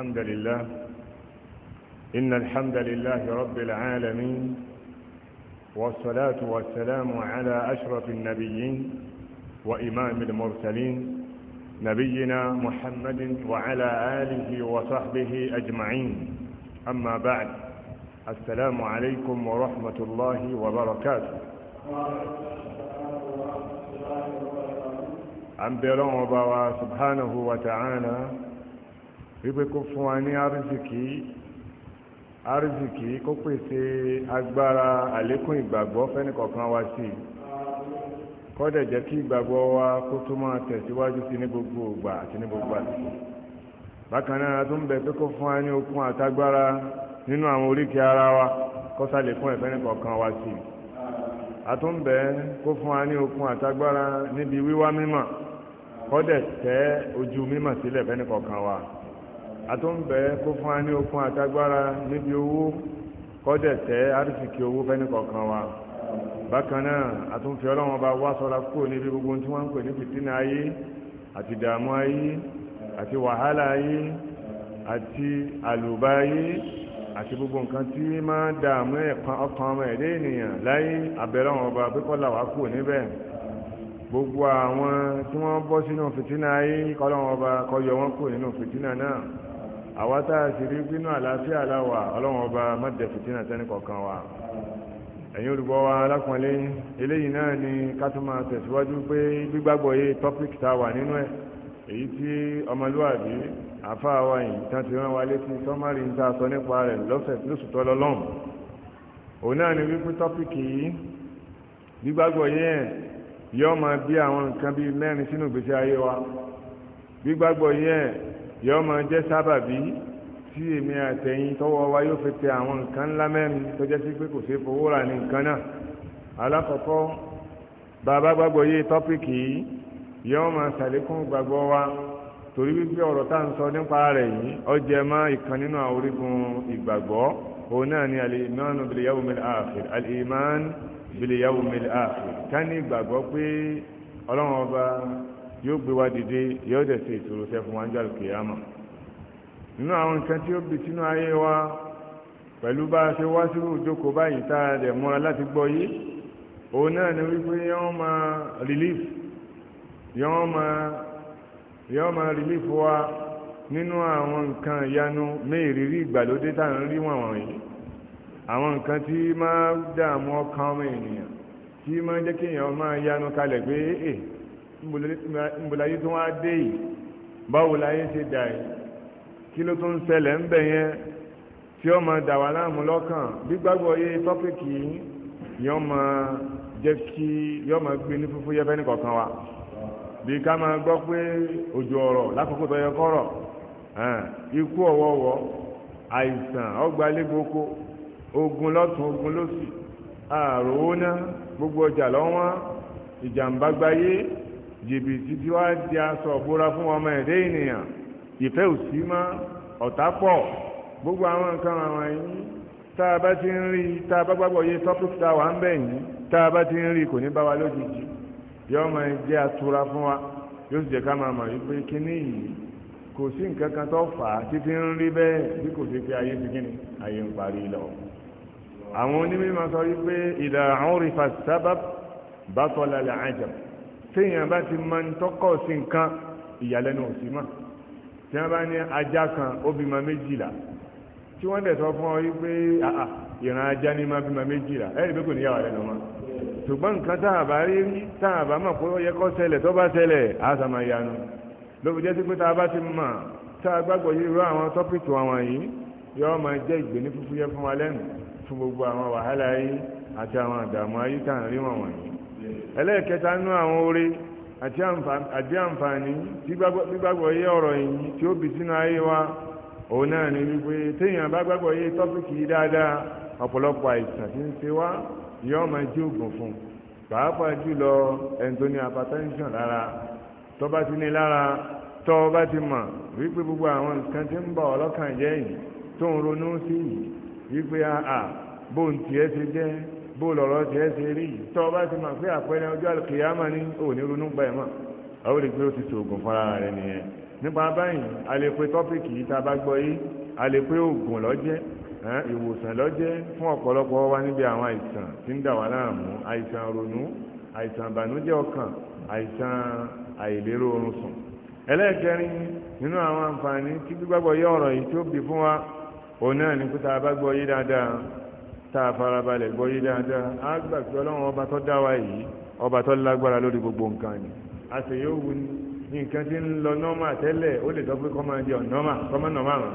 الحمد لله إن الحمد لله رب العالمين والصلاة والسلام على أشرف النبيين وإمام المرسلين نبينا محمد وعلى آله وصحبه أجمعين أما بعد السلام عليكم ورحمة الله وبركاته عن بلون وبوا سبحانه وتعالى wípé kó fún wa ní arzikì arzikì kó pèsè agbára àlékún ìgbàgbọ́ fẹ́nìkọ̀ọ̀kan wa sí i kọ́dẹ̀ jẹ́ kí ìgbàgbọ́ wa kó tó máa tẹ̀síwájú sí ní gbogbo ògbà àti ní gbogbo àsìkò bákan náà tó ń bẹ pé kó fún wa ní okun àtagbára nínú àwọn oríkèé ara wa kó ṣàlékún ẹ̀fẹ́nìkọ̀ọ̀kan wa sí i kó fún wa ní okun àtagbára níbi wíwá mímọ̀ kọ́dẹ̀ tẹ́ ojú mímọ̀ sílẹ̀ fẹ́nìkọ̀ọ̀kan wa àtúnbẹ̀ kó fún wa ní okun àtagbára níbi owó kọ́dẹ̀ tẹ́ àrísìkí owó fẹ́ni kọ̀ọ̀kan wa bákan náà àtúnfẹ́ ọlọ́run ọba wá sọ́ra kúrò níbi gbogbo tí wọ́n ń pè ní fìtínà ayé àti dààmú ayé àti wàhálà ayé àti àlùbá ayé àti gbogbo nǹkan tí máa dààmú ẹ̀kan ọkàn ọmọ ẹ̀dẹ́ ènìyàn láyé àbẹ̀lọ́run ọba pé kọ́là wá kúrò níbẹ̀ gbogbo àwọn tí wọ́n bọ́ sínú fìtínà ayé kọ́lọ́run ọba kó yọ kúrò nínú fìtínà náà àwa tá a sì rí pínú àlàáfíà láwà ọlọ́run ọba mọ́jẹ fìtínà tẹ́ni kọ̀ọ̀kan wa ẹ̀yin olùgbọ́ wa alákùnrin eléyìí náà ni ká tún máa tẹ̀síwájú pé gbígbàgbọ́ yé topic tá a wà nínú ẹ̀ èyí tí ọmọlúwàbí àfáà wa yìí tán ti rán wa létí sọ́mọ́rì ń ta sọ nípa rẹ̀ lọ́sẹ̀ lóṣù tó lọ lọ́hùn òun náà ni wípé tọ́pìkì yìí gbígbàgbọ́ yẹn yọ máa bí àwọn nǹkan bíi mẹ́rin sínú ìgbésí ayé wa gbígbàgbọ́ yẹn yóò máa jẹ́ sábàbí tí èmi àtẹ̀yìn tọ́wọ́ wa yóò fi tẹ àwọn nǹkan ńlá mẹ́rin tó jẹ́ sí pé kò sí fowó rà ní nǹkan náà alákọ̀ọ́kọ́ bàbá gbàgbọ́ yé tọ́pìkì yìí yóò máa ṣàlékún gbàgbọ́ wa torí wípé ọ̀rọ̀ tá à ń sọ nípa rẹ̀ yìí ó jẹ mọ́ ìkan nínú àwọn orígun òun náà ni alìmánu bil yawmil akhir alìmán bil yawmil akhir ká ní pé ọlọ́run ọba yóò gbé wa dìde yóò dẹ̀ ṣe ìṣòro sẹ́ fún wa ní jọ́lù kìyàmà nínú àwọn nǹkan tí ó bi sínú ayé wa pẹ̀lú bá a ṣe wá sí ìjókòó báyìí tá a dẹ̀ múra láti gbọ́ yìí òun náà ni wípé yọ́n máa relief yọ́n máa yọ́n máa relief wa nínú àwọn nǹkan ìyanu méèrírí ìgbàlódé tá à ń rí wọn wọ̀nyí àwọn nǹkan tí máa dààmú ọkàn ọmọ ènìyàn tí máa jẹ́ kéèyàn máa yanu kalẹ̀ pé èè nbùláyé tó wá dé yìí báwo láyé ṣe dà yìí kí ló tún ṣẹlẹ̀ ń bẹ̀ yẹn tí ó máa dà wá láàmú lọ́kàn gbígbàgbọ́ yé tọ́pìkì yìí máa jẹ́ kí yọ́ máa gbé ní fúfú yẹ́fẹ́ ní kọ̀ọ̀kan wa bí ká máa gbọ́ pé òjò ọ̀rọ̀ lákòókò tó yẹ kọ́rọ̀ ikú ọ̀wọ́wọ́ àìsàn ọgbàlégboko ogun lọ́tún ogun lọ́sì àròóná gbogbo ọjà lọ́wọ́n ìjàmbá gbáyé jìbìtì tí wàá di aṣọ ìbora fún ọmọ ẹ̀dẹ́ ènìyàn ìfẹ́ òsì mọ́ ọ̀tá pọ̀ gbogbo àwọn nǹkan àwọn yìí tá a bá ti ń rí tá a bá gbàgbọ́ yé tọ́pìkì tá a wà ń bẹ̀ yìí tá a bá ti ń rí kò ní bá wa lójijì yóò máa jẹ́ atura fún wa yóò sì jẹ́ ká máa mọ̀ wípé kíní yìí kò sí nǹkan kan tó fà á títí ń rí bẹ́ẹ̀ bí kò sí pé ayé ti kíni ayé ń parí lọ. àwọn onímọ̀ sọ wípé ìdá àwọn òrìfà sábà bá tọ́lá làájàmù téèyàn bá ti máa ń tọ́kọ̀ sí nǹkan ìyàlẹ́nu òsì mọ́ tí wọ́n bá ní ajá kan ó bímọ méjìlá tí wọ́n dẹ̀ sọ fún ọ yí pé ìran ajá ní máa bímọ méjìlá ẹ̀rí pé kò níyàwó rẹ̀ lọ́mọ ṣùgbọ́n nǹkan tá a bá rí rí tá a bá mọ̀ pé ó yẹ kó ṣẹlẹ̀ tó bá ṣẹlẹ̀ á sà máa yanu ló fi jẹ́ sí pé tá a bá ti mọ̀ tá a gbàgbọ́ yìí rú àwọn tọ́pìkì àwọn yìí yóò máa jẹ́ ìgbéní fúfúyẹ́ fún wa lẹ́nu fún gbogbo àwọn wàhálà yìí àti àwọn àdààmú ayé tá à ń rí wọ̀n wọ̀nyí ẹlẹ́ẹ̀kẹta nú àwọn oore àti àǹfààní tí gbígbàgbọ́ yé ọ̀rọ̀ yìí tí ó bì sínú ayé wa òun náà ni wípé téèyàn bá gbàgbọ́ yé tọ́pìkì yìí dáadáa ọ̀pọ̀lọpọ̀ àìsàn tí ń ṣe wá yóò máa jí ògùn fún pàápàá jùlọ ẹni tó ní hypertension lára tó bá ti ní lára tó bá ti mọ̀ wípé gbogbo àwọn nǹkan tí ń bọ̀ ọlọ́kàn jẹ́ yìí tó ń ronú sí yìí wípé bó lọ̀rọ̀ ti ẹ́ ṣe rí yìí tọ́ ọba ti máa pé àpẹẹrẹ ọjọ́ àlùkìyàmá ní òní ronú gbà ẹ̀ mọ́ àwọn olùgbé ó ti ṣoògùn fúnra rẹ̀ nìyẹn nípa báyìí a lè pe tọ́pìkì yìí tá a bá gbọ́ yìí a lè pe oògùn lọ́jẹ́ ìwòsàn lọ́jẹ́ fún ọ̀pọ̀lọpọ̀ wa níbi àwọn àìsàn tí ń dà wá láàmú àìsàn ronú àìsàn ìbànújẹ́ ọkàn àìsàn àìlérò oorun sùn ẹlẹ́ẹ̀kẹrin nínú àwọn àǹfààní tí gbígbàgbọ́ yé ọ̀rọ̀ yìí tó bì fún wa òun náà ní kó bá gbọ́ yìí dáadáa tá a farabalẹ̀ gbọ́ yí dáadáa á gbà pé ọlọ́run ọba tó dá wa yìí ọba tó lágbára lórí gbogbo nǹkan ni àṣẹ yóò wu ni nǹkan ti ń lọ nọ́mà tẹ́lẹ̀ ó lè sọ pé kọ́ máa di ọ̀nọ́mà kọ́ máa nọ̀mà rán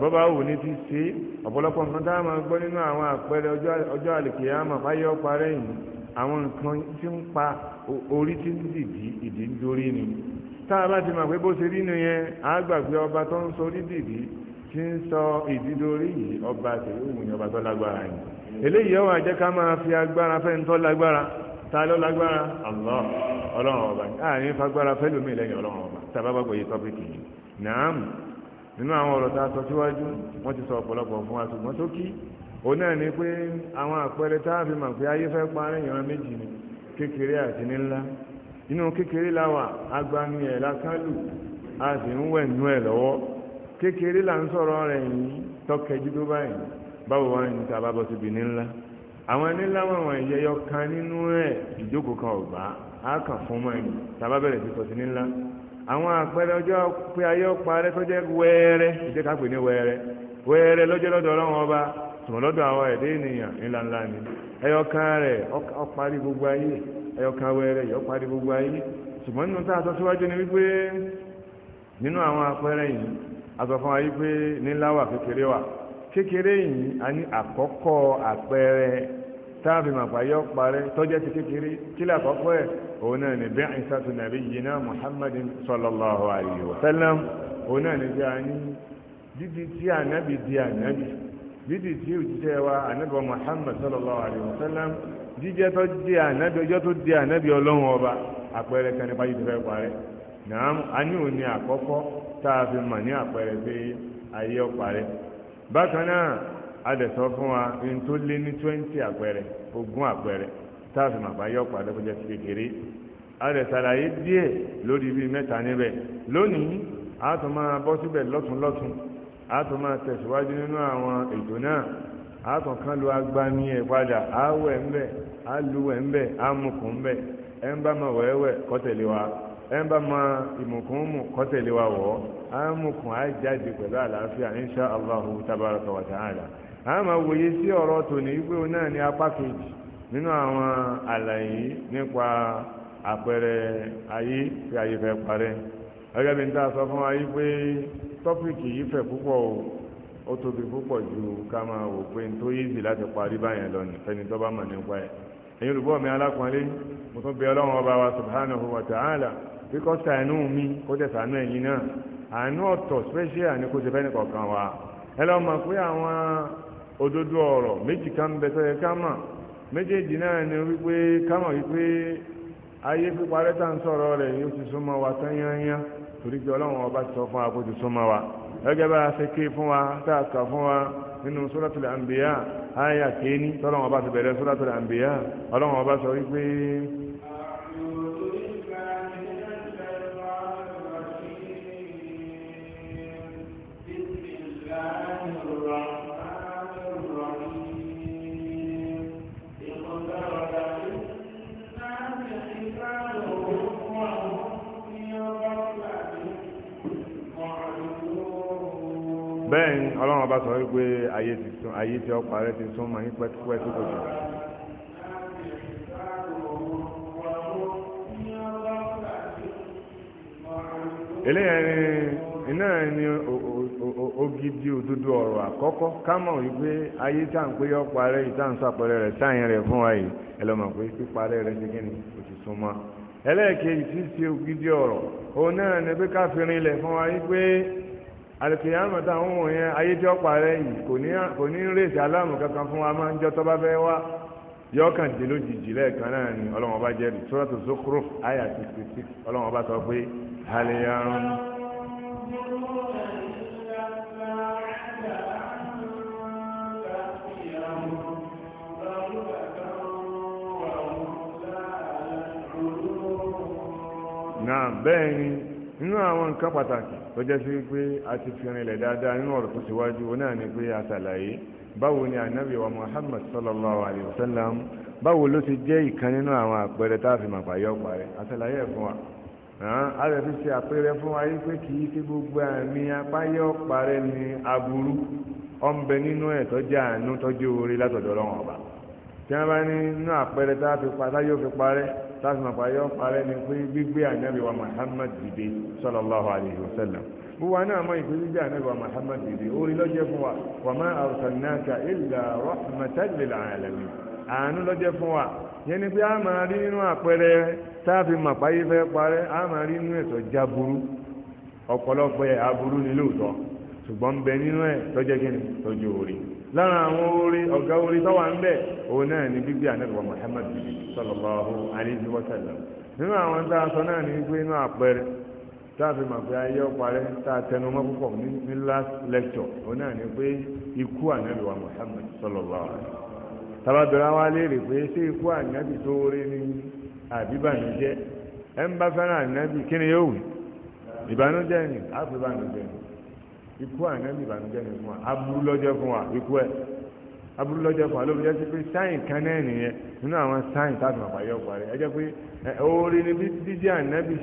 bọ́ba wù ní ti ṣe ọ̀pọ̀lọpọ̀ nǹkan tá a máa gbọ́ nínú àwọn àpẹẹrẹ ọjọ́ àlèkè àmọ̀ fáyọ́ parẹ́ yìí àwọn nǹkan tí ń pa orí tí ń dìdí ìdí ń dorí ni tá a bá ti mọ̀ pé bó ṣe rí nu yẹn á ọba tó ń sorí dìdí tí ń sọ ìdídorí yìí ọba àtẹ̀yẹ́wò ní ọba tó lágbára yìí eléyìí ọwọ́ àjẹ́ ká máa fi agbára fẹ́ ń lágbára ta ló lágbára Allah ọlọ́run ọba àárín fagbára fẹ́ lómi lẹ́yìn ọlọ́run ọba tàbá gbàgbọ́ yìí tọ́pìkì yìí nàám nínú àwọn ọ̀rọ̀ tá a sọ síwájú wọ́n ti sọ ọ̀pọ̀lọpọ̀ fún wa ṣùgbọ́n òun náà ni pé àwọn àpẹẹrẹ tá a fi mọ̀ pé ayé fẹ́ parí ìran méjì ni kékeré kékeré là ń sọ̀rọ̀ rẹ̀ yìí tọkẹjú tó báyìí báwo wá ní ta bá síbi ní àwọn ní ńlá wọn ìyẹyọ kan nínú ẹ̀ ìjókòó kan ọ̀gbá á kàn fún mọ́ ẹni ta bá bẹ̀rẹ̀ sí sọ sí ní àwọn àpẹẹrẹ ọjọ́ pé ayé parẹ́ tó jẹ́ wẹ́ẹ́rẹ́ ọba lọ́dọ̀ àwọn ẹ̀dẹ́ ènìyàn ńlá ńlá ni ẹyọ kan rẹ̀ ó gbogbo ayé ẹyọ kan wẹ́ẹ́rẹ́ yìí ó gbogbo ayé ṣùgbọ́n nínú aṣọ fún wa yìí pé nílá wà kékeré wà kékeré yìí a ní àkọ́kọ́ àpẹẹrẹ táàbì màpáyọ́ parẹ́ tọ́jẹ́ ti kékeré kí lákọ́kọ́ ẹ̀ òun náà ní bẹ́ẹ̀ ìsàtú nàbí yìí náà muhammadin sallallahu alayhi wa òun náà ní bí a ní dídì tí ànábì di ànábì dídì tí òjíṣẹ́ wa ànábì muhammad sallallahu alayhi wa sallam jíjẹ́ tó di ànábì ọjọ́ tó di ànábì ọlọ́run ọba àpẹẹrẹ kan nípa yìí tó fẹ́ parẹ́ nàá a ní àkọ́kọ́ tá a fi mọ̀ ní àpẹẹrẹ pé ayé ọ̀parẹ́ bákan náà adẹ̀sọ fún wa n tó lé ní twenty àpẹẹrẹ ogún àpẹẹrẹ tá a fi mọ̀ bá ayé ọ̀parẹ́ kó jẹ́ ti kékeré adẹ̀sàlàyé díẹ̀ lórí bíi mẹ́ta níbẹ̀ lónìí a tún máa bọ́ síbẹ̀ lọ́tún lọ́tún a tún máa tẹ̀síwájú nínú àwọn ètò náà a tún kán lu agbami ẹ̀ padà a wẹ̀ ń bẹ̀ a lu ẹ̀ ń bẹ̀ wa. ẹn ma ìmùkún mú kọ́tẹ̀lé wa wọ̀ á mùkún á jáde pẹ̀lú àlàáfíà insha allahu tabaraka wa ta'ala á máa wòye sí ọ̀rọ̀ tòní wípé òun náà ní apá kejì nínú àwọn àlàyé nípa àpẹẹrẹ ayé tí ayé fẹ́ parẹ́ gẹ́gẹ́ bí n ta sọ fún wa yí pé tọ́pìkì yìí púpọ̀ o ó tóbi púpọ̀ ju ká máa wò pé n tó yíìsì láti parí báyẹn lọ ní fẹ́ni bá mọ̀ nípa ẹ̀ ẹ̀yin mi alákùnrin kíkọ́ sànú mi kó tẹ̀ sànú ẹ̀yin náà àánú ọ̀tọ̀ special ni kó ṣe fẹ́ nìkọ̀ọ̀kan wa ẹ lọ́ mọ̀ pé àwọn òdodo ọ̀rọ̀ méjì kan bẹ tó yẹ ká mọ̀ méjèèjì náà ni wípé ká mọ̀ wípé ayé píparẹ́ tá ń sọ̀rọ̀ rẹ̀ yóò ti súnmọ́ wa tán yányá torí pé ọlọ́run ọba ti sọ fún wa kó ti súnmọ́ wa gẹ́gẹ́ bá a ṣe ké fún wa tá a kà fún wa nínú suratul anbiya àyà kéènì tọ́lọ́run ọba ti bẹ̀rẹ̀ suratul anbiya ọlọ́run ọba sọ wípé. bẹ́ẹ̀ ni ọlọ́run ọba sọ wípé ayé ti sún rẹ ti sún ní pẹ́tipẹ́ tó kọjú. eléyà ni iná ni ògidì òdodo ọ̀rọ̀ àkọ́kọ́ ká wípé ayé tá à ń pé rẹ ń sàpẹrẹ rẹ sáyẹn rẹ fún pé rẹ ṣe ti ẹlẹ́ẹ̀kejì tí àlùkìyàmọ̀ tá àwọn ohun yẹn ayé tí ó parẹ́ yìí kò ní rèsì aláàmù kankan fún wa máa ń jọ tó bá fẹ́ wá yọkàn dín lójijì lẹ́ẹ̀kan náà ni ọlọ́wọ́n bá jẹ́rìí Suratu àyà ọlọ́wọ́n bá nínú àwọn nǹkan pàtàkì tó jẹ́ sí pé a ti fi ilẹ̀ dáadáa nínú ọ̀rọ̀ tó síwájú náà ni pé a báwo ni ànábì wa Muhammad sallallahu alayhi wa sallam báwo ló ti jẹ́ ìkan nínú àwọn àpẹẹrẹ tá yọ parẹ́ a ẹ̀ fún wa a fi ṣe àpẹẹrẹ fún gbogbo àmì parẹ́ ni aburú ọ̀nbẹ nínú ẹ̀ tọ́jú àánú tọ́jú orí látọ̀dọ̀ ọba tí wọ́n bá ní àpẹẹrẹ táàsì máa parí ọ́ parẹ́ ni pé gbígbé ànábì wa Muhammad dìde sallallahu alayhi wa sallam gbogbo àná àmọ́ ìpè gbígbé ànábì wa Muhammad dìde orí lọ́jẹ́ fún wa wa ma arsalnaka illa rahmatan lil alamin àánú lọ́jẹ́ fún wa yẹn ni pé a máa rí nínú àpẹẹrẹ táàfin màpáyé fẹ́ parẹ́ a máa rí nínú ẹ̀tọ́ jáburú ọ̀pọ̀lọpọ̀ ẹ̀ aburú ni lóòótọ́ ṣùgbọ́n bẹ nínú ẹ̀ tọ́jẹ́ kí ni tọ́jú orí lára àwọn orí ọ̀gá orí tó ń bẹ̀ òun náà wa Muhammad sallallahu alayhi wa sallam nínú àwọn tá a sọ náà ní pé inú àpẹẹrẹ tá a fi mọ̀ pé ayé ọparẹ́ tá a last lecture òun náà pé ikú wa Muhammad sallallahu alayhi wa léèrè pé ṣé ikú tó rí ń bá fẹ́ràn kí ni ikú ànábì ìbànújẹ́ ni fún wa aburú lọ́jọ́ fún wa ikú ẹ̀ aburú lọ́jọ́ fún wa lóbi jẹ́ sí pé sáyìn kan náà nìyẹn nínú àwọn sáyìn tá a tún àpáyé ọ̀pọ̀ rẹ̀ ẹ jẹ́ pé oore ni bí dídí ànábì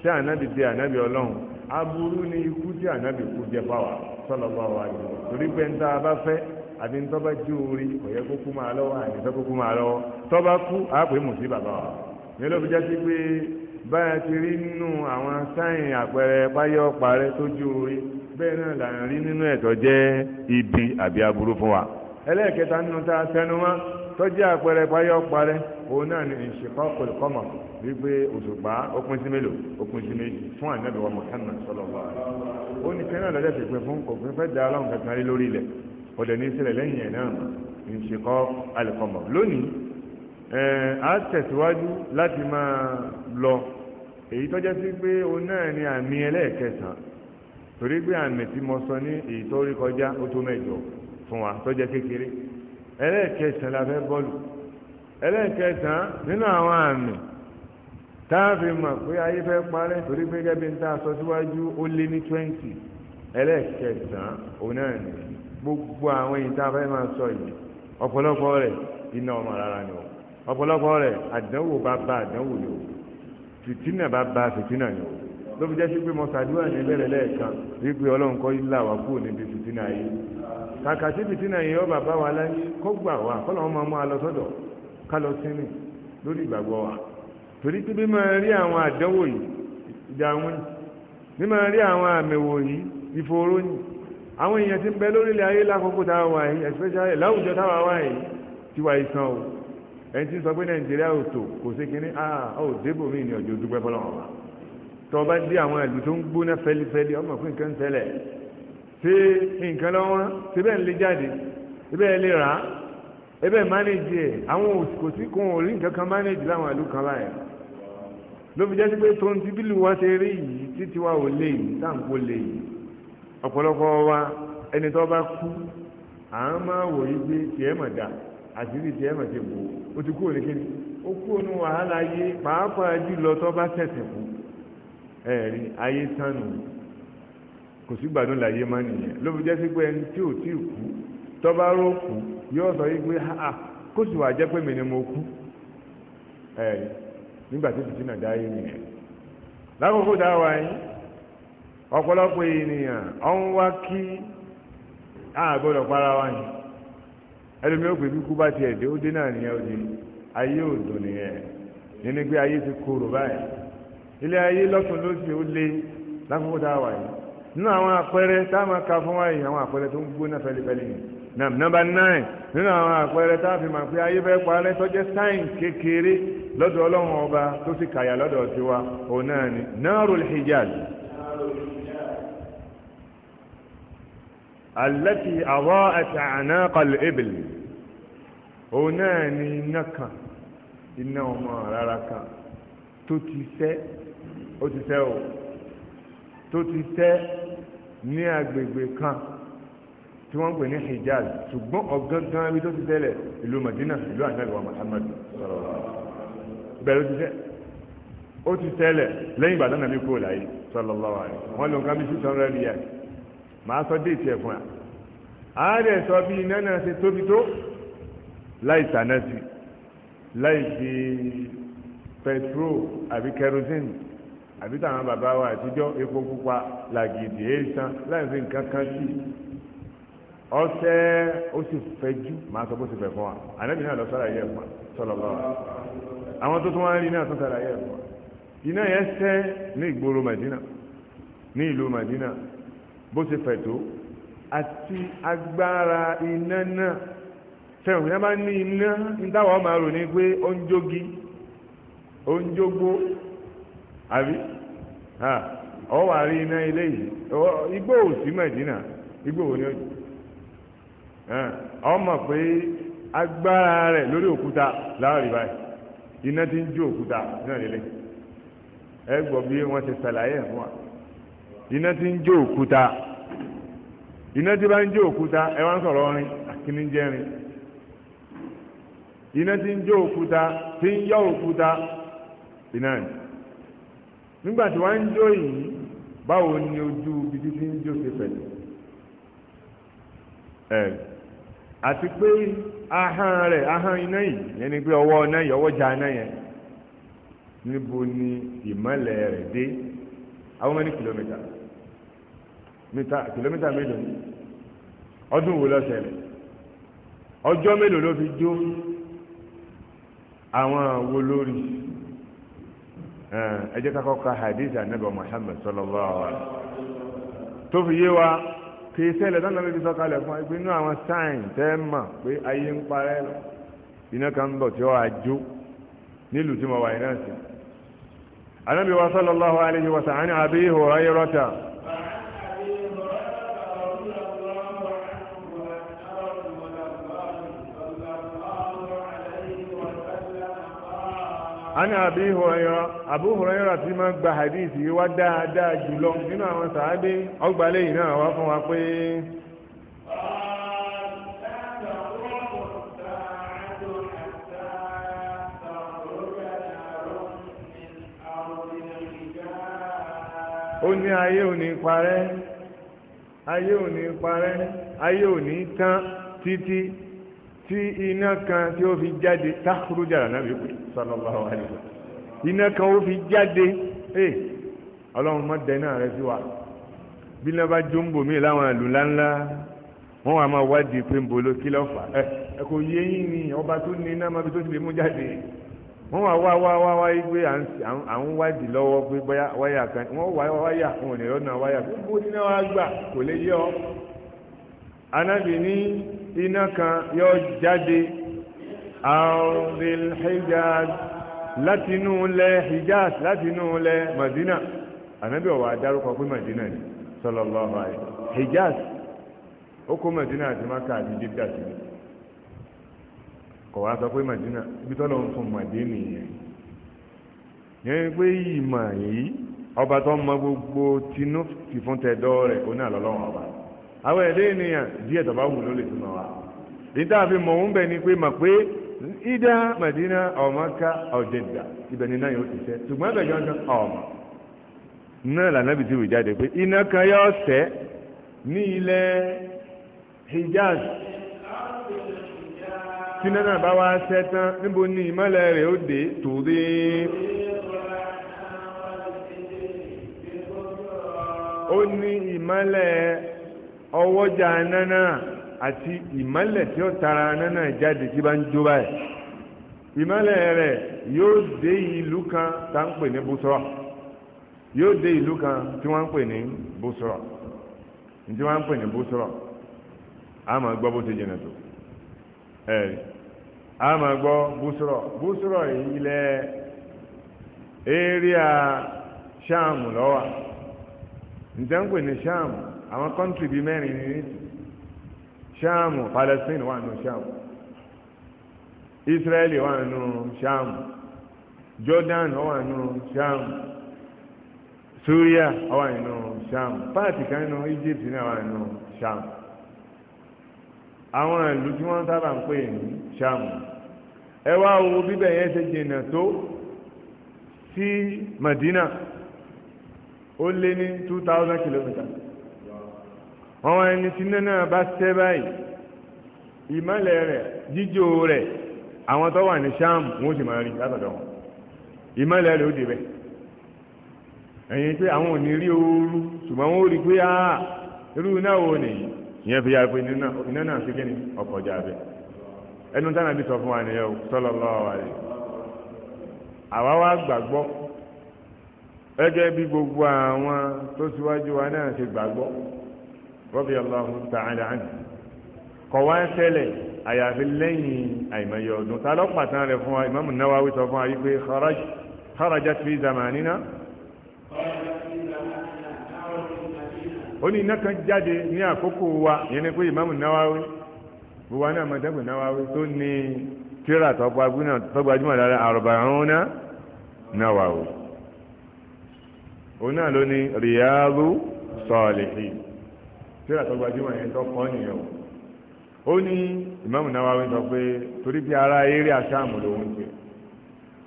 tí ànábì dé ànábì ọlọ́run aburú ni ikú tí ànábì kú jẹ fáwa sallallahu alaihi wasallam torí pé ń tá a bá fẹ́ àbí ń tọ́ba jí orí ọ̀yẹ́ kókó máa lọ́wọ́ àyẹ̀fẹ́ kókó máa lọ́wọ́ tọ́ba kú àpè mùsí bàbá wa ní ló fi pé báyà ti rí nínú àwọn sáyìn àpẹẹrẹ báyọ̀ parẹ́ tó jí orí bẹ́ẹ̀ náà là ń rí nínú ẹ̀tọ́ jẹ́ ibi àbí aburú fún wa ẹlẹ́ẹ̀kẹta nínú tá a tẹnu mọ́ tọ́jú àpẹẹrẹ payọ́ parẹ́ òun náà ni ìṣèkọ́ kọlùkọ́mọ̀ wípé òṣùpá òpin sí mélòó òpin sí méjì fún ànábì wa Muhammad sallallahu alaihi wasallam ó ní kẹ́ńtà lọ́jọ́ ti pè fún òpin fẹ́ da ọlọ́run kankan rí lórí ilẹ̀ ọ̀dẹ̀ ní sílẹ̀ lẹ́yìn ẹ̀ náà ìṣèkọ́ alùkọ́mọ̀ lónìí a tẹ̀síwájú láti máa lọ èyí tọ́jọ́ sí pé òun náà ni àmì ẹlẹ́ẹ̀kẹsàn-án torí pé àmì tí mo sọ ní ìtorí kọjá ó tó mẹ́jọ fún wa tó jẹ́ kékeré ẹlẹ́ẹ̀kẹsàn la fẹ́ bọ́ọ̀lù ẹlẹ́ẹ̀kẹsàn nínú àwọn àmì táàfin mọ̀ pé ayé fẹ́ parẹ́ torí pé gẹ́gẹ́ bí n ta sọ síwájú ó lé ní twenty ẹlẹ́ẹ̀kẹsàn òun náà ní gbogbo àwọn èyí tá a fẹ́ máa sọ yìí ọ̀pọ̀lọpọ̀ rẹ̀ iná ọmọ rárá ni o ọ̀pọ̀lọpọ̀ rẹ̀ àdánwò bá ba àdánwò ni o fìtínà bá ba fìtínà ni o ló fi jẹ́ sí pé mo ṣàdúrà ní bẹ̀rẹ̀ lẹ́ẹ̀kan wípé ọlọ́run kọ́ ilé àwa kúrò níbi fìtínà yìí kàkà sí fìtínà yìí ọ bàbá wa láyé kó gbà wá kọ́lọ́run máa mú a lọ sọ́dọ̀ ká lọ sínú lórí ìgbàgbọ́ wa torí pé bí máa rí àwọn àdánwò yìí ìjà wọn bí máa rí àwọn àmẹ̀wò yìí ìfòòró yìí àwọn èèyàn ti bẹ lórílẹ̀ ayé lákòókò táwa wà yìí especially láwùjọ táwa wà yìí ti wà ìsàn o ẹni tí ń sọ pé nàìjíríà ò tò kò sí kínní ah ò débò mí ní ọjọ́ dúpẹ́ fọlọ́wọ́n wa tó bá dé àwọn ìlú tó ń gbóná fẹlifẹli ọmọ pé nǹkan ń ṣẹlẹ̀ ṣé nǹkan lọ́wọ́ ṣé bẹ́ẹ̀ ń lè jáde ṣé bẹ́ẹ̀ lè rà á ṣé bẹ́ẹ̀ mánéjì ẹ̀ àwọn kò sí kò wọ́n rí nǹkan kan mánéjì láwọn ìlú kan báyìí ló fi jẹ́ sí pé tóun ti bílù wá ṣe rí yìí títí wa ò lè yìí táǹkó lè yìí ọ̀pọ̀lọpọ̀ wa ẹni tó bá kú à ń máa wò yí pé tiẹ̀ mọ̀ dà àṣírí tiẹ̀ mọ̀ ṣe bò ó ti kú òní kéde ó kú òní wàhálà yé pàápàá jùlọ tó bá tẹ̀sẹ̀ kú ẹ̀rí ayé sanu kò sí gbádùn láyé má nìyẹn ló fi jẹ́ sí pé ẹni tí ò tí kú tọ́ba ró kú yóò sọ yìí pé ha kó sì wà jẹ́ pé mi ni mo kú ẹ̀rí nígbà tí fìtínà dáyé nìyẹn lákòókò dáwà yín ọ̀pọ̀lọpọ̀ ènìyàn ọ̀n wá kí para wa pè kú bá tiẹ̀ dé ó dé náà nìyẹn ó di ayé nìyẹn nínú ilé ayé lọ́tún ló sì ó lé lákòókò tá a wà yìí nínú àwọn àpẹẹrẹ tá a máa ka fún wa yìí àwọn àpẹẹrẹ tó ń gbóná fẹlifẹli yìí nam nọ́mbà nine nínú àwọn àpẹẹrẹ tá a fi máa pé ayé fẹ́ parẹ́ tọ́jẹ́ sáìn kékeré lọ́dọ̀ ọlọ́run ọba tó sì kàyà lọ́dọ̀ tiwa òun náà ni narul hijaz alẹ́tì àwọ̀ àti ànákọ̀lù ebèlè òun náà ni iná kan iná ọmọ rárá kan tó ti sẹ́ ó ti tẹ́ o tó ti tẹ́ ní agbègbè kan tí wọ́n ń pè ní Hijaz ṣùgbọ́n ọ̀gángan ibi tó ti tẹ́lẹ̀ ìlú Madina ìlú àtàlùwà Muhammad bẹ̀rẹ̀ ó ti tẹ́ ó ti tẹ́lẹ̀ lẹ́yìn ìgbà tánà mi kú láyé sallallahu alaihi wọn lò ń ká mi sí sọ́nrẹ́ rí ẹ̀ màá sọ déètì ẹ̀ fún ẹ̀ ààrẹ sọ bí iná náà ṣe tóbi tó láì tànà sí láì fi pẹtrol àbí kẹrosínì àbí táwọn bàbá wa àtijọ́ epo pupa làgìdì èèsàn láì fi nǹkan kan sí ọsẹ ó sì fẹjú màá sọ bó sì fẹ fún wa ànábì náà lọ sàlàyé ẹ̀ fún wa sọlọ bá wa àwọn tó tún wá rí náà tún sàlàyé ẹ̀ fún iná yẹn sẹ́ ní ìgboro Madina ní ìlú Madina bó ṣe fẹ̀ tó àti agbára iná náà fẹ́ràn fún yẹn bá ní iná ń dáwọ́ máa rò ní pé ó ń jógi ó ń jógbó àbí ọ wà rí iná ilé yìí igbó ò sí mẹ̀dínà igbó ọ ma pé agbára rẹ̀ lórí òkúta láàrin báyìí iná ti ń jó òkúta náà lélẹ̀ ẹ gbọ́ bí wọ́n ti ẹ̀ iná ti ń jó òkúta iná ti bá ń jó òkúta ẹ wá ń ti ń jó òkúta ti ń nígbà tí wọ́n ń jó yìí báwo ni ojú bíbí ti ń jó ṣe pẹ̀lú ẹ̀ àti pé ahọ́n rẹ̀ ahọ́n iná yìí yẹn ni pé ọwọ́ iná yìí ọwọ́ ja iná yẹn níbo ni ìmọ̀lẹ̀ rẹ̀ dé àwọn mẹ́rin kìlómítà mítà kìlómítà mélòó ọdún wo ló ọjọ́ mélòó ló fi jó àwọn wo lórí Eh, ẹ jẹ́ ká kọ́kọ́ hadith anabi muhammed sallallahu alayhi wa sallam tó fi yé wa kì í ṣẹlẹ̀ tán lọ́nà ibi sọ́kalẹ̀ fún ẹgbẹ́ inú àwọn sáìn tẹ́ mọ̀ pé ayé ń parẹ́ lọ iná kan ń bọ̀ tí ó nílùú tí mo wà yìí náà sallallahu ani abi hurayra abu hurayra ti ma gba hadith wa dáadáa nínú àwọn sàádé ọgbà lẹ́yìn náà fún wa pé. ó ní ayé ò ní parẹ́ ayé ò ní parẹ́ ayé tán títí. tí iná kan tí ó fi jáde táhùrújà nàbí sallallahu alaihi wasallam iná kan ó fi jáde ee eh, ọlọ́run mọ́ dẹ́nà rẹ sí wa bí náà bá jóńbò mí láwọn ìlú ńláńlá wọn wà máa wádìí pé ń bolo kí ló fà ẹ eh, ẹ kò yé yín ni ọba tó ní iná máa fi tó ti lè mú jáde wọn wà wá wá wá wá yí pé à ń wádìí lọ́wọ́ pé bóyá wáyà kan wọn wà wáyà wọn ò ní lọ́nà wáyà pé bó ní náà wá gbà kò lè yé ọ anábì ní. inaka kan yóò jáde àrùnbíl hijaz láti inú ilẹ̀ hijaz láti inú wa madina ànábì ọ̀wà madina ni sallallahu alaihi hijaz ó madina maka àti jibda sí i kò wá sọ pé madina ibi tọ́lọ̀ ń fún gbe yi yẹn ọba tó mọ gbogbo tinú fìfúntẹ̀dọ́ rẹ̀ oní àlọ́lọ́wọ́n ọba. àwọn ẹ̀dẹ́ ènìyàn díẹ̀ tọ́ba wù ló lè fi mọ̀ wá níta fi mọ̀ ń ni pé mọ̀ pé ida Madina aw Makka ibẹ̀ ni náà yóò ti sẹ́ ṣùgbọ́n ẹ̀bẹ̀ jọ́jọ́ ọ̀mọ̀ náà lànàbì ti wì jáde pé iná kan yọ sẹ́ ní ilẹ̀ Hijaz náà bá wá sẹ́ tán jà nánà àti ìmọ́lẹ̀ tí ó tara nánà jáde tí bá ń jó báyìí ìmọ́lẹ̀ rẹ̀ yóò dé ìlú kan tá ń pè ní yóò dé ìlú kan tí wọ́n ń pè ní Busra tí a máa gbọ́ bó ti tó a máa gbọ́ eria Ṣáàmù lọ́wọ́ ǹjẹ́ ń pè ní àwọn kọ́ńtì bíi mẹ́rin ní ṣáàmù Palestine wà nù ṣáàmù Israeli wà nù ṣáàmù Jordan wà nù ṣáàmù Syria wà nù ṣáàmù páàtì kan nù Egypt náà wà nù ṣáàmù àwọn ìlú tí wọ́n sábà ń pè ní ṣáàmù ẹ wá wo bíbẹ̀ yẹn ṣe jìnnà tó sí Madina ó lé ní two thousand kilometers wọ́n wá ẹni tí náà bá tẹ́ báyìí ìmọ̀lẹ̀ rẹ̀ jíjó rẹ̀ àwọn tó wà ní sáàmù wọ́n sì máa rí látọ̀dọ̀ wọn ìmọ̀lẹ̀ rẹ̀ ó débẹ̀ ẹ̀yìn pé àwọn ò ní rí ooru ṣùgbọ́n wọ́n ó rí pé áá irú náà wò nìyí ìyẹn fi yára pé iná náà fi kíni ọkọ̀ ọjà bẹ̀ ẹnu tánà bí sọ fún wa nìyẹn o sallallahu alaihi àwa wá gbàgbọ́ gẹ́gẹ́ bí gbogbo àwọn tó síwájú wa náà ṣe gbàgbọ́ radiyallahu ta'ala anhu kọ̀ wá ṣẹlẹ̀ àyàfi lẹ́yìn àìmọye ọdún ta ló pàtàn rẹ̀ fún wa Imamu Nawawi sọ fún wa wípé kharajat fi zamanina ó ní iná kan jáde ní àkókò wa yẹn ni pé Imamu Nawawi gbogbo àwọn àmọ̀tẹ́kùn Nawawi tó ní tíra tọ́gbàjúmọ̀ lára arba'una Nawawi òun náà ló ní Riyadu Salihin tíra tó gbajúmọ̀ yẹn tó kọ́ nìyẹn o ó ní ìmáàmù Nawawi sọ pé torí bí ara eré àṣàmù lòun ti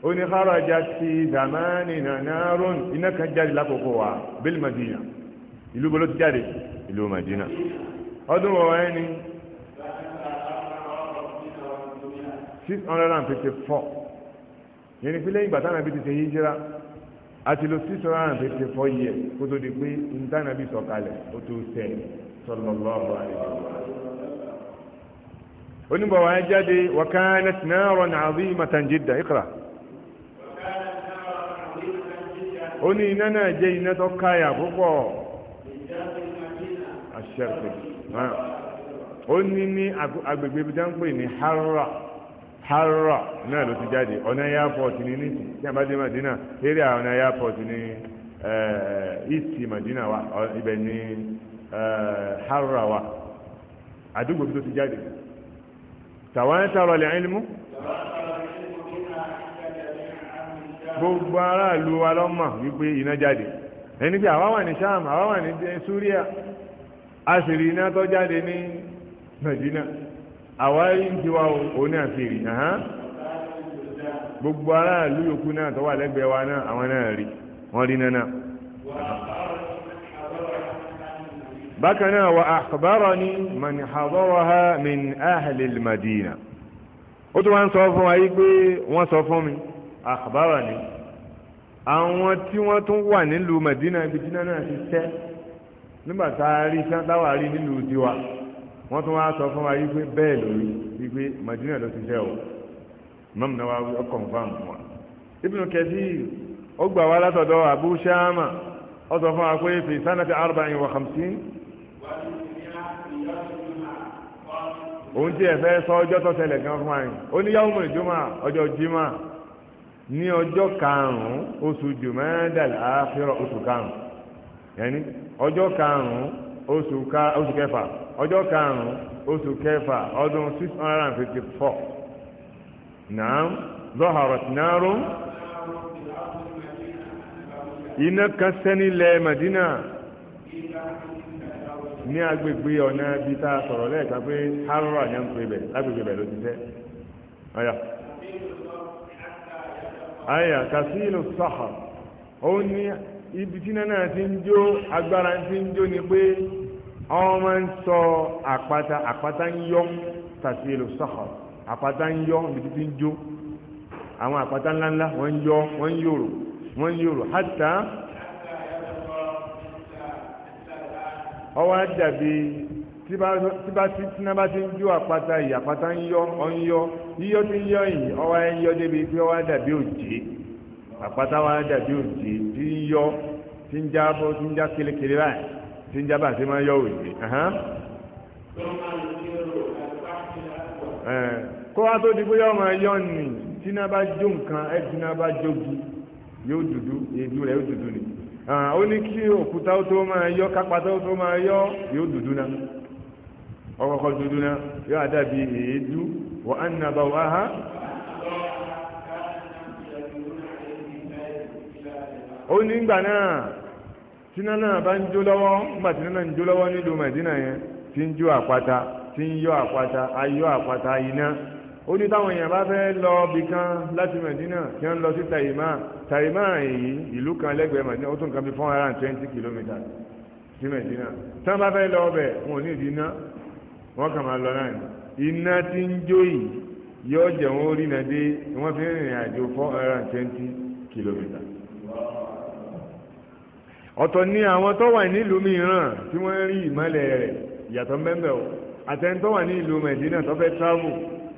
ó ní kárajà ti dàmánì nàárún iná kan jáde lákòókò wa bíl Madina ìlú bolo ti jáde ìlú Madina ọdún wọn wáyé ni six hundred and fifty four yẹn ni pé lẹ́yìn ìgbà táwọn ẹbí ti ṣe hijira àti lo six hundred and fifty four years kó tó di pé ntànàbí sọ̀kalẹ̀ ó tó sẹ́yìn sallallahu alaihi wasallam oníbọ̀wá yẹn jáde wa kanat naran azimatan jiddan iqra ó ní iná náà jẹ́ iná tó káyà púpọ̀ aṣẹ́fẹ̀ ó ní ní agbègbè bí wọ́n ń pè ní harra harra náà ló ti jáde ọ̀nà airport ní nìsí tí a bá dé madina eré ọ̀nà airport ní eh, east madina wa ibẹ̀ ní harrawa àdúgbò tó ti jáde tàwáńtàrọ̀ lè ilmú gbogbo ara wa lọ́mọ̀ wípé iná ẹni pé àwa ní Sham àwa ní Súríà a sì rí iná tó jáde ní Mẹdínà àwa ń tiwa òun náà fi rí gbogbo aráàlú yòókù náà tó wa náà àwọn náà rí wọ́n rí náà bákanáà wa akhbarani man hadaraha min ahli al-madina ó tún wá ń sọ fún wa yí pé wọ́n sọ fún mi akhbarani àwọn tí wọ́n tún wà nílùú Madina ibi tí náà ti tẹ́ nígbà tá a rí sátáwà rí nílùú tiwa wọ́n tún wá sọ fún wa yí pé bẹ́ẹ̀ lórí yí pé Madina ló ti tẹ́ o mọ́mù náà wá ọkàn fáwọn fún wa Ibn Kathir ó gbà wá látọ̀dọ̀ Abu ó sọ fún wa pé fi sanati arba'in wa khamsin. òun efe ẹ le sọ ọjọ́ tó gan fún àyìn ó ní yahoo mọ̀lẹ́jọ́mà ọjọ́ jimá ní ọjọ́ karùn-ún oṣù jùmọ́dàlá àfihàn oṣù karùn-ún kẹfà ọjọ́ karùn-ún oṣù kẹfà ọdún six ní agbègbè ọ̀nà bíi tá a sọ̀rọ̀ lẹ́ẹ̀ka pé harrow ni a ń pè bẹ̀ lágbègbè bẹ̀ ló ti tẹ́ ọ̀yà àyà kàfíìlù sọ̀hà ó ní ibi tí náà ti ń jó agbára ti ń jó ni pé ọmọ ń sọ àpáta àpáta ń yọ kàfíìlù sọ̀hà àpáta ń yọ ibi tí ń jó àwọn àpáta ńláńlá wọ́n ń yọ wọ́n ń yòrò wọ́n ń yòrò hátà. ọwọ́ dàbí tí bá ti ń jó àpáta yìí àpáta ń yọ ọ̀n yọ yíyọ tí ń yọ yìí ọwọ́ ẹ̀ ń yọ débi pé ọwọ́ dàbí òjé àpáta wa dàbí òjé tí ń yọ tí ń já bọ́ tí ń já kelekele báyìí tí ń já bá ti máa yọ òjé kó wá tó di pé yọ máa yọ nì tí jó nǹkan ẹ̀ tí náà bá yóò dúdú èdú rẹ̀ yóò dúdú nìyí. Ah, ó ní kí òkúta ó tó máa yọ kápátá ó tó máa yọ yóò dúdú náà ọkọ̀ọ̀kọ̀ dúdú yóò àdàbí èédú ha. ó ní ìgbà náà tíná náà bá ń jó lọ́wọ́ ńgbà tíná náà ń jó yọ àpáta àpáta iná. ó ní táwọn èèyàn bá fẹ́ lọ bì kan láti Mẹ̀dínà tí wọ́n lọ sí Tàìmá Tàìmá èyí ìlú kan lẹ́gbẹ̀ẹ́ Mẹ̀dínà ó tún kan bí four hundred and twenty kilometres sí Mẹ̀dínà tí wọ́n bá fẹ́ lọ ọbẹ̀ wọn ò ní ìdí iná wọ́n kàn máa lọ náà ni iná tí ń jó yìí yóò jẹ́ wọn rí iná dé wọ́n fi rìnrìn àjò four hundred and twenty kilometres. ọ̀tọ̀ ni àwọn tó wà nílùú mìíràn tí wọ́n rí ìmọ̀lẹ̀ rẹ̀ ìyàtọ̀ mẹ́mẹ́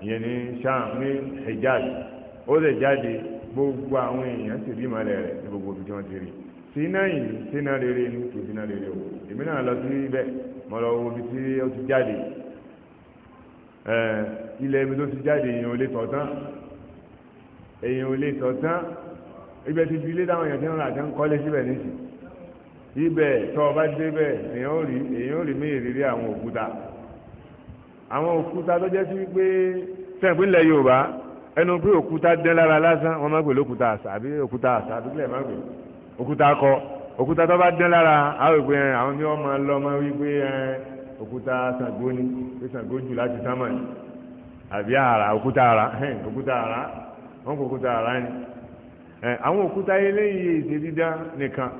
ìyẹn ní Sham ní Hijaz ó lè jáde gbogbo àwọn èèyàn sì rí ìmọ̀lẹ̀ rẹ̀ ní gbogbo ibi tí wọ́n ti rí sínú yìí sínú rere ní kì í rere o èmi náà lọ sí ibẹ̀ mo lọ wo ibi tí ó ti jáde ilẹ̀ ibi tó ti jáde èèyàn ò lè tọ̀ tán èèyàn ò lè tọ̀ tán ibẹ̀ ti fi ilé táwọn èèyàn ti ń ra àti kọ́lé síbẹ̀ nísì ibẹ̀ tọ́ ọ bá débẹ̀ èèyàn ò rí èèyàn ò rí mí ìrírí àwọn òkúta àwọn òkúta tó jẹ́ sí wípé sẹ́ǹpínlẹ̀ yorùbá ẹnu pé òkúta dẹ́ lára lásán wọn máa ń pè lókúta àṣà àbí òkúta àṣà àbí kílẹ̀ máa ń pè òkúta kọ òkúta tó bá dẹ́ lára eh, àwọn ìpè àwọn ní wọn máa lọ máa wí pé eh, òkúta Ṣàngó ni pé Ṣàngó jù láti sámà ni àbí àrà òkúta àrà eh, òkúta àrà wọn kò òkúta àrà ni àwọn òkúta eléyìí èsè dídá nìkan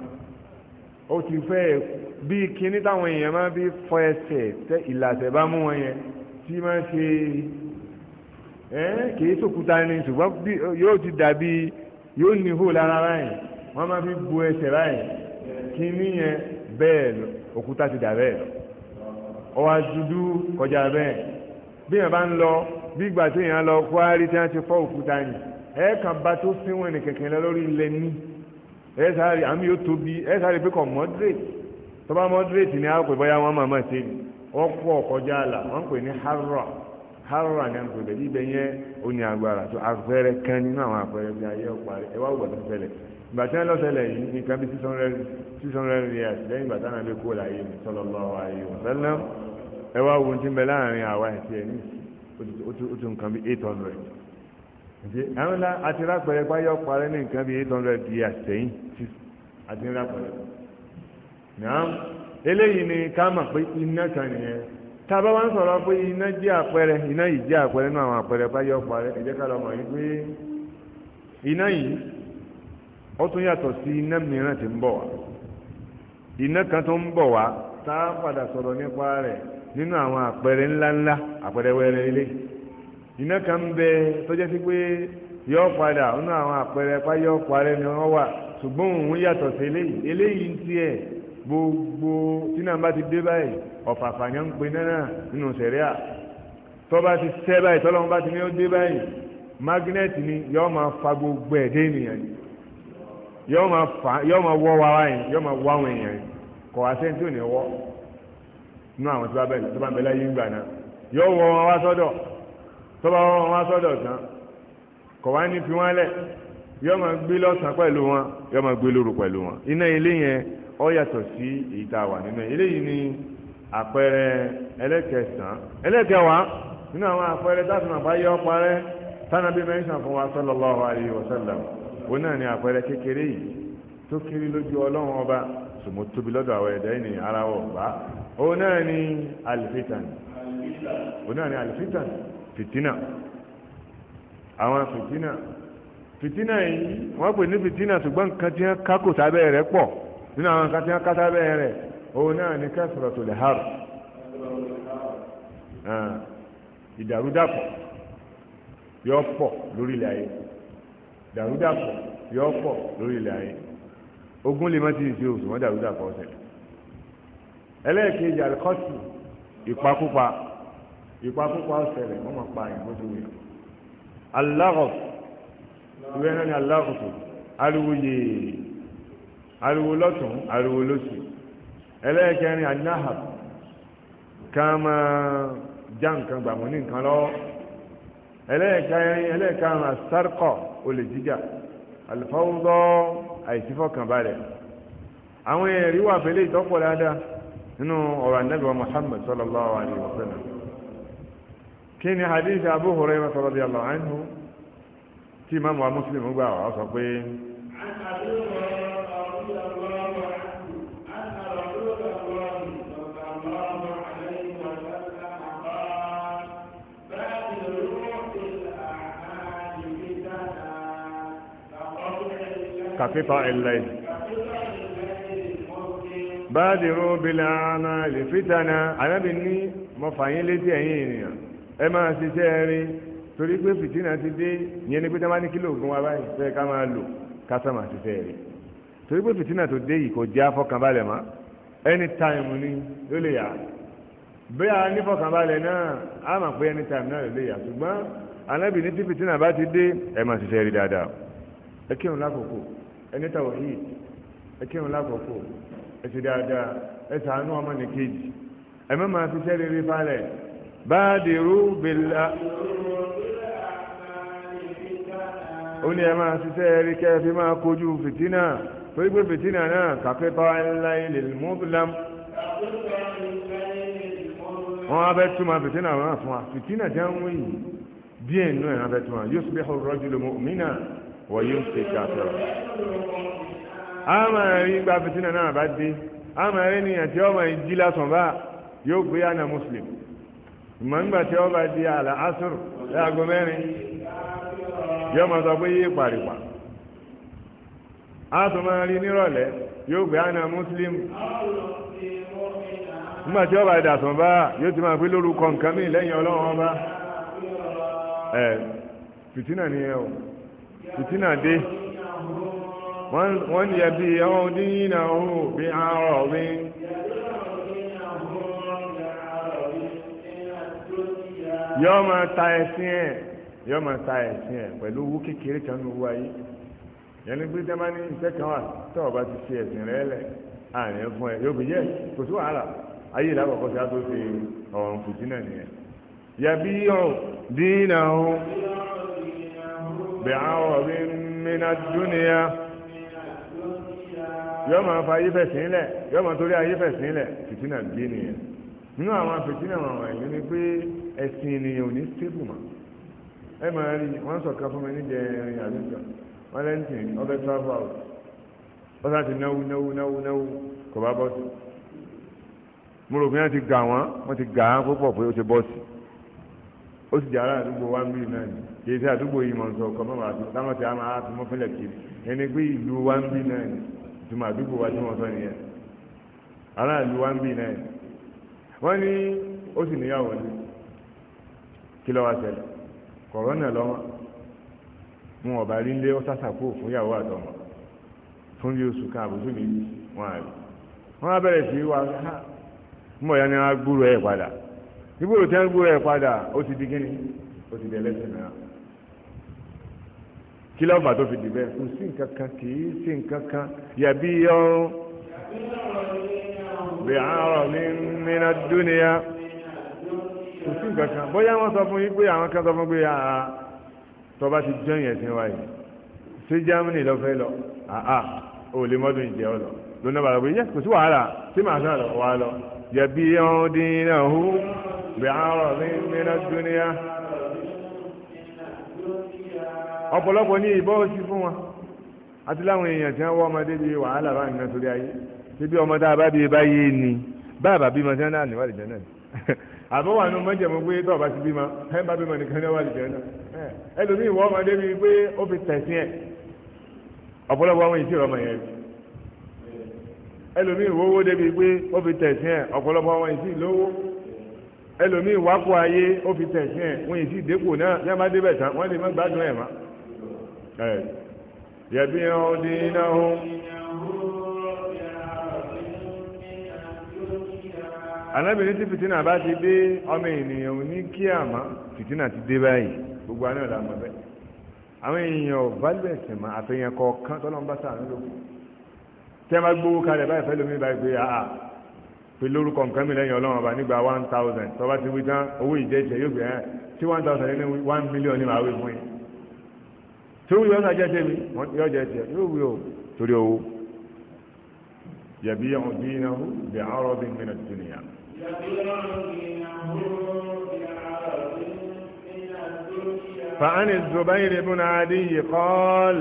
ó ti fẹ́ bí kinní táwọn èèyàn máa bí fọ ẹsẹ̀ tẹ ìlàsẹ̀ bá mú wọn yẹn tí máa ṣe ẹ́ kìí sòkúta ni ṣùgbọ́n yóò ti dàbí yóò ní hó lára báyìí wọ́n máa fi bu ẹsẹ̀ báyìí kí níyẹn bẹ́ẹ̀ òkúta ti dà bẹ́ẹ̀ ọwọ́ dúdú kọjá bẹ́ẹ̀ bí yẹn bá ń lọ bí ìgbà tí yẹn lọ kwari tí wọ́n ti fọ́ òkúta ni ẹ̀ kàn bá tó síwọ̀n ní kẹ̀kẹ́ lọ lórí ilẹ̀ ní ẹ̀ sáré àmì yóò tóbi ẹ̀ sáré pé kọ̀ mọ́dírètì tọ́ba mọ́dírètì ni a pè bọ́yá wọ́n máa máa ṣe wọ́n pọ̀ kọjá wọn wọ́n pè ní harra harra ní àwọn ìpèbè ibẹ̀ yẹn ó ní agbára tó àpẹẹrẹ kan nínú àwọn àpẹẹrẹ bí ayé ọ̀parí ẹ wá tó ṣẹlẹ̀ ìgbà tí wọ́n lọ ṣẹlẹ̀ yìí nǹkan bí six hundred years lẹ́yìn ìgbà táwọn kó mi ti ń bẹ láàrin àwa ní tún nǹkan bí eight hundred àwọn ńlá àti ní nǹkan bí eight eléyìí ni ká mọ̀ pé iná kan nìyẹn tábà wá ń sọ̀rọ̀ pé iná jẹ́ àpẹẹrẹ iná yìí jẹ́ àpẹẹrẹ nínú àwọn àpẹẹrẹ bá yọ parẹ́ ẹ ká lọ mọ̀ yín pé iná yìí ó tún yàtọ̀ sí iná mìíràn ń bọ̀ wá iná kan tó ń bọ̀ wá tá a padà sọ̀rọ̀ nípa rẹ̀ nínú àwọn àpẹẹrẹ ńláńlá àpẹẹrẹ wẹrẹ ilé iná kan bẹ tó jẹ́ sí pé yọ padà nínú àwọn àpẹẹrẹ bá yọ parẹ́ ni wọ́n wà ṣùgbọ́n òun yàtọ̀ sí eléyìí eléyìí gbogbo tí náà bá ti dé báyìí ọ̀fàfà ni ń pe náà nínú sẹ̀ríà tó bá ti sẹ́ báyìí tọ́lọ́mọ bá ti ní ó dé báyìí magnẹ́tì ni yọ́ọ́ máa fa gbogbo ẹ̀ dé ènìyàn yọ́ọ́ máa fa yọ́ọ́ máa wọ́ wa wáyìn yọ́ọ́ máa wọ́ àwọn èèyàn kọ̀ wá sẹ́ni tí ò ní wọ́ nú àwọn tó bá bẹ̀rẹ̀ tó bá bẹ̀rẹ̀ láyé ńgbà náà yọ́ọ́ wọ́ wọn wá sọ́dọ̀ tó bá wọ́ wá sọ́dọ̀ tán kọ̀ wá ní fi wọ́n lẹ̀ yọ́ọ́ máa gbé lọ́sàn pẹ̀lú wọn yọ́ọ́ máa gbé lóru pẹ̀lú wọn iná ilé yẹn ọ yàtọ̀ sí èyí tá a wà nínú eléyìí ni àpẹẹrẹ ẹlẹ́kẹsàn-án ẹlẹ́kẹwàá nínú àwọn àpẹẹrẹ táàtùn àbáyọ parẹ́ tánàbí fún wa wa náà ni àpẹẹrẹ kékeré yìí tó lójú ọlọ́run ọba tóbi lọ́dọ̀ àwọn ẹ̀dá ẹni ara wọ̀ bá òun náà ni alifitan òun náà ni alifitan fitina àwọn fitina fitina yìí wọ́n pè ní ṣùgbọ́n nǹkan kákò sábẹ́ rẹ̀ pọ̀ nínú àwọn kan tí wọ́n kátá bẹ́ẹ̀ rẹ̀ òun náà ní kẹsìrọ̀ tó lè hàrù ah, ìdàrúdàpọ̀ yọ pọ̀ lórí ilẹ̀ ayé ìdàrúdàpọ̀ yọ pọ̀ lórí ilẹ̀ ayé ogun lè má ti ṣe oṣù wọn dàrúdàpọ̀ ọ̀sẹ̀ ẹlẹ́ẹ̀kejì àlùkọ́sì ìpakúpa ìpakúpa ọ̀sẹ̀ rẹ̀ wọ́n máa pa àyìnbó tó wẹ̀ aláhọ̀ ìwé náà ni aláhọ̀ tó ariwo yèé ariwo lọ́tún ariwo lósì ẹlẹ́ẹ̀kẹrin anahab ká máa já nǹkan gbà mọ́ ní nǹkan lọ́wọ́ ẹlẹ́ẹ̀kẹrin ẹlẹ́ẹ̀kẹrin asárkọ̀ olè jíjà alifawudọ́ àìsífọ̀kànbalẹ̀ àwọn ẹ̀rí wà fẹ́lẹ́ ìtọ́pọ̀ dáadáa nínú ọ̀rọ̀ anábìwá Muhammad sallallahu alayhi wa sallam kí ni hadith Abu Hurairah radiyallahu anhu tí imaamu wa Muslim gbà wà sọ pé. كقطع الليل بادروا فتنا بني مفاهيم a ní a ẹni tawhid ẹkírun lákòókò ẹsẹ dáadáa ẹsẹ àánú ọmọ nìkejì ẹmẹ máa fi sẹ́ẹ̀rì rí falẹ̀ badiru billa. ó ní ẹ máa ṣiṣẹ́ rí kẹfí máa kojú fìtínà torí pé fìtínà náà kàpẹ́pà ńlá ilẹ̀ mọ́bìlám. wọ́n á bẹ́ túmọ̀ fìtínà náà fún wa fìtínà jẹ́ ń wí díẹ̀ nínú ẹ̀ á bẹ́ túmọ̀ yusbihu ar-rajulu mu'mina. wọ́n yóò ṣe kàfẹ́rọ̀. a máa rí gba fìtínà náà bá a rí nìyẹn tí ọmọ yìí lásán bá yóò gbé àná muslim ma tí ọba di àlà asur láago mẹ́rin yóò máa sọ pé yé a máa rí nírọ̀lẹ́ yóò gbé àná muslim nígbà tí ọba bá yóò ti máa pé lórúkọ nǹkan mi lẹ́yìn ọba ẹ fìtínà nìyẹn o. fìtínà dé wọ́n yẹ bí ẹwọ́n dín yínà ọ̀hún bí àárọ̀ bí. yọ́ọ́ máa ta ẹ̀sìn ẹ̀ yọ́ọ́ máa ta ẹ̀sìn ẹ̀ pẹ̀lú owó kékeré kan ní owó ayé yẹn ní pété máa ní iṣẹ́ wà tó o ti ṣe ẹ̀sìn rẹ lẹ̀ àárín fún ẹ yóò fi yẹ kò sí wàhálà ayé ìlà sí àtúnṣe ọ̀run fìtínà nìyẹn yàbí yọ̀ dínà ọ̀hún. بعرض من الدنيا yọ́ máa fa ayé fẹ̀sìn ilẹ̀ yọ́ máa torí ayé fẹ̀sìn ilẹ̀ fìtínà gbé nìyẹn nínú àwọn fìtínà àwọn ẹ̀yìn ni pé ẹ̀sìn ènìyàn ò ní stable mọ́ ẹ máa rí wọ́n sọ ká fún mi níjẹ ẹ̀rìn àlùjọ wọ́n lẹ́ǹtì ọbẹ̀ travel out wọ́n sá ti náwó náwó náwó náwó kò bá bọ́ọ̀sì mo rò pé wọ́n ti gà wọ́n wọ́n ti gà á púpọ̀ pé ó ti bọ́ọ̀sì ó sì jẹ́ ará àdúgbò wa ń náà nìyẹn kìí ṣe àdúgbò yìí mọ̀ ń sọ ọkọ̀ mọ́wàá àti táwọn ti àmà àti mọ́fẹ́lẹ̀ kiri ẹni pé ìlú wa ń bí náà ìtumọ̀ àdúgbò wa tí wọ́n sọ nìyẹn aráàlú wa ń bí náà wọ́n ní ó sì níyàwó ní kí ló wá kọ̀rọ́nà lọ́wọ́ wọn ọ̀bà rí lé fún ìyàwó fún bí oṣù kan àrí á bẹ̀rẹ̀ sí wa ha mọ̀ ya ni wọn á gbúrò ẹ̀ padà tí gbúrò ẹ̀ padà ó ti di kíni ó ti di ẹlẹ́sìn náà kí ló fà tó fi dì bẹ́ẹ̀ kò sí nǹkan kan kì í sí nǹkan kan yàbí yọrùn bí àárọ̀ ní nínú dúnìyà kò sí nǹkan kan bóyá wọ́n sọ fún yín pé àwọn kan sọ fún pé àá tó bá ti jẹ́ yẹn sí wáyé sí Germany lọ fẹ́ lọ àá ò lè mọ́dún ìjẹ́ ọ lọ lónà bàrà pé kò sí wàhálà tí màá sàn lọ wà lọ yàbí yọrùn dín hù bí àárọ̀ ní nínú dúnìyà ọ̀pọ̀lọpọ̀ ní ìbọ́ òsì fún wọn àti láwọn èèyàn tí wọ́n wọ́ ọmọdé bí wàhálà bá nǹkan torí ayé síbi ọmọ tá a bá bí e ni báàbà bímọ tí wọ́n náà níwádìí jẹ́ náà àbọ̀ wà nù mọ́jẹ̀mú pé tó ọba ti bímọ ẹ bá bímọ nìkan ní ọwádìí jẹ́ náà ẹlòmíì wọ́ ọmọdé bíi pé ó fi tẹ̀sín ẹ̀ ọ̀pọ̀lọpọ̀ àwọn ìṣirò ọmọ yẹn ẹlòmíì wọ́wọ́ débi pé ó fi tẹ̀sín ẹ̀ ọ̀pọ̀lọpọ̀ àwọn ìṣirò lówó ẹlòmíì wákò ayé ó fi tẹ̀sín ẹ̀ wọ́n ìṣirò dépò náà yá má débẹ̀ tán wọ́n lè má gbádùn ẹ̀ má يبيع دينهم anábìrin tí fìtínà bá ti dé ọmọ ènìyàn ò ní kí àmọ́ fìtínà ti dé báyìí gbogbo àná ìlànà bẹ́ẹ̀ àwọn èèyàn ò bá lè sìn mọ́ àfihàn kọ̀ọ̀kan tọ́lọ́ ń bá sàánú lò tí a máa gbowó kalẹ̀ báyìí fẹ́ lómi báyìí pé àà pé lórúkọ nǹkan mi lẹ́yìn ọlọ́run ọba nígbà one thousand tọ́ba ti wí tán owó ìjẹ́jẹ́ yóò gbé ẹ́ tí one thousand ní one million ni màá wí fún yín. torí ọ̀nà jẹ́ tẹ́mi yọ jẹ́ tẹ́ yóò wí o torí owó yẹ̀bí ọ̀hún dín náà bí àárọ̀ bí mìíràn tó nìyà. فعن الزبير بن عدي قال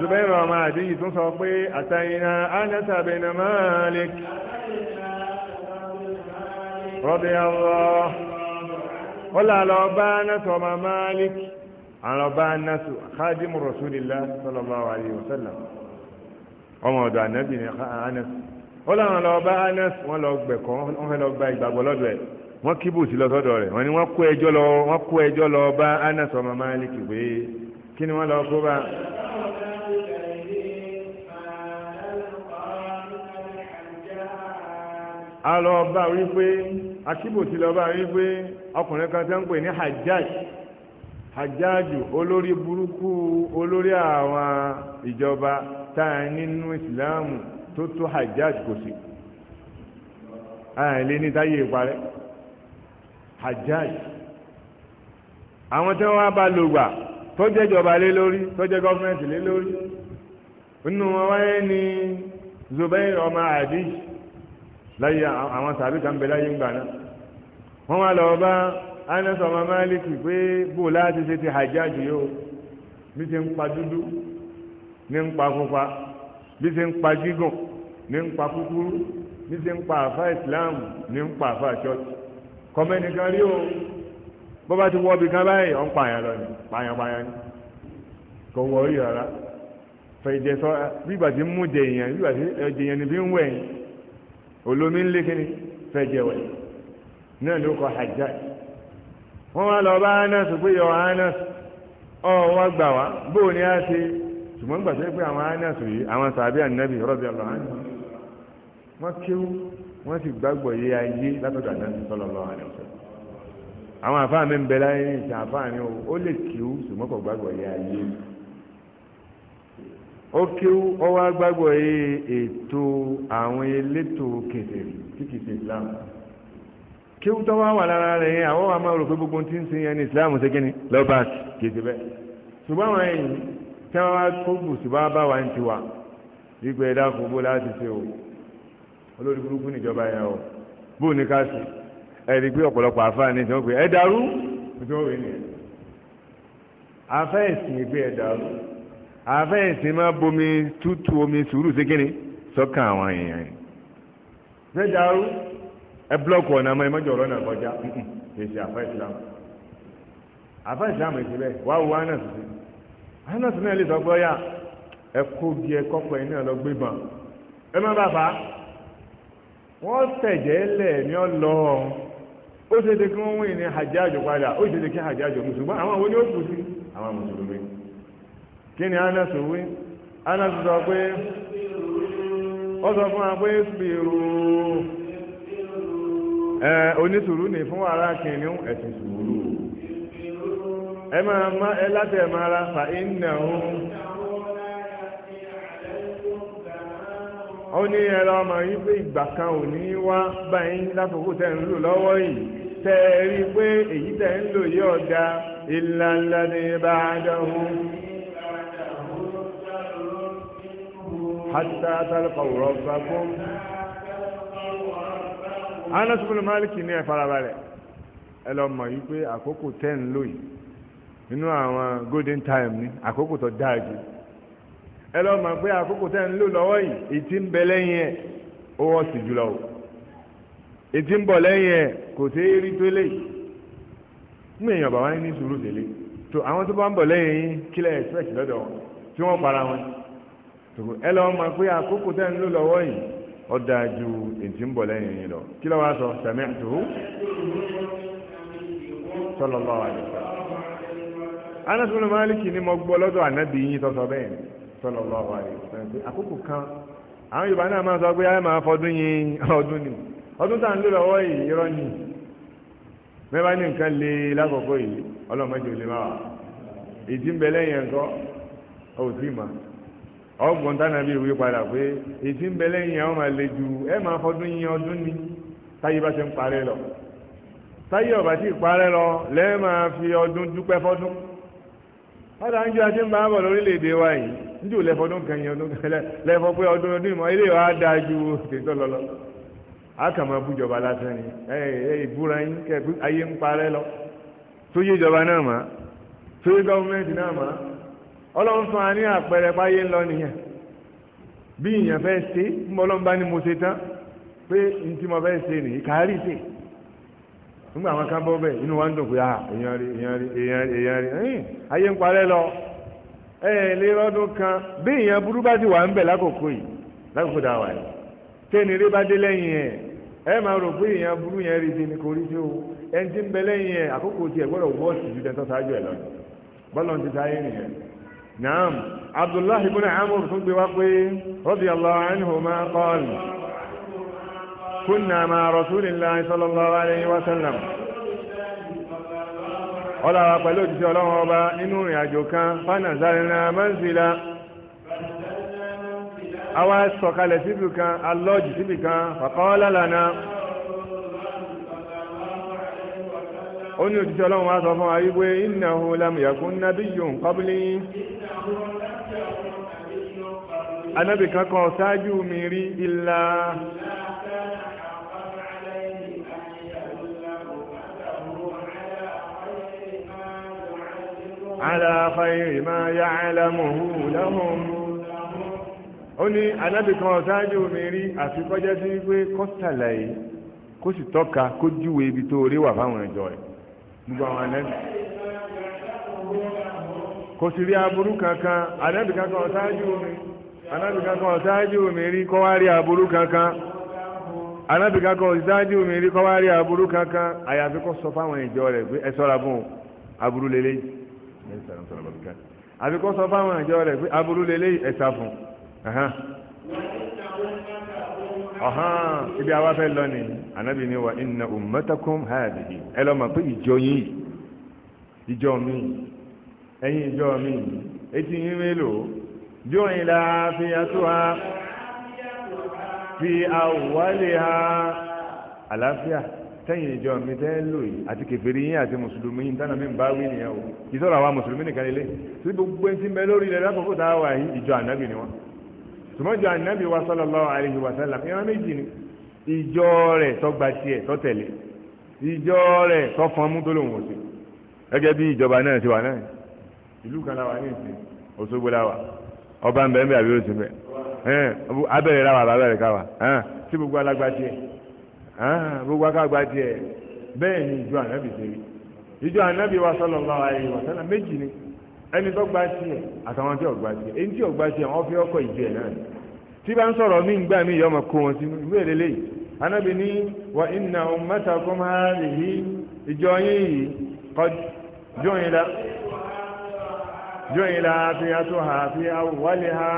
زبير بن عدي تصفي أتينا أنس بن مالك رضي الله ó là lọ bá násù ọmọ Malik àlọ́ bá násù khadimu rasulillah sallallahu alayhi wa sallam ọmọ ọ̀dọ̀ ànábì ní Anas ó làwọn lọ bá Anas wọn lọ gbẹ̀kọ́ wọn fẹ́ lọ gba ìgbàgbọ́ lọ́dọ̀ ẹ̀ wọ́n kíbù sí lọ́sọ́dọ̀ rẹ̀ wọ́n ni wọ́n kó ẹjọ́ lọ wọ́n kó ẹjọ́ lọ bá Anas ọmọ Malik pé kí ni wọ́n lọ kó bá. a lọ bá wípé akíbòtí lọ bá wípé ọkùnrin kan tẹ́ ń pè ní hajjaj hajjaju olórí burúkú olórí àwọn ìjọba tá a nínú ìsìláàmù tó tó hajjaj kò sí àìlè ní táyé ìparẹ́ hajjaj àwọn tí wọ́n bá lògbà tó jẹ́ ìjọba lé lórí tó jẹ́ gọ́fúnmẹ́ntì lé lórí nínú wọn wáyé ní Zubair ọmọ Adish láyé àwọn sàbí kan bẹ láyé ń gbà náà wọ́n wá lọ bá Anas ọmọ Máàlìkì pé bó láti ṣe ti Hajjaj yóò bí ti ń pa dúdú ní ń pa pupa bí ti ń pa gígùn ní ń pa kúkúrú bí ti ń pa àfa Islam ní ń pa àfa ṣọ́ọ̀ṣì kọ́mẹ́nìkan rí o bó bá ti wọ́ bí kan báyìí ọ̀ ń pààyàn lọ ni pààyàn pààyàn ni kò wọ́ rí rárá fẹ̀jẹ̀ sọ bí ìgbà tí ń mú jẹ èèyàn bí ìgbà tí ẹ̀jẹ̀ yẹn ni bí ń wẹ̀ yìí olómi ńlé kíni fẹjẹwẹ náà ló kọ hajjaj wọn wá lọ bá anas pé yọ anas ọ wọn gbà wá bóò ni a ṣe ṣùgbọ́n gbà tó pé àwọn anas yìí àwọn sàbí ànábì radiyallahu anhu wọn kéwú wọn sì gbàgbọ́ yé ayé látọ̀dọ̀ ànábì sallallahu alaihi wasallam àwọn àfáà ń bẹ láyé ní ìta àfáà ni ó lè kéwú ṣùgbọ́n kò gbàgbọ́ yé ayé ó kéwú ọwọ́ agbágbọ́ yìí ètò àwọn elétò kèfèrí tí kìí ṣe islam kéwú tọ́wọ́ wà lára rẹ̀ yẹn àwọn wà máa rò pé gbogbo tí ń sin yẹn ní islam ṣe kíni lọ́ba kìí ṣe bẹ́ẹ̀ ṣùgbọ́n àwọn ẹ̀yìn tí wọ́n wá kó bùsùbá bá wa ń ti wà wípé ẹ̀dá kò láti ṣe o olórí burúkú níjọba yẹn o bó ní ká sí ẹ̀rí pé ọ̀pọ̀lọpọ̀ ni tí wọ́n pè ẹ̀ dàrú tí wọ́n ni nìyẹn afẹ́ afẹ́ ma máa bomi tútù omi sùúrù sí kíni àwọn èèyàn ẹ búlọ́ọ̀kù ọ̀nà àmọ́ ìmọ̀jọ̀ ọ̀rọ̀ náà kọjá kì í ṣe àfẹ́ ìsìlámù àfẹ́ ìsìlámù bẹ́ẹ̀ wá wo anas sí anas náà lè sọ pé ọ̀yà ẹ kó bí ẹ kọ́pọ̀ ẹ náà lọ gbé bàn ẹ má bàbá wọ́n tẹ̀jẹ́ lẹ̀ ní ọlọ́ ó ṣe é ṣe kí wọ́n wí ní hajjáàjò padà ó ṣe é ṣe kí mùsùlùmí kí ni Anas wí Anas sọ pé ó sọ fún wa pé sùúrù ẹ onísùúrù ní fún ara kìnìún ẹ̀sìn sùúrù ẹ máa má ẹ láti ẹ̀ máa ra fa iná o. ó ní ẹ lọ mọ̀ pé ìgbà kan ò ní wá báyìí lákòókò tẹ̀ ń lò lọ́wọ́ yìí tẹ́ ẹ rí hatta talqaw rabbakum Anas bin Malik ní ẹ farabalẹ̀ ẹ lọ mọ̀ yìí pé àkókò ten lóyìí nínú àwọn golden time ní àkókò tó dáa jù ẹ lọ mọ̀ pé àkókò tẹ́ ń lò lọ́wọ́ yìí ìtì ń bẹ lẹ́yìn ẹ̀ ó wọ́n sì jùlọ o ìtì ń bọ̀ lẹ́yìn ẹ̀ kò tẹ́ é rí tó lé yìí mú èèyàn bàbá ní sùúrù tẹ́lẹ̀ tó àwọn tó bá ń bọ̀ lẹ́yìn yín kí lẹ́yìn expect lọ́dọ̀ wọn tí wọ́n para wọn ṣùgbọ́n ẹ lọ́wọ́ máa pé àkókò tẹ́ ń lò lọ́wọ́ yìí ó dáa ju ètí ń bọ̀ lẹ́yìn yìí lọ kí lọ́wọ́ sọ sami'tu sallallahu alaihi wasallam Anas bin Malik ni mo gbọ́ lọ́dọ̀ ànábì yín tọ́sọ bẹ́ẹ̀ sallallahu alaihi wasallam àkókò kan àwọn Yorùbá náà máa sọ pé ayé máa fọdún yín ọdún ni ọdún tá à ń lò yìí irọ́ ni mẹ́fà ní nǹkan lé lákòókò yìí ọlọ́mọdé lè má wà ìdí ń bẹ lẹ́yìn ẹ̀ńkọ́ ò tí ì máa ọgbọ̀n tánàbí ìwé padà pé èsì ń bẹ lẹ́yìn àwọn máa le ju ẹ máa fọdún yín ọdún ni táyé bá ṣe ń parẹ́ lọ táyé ọ̀bà tí ì parẹ́ lọ lẹ́ẹ̀ máa fi ọdún dúpẹ́ fọdún padà ń ju àti ń bá bọ̀ lórílẹ̀‐èdè wa yìí ń jù lẹ́fọdún kẹyìn ọdún lẹ́fọ pé ọdún ọdún ìmọ̀ ilé wa dáa ju tètò lọ lọ àkàmọ́ bújọba lásán ni ẹ ẹ ìbúra yín kẹ ayé ń parẹ́ lọ tó yé ìjọba náà mà tó yé gọ́ọ̀mẹ́ntì náà mà ọlọ́run fún wa ní àpẹẹrẹ báyé ń lọ nìyẹn bí ìyàn fẹ́ ṣe ń bọ́ lọ́nba ni mo ṣe tán pé n tí mo fẹ́ ṣe nìyí kárí ṣe nígbà àwọn kan bọ́ bẹ́ẹ̀ inú wa ń dùn pé ah èèyàn rí èèyàn rí èèyàn rí èèyàn rí ẹ̀yìn ayé ń parẹ́ lọ ẹ ẹ lè rọ́dún kan bí ìyàn burú bá ti wà ń bẹ̀ lákòókò yìí lákòókò dá wà yìí tẹ́ni rí bá dé lẹ́yìn ẹ̀ ẹ máa rò pé ìyàn burú yẹn rí ti ni kò rí sí o ẹni ń bẹ lẹ́yìn ẹ̀ àkókò tiẹ̀ gbọ́dọ̀ wọ́ọ̀sì ju dẹ́ntọ́ sáájú ẹ̀ lọ bọ́lọ̀ ti sáyé nìyẹn naam abdullahi ibn amur tún gbé wá pé radiyallahu anhuma qala kunna ma rasulillahi sallallahu alayhi wa sallam ọlọ́wà pẹ̀lú òjíṣẹ́ ọlọ́run ọba inú ìrìn àjò kan fanazalna manzila àwa sọ̀kalẹ̀ síbì kan alọ́jì síbì kan faqala lana. ó ní òjíṣẹ́ ọlọ́run wá sọ fún wa wípé innahu lam yakun nabiyyun qabli anábì kankan ṣáájú mi rí illa ala khayri ma ya'lamuhu lahum ó ní anábì kan ṣáájú mi rí àfikọ́jẹ́ sí pé kó kó sì tọ́ka kó júwe ibi tó rí wà fáwọn ìjọ rẹ̀ gbogbo àwọn ànábì kò sì rí aburú kankan ànábì kankan ọ̀sáájú omi ànábì kankan ọ̀sáájú omi rí kọ́ wá rí aburú kankan ànábì kankan ọ̀sáájú omi rí kọ́ wá rí aburú kankan àyàfi ọ̀hán ibi àwa fẹ́ lọ ni ànábì ni wa inna ummatakum hadhihi ẹ lọ́ọ́ mọ̀ pé ìjọ yín ìjọ mi ẹ̀yin ìjọ mi etí yín mélòó jọ yín la fi aṣọ ha fi àwọ̀lẹ̀ ha àlàáfíà tẹ́yìn ìjọ mi tẹ́ lò yìí àti kèfèrí yín àti mùsùlùmí yín tánà mi ń bá wí nìyẹn o ìsọ̀rọ̀ àwa mùsùlùmí nìkan lélẹ̀ tí gbogbo ẹni tí ń bẹ lórí ilẹ̀ lákòókò tá a wà yìí ìjọ ànábì ni wọ́n tùmọ̀jọ ànábì wa sallallahu alaihi wa sallam ìran méjì ni ìjọ rẹ̀ tó gba tiẹ̀ tó tẹ̀lé ìjọ rẹ̀ tó fọn mú tó lòun ò sí gẹ́gẹ́ bí ìjọba náà ti wà náà ìlú kan láwa ní ìsìn Òṣogbo láwa ọba ń bẹ̀ ń bẹ̀ àbí oṣù bẹ̀ abẹ́rẹ́ láwa abẹ́rẹ́ káwa tí gbogbo alágbá tiẹ̀ gbogbo akágbá tiẹ̀ bẹ́ẹ̀ ni ìjọ ànábì ṣe ìjọ ànábì wa sallallahu alaihi wa sallam méjì ni ẹni tó gba tiẹ̀ àtàwọn tí ò gba tiẹ̀ èyí tí ò gba tiẹ̀ wọ́n fi ọkọ̀ ìjẹ́ náà tí bá ń sọ̀rọ̀ mí ń gbà mí yọ ọmọ kó wọn sínú ìwé èlé lẹ́yìn anábì ní wà inna ummatakum hadhihi ìjọ yín yìí qad ju'ila ju'ila afiyatuha fi awwaliha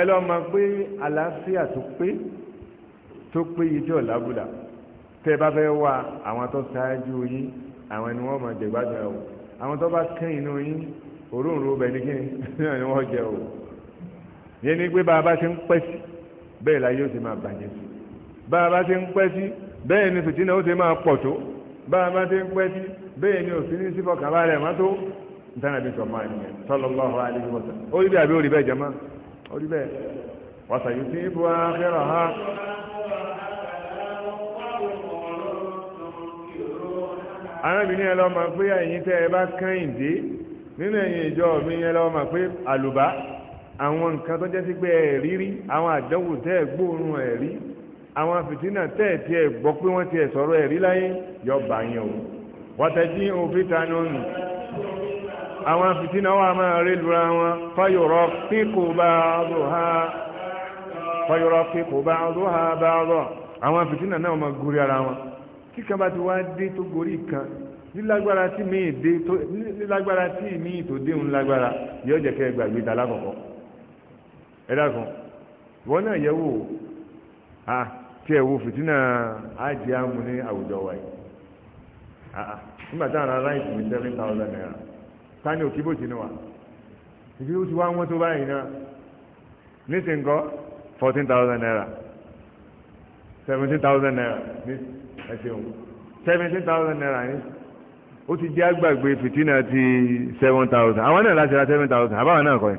ẹ lọ́ọ́ máa pé àlàáfíà tó pé tó pé ìjọ làbúdà tẹ́ bá fẹ́ wà àwọn tó ṣáájú yín àwọn ẹni wọ́n máa jẹ gbádùn ẹ̀ o àwọn tó bá kẹ́yìn inú yín òróǹro bẹ̀ ní kíni náà ni jẹ o yẹn ni pé bá a bá ṣe ń pẹ́ sí bẹ́ẹ̀ la yóò ti máa bàjẹ́ sí bá a bá ṣe ń pẹ́ sí bẹ́ẹ̀ ni fìtínà ó ti máa pọ̀ tó bá a bá ṣe ń pẹ́ sí bẹ́ẹ̀ ni òsín ní sífọ̀ kàbá rẹ̀ má tó ntànà bí sọ̀mọ́ ẹ̀ sallallahu alaihi wasallam ó rí bẹ́ẹ̀ àbí ó rí bẹ́ẹ̀ jẹ́ máa ó rí yìí ti bu akẹ́rọ̀ ha arábìnrin yẹn lọ́ọ́ máa pé ẹ̀yin tẹ́ ẹ bá kẹ́yìn dé nínú ẹ̀yin ìjọ mi yẹn lọ́ọ́ máa pé àlùbá àwọn nǹkan tó jẹ́ sí pé ẹ̀ rírí àwọn àdánwò tẹ́ ẹ̀ gbóòórùn ẹ̀ rí àwọn fìtínà tẹ́ ẹ̀ tiẹ̀ gbọ́ pé wọ́n tiẹ̀ sọ̀rọ̀ ẹ̀ rí láyé yọ yẹn o wọ́tẹ̀jì òfin tanu nù àwọn fìtínà wà máa rí lura wọn fọyọ̀rọ̀ kíkò bá ọdún ha fọyọ̀rọ̀ kíkò bá ọdún ha bá ọdún àwọn fìtínà náà máa gorí ara wọn tí kan bá ti wá dé tó gorí kan lílágbára tí míì dé tó lílágbára tí míì tó dé òun lágbára yóò jẹ́ kẹ́ ẹ gbàgbé ta lákọ̀ọ́kọ́ ẹ dákun ìwọ náà yẹ wò á tí ẹ wo fìtínà ájì ámú ní àwùjọ wa yìí nígbà táwọn ará ìsìn ní seven thousand naira tani òkè bó ti ní wa ìdí ó ti wọn tó báyìí náà nísìnyí kọ́ fourteen thousand naira seventeen thousand naira ní ẹsẹ̀ òun seventeen thousand naira ní ó ti jẹ́ àgbàgbé fìtínà ti seven thousand àwọn náà láti ra seven thousand àbáwọn náà kọ́ ẹ̀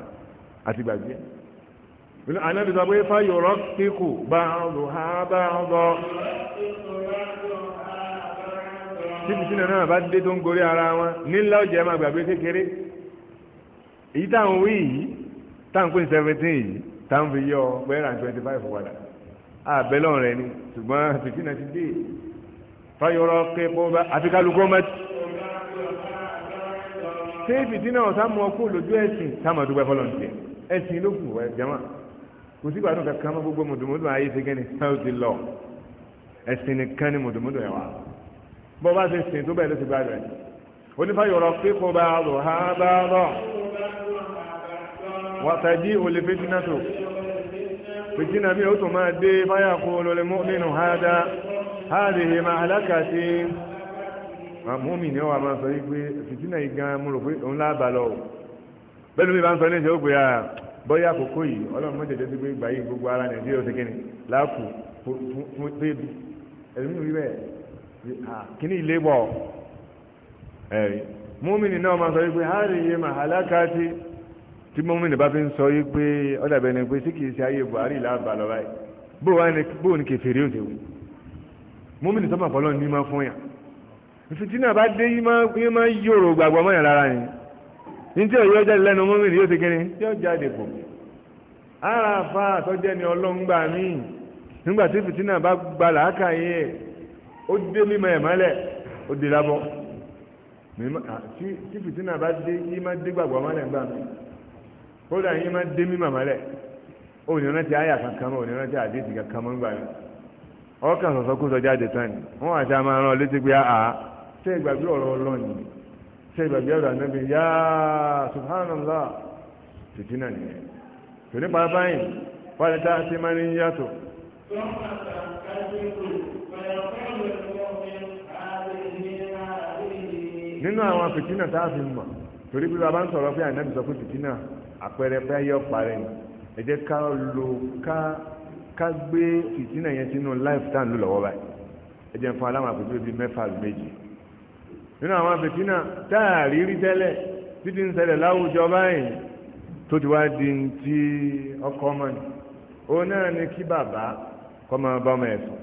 àti gbàgbé anabi sọ pé fáyọrọ kíkù bá ọdún ha bá ọdún tí fìtínà náà bá dé tó ń gorí ara wọn nílá ọjà máa gbàgbé kékeré èyí táwọn wí yìí táwọn pín seventeen yìí táwọn fi yọ pẹ́ẹ́rà twenty five padà àbẹ́lọ̀ rẹ̀ ni ṣùgbọ́n fìtínà ti dé fáyọrọ kẹ́kọ̀ọ́ bá àfikálukọ́ mẹ́tì ṣé fìtínà ọ̀sá mú ọkú lójú ẹ̀sìn táwọn àdúgbò ẹ̀fọ́ lọ́nà tiẹ̀ ẹ̀sìn ló kù ẹ̀ jẹ́mà kò sí gbàdúrà kankan mọ́ gbogbo mùdùmùdù ayé ṣe gẹ́ni táwọn ti lọ ẹ̀sìn nìkan ni mùdùmùdù ẹ̀ wà bọ́ bá ṣe sìn tó bẹ́ẹ̀ ló ti gbàdúrà ẹ̀ onífáyọrọ kẹ́kọ̀ọ́ bá lò ha bá lọ wàtàjì olè fẹ́tínà tó fìtínà mi ó tún máa dé báyà kó lọlẹ mọ́mínú hádá hádìhì máa alákàtí mọ́mí ni ó wà máa sọ yí pé fìtínà yìí gan mo rò pé òun lábà lọ bẹ́ẹ̀ mi bá ń sọ ní ìṣe ó pé à ah, bọ́yá àkókò yìí ọlọ́run mọ́jẹ̀dẹ́ ti pé ìgbà yìí gbogbo ara nàìjíríà ó ti kíni láàkù fún bébì ẹ̀mí rí bẹ́ẹ̀ ah, kíní ilé bọ̀ ẹ̀rí mọ́mí ni náà máa sọ yí pé hádìhì máa alákàtí tí mọ́mí nìbá fi ń sọ yí pé ọ̀dàbẹ̀ ni pé sí kìí ṣe ayé Buhari làbà lọ́wọ́ yìí bó wà ní bó ní kẹfẹ́rẹ́ òde wù mọ́mí nìtọ́ màpọ̀ lọ́nà ní máa fún yà fìtínà bá dé yí máa yòrò gbàgbọ́ mọ́yà lára ni ní tí òye ọjà lẹ́nu mọ́mí ni yóò ti kéré tí jáde pọ̀ ara fa àtọ́jẹ́ ni ọlọ́ngbà míì nígbà tí fìtínà bá gba làákàyè ẹ̀ ó dé mímọ ẹ̀ mọ́lẹ̀ ó dé lábọ́ tí fìtínà bá dé yí máa dé gbàgbọ́ mọ́lẹ̀ kódà yín máa dé mímọ̀ mọ́lẹ̀ òní rántí àyà kankan mọ́ òní rántí àdéhìí kankan mọ́ nígbà yẹn ọkàn sọ̀sọ́ kó sọ jáde tán ni wọ́n àti àmọ́ ẹran létí pé àá ṣé ìgbàgbé ọ̀rọ̀ ọlọ́ọ̀ni ṣé ìgbàgbé ọ̀rọ̀ ànábi yá subhanallah títí náà nìyẹn tò nípa báyìí wàlẹ̀ tá a ti máa ń yàtọ̀. nínú àwọn fìtínà tá a fi mọ̀ torí bí bàbá ń sọ̀rọ̀ pé ànábi sọ fún fìtínà àpẹẹrẹ pé ayé ọ̀pá rẹ̀ ẹ jẹ́ ká lo ká gbé fìtínà yẹn sínú láìpẹ́ tá à ń lò lọ́wọ́ báyìí ẹ jẹ́ fún aláwọ̀ àpèjúwe bíi mẹ́fà méjì nínú àwọn fìtínà tá à rí rí tẹ́lẹ̀ títí ń ṣẹlẹ̀ láwùjọ báyìí tó ti wá di ti ọkọ ọmọ ni òun náà ni kí bàbá kọ́ máa bá ọmọ ẹ̀ sùn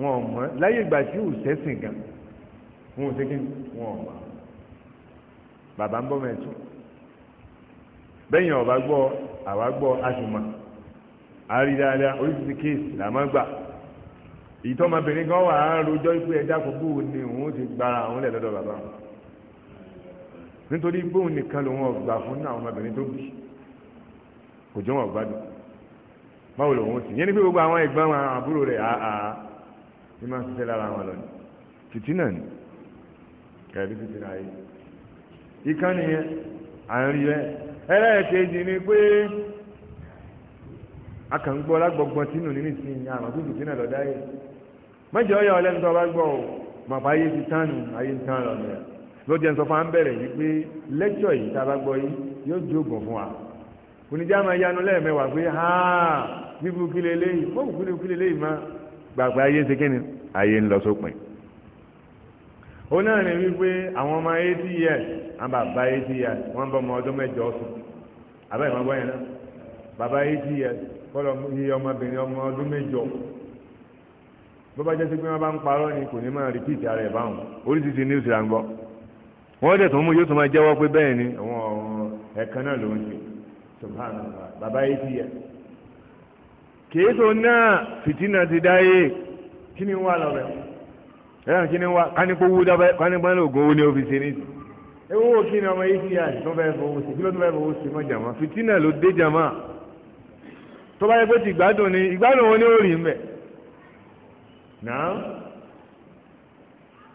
wọn ò mọ láyé ìgbà tí ò sẹ́sìn gan wọn ò sẹ́kìn wọn ò mọ bàbá ń bọ́ mẹ́tún bẹ́yìn ọ̀bá gbọ́ àwa gbọ́ àṣùmọ̀ àárí dáadáa oríṣiríṣi kéèsì là máa gbà ìtọ́mọbìnrin kan wà á rojọ́ pé ẹja kókó ni òun ti gbára àwọn ilẹ̀ lọ́dọ̀ bàbá wọn nítorí bóun nìkan lòun ọgbà fún àwọn ọmọbìnrin tó bì kò jọ́ wọn gbádùn báwo lòun sì yẹn ní pé gbogbo àwọn ẹ̀gbọ́n wọn àbúrò rẹ̀ àá ní máa ń ṣiṣẹ́ lára wọn lọ ní fìtínà ni kẹ̀rí fìtínà yìí ìkànnì yẹn à ń rí bẹ́ẹ̀ ẹlẹ́ẹ̀kejì ni pé akàngbọ́ lágbọ̀gbọ́n tínú nínú ìsìn ìyá àmọ́ kúkú sínú ma yìí mẹ́jọ ọ̀yà ọlẹ́nu tó bá gbọ́ ò màbá ayé ti tán ayé ń tán lọ́nà ẹ̀ lóde ẹ̀sọ́ fún abẹ́rẹ́ yìí pé lẹ́kṣọ̀ yìí tá a bá gbọ́ yìí yóò jogun fún wa oníjà máa yanu lẹ́ẹ̀mẹ́wàá pé ha bíbu kílẹ̀ léyìí fóònù kílẹ̀ léyìí má gbàgbé ayé ṣe kíni ayé ń lọ sópin ó náà ní wípé àwọn ọmọ eighty years àwọn bàbá eighty years wọ́n bọ́ ọmọ ọdún mẹ́jọ sùn àbẹ́ ìwọ̀n bọ́ yẹn náà bàbá eighty years kọ́lọ̀ iye ọmọbìnrin ọmọ ọdún mẹ́jọ bó bá pé wọ́n bá ń parọ́ ni kò ní máa repeat ara ẹ̀ báwọn oríṣiríṣi news là ń gbọ́ wọ́n dẹ̀ tó mú yóò tó máa jẹ́wọ́ pé bẹ́ẹ̀ ni àwọn ọ̀rọ̀ ẹ̀kan náà ló ń ṣe bàbá eighty years kèétò náà fìtínà ti dáyé kí ni wà lọ́rẹ̀ẹ́ ẹ̀rọ kí ni wá kánípò wú dábẹ́ kánípò ní oògùn owó ní ọ́fíìsì ní ti. ewu kí ni ọmọ aci tó fẹ́ fowó sí kí ló tó fẹ́ fowó sí mọ́ jàmá fìtínà ló dé jàmá tó bá yẹ pé ti ìgbádùn ni ìgbádùn wọn ni ó rí mbẹ. náà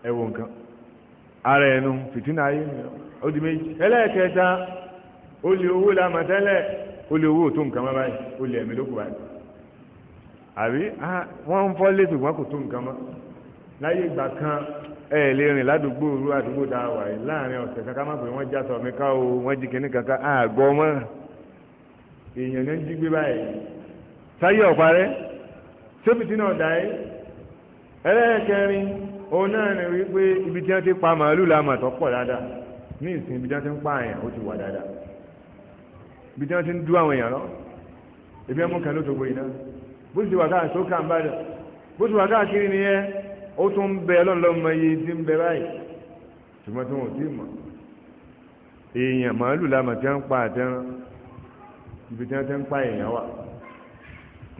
ẹ wo nǹkan ara ẹnu fìtínà ayé mi ó di méjì ẹlẹ́ẹ̀kẹta ó lè owó lamọ̀tẹ́lẹ̀ ó lè owó tó nǹkan mọ́ báyìí ó lè ẹ̀mí lókùn àbí ah, wọ́n ń fọ́ lé ṣùgbọ́n kò tó nǹkan mọ́ láyé ìgbà kan ẹ lè rìn ládùúgbò irú àdúgbò tá a wà yìí láàrin ọ̀sẹ̀ kankan má pè wọ́n já sọ mi ká o wọ́n jí kínní kankan àgọ́ mọ́ èèyàn ní jí gbé báyìí sáyé ọ̀parẹ́ sóbìtì náà dá yé ẹlẹ́ẹ̀kẹrin òun náà ni wípé ibi tí wọ́n ti pa màálù làmà tó pọ̀ dáadáa ní ìsìn ibi tí wọ́n ti ń pa àyàn ó ti wà dáadáa ibi tí wọ́n ti ń dú àwọn èèyàn lọ ebi ẹmú kan ló tó gbé iná bó ti bó ti wà káà kiri nìyẹn ó tún ń bẹ ọlọ́run lọ́mọ iye tí ń bẹ báyìí ṣùgbọ́n tí wọ́n ti mọ̀ èèyàn màálù lámà tí wọ́n pa àtẹ́rán ibi tí wọ́n ti ń pa èèyàn wà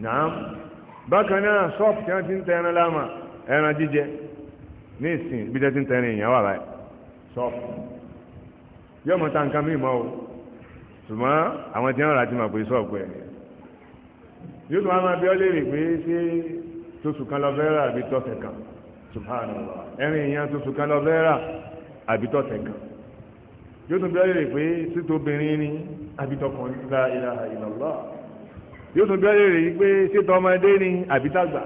nàám bákan náà ṣọ́ọ̀pù tí wọ́n ti ń tẹ ẹran lámà ẹran jíjẹ ní ìsìn ibi tí wọ́n ti ń tẹ ẹran èèyàn wà báyìí ṣọ́ọ̀pù yóò mọ̀ ta nǹkan mí mọ́ o ṣùgbọ́n àwọn tí wọ́n rà ti mọ̀ pé ṣọ́ọ̀pù ẹ̀ yóò tún wá máa bí ọ pé ṣé kan subhanallah ẹrin èèyàn tó sùn kan lọ fẹ́ rà àbítọ́ tẹ̀kan yóò tún bẹ́ẹ̀ rè pé sítòbìnrin ni àbítọ́kùnrin la ilaha illallah yóò tún bẹ́ẹ̀ rè pé sítọ́mọdé ni àbítàgbà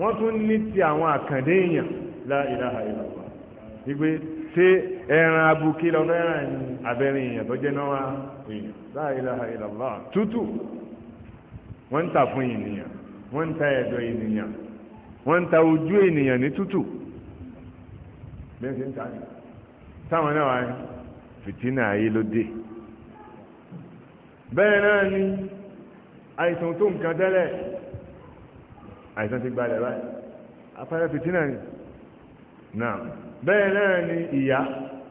wọ́n tún ní ti àwọn àkàndé èèyàn la ilaha illallah wípé ṣé ẹran abuké lọ fẹ́ rà ní abẹ́rin èèyàn tó jẹ́ náà èèyàn la ilaha illallah tútù wọ́n ń tà fún ènìyàn wọ́n ń ta ẹ̀dọ̀ ènìyàn wọ́n ń ta ojú ènìyàn ní tútù bẹ́ẹ̀ ṣe ń ta ni táwọn náà wáyé fìtínà ayé ló dé bẹ́ẹ̀ náà ni àìsàn tó nǹkan tẹ́lẹ̀ àìsàn ti gbalẹ̀ báyìí afárá fìtínà ni náà bẹ́ẹ̀ náà ni ìyá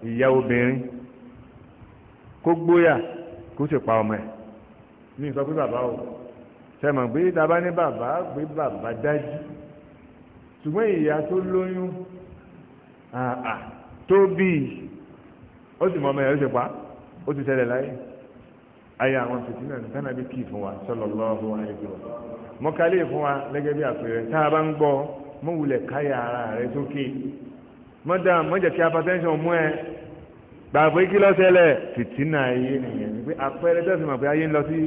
ìyá obìnrin kó gbóyà kó sì pa ọmọ ẹ̀ mi sọ bàbá o sẹ́mọ̀ gbé tá bá ní bàbá gbé bàbá dájú ṣùgbọ́n ìyá tó lóyún àà tó bí ó sì mọ ọmọ ẹ̀ ó sì pa ó ti ṣẹlẹ̀ láyé ayé àwọn fìtínà ní tánàbí kì í fún wa sallallahu alaihi wa mọ́kálé fún wa lẹ́gẹ́ bí àpẹẹrẹ tá a bá ń gbọ́ mọ́wulẹ̀ káyà ara rẹ sókè mọ́dà mọ́jẹ̀ kí apatẹ́ńsọ̀n mú ẹ gbàgbé kí lọ́sẹ̀lẹ̀ fìtínà ayé nìyẹn ni pé àpẹẹrẹ tó fi mọ̀ pé ayé ń lọ sí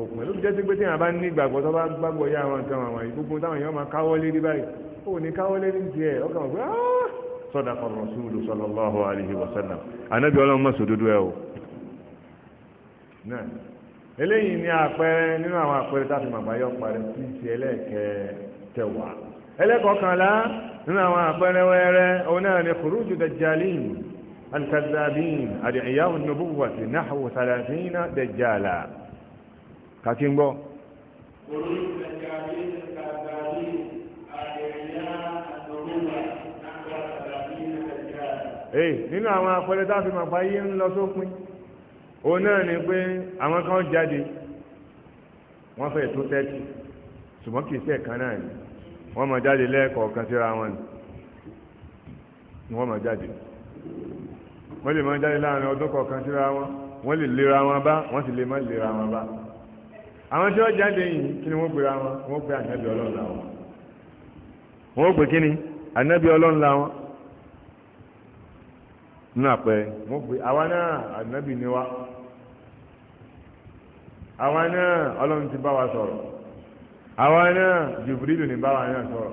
òkun ẹ̀ ló jẹ́ sí pé tí àwọn bá ní ìgbàgbọ́ tó bá gbàgbọ́ yá àwọn nǹkan àwọn ìgbógun táwọn èèyàn máa káwọ́ lé ní báyìí ó ní káwọ́ lé ní tiẹ̀ ọkàn wọn pé ah! sadaqa rasulu sallallahu alaihi wa sallam anábì ọlọ́run mọ̀ sódodo ẹ̀ o náà eléyìí ni àpẹẹrẹ nínú àwọn àpẹẹrẹ tá a fi màgbá yọ parẹ tí í ṣe ẹlẹ́ẹ̀kẹ́ tẹwàá ẹlẹ́kọ̀ọ́kànlá nínú àwọn àpẹẹrẹ wẹ́rẹ́ òun náà ni khuruju dajjalin al-kadhabin ad'iyahu an-nubuwwati nahwu thalathina dajjala kàtí ń gbọ́. ee nínú àwọn àpẹẹrẹ tá a fi mọ̀ pa yé ń lọ sópin òun náà ni pé àwọn kan jáde wọ́n fẹ́ tó tẹ́tì ṣùgbọ́n kì í ṣe kan náà ni wọ́n máa jáde lẹ́ẹ̀kọ̀ọ̀kan síra wọn ni wọ́n máa jáde wọ́n lè máa jáde láàrin ọdún kọ̀ọ̀kan síra wọn wọ́n lè lera wọn bá wọ́n sì lè má lera wọn bá àwọn tí wọ́n jáde yìí kí ni wọ́n pè ra wọn wọ́n pè ànábì ọlọ́run làwọn wọ́n pè kí ni ànábì ọlọ́run làwọn nínú àpẹẹrẹ wọ́n pè àwa náà ànábì ni wa àwa náà ọlọ́run ti bá wa sọ̀rọ̀ àwa náà jùbìrìlù ni bá wa náà sọ̀rọ̀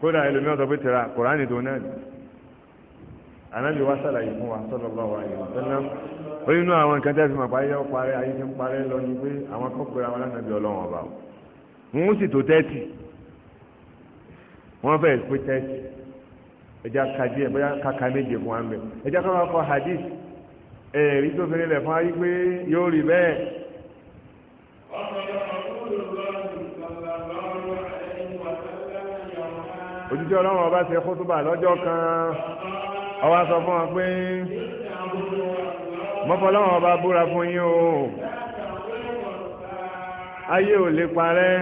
kódà ẹlòmíràn sọ pé tẹ̀ra kòránì tó náà ànábì wa sàlàyé fún wa sallallahu alaihi wasallam ó inú àwọn nǹkan tẹ́ fi mọ̀ parí ayé ti ń parí lọ ni pé àwọn kan àwọn alánàbí ọlọ́run ọba o wọn sì tó tẹ́tì wọ́n fẹ́ẹ́ pé tẹ́tì ẹja kadi ẹ bóyá kaka méje fún wa ń bẹ ẹja kọ́ máa kọ hadith ẹ̀rí tó fẹ́rẹ́ lẹ̀ fún wa yí pé yóò rí bẹ́ẹ̀. òjijì ọlọ́run ọba ṣe kótóbà lọ́jọ́ kan ọwọ́ sọ fún wa pé mọ́fọ́lọ́wọ́n ọba búra fún yín o ayé ò lè parẹ́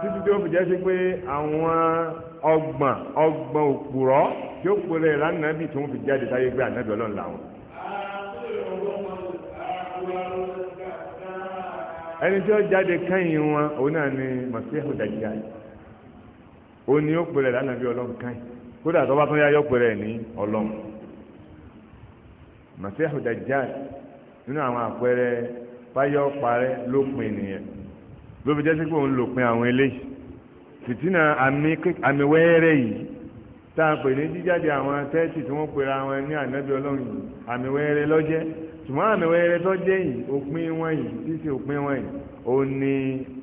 títí tí ó fi jẹ́ sí pé àwọn ọgbọ̀n ọgbọ̀n òpùrọ́ tí ó pèrè lánàábì tí wọ́n fi jáde sáyé pé ànábì ọlọ́run làwọn. ẹni tí ó jáde kẹ́yìn wọn òun náà ni mọ̀síhù dàjíyà òun ni ó pèrè lánàábì ọlọ́run kẹ́yìn kódà tó bá tún yá yọpẹrẹ ní Ọlọ́run Masihu Dajjal nínú àwọn àpẹẹrẹ báyọ parẹ lópin nìyẹn ló fi jẹ́ sí pé òun lòpin àwọn eléyìí fìtínà àmì wẹ́ẹ́rẹ́ yìí tá a pè ní jíjáde àwọn tẹ́tì tí wọ́n pera wọn ní ànábì Ọlọ́run yìí àmì wẹ́ẹ́rẹ́ lọ́jẹ́ ṣùgbọ́n àmì wẹ́ẹ́rẹ́ lọ́jẹ́ yìí òpin wọn yìí títí òpin wọn yìí ó ní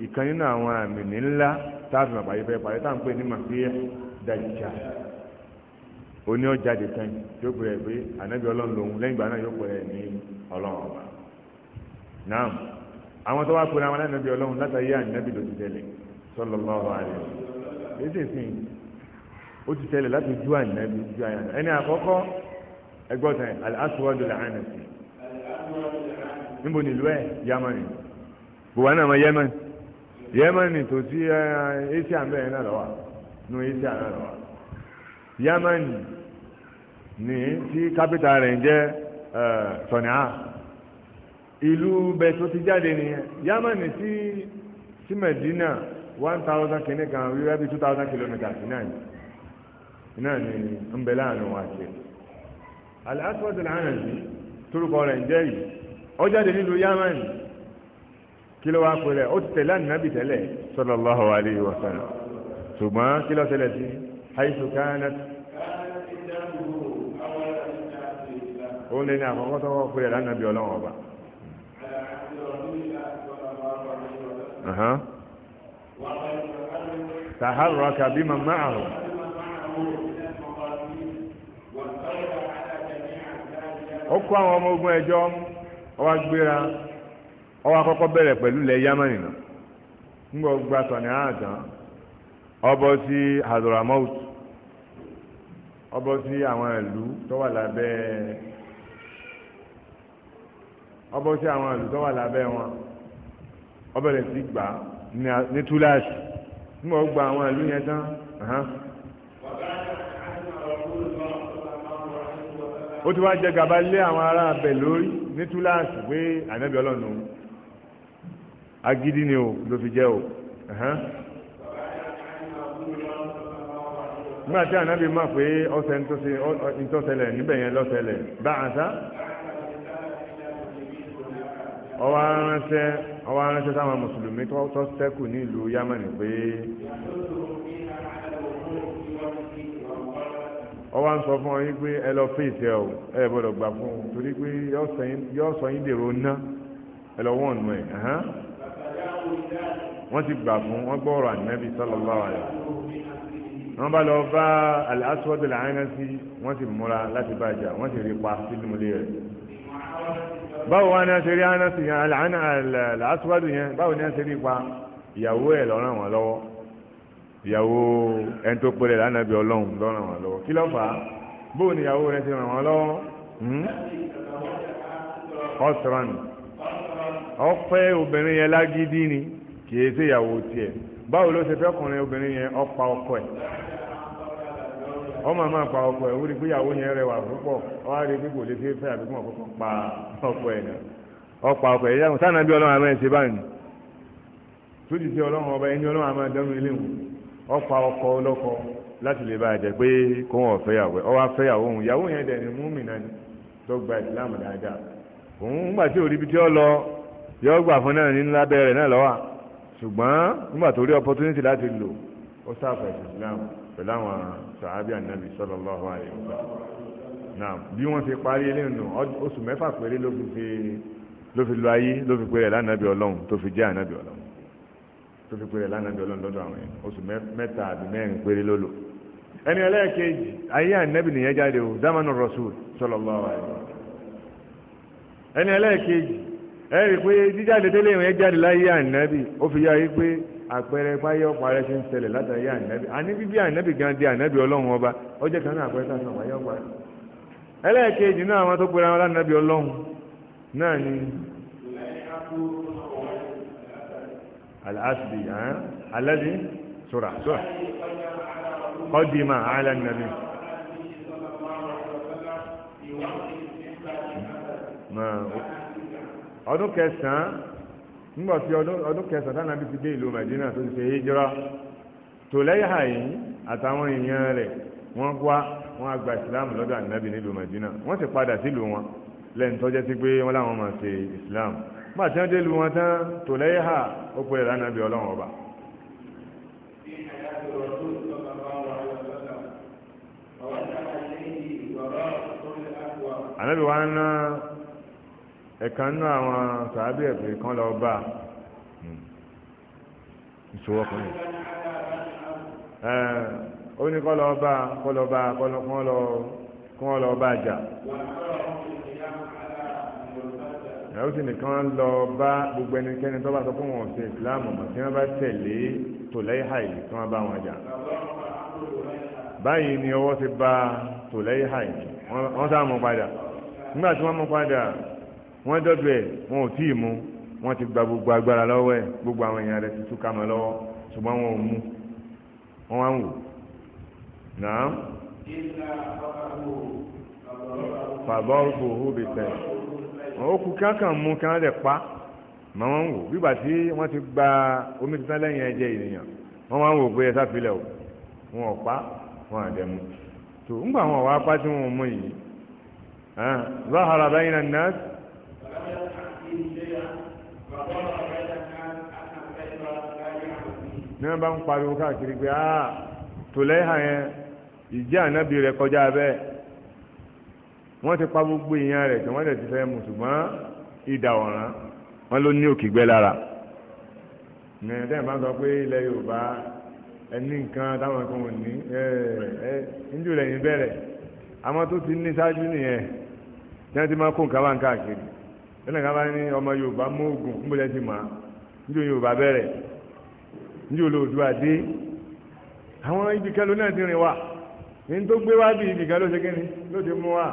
ìkan nínú àwọn àmì ńlá tá a fi mọ̀ pàyẹ́fẹ́ pàyẹ́ tá à pè ní Masihu Dajjal. oní ọjàde kan yóò pè é pé ànábì ọlọ́run lòun lẹ́yìn ìgbà náà yóò pè é ní ọlọ́run ọba náà àwọn tó wá pè àwọn ànábì ọlọ́run látàrí ànábì ti tẹ̀lé sallallahu alaihi wasallam èsì sìn ó ti tẹ̀lé láti ju ànábì ju ànábì ẹni àkọ́kọ́ ẹgbọ́n tẹ̀ al-Aswad al níbo nílùú ẹ̀ Yamani bùwá náà mọ eh, ni tí kápítà rẹ̀ ń jẹ́ sọ̀nìá ìlú bẹ̀ ti jáde ni yámánì sí sí mẹ̀dínà one thousand kìíní kan wíwá bíi two thousand kilometres náà náà ni ń bẹ láàrin wọn àti Al-Aswad rẹ̀ ń jẹ́ yìí ó jáde nílùú yámánì kí ló wá pè rẹ̀ ó ti tẹ̀lé ànábì tẹ́lẹ̀ sallallahu wa ṣùgbọ́n kí òun lè ní àkọ́kọ́ tó wọ́n pè é lánàbí ọlọ́run ọba. تحرك بمن معه ó kó àwọn ọmọ ogun ẹjọ́ ó gbéra ó kọ́kọ́ bẹ̀rẹ̀ pẹ̀lú ilẹ̀ yámánì náà ńgbọ́ gba tọ̀nì sí sí àwọn ìlú tó wà lábẹ́ ọbọ̀ sí àwọn àlùtọ́ wà lábẹ́ wọn ọbẹ̀rẹ̀ sí gbà ní túláàsì nígbà ó gba àwọn àlù yẹn tán. ó ti wá jẹ gàba lé àwọn ará abẹ lórí ní túláàsì pé ànábì ọlọ́run òun agídí ni o ló fi jẹ́ o. nígbà tí ànábì mọ̀ pé ọ̀sẹ̀ ń tó ṣẹlẹ̀ níbẹ̀ yẹn lọ́sẹ̀lẹ̀ bá a sá ọwọ́ aránṣẹ́ ọwọ́ aránṣẹ́ sáwọn mùsùlùmí tó ṣẹ́kù ní ìlú yámánì pé ọwọ́ ń sọ fún ọ yín pé ẹ lọ fèsì ẹ o ẹ gbọ́dọ̀ gbà fún un torí pé yóò sọ yín dèrò ná ẹ lọ wọ́n nù ẹ̀ wọ́n ti gbà fún wọ́n gbọ́ ọ̀rọ̀ ànábì sallallahu alaihi wọ́n bá lọ bá al-Aswad al-Ansi wọ́n sì múra láti bá wọ́n sì rí pa sílùmọ́lé rẹ̀ báwo wá ní a ṣe rí anasi yẹn alaana alasuwadu yẹn báwo ní a ṣe rí pa ìyàwó ẹ̀ lọ́ràn wọn lọ́wọ́ ìyàwó ẹni tó péré lánàbí ọlọ́run lọ́ràn wọn lọ́wọ́ kí ló fà á bóun ni ìyàwó rẹ̀ ti ràn wọn lọ́wọ́ ọ̀sán hmm? ọ̀pẹ́ obìnrin yẹn lágídí ni kì í ṣe ìyàwó tiẹ̀ báwo ló ṣe fẹ́ ọkùnrin obìnrin yẹn ọ̀pá ọkọ ẹ̀ ọmọ máa pa ọkọ ẹ̀ ó rí gbéyàwó yẹn rẹwà púpọ̀ ọ á rí pé kò lè fi fẹ́ àbí kúmọ̀ kọ́kọ́ pa ọkọ ẹ̀ náà ọkọ ọkọ ẹ̀ yàgò sáà nàbí ọlọ́run àmọ́ ẹ̀ ṣe báyìí tójú sí ọlọ́run ọba ẹni ọlọ́run àmọ́ dánú ilé wù ọkọ ọkọ ọlọ́kọ láti lè bá a jẹ pé kó wọn fẹ́yàwó ẹ ọ wá fẹ́yàwó òun ìyàwó yẹn dẹ̀ ni múmìnà ni tó gba ìsìlámù dáadáa òun ńgbà tí òribi tí ó lọ yọ gbà fún náà ní lábẹ́ rẹ̀ náà lọ́wọ́ ṣùgbọ́n ńgbà tó pẹ̀lú àwọn sàábì ànábì sallallahu alaihi wasallam náà bí wọ́n ti parí ilé nù oṣù mẹ́fà péré ló fi fi ayé ló fi péré lánàbì ọlọ́run tó fi jẹ́ ànábì ọlọ́run tó fi péré lánàbì ọlọ́run lọ́dọ̀ àwọn yẹn oṣù mẹ́ta àbí mẹ́rin péré ló lò ẹni ẹlẹ́ẹ̀kejì ayé ànábì nìyẹn jáde o ẹni ẹlẹ́ẹ̀kejì àpẹẹrẹ báyé ọ̀pọ̀ ààrẹ ṣe ń ṣẹlẹ̀ látàrí ànábì ànábì bí ànábì gan di ànábì ọlọ́run ọba ó jẹ́ kan náà àpẹẹrẹ sàṣàn wáyé ọ̀pọ̀ ààrẹ. ẹlẹ́ẹ̀kejì náà àwọn tó pera wọn lánàbì ọlọ́run náà ni sura eh? sura ọdún kẹsàn-án nígbà tí ọdún kẹsàn-án tánà bí ti dé ìlú Madina tó ti ṣe hijira Tòlẹ́yà yìí àtàwọn èèyàn rẹ̀ wọ́n wá wọ́n àgbà ìsìláàmù lọ́dọ̀ ànábì nílùú Madina wọ́n sì padà sílùú wọn lẹ́yìn tó jẹ́ sí pé wọ́n láwọn máa ṣe ìsìláàmù nígbà tí wọ́n dé ìlú wọn tán Tòlẹ́yà ó pè lánàbì ọlọ́run ọba ànábì wa ń ná ẹ̀kan nínú àwọn sàábì ẹ̀fẹ̀ kan lọ bá ìṣòwò ọkùnrin ó ní kọ́ lọ bá kọ́ lọ bá kọ́ lọ bá jà ẹ̀rọ sì nìkan lọ bá gbogbo ẹnikẹ́ni tó bá sọ fún wọn ṣe ìsìláàmù mọ̀ tí wọ́n bá tẹ̀lé tòlẹ́yà yìí tí wọ́n bá wọn jà báyìí ni ọwọ́ ti bà tòlẹ́yà yìí wọ́n sá mú padà nígbà tí wọ́n mú padà wọ́n dọ́dọ̀ ẹ̀ wọn ò tí ì mú wọ́n ti gba gbogbo agbára lọ́wọ́ ẹ̀ gbogbo àwọn èèyàn rẹ̀ ti tú ká mọ́ lọ́wọ́ ṣùgbọ́n wọn ò mú wọn wá ń wò náà. fàbọ̀ òkú òbí tẹ̀ ó kú kankan mú kí wọ́n lè pa mọ́ wọn wò bígbà tí wọ́n ti gba omi tuntun lẹ́yìn ẹ̀jẹ̀ ènìyàn wọ́n wá ń wò pé ẹ sáfilẹ̀ o wọn ò pa wọn àdẹ̀mú tó ńgbà wọn wá pa tí wọn ò mú yìí. ظهر بين الناس ní wọ́n bá ń pariwo káàkiri pé áà tòlẹ́hà yẹn ìjẹ́ ànábì rẹ̀ kọjá bẹ́ẹ̀ wọ́n ti pa gbogbo èèyàn rẹ̀ tí wọ́n lè ti fẹ́ mu ṣùgbọ́n ìdà ọ̀ràn wọn ló ní òkìgbẹ́ lára ní ẹ̀dẹ́n bá sọ pé ilẹ̀ Yorùbá ẹni nǹkan táwọn kan ò ní ẹ ẹ níjú rẹ̀ yín bẹ̀rẹ̀ àmọ́ tó ti ní ṣáájú nìyẹn tí wọ́n ti máa kó nǹkan bá ń káàkiri ẹnì kan bá ní ọmọ yorùbá mú oògùn ń bọ̀lẹ́ ti mọ̀ á níjó yorùbá bẹ̀rẹ̀ níjó olóòdùà dé àwọn ibi kan ló náà ti rìn wá ní tó gbé wá bí ibi kan ló ṣe kí ni ló ti mú wá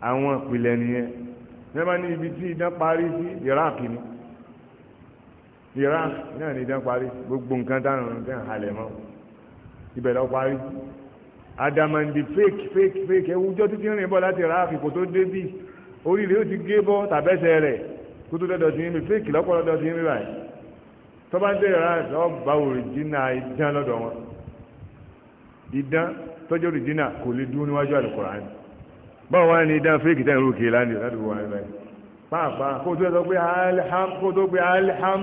àwọn ìpìlẹ̀ nìyẹn ní bá ní ibi tí idán parí sí Iraq ni Iraq náà ní idán parí gbogbo nǹkan táwọn nǹkan halẹ̀ mọ́ ibẹ̀ lọ parí adamandi fake fake fake ẹwùjọ́ títí rìn bọ̀ láti Iraq kò tó dé bíi. orí rẹ̀ ó ti gé bọ́ tàbẹ́sẹ̀ rẹ̀ kó tó dọ́dọ̀ sí yín mi fíìkì lọ́pọ̀ lọ́dọ̀ sí yín mi báyìí tó ń dé ìdán lọ́dọ̀ wọn ìdán tọ́jú òrìjínà kò lè dúró níwájú àlùkùránì báwo wá ní ìdán fíìkì tẹ̀ ń rúkè lánìí ládùúgbò wọn báyìí pàápàá kó tó sọ pé alham kó tó pé alham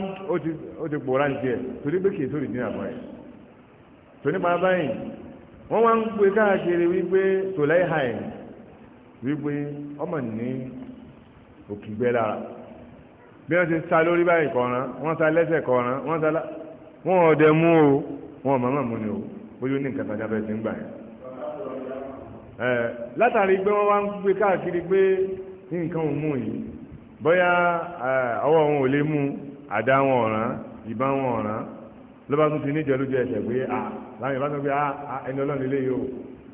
ó ti pòórá ní tiẹ̀ torí pé kì í sórí dínà fún báyìí wọ́n wípé ọmọ ní òkìgbẹ́ lára bí wọ́n ti sa lórí báyìí kọ̀ọ̀ràn wọ́n sa lẹ́sẹ̀ kọ̀ọ̀ràn wọ́n sa lá wọ́n ọ̀dẹ mú o wọ́n màmá mú ni o bóyá ó ní nǹkan kan jábẹ́ ti ń gbà yẹn. látàrí pé wọ́n wá ń gbé káàkiri pé nǹkan ò mú yìí bóyá ọwọ́ wọn ò lè mú àdá wọn ọ̀ràn ìbọn wọn ọ̀ràn ló bá tún ti níjọ lójú ẹsẹ̀ pé ah láwọn ìbátan pé ẹni ọlọ́run lè yóò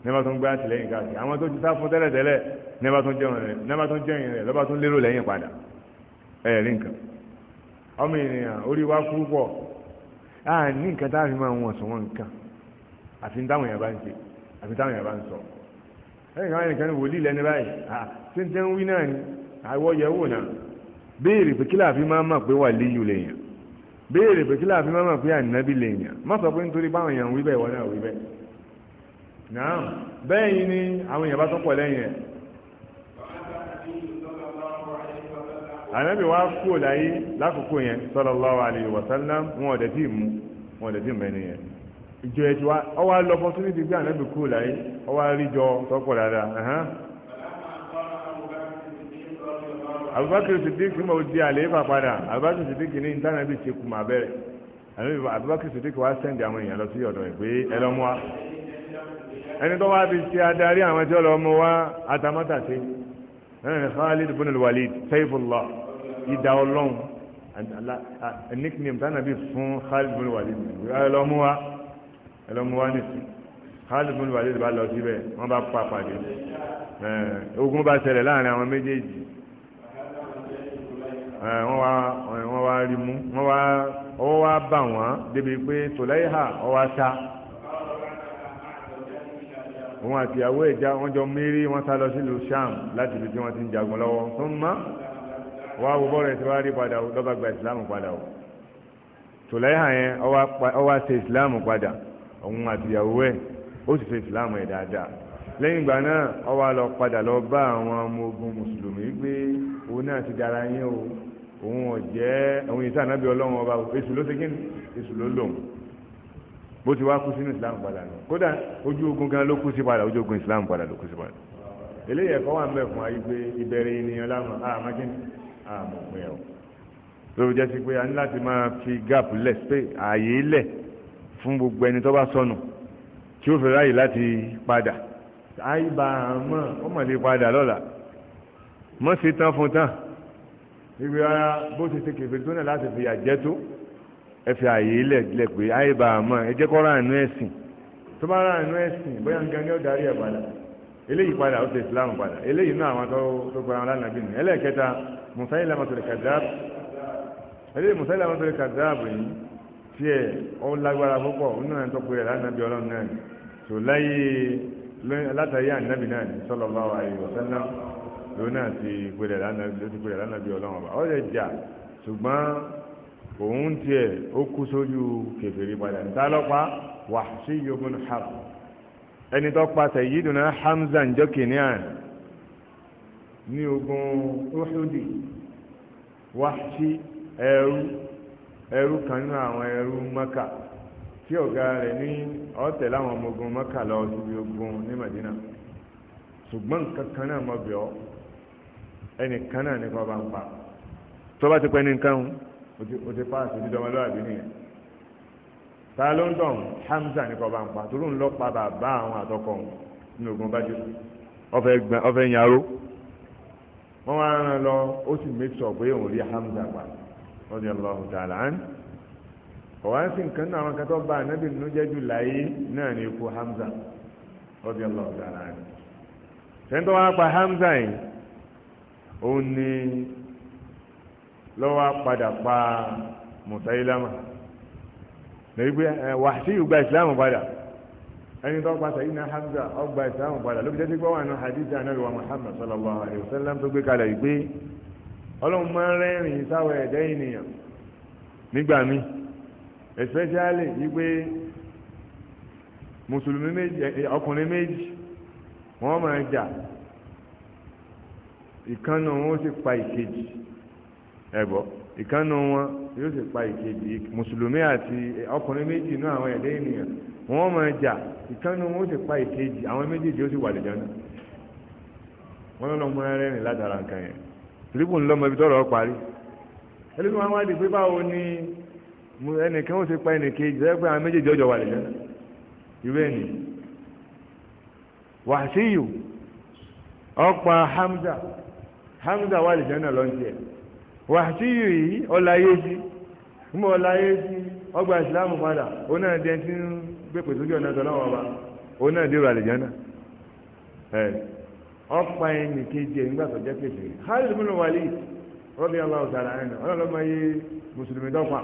nígbà tó ń gbé àtìlẹ́yìn káàkiri àwọn tó ti sá fún tẹ́lẹ̀tẹ́lẹ̀ nígbà tó ń jẹun rẹ̀ nígbà tó ń jẹun rẹ̀ lọ́ba tó ń lérò lẹ́yìn padà ẹ̀ rí nǹkan ọmọ ènìyàn orí wa kú pọ̀ a ní nǹkan tá a fi máa wọn sọ wọn nǹkan àfi táwọn èèyàn bá ń ṣe àfi táwọn èèyàn bá ń sọ ẹ̀yìn kan ẹnìkan ní wòlíì lẹ́ni báyìí ṣé wí náà ni àwọ̀ náà bẹ́ẹ̀ yìí ni àwọn èèyàn bá tó pọ̀ lẹ́yìn ẹ̀ ànábì wa kú láyé lákòókò yẹn sallallahu alaihi wa sallam wọn ọ̀dẹ̀ tí mú wọn ọ̀dẹ̀ tí mẹ́ni yẹn ìjọ ẹ̀ wa ọ wá lọ níbi kú láyé ọ wá rí jọ ma di àlééfà padà ní wa àwọn èèyàn lọ sí ọ̀dọ̀ ẹ̀ pé ẹni tó wá fi ṣe adarí àwọn tí ó lọ mú wá atamátàsí ẹni ní Khalid bin al-Walid Saifullah ìdá ọlọ́run nickname tánà bí fún Khalid bin al-Walid ẹlọ́mú wá ẹlọ́mú wá nìsí Khalid bin al-Walid bá lọ síbẹ̀ wọ́n bá pa pàdé ogun bá ṣẹlẹ̀ láàrin àwọn méjèèjì wọ́n wá wọ́n wá rí mú wọ́n wá ọwọ́ wá bà wọ́n débi pé Tòláyà ọwọ́ ta òun àti ìyàwó ẹ̀já wọ́n jọ mérí wọ́n sá lọ sílùú sham láti ibi tí wọ́n ti ń jagun lọ́wọ́ tó ń mọ́ wọ́n á wo bọ́ọ̀lù ẹ̀sìn wá rí padà ó lọ́ba gba ìsìláàmù padà ó tòlẹ́hà yẹn ó wá ṣe ìsìláàmù padà òun àti ìyàwó ẹ̀ ó sì ṣe ìsìláàmù ẹ̀ dáadáa lẹ́yìn ìgbà náà ó wá lọ padà lọ bá àwọn ọmọ ogun mùsùlùmí pé òun náà ti dára yín o òun ọ̀jẹ́ òun ìsànàbí ọlọ́run ọba èṣù ló ṣe kí èṣù ló lòun bó ti wá kú sínú islam padà nù kódà ojú ogun gan ló kú sí padà ojú ogun islam padà ló kú sí padà eléyìí ẹ̀kọ́ wà ń bẹ̀ fún ayé pé ìbẹ̀rẹ̀ ènìyàn láwọn àmọ́kín àmọ̀ pé ọ̀ tó jẹ́ sí pé a ní láti máa fi gap lẹ̀ pé ààyè lẹ̀ fún gbogbo ẹni tó bá sọnù tí ó fi ráyè láti padà àìbá àmọ́ ó mọ̀ lè padà lọ́la mọ́ sí tán fún tán ìgbéra bó ti ṣe kèfèrè tó náà láti fìyà jẹ tó ẹ fi àyè lẹ̀ lẹ̀ pé ayé bá a mọ̀ ẹ jẹ́ kọ́ ráàánú ẹ̀sìn tó bá ráàánú ẹ̀sìn bóyá nǹkan ní ó darí ẹ̀ padà eléyìí padà ó ṣe Islam padà eléyìí náà àwọn tó gba àwọn alánàbí nù ẹlẹ́ẹ̀kẹta musayi lamatoli kadaabu eléyìí musayi lamatoli kadaabu yìí tiẹ̀ ó lágbára púpọ̀ ó náà tó pé alánàbí ọlọ́run náà tó láyé látàrí ànábì náà sallallahu alaihi wasallam lónà ti pé alánàbí ọlọ́run ọba ó lè jà ṣùgbọ́n òun tiẹ̀ ó kú sójú kèfèrí padà níta lọ́pàá Wahshi ibn Harb ẹni tó pa Sayyiduna Hamza njọ́ kìnìún ní ogun Uhudi Wahshi ẹrú ẹrú kan nínú Maka tí ọ̀gá rẹ̀ ní ọ̀tẹ̀ láwọn ogun Maka lọ síbi ogun ní Madina ṣùgbọ́n nǹkan náà mọ̀ ẹnì kan náà ní kọ́ bá ń pa tó bá ti pẹ́ o ti pa àti dídọ́mọ lọ́wọ́bí nìyẹn ta ló ń tọ̀hún Hamza ní kọ́ bá ń pa torí ń lọ pa bàbá àwọn àtọkọ òun ní ogun bá jù ọfẹ yàrá wọn wá rán lọ ó sì make pé òun rí Hamza pa wọn ni Ọlọ́run tààlà án ọ̀wá sí nǹkan náà àwọn kan tó bá ànábì nínú jẹ́ jù láyé náà ní ikú Hamza ọdí Ọlọ́run tààlà án sẹ́ńtọ́ wọn pa Hamza yìí òun ni lọ́wọ́ padà pa Musailama lẹ́yìn pé Wahshiyu gba ìsìlámù padà ẹni tó pa Sayyidina Hamza ọgbà ìsìlámù padà ló fi jẹ́ sípò wà nù hadith anabi wa Muhammad sallallahu alayhi wa sallam tó gbé kalẹ̀ yìí pé ọlọ́run máa ń rẹ́rìn sáwọ ẹ̀dá ènìyàn nígbà míì especially yìí pé mùsùlùmí méjì ọkùnrin méjì wọ́n máa jà ìkànnà wọn ó sì pa ìkejì ẹgbọ́ ìkànnù wọn yóò sì pa ìkejì mùsùlùmí àti ọkùnrin méjì inú àwọn ẹ̀dẹ́ ènìyàn wọ́n máa jà ìkànnù wọn ó sì pa ìkejì àwọn méjèèjì ó sì wà lẹ́jọ́ náà wọ́n lọ́mọ ẹrẹ́rìn látara nǹkan yẹn tìrìbù ńlọmọ ibi tọ́rọ̀ parí ẹlẹ́nu àwọn àdì pé báwo ni ẹnìkan ó ti pa ẹnìkejì ẹ pé àwọn méjèèjì ọjọ́ wà lẹ́jọ́ ìwé ẹ̀nì wàásíyù ọ̀pá Hamza Hamza wà lẹ́jọ́ náà lọ́njẹ́ wàhásíyù yìí ọ̀làyé sí mú ọ̀làyé sí ọgbà ìsìlámù padà òun náà di ẹni tí ń gbé pèsè ojú ọ̀nà tọ́lá wọn bá òun náà dèrò àlìjánà ẹ ọ̀pá ẹni kejì nígbà tó jẹ́ pèsè rẹ̀ Khalid rọ́bì yé mùsùlùmí dọ́pà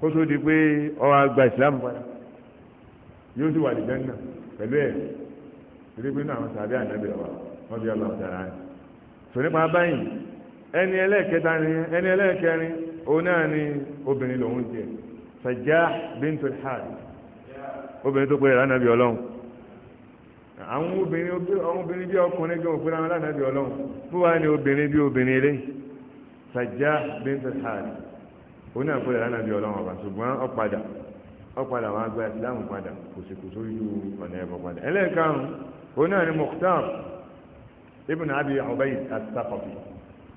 tó di pé ọwọ́ àgbà ìsìlámù padà yóò sì wà pẹ̀lú ẹ̀ pé náà àwọn sàbí ẹni ẹlẹ́ẹ̀kẹta ni ẹni ẹlẹ́ẹ̀kẹrin òun náà ni obìnrin lòun jẹ Sajjah bintu Harith obìnrin tó pèrè lánàbí ọlọ́run àwọn obìnrin àwọn obìnrin bí ọkùnrin gbé òpin àwọn lánàbí ọlọ́run fún wa ni obìnrin bí obìnrin ilé Sajjah bintu Harith òun náà pèrè lánàbí ọlọ́run ọba ṣùgbọ́n ọ̀padà ọ̀padà wọn agbá ìsìlámù padà kò sì kò sórí ju ọ̀nà ẹ̀bọ̀ padà ẹlẹ́ẹ̀karùn-ún náà ni Mukhtar ibn Abi Ubayd as-Saqafi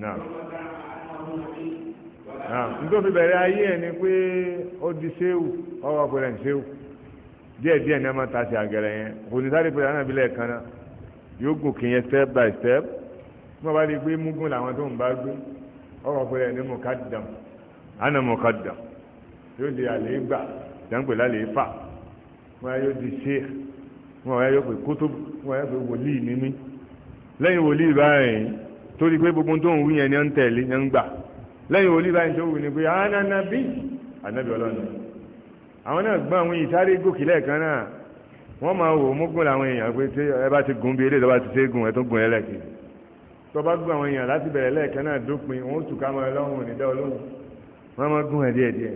náà náà nítorí fi bẹ̀rẹ̀ ayé ẹ̀ ni pé ó di séwù ọwọ́ pẹ̀lẹ́ ní séwù díẹ̀ díẹ̀ ní ẹ máa ta sí àgẹ̀rẹ̀ yẹn kò ní sáré pẹ̀lẹ́ ànábì lẹ́ẹ̀kan náà yóò gòkè yẹn step by step tí wọ́n bá rí i pé múgùn làwọn tó ń bá gbé ọwọ́ pẹ̀lẹ́ ní mọ̀kádàm àná mọ̀kádàm yóò di àlè gbà jàǹgbẹ̀ lálẹ́ fà wọ́n yóò di séè wọ́n yóò pè kótó wọ́n yóò pè wòlíì níní lẹ́yìn wòlíì báyìí torí pé gbogbo tó ń wí yẹn ni ń tẹ̀lé ni ń gbà lẹ́yìn olú báyìí tó wù ní pé ànábì ànábì ọlọ́run àwọn náà gbọ́n àwọn ìsáré gòkè lẹ́ẹ̀kan náà wọ́n máa wò mógún làwọn èèyàn pé tí ẹ bá ti gun bí eléyìí tó bá ti ṣe gun ẹ tó gun ẹ lẹ́ẹ̀kì tó bá gun àwọn èèyàn láti bẹ̀rẹ̀ lẹ́ẹ̀kan náà dópin wọ́n tù ká máa lọ́hùn ní dá wọ́n máa gun ẹ díẹ̀ díẹ̀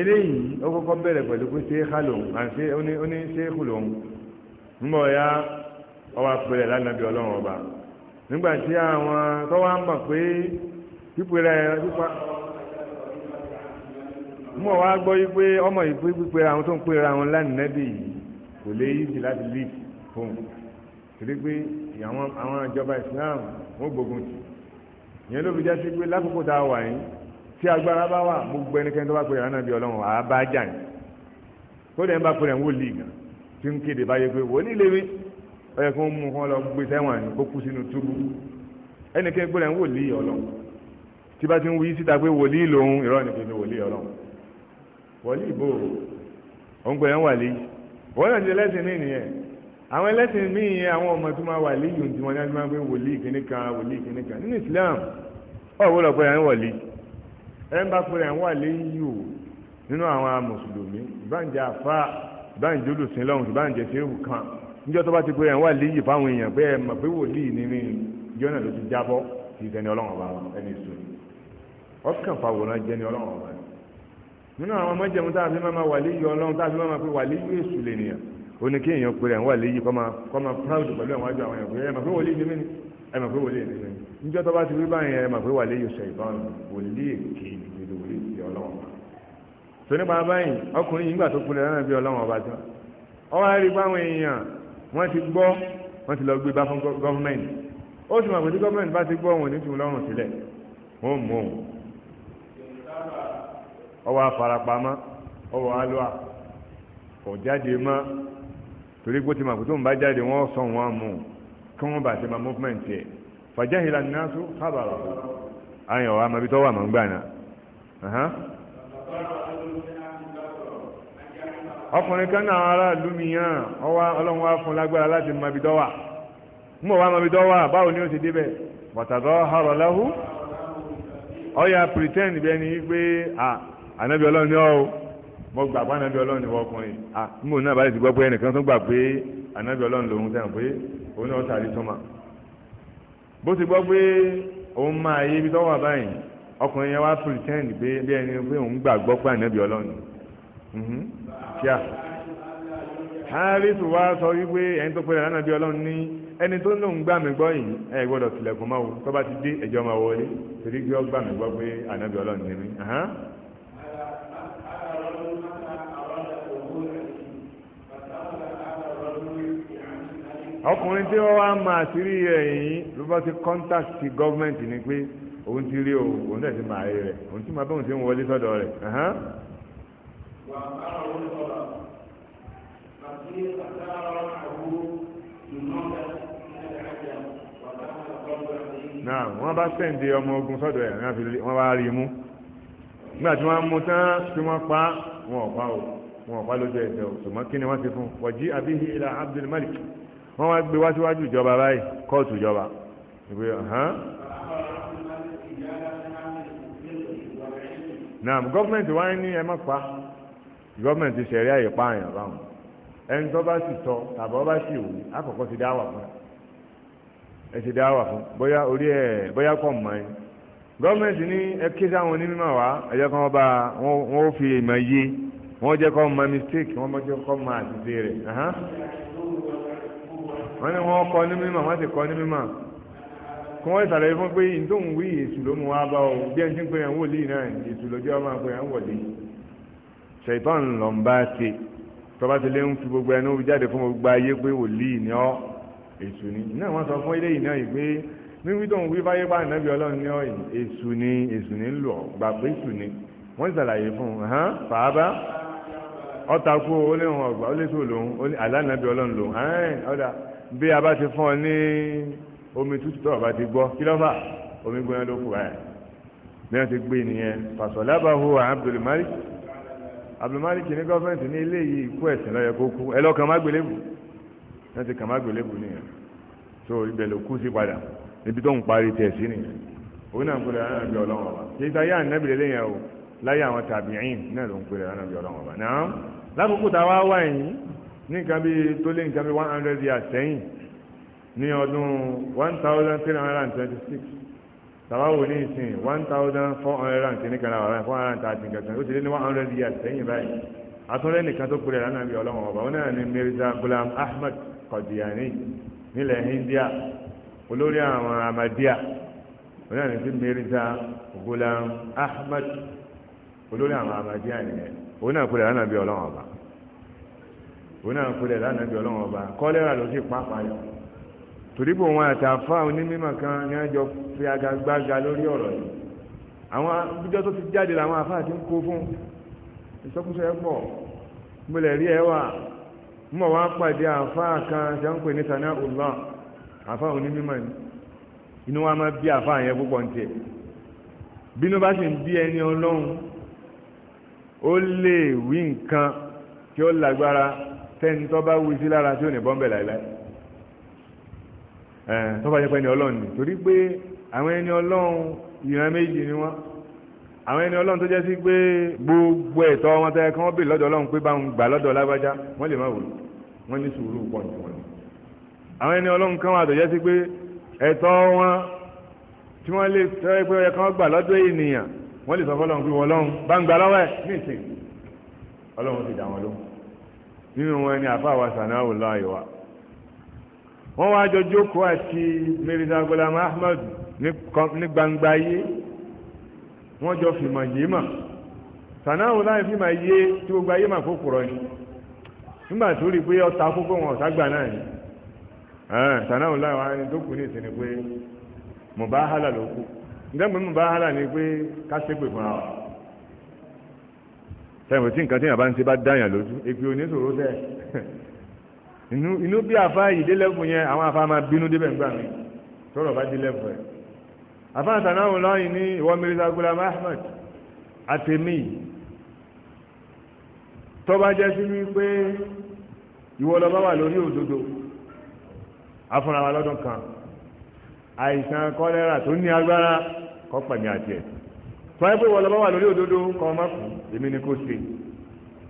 eléyìí ó kọ́kọ́ bẹ̀rẹ̀ pẹ̀lú pé ṣé ká lòun àti ó ní ṣé kù lòun ń bọ̀ ya ọwọ́ apẹ̀rẹ̀ lánàbí ọlọ́run ọba nígbà tí àwọn tó wá ń mọ̀ pé pípẹ́rẹ́ pípa mú ọ wá gbọ́ yí pé ọmọ yìí pé pípẹ́rẹ́ àwọn tó ń pèrè àwọn lánìlẹ́bì yìí kò lè yíjì láti lè fún un torí pé àwọn ìjọba Islam wọ́n gbógun tì ìyẹn ló fi já sí pé lákòókò tá a wà yín tí agbára bá wà mo gbọ́ ẹnikẹ́ni tó bá pèrè ànábì ọlọ́run àá bá jà ní kó dẹ̀ ń bá pèrè àwọn wòlíì gan tí ń kéde báyé pé wòlíì lè rí ó yẹ kí wọ́n mú wọn lọ gbé sẹ́wọ̀n ní kó kú sínú túbú ẹnìkan gbọ́dọ̀ ń wòlíì ọlọ́run tí bá ti ń wí síta pé wòlíì lòun irọ́ nìkan ni wòlíì ọlọ́run wòlíì bò òun gbọ́dọ̀ ń wà lé wọ́n náà ti lẹ́sìn ní ìnìyẹn àwọn ẹlẹ́sìn míì yẹn àwọn ọmọ tó máa wà lé yòó tí wọ́n ní wọ́n pé wòlíì kìíní kan wòlíì kìíní kan nínú Islam ọ̀wọ́ lọ pé ẹ̀ ń wọ̀lé ẹ̀ ń bá pé ẹ̀ ń wà lé yòó níjọ́ tó bá ti pé ẹ̀ ń wà léyìí fáwọn èèyàn pé ẹ̀ mọ̀ pé wòlíì ní ní ìjọ náà ló ti jábọ́ ti sẹni ọlọ́run ọba ẹni sùn ọkàn fàwòrán jẹ ni ọlọ́run ọba nínú àwọn mọ́jẹ̀mú tá a fi máa wà léyìí ọlọ́run tá a fi máa pé wà léyìí èṣù lè nìyà ó ní kí èèyàn pé ẹ̀ ń wà léyìí kọ́má kọ́má proud pẹ̀lú àwọn àjọ àwọn èèyàn pé ẹ̀ mọ̀ pé wòlíì ní mí ni ẹ̀ mọ̀ pé wòlíì ní mí ni níjọ́ tó bá ti rí báyìí ẹ̀ mọ̀ pé wà léyìí ṣẹ̀yìnbọn wòlíì èké ìdè wòlíì ti ọlọ́run ọba tó nípa báyìí ọkùnrin yìí gbà tó kúlẹ̀ lánàá bí ọlọ́run ọba tán wọ́n ti gbọ́ wọ́n ti lọ gbé bá fún gọ́fúnmẹ́ǹtì ó sì mọ̀ pé tí gọ́fúnmẹ́ǹtì bá ti gbọ́ òun ní tìun lọ́rùn sílẹ̀ òun mú òun ọwọ́ afarapamọ́ ọwọ́ alúà kò jáde mọ́ torí pé tí màkútó ń bá jáde wọ́n sọ wọn mú kí wọ́n bá ti ma movement yẹ fàjáhìlá nínásù kábàárà ayọ̀ wa mọ̀ bí tọ́wọ́ àmọ́ ń gbà náà ọkùnrin kan náà ará ìlú mìíràn ọwá ọlọ́run wá fún lágbára láti mọbi dọ́wà mọ̀ wá mọbi dọ́wà báwo ni ó ti débẹ̀ pàtàkọ́ ọ̀rọ̀ lẹ́hu ọ̀yà pretend bẹ́ẹ̀ ni pé ànábi ọlọ́run ni ọ́ mo gbà pé ànábi ọlọ́run ni ọkùnrin mọ̀ náà báyìí ti gbọ́ pé ẹnìkan tó gbà pé ànábi ọlọ́run lòun tẹ̀ pé òun náà sàrí tó mà bó ti gbọ́ pé òun máa yé ibi tọ́wọ́ báyìí ọkùnrin yẹn wá pretend pé bí ẹni pé òun gbàgbọ́ pé ànábi ọlọ́run àlàáfíà harisu wa sọ wípé ẹni tó pẹ́lẹ̀ lánàá bí ọlọ́run ní ẹni tó lóun gbà mí gbọ́ yìí ẹ gbọ́dọ̀ tilẹ̀kùn máa wò tó bá ti dé ẹjọ́ máa wọlé torí kí ọ gbà mí gbọ́ pé ànábì ọlọ́run ní mí. ọkùnrin tí wọ́n wá máa sírí ẹ̀yìn ló bá ti kọ́ńtàkì gọ́ọ̀mẹ̀ntì ni pé òun ti rí òun òun dẹ̀ ti máa rí rẹ̀ òun ti máa bá òun ti ń wọlé sọ́dọ̀ rẹ̀. وأثاره الغضب فقيل أثاره بالنظر من العجب وكان القول عليه نعم wọ́n bá sẹ́ǹdì ọmọ ogun sọ́dọ̀ ẹ̀ wọ́n bá rí i mú nígbà tí wọ́n mú tán tí wọ́n pa wọn ò pa o wọn ò lójú ẹ̀jẹ̀ o ṣùgbọ́n kí ni wọ́n ti fún wọ́n jí abihi ila Abdul Malik wọ́n wá gbé wá síwájú ìjọba báyìí kóòtù ìjọba ìgbé hàn. naam gọ́fìmẹ̀ntì wáyé ní ẹ má pa gọ́ọ̀mẹ̀ntì sẹ̀rí àyè pààyàn báwọn ẹni tó bá sì tọ́ tàbí ọba sì wù àkọ́kọ́ ti dáwà fún ẹ ti dáwà fún bóyá orí ẹ bóyá kọ̀ mọ́ ẹ gọ́ọ̀mẹ̀ntì ní ẹ ké sáwọn onímọ̀ wá ẹ jẹ́ kí wọ́n bá wọ́n fi ìmọ̀ yé wọ́n jẹ́ kọ́ mọ mistake wọ́n jẹ́ kọ́ mọ àtìsí rẹ̀ wọ́n ní wọ́n kọ́ ní mímọ̀ wọ́n sì kọ́ ní mímọ̀ kí wọ́n ṣàlàyé fún pé ìdóhùn wí èṣù ló mú wá bá o bí ẹni tí ń pè yàn wò lè náà èṣù lójú ọmọ àpè yàn wò yìí ṣètọ́n lọ ń bá ṣe tọ́ba ti lé ń fi gbogbo ẹnu jáde fún gbogbo ayé pé wòlíì ni ọ́ èṣù ni náà wọ́n sọ fún eléyìí náà yìí pé wíwí tó ń wí fáyé bá ànábì ọlọ́run ní ọ̀yìn èṣù ni èṣù ni ń lù ọ́ gbà pé èṣù ni wọ́n ṣàlàyé fún un hàn fàábà ọ̀tàkù olóhùn ọ̀gbà oléṣù lòun alánàbì ọlọ́run lòun ọ̀dà bí a bá ti fún ọ ní omi tútù tó ọba ti gbọ́ kí lọ́fà omi gbóná ló kù báyà Abdul Malik Abdulmalik ní gọ́ọ̀mẹ̀ntì ní ilé yìí kú ẹ̀sìn lọ́yẹ kó kú ẹ lọ́ọ́ kàn má gbélébù wọ́n ti kàn má gbélébù nìyẹn tó ibẹ̀ ló kú sí padà níbi tó ń parí tiẹ̀ sí nìyẹn òun náà ń pèrè àwọn àbí ọlọ́wọ́n ọba kì í sa yá ànábì lélẹ́ yẹn o láyé àwọn tàbíìn náà ló ń pèrè àwọn àbí ọlọ́wọ́n ọba náà lákòókò tá a wá wá yìí ní nǹkan bíi tó lé nǹkan bíi one hundred years sẹ́yìn ní ọdún one thousand three hundred and twenty six tàbáwò ní ìsìn one thousand four hundred and kìíní kan àwọn four hundred and thirty kankan ó ti lé ní one hundred years sẹ́yìn báyìí atúnlẹ̀ nìkan tó kúrẹ̀ lánàá bí ọlọ́wọ́n ọba onáà ní Mirza gulam ahmed Qadiani nílẹ̀ India olórí àwọn Ahmadiyya onáà ní sí Mirza gulam ahmed olórí àwọn Ahmadiyya nìyẹn onáà kúrẹ̀ lánàá bí ọlọ́wọ́n ọba onáà kúrẹ̀ lánàá bí ọlọ́wọ́n ọba kọ́lẹ́rà ló sì pàápàá yọ torípò wọn àtàfà onímọ̀ kan ní àjọ fi agagbága lórí ọ̀rọ̀ yìí àwọn abújọ́ tó ti jáde làwọn àfáà ti ń kó fún ìsọkúsọ ẹ pọ̀ gbọ́lẹ̀ rí ẹ wà mọ̀ wá pàdé àfáà kan tí wọ́n ń pè ní saná ọlọ́ àfáà onímọ̀ ni inú wa máa bí àfáà yẹn púpọ̀ ní tiẹ̀ bínú bá sì ń bí ẹni ọlọ́run ó lè wí nǹkan tí ó lágbára tẹ́ni tó bá wí sí lára tí ò ní bọ́m̀bẹ̀ láìláì tó bá jẹ́ pé ẹni ọlọ́run ni torí pé àwọn ẹni ọlọ́run ìran méjì ni wọ́n àwọn ẹni ọlọ́run tó jẹ́ sí pé gbogbo ẹ̀tọ́ wọn tẹ́ kí wọ́n bè lọ́dọ̀ ọlọ́run pé bá ń gbà lọ́dọ̀ lágbájá wọ́n lè má wò wọ́n ní sùúrù pọ̀ ní wọn. àwọn ẹni ọlọ́run kan wà tó jẹ́ sí pé ẹ̀tọ́ wọn tí wọ́n lè tẹ́ pé ẹ̀kan gbà lọ́dọ̀ ènìyàn wọ́n lè sọ fọ́lọ́run pé wọ́n lọ́run bá ń gbà lọ́wọ́ ẹ̀ ní ìsìn ọlọ́run ti dà wọn lóhùn nínú wọn ni àfa àwa sànáwó láàyè wa wọ́n wá jọ jókòó àti Mirza Ghulam Ahmad ní gbangba yé wọ́n jọ fìmọ̀ yé mà sànáwó láì fìmọ̀ yé tí gbogbo ayé mà kókòrò ni nígbà tó rí pé ọta kókó wọn ọ̀tá gbà náà ni sànáwó láì wá ní tó ní ìsinmi pé mubahala ló kù ìdáhùn mubahala ni pé kásẹ́gbè fúnra wa sẹ́yìn tí nǹkan tí yàrá bá ń ṣe bá dáyàn lójú èpè oníṣòro tẹ́ inú inú bí àfa yìí dé lẹ́fù yẹn àwọn àfa máa bínú débẹ̀ ń gbà mí tọrọ bá dé lẹ́fù ẹ̀ àfa àtànáwò lọ́yìn ní ìwọ Mirza Ghulam Ahmad àtẹ̀mí tọ́ba jẹ́ sí wípé ìwọ lọ́ba wà lórí òdodo afúnra wa lọ́dún kan àìsàn kọ́lẹ́rà tó ní agbára kọ́ pàmì àti ẹ̀ tọ́wáyé pé ìwọ lọ́ba wà lórí òdodo kọ́ ọ má kù èmi ni kò ṣe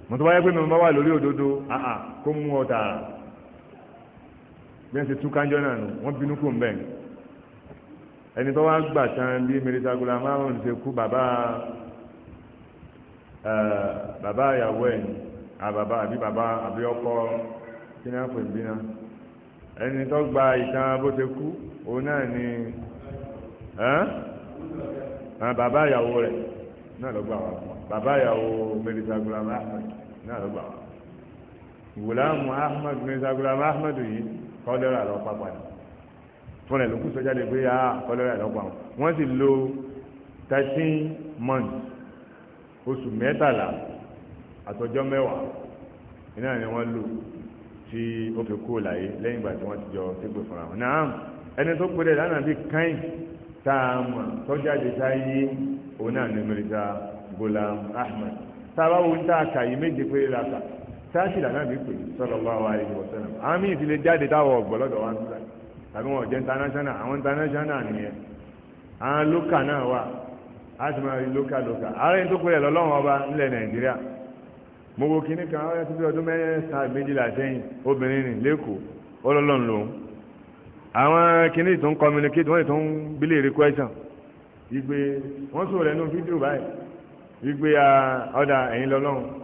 mọ̀tò wáyé pé mi ò bá wà lórí òdodo kó mú ọ tààrà bí wọ́n ṣe tú kánjọ́ náà nù wọ́n bínú kò ń bẹ̀ ẹni tó wá gbà tán bí mẹ́rìndà gula márùn ṣe kú bàbá bàbá ìyàwó ẹ̀ àbàbà àbí bàbá àbí ọkọ kí ni wọ́n pè bí náà ẹni tó gba ìtàn bó ṣe kú òun náà ni bàbá ìyàwó rẹ̀ náà ló gbà wá bàbá ìyàwó mẹ́rìndà gula márùn náà ló gbà wá ìwòlámù Ahmad mẹ́rìndà gula márùn yìí kọ́lẹ́rà lọ pa padà fún ẹ̀ ló kú sọ́jà lè pé a ah, kọ́lẹ́rà lọ pa wọn wọ́n sì lo thirteen months oṣù mẹ́tàlá àtọjọ́ mẹ́wàá iná ni wọ́n lò tí ó fi kú láyé lẹ́yìn ìgbà tí wọ́n ti jọ tẹ́gbẹ́ fúnra wọn náà ẹni tó péré lánàá bíi kain tá a mọ̀ tọ́jú àdìsá yé òun náà ní Mirza Ghulam Ahmad tá a bá wo ń tá méje péré la kà táṣìlá náà bí pè awa alaihi wasallam àwọn míì ti lè jáde táwọn ọ̀gbọ́lọ́dọ̀ wá ń sọ tàbí wọn jẹ́ international àwọn international nìyẹn àwọn lókà náà wà á sì máa rí lókà lókà ààrẹ tó pẹ̀lẹ̀ lọ́lọ́run ọba nílẹ̀ nàìjíríà mo wo kan ọ̀rẹ́ tó ọdún méjìlá sẹ́yìn obìnrin nì lẹ́kọ̀ọ́ lòun àwọn tó ń communicate wọ́n tó ń bílẹ̀ wọ́n sọ̀rọ̀ ẹnu fídíò báyìí ọ̀dà lọ́lọ́run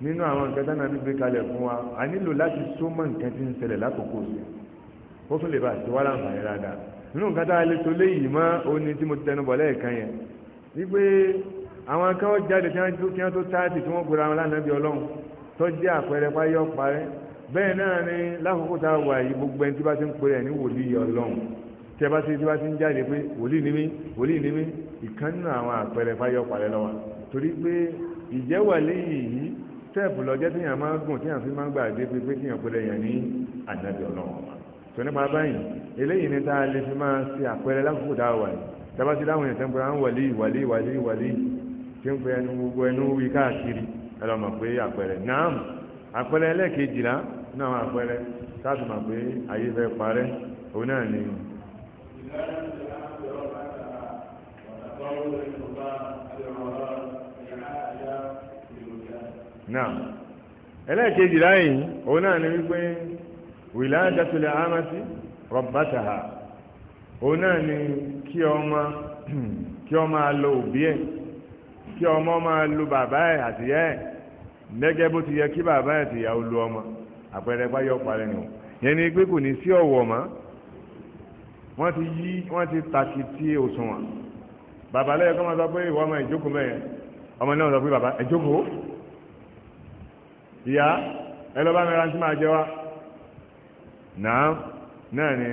nínú àwọn nǹkan tánà ní gbé kalẹ̀ fún wa a nílò láti súnmọ́ nǹkan tí ń ṣẹlẹ̀ lákòókò sí ó tún lè bá àti wá láǹfààní dáadáa nínú nǹkan tá a lè tó léyìí mọ́ oní tí mo ti tẹnu bọ̀ lẹ́ẹ̀kan yẹn wípé àwọn kan ó jáde tí wọ́n tó kí wọ́n tó táàtì tí wọ́n gbéra wọn lánàá bí ọlọ́run tó jẹ́ àpẹẹrẹ páyọ́ parẹ́ bẹ́ẹ̀ náà ni lákòókò tá a wà yìí gbogbo ẹni tí bá ti ń pè rẹ̀ ní wòlíì ọlọ́run tí a bá ti tí wọ́n ti ń jáde pé wòlíì ni mí wòlíì ni mí ìkan àwọn àpẹẹrẹ páyọ́ parẹ́ lọ́wọ́ torí pé ìjẹ́wàlẹ́ yìí stẹ́ẹ̀pù lọ́jọ́ tí yàn máa ń gùn tí yàn fi máa ń gbà dé pé pé tí yàn pẹ̀lẹ́ yàn ní ànábì ọlọ́run tó nípa báyìí eléyìí ni tá a lè fi máa ṣe àpẹẹrẹ lákòókò tá a wà yìí tábà ti dáhùn yẹn tẹ́ńpẹ́ à ń wàlí wàlí wàlí wàlí tí ń pe ẹnu gbogbo ẹnu wí káàkiri ẹ lọ mọ̀ pé àpẹẹrẹ náà àpẹẹrẹ ẹlẹ́ẹ̀kejìlá náà àpẹẹrẹ táàtù mọ̀ pé ayé fẹ́ parẹ́ òun náà ni. Thank you náà ẹlẹ́ẹ̀kejì láyìn òun náà ni wípé wiladatul amati rabbataha òun náà ni kí ọmọ kí ọmọ alo òbí ẹ̀ kí ọmọ máa lu bàbá ẹ̀ àtìyá ẹ̀ gẹ́gẹ́ bó ti yẹ kí bàbá ẹ̀ tìyá ó lu ọmọ àpẹẹrẹ bá yọ parẹ́ nù yẹn ni pé kò ní sí ọ̀wọ̀ mọ́ wọ́n ti yí wọ́n ti takìtì òṣùwọ̀n bàbá lẹ́yìn kọ́ máa sọ pé ìwọ ọmọ ìjókòó mẹ́yẹn ọmọ náà sọ pé bàbá ìjókòó ìyá ẹlọba lọ bá máa jẹ wá náà náà ni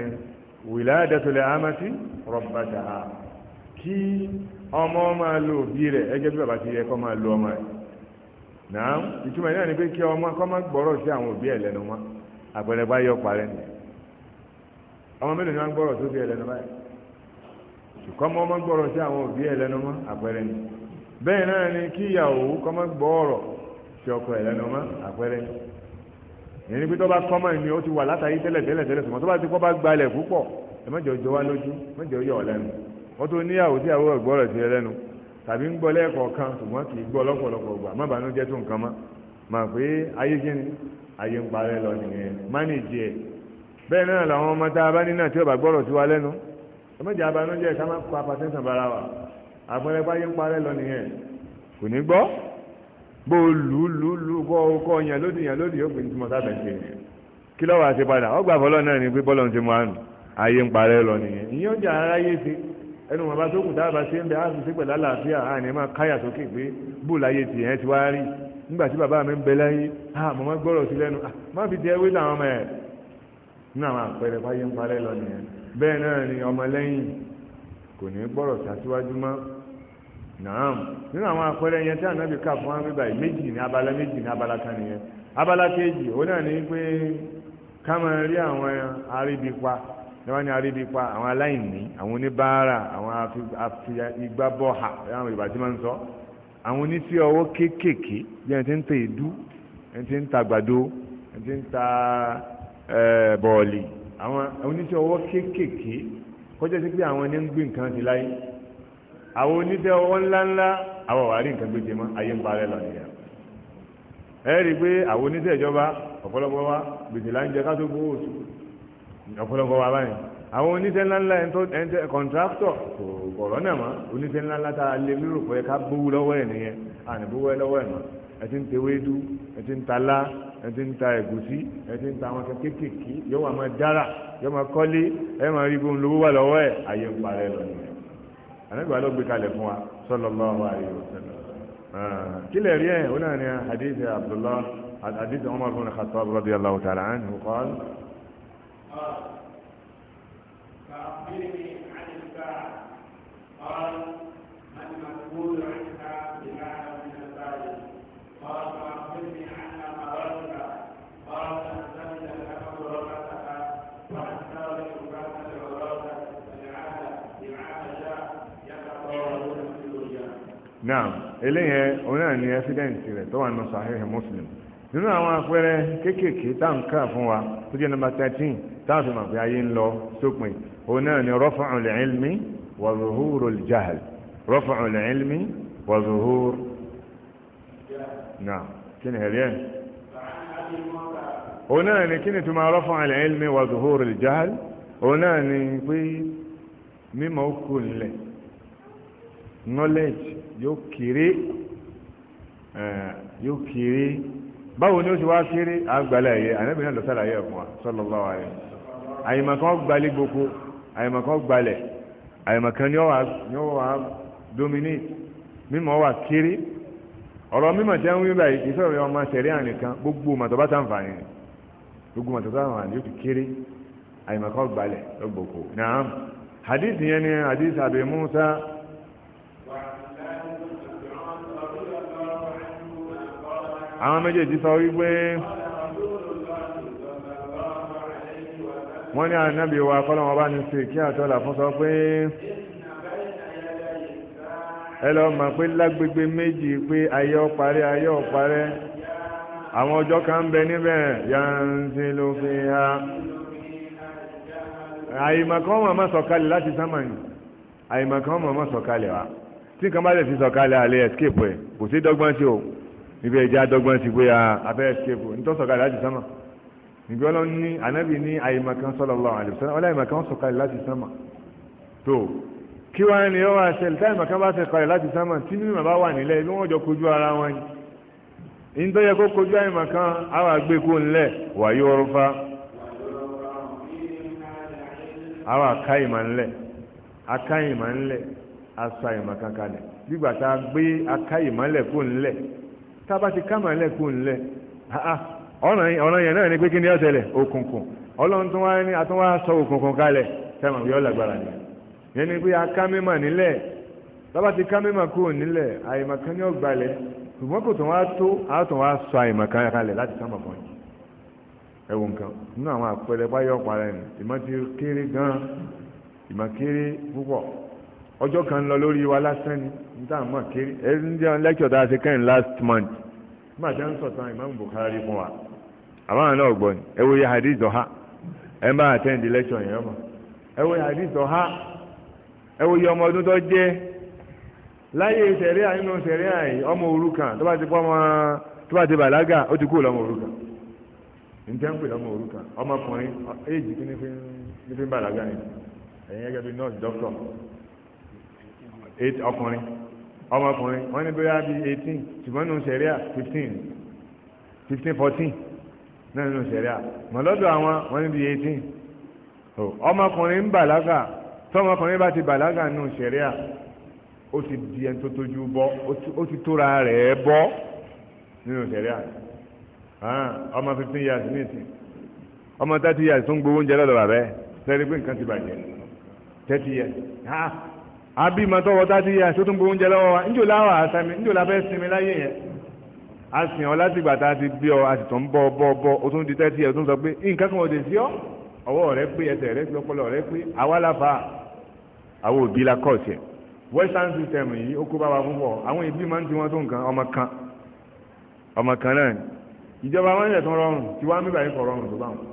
rọ̀bàtà kí ọmọ máa lo òbí rẹ̀ ẹgẹ́ bí bàbá ti yẹ kọ́ máa lo ọmọ rẹ̀ náà ìtumọ̀ ni pé kí ọmọ kọ́ máa gbọ́rọ̀ sí àwọn òbí ẹ̀ lẹ́nu wọn àpẹẹrẹ bá yọ parẹ́ nìyẹn ọmọ mélòó ni gbọ́rọ̀ ẹ̀ lẹ́nu báyìí ṣùkọ́ mọ́ gbọ́rọ̀ sí tí ọkọ ẹ̀ lẹ́nu mọ́ àpẹẹrẹ ìyẹn ni pé tó bá kọ́ mọ́ ẹni ó ti wà látàrí tẹ́lẹ̀ tẹ́lẹ̀ tẹ́lẹ̀ sùmọ́ tó bá ti kọ́ bá gbalẹ̀ púpọ̀ ẹ mọ́jọ jọ wá lójú mọ́jọ yọ lẹ́nu wọ́n tó níyàwó tí àwọn ẹ̀gbọ́ rẹ̀ ti lẹ́nu tàbí ń gbọ́ lẹ́ẹ̀kọ̀ọ̀kan ṣùgbọ́n kì í gbọ́ lọ́pọ̀lọpọ̀ gbà má bàánú jẹ́ tó nǹkan mọ́ mà pé ayé kí ni ayé ń parẹ́ lọ nìyẹn mánìjì ẹ̀ bẹ́ẹ̀ náà làwọn ọmọ tá a bá nínà tí ó bá gbọ́rọ̀ sí wa lẹ́nu ẹ̀mẹ́jà abánú jẹ́ ká má kó apatẹ́sàn bara wa àpẹẹrẹ báyé ń parẹ́ lọ nìyẹn kò ní gbọ́ bó lù ú lù ú lù ú kọ́ ọkọ yẹn lódì yẹn lódì yóò gbìn tí mo sábẹ̀ ṣe yẹn kí lọ́wọ́ àti padà ó gbà fọlọ́ náà ni pé bọ́lọ̀ ti mú àánú ayé ń parẹ́ lọ nìyẹn ìyẹn ó jẹ́ aráyé ti ẹnu bàbá tó kù dáàbà ṣe ń bẹ á sì ah mo máa gbọ́rọ̀ sí lẹ́nu ah má fi jẹ́ wíńdà àwọn ọmọ ẹ̀ nínú àwọn àpẹẹrẹ fáyé ń parẹ́ lọ nìyẹn bẹ́ẹ̀ náà ni ọmọ lẹ́yìn kò ní naam nínú àwọn àpẹẹrẹ yẹn tí ànábì kà fún wa bíbá yìí méjì ní abala méjì ní abala kan nìyẹn abala kejì ó náà ní pé ká máa rí àwọn aríbipa níwájú aríbipa àwọn aláìní àwọn oníbàárà àwọn afigbábọ́hà àwọn ìbàdí máa ń sọ àwọn oníṣẹ́ ọwọ́ kéékèèké bí ẹni tí ń ta èédú ẹni tí ń ta àgbàdo ẹni tí ń ta bọ̀ọ̀lì àwọn oníṣẹ́ ọwọ́ kéékèèké kọjá sí pé àwọn ẹni ń gbé nǹkan ti láyé àwọn oníṣẹ́ ọwọ́ ńláńlá àwọn wàá rí nǹkan gbé jẹ mọ́ ayé ń parẹ́ lọ nìyà ẹ rí i pé àwọn oníṣẹ́ ìjọba ọ̀pọ̀lọpọ̀ wa gbèsè là ń jẹ ká tó gbowó oṣù ọ̀pọ̀lọpọ̀ wa báyìí àwọn oníṣẹ́ ńláńlá ẹ̀ńtẹ́ kọ̀ǹtráktọ̀ kò kọ̀rọ̀ náà mọ́ oníṣẹ́ ńláńlá tá a lè lérò pé ká bówó lọ́wọ́ ẹ̀ nìyẹn àní bówó ẹ lọ́wọ́ ẹ̀ mọ́ ẹ ti ń tewédú ẹ ti ń talá ẹ ti ń ta ẹ̀gúsí ẹ ti ń ta àwọn kékèké yọ wà máa dára yọ máa kọ́lé ẹ máa rí bóun lówó wà lọ́wọ́ ẹ̀ ayé ń parẹ́ lọ́nà ànágbà ló gbé kalẹ̀ fún wa sallallahu alaihi wasallam kílẹ̀ rí ẹ̀ ó náà ní hadith abdullah hadith umar bin khattab radiyallahu ta'ala anhu qal. فأخبرني عن náà eléyẹn òun náà ní ẹ́fídẹ́ǹtì rẹ̀ tó wà nínú sàhẹ́hẹ́ Muslim nínú àwọn àpẹẹrẹ kéékèèké tá à ń kà fún wa tó jẹ́ nọ́mbà thirteen tá a fi mọ̀ pé ayé ń lọ sópin òun náà ní raf'ul ilmi wa zuhurul jahl raf'ul ilmi wa zuhur náà kí ni ẹ̀rí òun náà ní kí ni túmọ̀ raf'ul ilmi wa zuhurul jahl òun náà ní pé mímọ̀ ó kú nílẹ̀ knowledge yóò kéré yóò kéré báwo ni ó ti wá kéré àgbàlẹ̀ ayé ànábìyàn lọ sàlàyé ẹ̀fọn wa sallallahu alaihi àyèmọ̀kan gbalẹ̀ gboko àyèmọ̀kan gbalẹ̀ àyèmọ̀kan ni ó wà dominate mímọ̀ wà kéré ọ̀rọ̀ mímọ̀ tí a ń wí báyìí kì í sọ̀rọ̀ ọmọ sẹ̀rí gbogbo gbogbo yóò kéré gbalẹ̀ àwọn méjèèjì sọ wípé wọ́n ní ànábì wa kọ́lọ́wọ́n bá ní sí kí àtọ́là fún sọ pé ẹ lọ pé lágbègbè méjì pé ayé ọ̀parẹ́ ayé ọ̀parẹ́ àwọn ọjọ́ kan ń bẹ níbẹ̀ yàǹtí ló fi ha àyèmọ̀kan wọn máa sọ̀kalẹ̀ láti sámánì àyèmọ̀kan wọn máa sọ̀kalẹ̀ wa tí nǹkan bá lè fi sọ̀kalẹ̀ àlẹ́ escape ẹ̀ kò sí dọ́gbọ́n sí o ibi ẹ̀jẹ̀ adọ́gbọ́n ti gbé abẹ́ ẹ̀ṣẹ̀bù nítòsọ̀kalẹ̀ láti sánmà níbi ọlọ́run ní anábì ní àyèmọ̀kan sallallahu alaihi wasallam ọláyèmọ̀kan sọ̀kalẹ̀ láti sánmà tó kí wọ́n ní ọwọ́ àṣẹlẹ̀ táyèmọ̀kan bá ṣe kalẹ̀ láti sánmà tí mímọ̀ bá wà nílẹ̀ ibi wọ́n jọ kojú ara wọn ni nítorí ẹ̀kọ́ kojú àyèmọ̀kan àwọn àgbékò ńlẹ̀ wàyí ọrùfá àwọn àkáyìmọ̀ ńlẹ̀ akáyìmọ̀ ńlẹ̀ tába ti ká màálẹ̀ kú ńlẹ̀ ọ̀ràn yẹn náà ni pé kí ni ó tẹ̀lẹ̀ òkùnkùn ọlọ́run tó wáyé ní àtúnwá sọ òkùnkùn kalẹ̀ tẹ̀mọ̀ yọ lágbára ni yẹn ni pé a nílẹ̀ tába ti ká mímọ̀ kú nílẹ̀ àyèmọ̀kan yóò gbalẹ̀ ṣùgbọ́n kò tó wá tó wá sọ kalẹ̀ láti fún yìí nǹkan àwọn àpẹẹrẹ báyọ̀ ìmọ̀ ti kéré gan ìmọ̀ kéré púpọ̀ ọjọ́ kan lọ lórí wa lásán ni níta mọ̀ kiri ẹni jẹ́ lẹ́kítọ̀ tá a ṣe kẹ́yìn last month nígbà tí wọ́n ń sọ̀tàn Imam Bukhari fún wa àbáwọn náà gbọ́ ni ẹ wo ye hadith ọ̀há ẹ ń bá attend lẹ́kítọ̀ yẹn mọ̀ ẹ wo ye hadith ọ̀há ẹ wo ye ọmọ ọdún tó jẹ́ láyé sẹ̀ríà nínú sẹ̀ríà yìí ọmọ òrukàn tó bá ti pọ́ ọmọ tó bá ti bàlágà ó ti kú lọ́mọ òrukàn njẹ́ ń pè lọ́mọ òrukàn ọmọkùnrin éèjì kí ní fi ń bàlágà yìí ẹ̀yin gẹ́gẹ́ bí nọ́ọ̀sì dókítọ̀ eight ọkùnrin ọmọkùnrin wọ́n ní bóyá bíi eighteen ṣùgbọ́n nínú sẹ̀ríà fifteen fifteen fourteen náà nínú sẹ̀ríà mọ̀lọ́dọ̀ àwọn wọ́n ní bíi eighteen ọmọkùnrin ń bàlágà tọmọkùnrin bá ti bàlágà nínú sẹ̀ríà ó ti di ẹni tó tójú bọ́ ó ti tóra rẹ̀ bọ́ nínú sẹ̀ríà ọmọ fifteen years ní ìsìn ọmọ thirty years tó ń gbowó oúnjẹ lọ́dọ̀ bàbẹ́ sẹ́rí pé nǹkan ti bàjẹ́ thirty years abímọ tọwọ tá ti yà tó tún gbowó oúnjẹ lọ́wọ́ wa níjò láwà àsami níjò láfẹ́ sinmi láyé yẹn a sìn ọ láti gbà tá a ti gbé ọ a sì tún bọ bọ bọ o tún di tẹ́tí ẹ o tún sọ pé nǹkan kan ò lè sí ọ ọwọ́ rẹ pé ẹsẹ̀ rẹ pé ọpọlọ rẹ pé àwa la fa àwọn òbí la kọ̀ ọ̀sẹ̀ western system yìí ó kó bá wa púpọ̀ àwọn ìbí máa ń ti wọn tó nǹkan ọmọ kan ọmọ kan náà ìjọba wọn yẹ tó rọrùn tiwa mi báyìí kọ rọrùn tó báwọn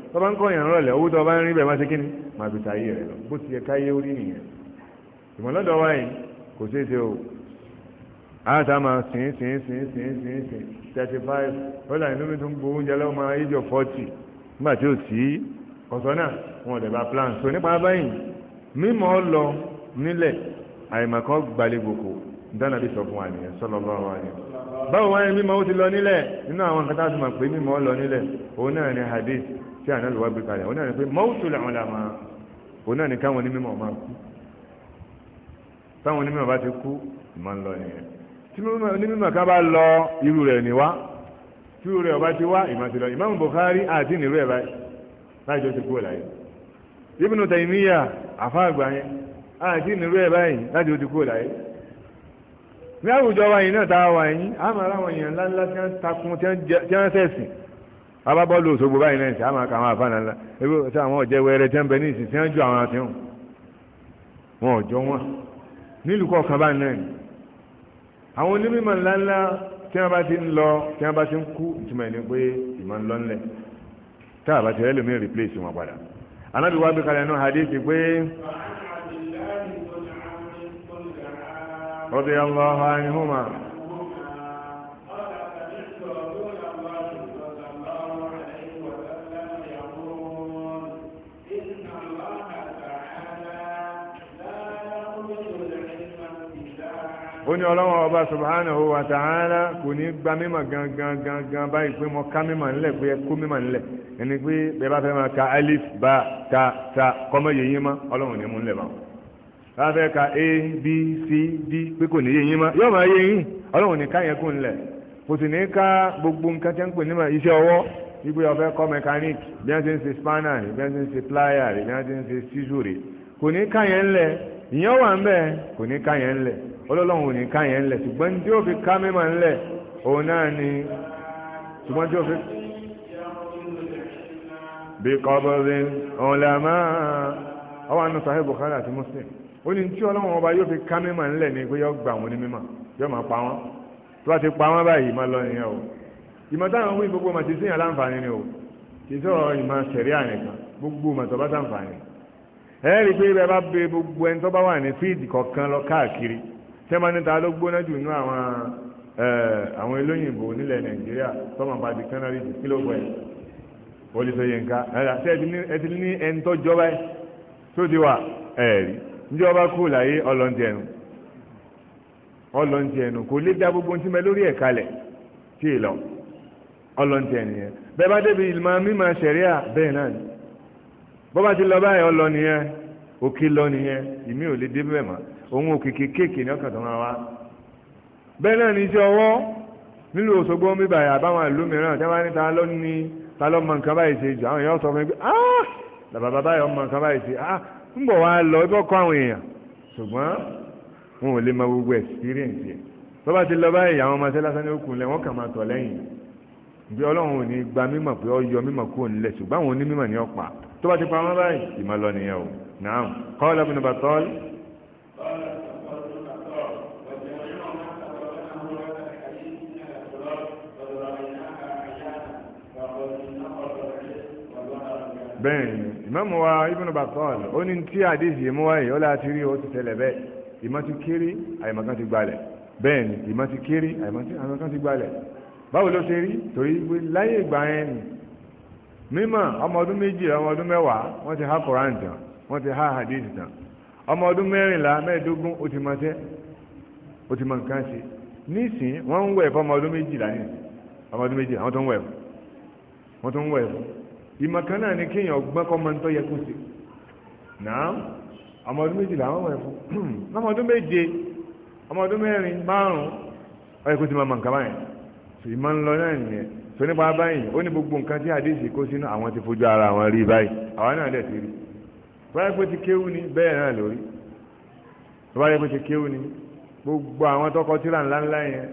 tó bá ń kọ́ yàn rọ̀lẹ́ owó tó bá ń rí bẹ̀ má ṣe kíni má fi ta ayé rẹ̀ lọ bó ti yẹ káyé orí nìyẹn ìmọ̀lọ́dọ̀ wa yìí kò ṣeé ṣe o àtà máa sìn sìn sìn sìn sìn sìn thirty five ó là nínú mi tó ń gbowó oúnjẹ lọ́wọ́ máa yíjọ forty nígbà tí ò sí ọ̀sán náà wọn ò dẹ̀ bá plan so nípa báyìí mímọ́ lọ nílẹ̀ àìmọ̀kọ́ gbalẹ̀gbòkò dáná bí sọ fún wa nìyẹn sallallahu alaihi báwo wáyé mímọ́ ó ti lọ nílẹ̀ nínú àwọn kátà tó mọ̀ pé mímọ́ lọ nílẹ̀ òun náà ni hadith tí àná lọ́wọ́ gbé kalẹ̀ òun náà ni pé mọ́wútù làwọn làmà òun náà ni káwọn onímọ̀ máa kú táwọn onímọ̀ bá ti kú ìmọ̀ ń lọ nìyẹn tí onímọ̀ kan bá lọ irú rẹ̀ ní wá tí irú rẹ̀ ọba ti wá ìmọ̀ ti lọ Imam Bukhari àti nìrú ẹ̀ báyìí láìjọ ti kú ọ̀la yìí Ibn Taymiyyah àfáàgbà yẹn àti nìrú ẹ̀ báyìí láìjọ ti kú ọ̀la yìí ní àwùjọ wa yìí náà tá a wà yìí àmọ́ aláwọ̀ èèyàn ńláńlá tí tí wọ́n sẹ̀sìn abábọ́ọ̀lù òṣogbo báyìí náà ṣe àmà kàwọn àfààní ńlá ebi ṣe àwọn ọ̀jẹ̀ wẹrẹ tẹ́ ń bẹ ní ìsìn ju àwọn àti hàn wọn ò wọn nílùú kọ̀ọ̀kan báyìí náà ni àwọn onímọ̀ ńláńlá tí wọ́n bá ti ń lọ tí wọ́n bá ti ń kú ìtumọ̀ ẹni pé ìmọ̀ ń lọ ńlẹ̀ tá a bá ti rẹ́lòmíì replace wọn padà anábì wá bí kalẹ̀ nù hadith pé radiyallahu ó ní ọlọ́wọ́n ọba subhanahu wa ta'ala kò ní gba mímọ̀ gangan gangan báyìí pé mo ká mímọ̀ nílẹ̀ pé ẹ kó mímọ̀ nílẹ̀ ẹni pé bẹ́ẹ̀ bá fẹ́ máa ka alif ba ta ta kọ́mọ́ yẹ̀yẹ́ mọ́ ọlọ́wọ́n ní mú nílẹ̀ báwọn bá fẹ́ ka a b c d pé kò ní yẹ̀yẹ́ mọ́ yóò máa yẹ̀yẹ́ ọlọ́wọ́n ní ká yẹn kó nílẹ̀ kò sì ní ká gbogbo nǹkan tẹ́ ń pè nímọ̀ iṣẹ́ ọwọ́ ibi ó kọ́ mẹkáníìkì bí wọ́n ń ṣe kò ní ká yẹn ń lẹ̀ ọlọ́lọ́run ò ní ká yẹn ńlẹ̀ ṣùgbọ́n tí ó fi ká mímọ̀ ńlẹ̀ òun náà ni ṣùgbọ́n tí ó fi. bí kọ́bọ̀rì ọ̀làmá ọwọ́ àánú sahib Bukhari àti Muslim ó ní tí ọlọ́run ọba yóò fi ká mímọ̀ ńlẹ̀ ni pé yóò gbà wọn ní mímọ̀ yóò máa pa wọn tó bá ti pa wọn báyìí máa lọ nìyẹn o ìmọ̀ táwọn wí gbogbo màtí sí àlàǹfààní ni o kì í sọ̀rọ̀ ìmọ̀ sẹ̀rí àyẹ̀kan gbogbo màtọ́ bá sàǹfààní ẹ̀ẹ́rì pé bẹ́ẹ̀ bá be gbogbo ẹni tó bá wà ní fíìdì kọ̀ọ̀kan lọ káàkiri tẹ́mà níta ló gbóná jù nú àwọn àwọn olóyìnbó nílẹ̀ nàìjíríà tọ́mọ̀ bá di kánárì jù kí ló pẹ́ olùsọ yẹn ká ẹ̀rà tí ẹ ti ní ẹni tó jọba ẹ tó ti wà ẹ̀rí níjọba kú láyé ọlọ́ntì ẹnu ọlọ́ntì ẹnu kò lè dá gbogbo ohun tí mẹ lórí ẹ̀ kalẹ̀ tí ì lọ ọlọ́ntì ẹnu yẹn bẹ́ẹ̀ bá débi ìmọ̀ mímọ̀ sẹ̀ríà bẹ́ẹ̀ náà ni bọ́bá ti lọ báyìí ọlọ́ nìyẹn òkè lọ nìyẹn ìmí ò lè dé mọ́ òun òkèké kéèké ní ọkàn tó máa wá bẹ́ẹ̀ náà ní iṣẹ́ ọwọ́ nílùú Òṣogbo ń bíbà yà báwọn ìlú mìíràn tí wọ́n ní ta ló ní ta ló mọ nǹkan báyìí ṣe jù àwọn èèyàn sọ fún mi pé ah bàbá bàbá yọ mọ nǹkan báyìí ṣe ah ń bọ̀ wá lọ ibi ọkọ àwọn èèyàn ṣùgbọ́n wọn ò lè mọ gbogbo experience yẹn tó bá ti lọ báyìí àwọn ọmọ sẹ́lásán ní okùn lẹ̀ wọ́n kà máa tọ̀ lẹ́yìn bí ọlọ́run ò ní gba mímọ̀ pé ọ yọ mímọ̀ kúrò nílẹ̀ ṣùgbọ́n àwọn onímọ̀ ní ọ̀pá tó bá ti pa wọn báyìí ìmọ̀ lọ nìyẹn o naam qala ibn Battal قال عمر بن الخطاب وجمعنا ما تقدمه هذا الحديث من الاخبار قد رايناها عيانا فقد نقض ó ní tí àdéhìí mú wáyé ó láti rí ó ti tẹ́lẹ̀ bẹ́ẹ̀ ìmọ̀ ti kéré àyèmọ̀ kan ti gbalẹ̀ bẹ́ẹ̀ni ìmọ̀ ti kéré àyèmọ̀ kan ti gbalẹ̀ báwo ló ṣe rí torí pé láyé ìgbà yẹn ni mímọ̀ ọmọ ọdún méjì ọmọ ọdún mẹ́wàá wọ́n ti há koran tán wọ́n ti há hadith tán ọmọ ọdún mẹ́rìnlá mẹ́ẹ̀ẹ́dógún ó ti mọ sẹ́ ó ti mọ nǹkan ṣe nísìn wọ́n ń wẹ̀ fọmọ ọdún méjìlá ní ọmọ ọdún méjìlá wọ́n tó ń wẹ̀ fún wọ́n tó ń wẹ̀ fún ìmọ̀ kan náà ni kéèyàn ọgbọ́n kọ́ máa ń tọ́ yẹ kó ṣe náà ọmọ ọdún méjìlá wọ́n wẹ̀ fún ọmọ ọdún méje ọmọ ọdún mẹ́rin márùn-ún kó ti mọ nǹkan báyìí ìmọ̀ ń náà nìyẹn báyẹ̀ pé ti kéwú ni bẹ́ẹ̀ náà lórí báyẹ̀ pé ti kéwú ni gbogbo àwọn tọkọ tíra ńláńlá yẹn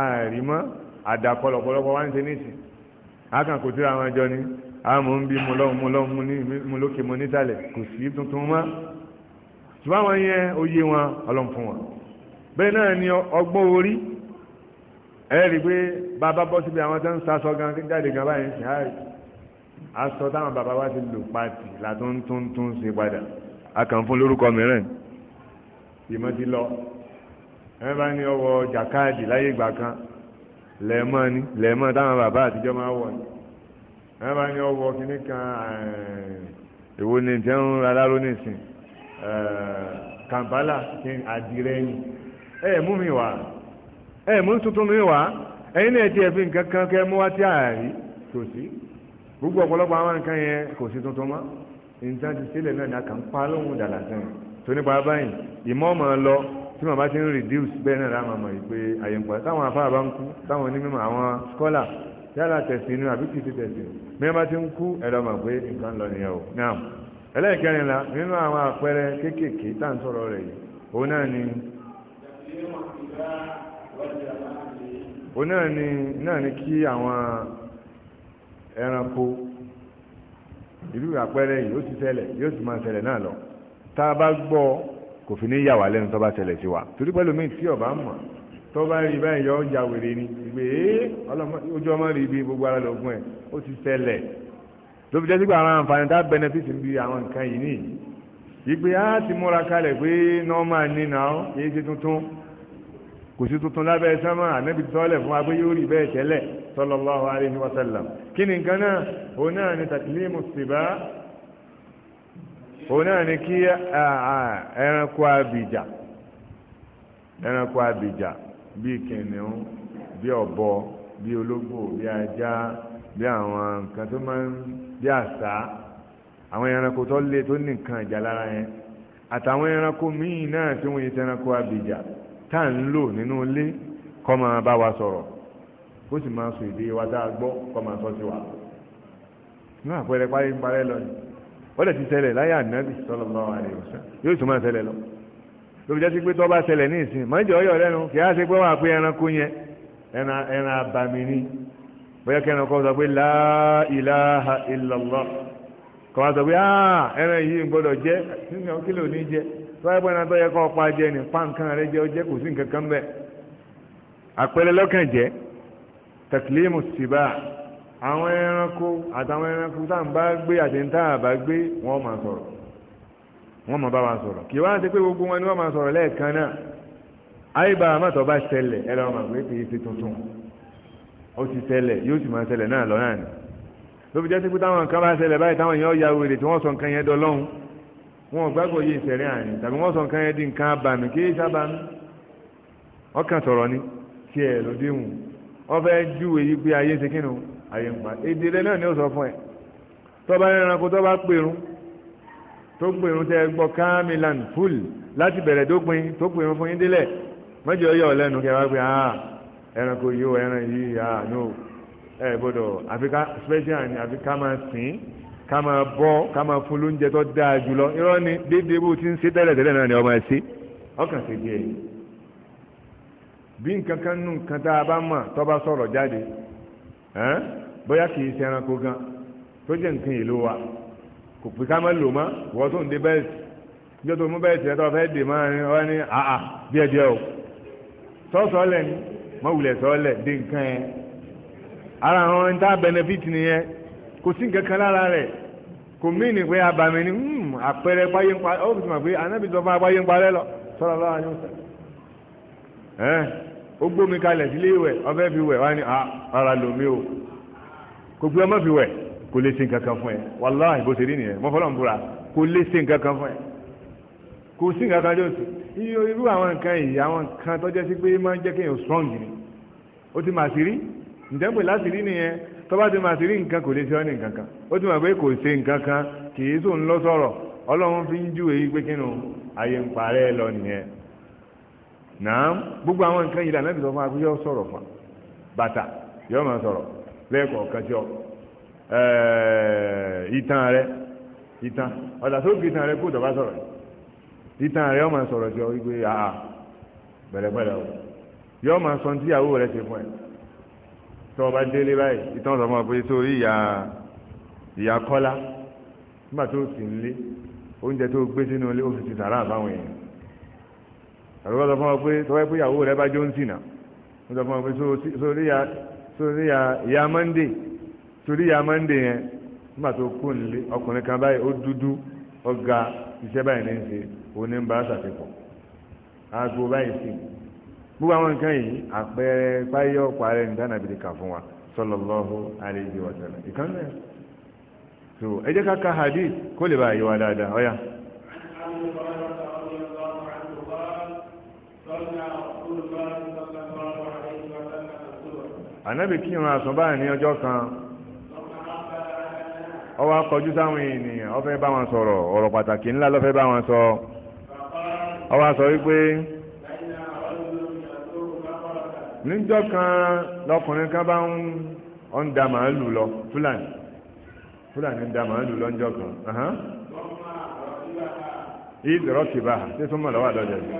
àrímọ́ àdàkọ lọ́pọ̀lọpọ̀ wá ń ṣe nísìn akàn kò tíra àwọn ẹjọ́ ni àmọ́ ń bí mu lọ́hùn mu lọ́hùn mu lókè mu nísàlẹ̀ kò sí tuntun mọ́ ṣùgbọ́n àwọn yẹn oyé wọn ọlọ́run fún wọn bẹ́ẹ̀ náà ni ọgbọ́n orí ẹ rí i pé bàbá bọ́ síbi àwọn tó ń sasọ gan jáde gan báyìí ń sìn áàrí aṣọ táwọn bàbá wa ti lò pati látún tún tún ṣe padà akàn fún lórúkọ mìíràn ìmọ̀ ti lọ ẹ bá ní ọwọ́ jàkáàdì láyé ìgbà kan lẹ́ẹ̀mọ́ ni lẹ́ẹ̀mọ́ táwọn bàbá àtijọ́ máa wọ̀ ni ẹ bá ní ọwọ́ kìíní kan èwo ni tí ń aláró nìsín kàmpálà kí adìrẹ ni ẹ mú mi wá ẹ mú tuntun mi wá ẹyin náà ti ẹ fi nǹkan kan kẹ mú wá tí a rí tòsí gbogbo ọ̀pọ̀lọpọ̀ àwọn nǹkan yẹn kò sí tuntun mọ́ nǹkan ti sílẹ̀ náà ni a kàn ń pa lóhun dàlà sẹ́yìn tó nípa báyìí ìmọ̀ ọmọ lọ tí màmá ti ń reduce bẹ́ẹ̀ náà láwọn ọmọ yìí pé àyè ń pa táwọn afárá bá ń kú táwọn onímọ̀ àwọn scholar yálà tẹ̀sí inú àbí kìí ti tẹ̀sí mìíràn bá ti ń kú ẹ̀rọ mọ̀ pé nǹkan lọ nìyẹn o náà ẹlẹ́ẹ̀kẹrin la nínú àwọn àpẹẹrẹ kéékèèké tá à ń sọ̀rọ̀ rẹ̀ yìí òun náà ni òun náà ni náà ni kí àwọn ẹranko ìlú àpẹẹrẹ yìí ó ti ṣẹlẹ̀ yóò sì máa ṣẹlẹ̀ náà lọ tá a bá gbọ́ kò fi ní yà wá lẹ́nu tó bá ṣẹlẹ̀ sí wa torí pẹ́lú mi tí ọba mọ̀ tó bá rí báyìí yọ ọjà wèrè ni ìgbé ojú ọmọ rí ibi gbogbo ara lọ́gùn ẹ̀ ó ti ṣẹlẹ̀ ló fi jẹ́ sígbà àwọn àǹfààní tá benefit ń bi àwọn nǹkan yìí nìyí ìgbé á ti múra kalẹ̀ pé nọ́ọ̀mà nínà ó kìí ṣe tuntun kò sí tuntun lábẹ́ sánmà ànábi tọ́lẹ̀ fún wa pé yóò rí bẹ́ẹ̀ tẹ́lẹ̀ sallallahu alaihi wasallam kí ni nǹkan náà òun náà ni tàtìlímù sìbá òun náà ni kí ẹranko abìjà ẹranko abìjà bíi kìnìún bíi ọ̀bọ bíi ológbò bíi ajá bíi àwọn nǹkan tó máa ń bí àṣá àwọn ẹranko tó lé tó ní nǹkan ìjà lára yẹn àtàwọn ẹranko míì náà tí wọ́n yẹ ti ẹranko abìjà tá à ń lò nínú ilé kọ́ máa bá wa sọ̀rọ̀ kó sì máa sọ èdè wa dáa gbọ́ kó máa sọ sí wa ní àpẹẹrẹ parí ń parẹ́ lọ ni wọ́n lè ti ṣẹlẹ̀ láyé ànábì sallallahu alaihi wasallam yóò tún máa ṣẹlẹ̀ lọ lóbi jẹ́ sí pé tọ́ bá ṣẹlẹ̀ ní ìsìn mọ́jọ́ ọyọ̀ lẹ́nu kì á ṣe pé wọ́n á pé ẹranko yẹn ẹran abàmì ni bóyá kẹrin ọkọ sọ pé la ilaha illallah kọ́ wa sọ pé ẹran yìí ń gbọ́dọ̀ jẹ́ kí ló ní jẹ́ tọ́wọ́ ẹgbẹ́ náà tọ́yẹ kọ́ ọ pa jẹ ní pàǹkan rẹ jẹ́ ọ jẹ́ kò sí nǹkan kan bẹ́ẹ̀ àpẹẹrẹ lọ́kàn jẹ́ tẹ̀kílímù síbà àwọn ẹranko àtàwọn ẹranko tá à ń bá gbé àti ń tá à bá gbé wọ́n máa sọ̀rọ̀ wọ́n máa bá wa sọ̀rọ̀ kì í wá sí pé gbogbo wọn ni wọ́n máa sọ̀rọ̀ lẹ́ẹ̀kan náà àyíbá àmọ́tọ̀ bá ṣẹlẹ̀ ẹ lọ́wọ́ máa pé kì í ṣe tuntun ó ti ṣẹlẹ̀ yóò sì máa ṣẹlẹ̀ náà lọ́nà ni ló fi jẹ́ sí pé táwọn nǹkan bá ṣẹlẹ̀ báyìí táwọn èèyàn ya wèrè tí wọ́n sọ nǹkan yẹn dọlọ́hún wọn ò gbàgbọ́ yé ìṣẹ̀rí àárín tàbí wọ́n sọ nǹkan yẹn di nǹkan abàmì kì í sábàmì ọkàn sọ̀rọ̀ ni tiẹ̀ ló déhùn ọbẹ̀ júwe yí pé ayé ṣe kínú ayé ń pa èdè rẹ náà ni ó sọ fún ẹ tọ́ba ẹranko tọ́ba pèrún tó pèrún tẹ gbọ́ kamilan full láti bẹ̀rẹ̀ dópin tó pèrún fún yín délẹ̀ mọ́jọ yọ ọ lẹ́nu kẹwàá pé ah ẹranko yìí ó ẹran yìí ah no ẹ gbọ́dọ̀ àfi ká special ni àfi ká máa sìn ká máa bọ́ ká máa fún lóúnjẹ tó dáa jùlọ irọ́ ni déédéé bó ti ń ṣe tẹ́lẹ̀tẹ́lẹ̀ náà ni ọmọ ẹ sí ọkàn ṣe díẹ̀ yìí. bí nǹkan kan nù nǹkan tá a bá mọ̀ tó bá sọ̀rọ̀ jáde bóyá kì í ṣe ẹranko gan tó jẹ́ nǹkan èlò wa kò pé ká má lò mọ́ wọ́n tó ń dé bẹ́ẹ̀sì níjọ́ tó mú bẹ́ẹ̀sì rẹ tó fẹ́ dè máa ní ọ ní àà díẹ̀ díẹ̀ o lẹ̀ ni wọ́n wulẹ̀ sọ́ọ̀ lẹ̀ dé nǹkan yẹn ara àwọn ẹni tá a benefit nìyẹn kò sí nǹkan kan lára ó gbómi kalẹ̀ sílé ìwẹ̀ ọfẹ́ fi wẹ̀ wá a ah, ara lomi o ko ọmọ fi wẹ̀ kò lè se nǹkan kan fún ẹ wàláhì bó ṣe rí nìyẹn mọ́fọ́lọ́n búra kò lè se nǹkan kan fún ẹ kò sí nǹkan kan tó iye irú àwọn nǹkan yìí àwọn nǹkan tó jẹ́ sí pé máa ń jẹ́ kéèyàn strong ni ó ti mà sí rí ǹjẹ́ pé láti rí ti rí nǹkan kò lè se ọ́ ní nǹkan kan kò se nǹkan kì í fi ń pé kínú ayé ń parẹ́ náà gbogbo àwọn nǹkan yìí lànà ìbísọ̀ fún akúyọ sọ̀rọ̀ fún bàtà yóò máa sọ̀rọ̀ lẹ́ẹ̀kọ̀ọ̀kan tí ọ ìtàn rẹ ìtàn ọ̀dà tó fi ìtàn rẹ kó ìjọba sọ̀rọ̀ ìtàn rẹ yóò máa sọ̀rọ̀ tí ọ wípé àà bẹ̀rẹ̀pẹ̀rẹ̀ o yóò máa sọ tí ìyàwó rẹ ṣe fún ẹ tó o délé báyìí ìtàn sọ fún ọ pé sórí ìyá kọ́lá nígbà tó sì ń lé oúnjẹ tó gbé sínú ilé ó fi ti sàrà àbáwọn èèyàn tàbí wọ́n sọ fún ọ pé tọ́wọ́ pé ìyàwó rẹ bá jó ń sìnà wọ́n sọ fún ọ pé sórí ya mọ́ndé sórí ya mọ́ndé yẹn nígbà tó kú nílé ọkùnrin kan báyìí ó dúdú ọ̀gá iṣẹ́ báyìí ní í ṣe òní ń bá ṣàtìpọ̀ aago báyìí sí gbogbo àwọn nǹkan yìí àpẹẹrẹ páyọ parẹ ní dáná bìrìkà fún wa sallallahu alaihi wa sallam ìkànnì ẹ so ẹ jẹ́ ká ka hadith kó lè bá yọ wa dáadáa ọyà ànábì kírun àsùnbà ní ọjọ́ kan ó wá kọjú sáwọn ènìyàn ó fẹ́ bá wọn sọ̀rọ̀ ọ̀rọ̀ pàtàkì ńlá ló fẹ́ bá wọn sọ ó wá sọ wípé níjọ́ kan lọkùnrin kan bá ń ń da màálù lọ fúlàní fúlàní ń da màálù lọ níjọ́ kan ìdọ̀rọ̀ kìbá ṣé súnmọ́ lọ́wọ́ àdọ́jà yìí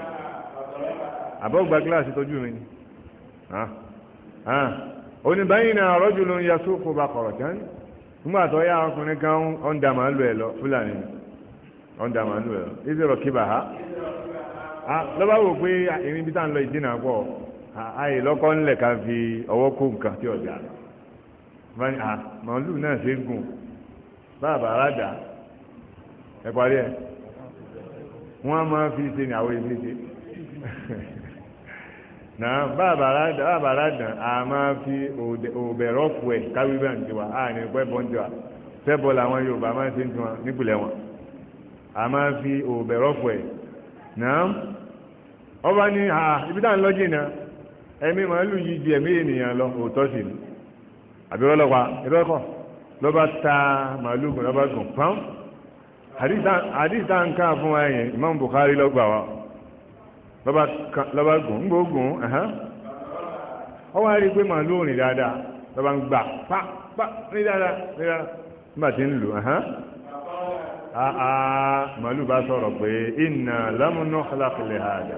àbọ̀gbà gíláàsì tójú mi ni oníbàyìn náà rọ́jò ló ń ya sóko bá kọ̀rọ̀ tán nígbà tó yá ọkùnrin kan ọ̀ǹda màálù ẹ̀ lọ fúlàní ọ̀ǹda màálù ẹ̀ lọ ìṣòro kíbà ha lọ́ba wò pé irin bí tá à ń lọ ìdínà pọ̀ àyè lọ́kọ́ ńlẹ̀ ká fi ọwọ́ kó nǹkan tí ọ̀dà màálù náà ṣe ń gùn báàbà aládà ẹ̀ parí ẹ̀ wọ́n á máa fi ṣe ní àwọn ìbílẹ̀ náà bàbá aládàn a máa fi òbẹ̀rọ̀ fù ẹ̀ káwí bẹ́ẹ̀ ní tiwa a ní pẹ́ bọ́n tiwa sẹ́bọ̀ làwọn Yorùbá máa ń ṣe ń tiwa nípìnlẹ̀ wọn a máa fi òbẹ̀rọ̀ fù ẹ̀ náà ọba ní ha ibi táwọn lọ́jì náà ẹ̀mí màálù yìí di ẹ̀mí ènìyàn lọ òótọ́ sí ni àbí ọlọ́pàá ẹ̀rọ kọ̀ lọ́ba ta màálù gùn lọ́ba gùn pọ́n àdìsá nǹkan fún wa yẹn Imam Bukhari lọ́gbà wa lọ́ba gùn ń gbóògùn ọ wá rí i pé màálù òrìn dáadáa lọ́ba ń gbà pa pa ní dáadáa ní dáadáa nígbà tí ń lò màálù bá sọ̀rọ̀ pé inna lam nukhlaq li hada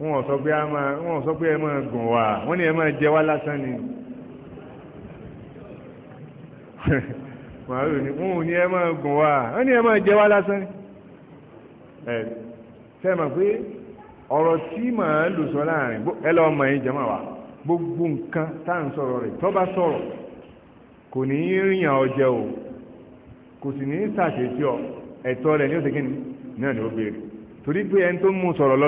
wọn sọ pé wọn sọ pé ẹ máa gùn wá wọn ni ẹ máa jẹ wá lásán ni màálù ni wọn ò ní ẹ máa gùn wá wọn ni ẹ máa jẹ wá lásán ni ẹ sẹ́ẹ̀ mọ̀ pé. ọ̀rọ̀ tí màá lò sọ láàrin ẹ lọ mọ jẹ́mọ̀ wa gbogbo nǹkan tá à ń sọ̀rọ̀ rẹ̀ tó bá sọ̀rọ̀ kò ní í rìnyàn ọjẹ́ o kò sì ní í sàṣetí ọ ẹ̀tọ́ ní náà ni ó béèrè torí pé ẹni tó mú sọ̀rọ̀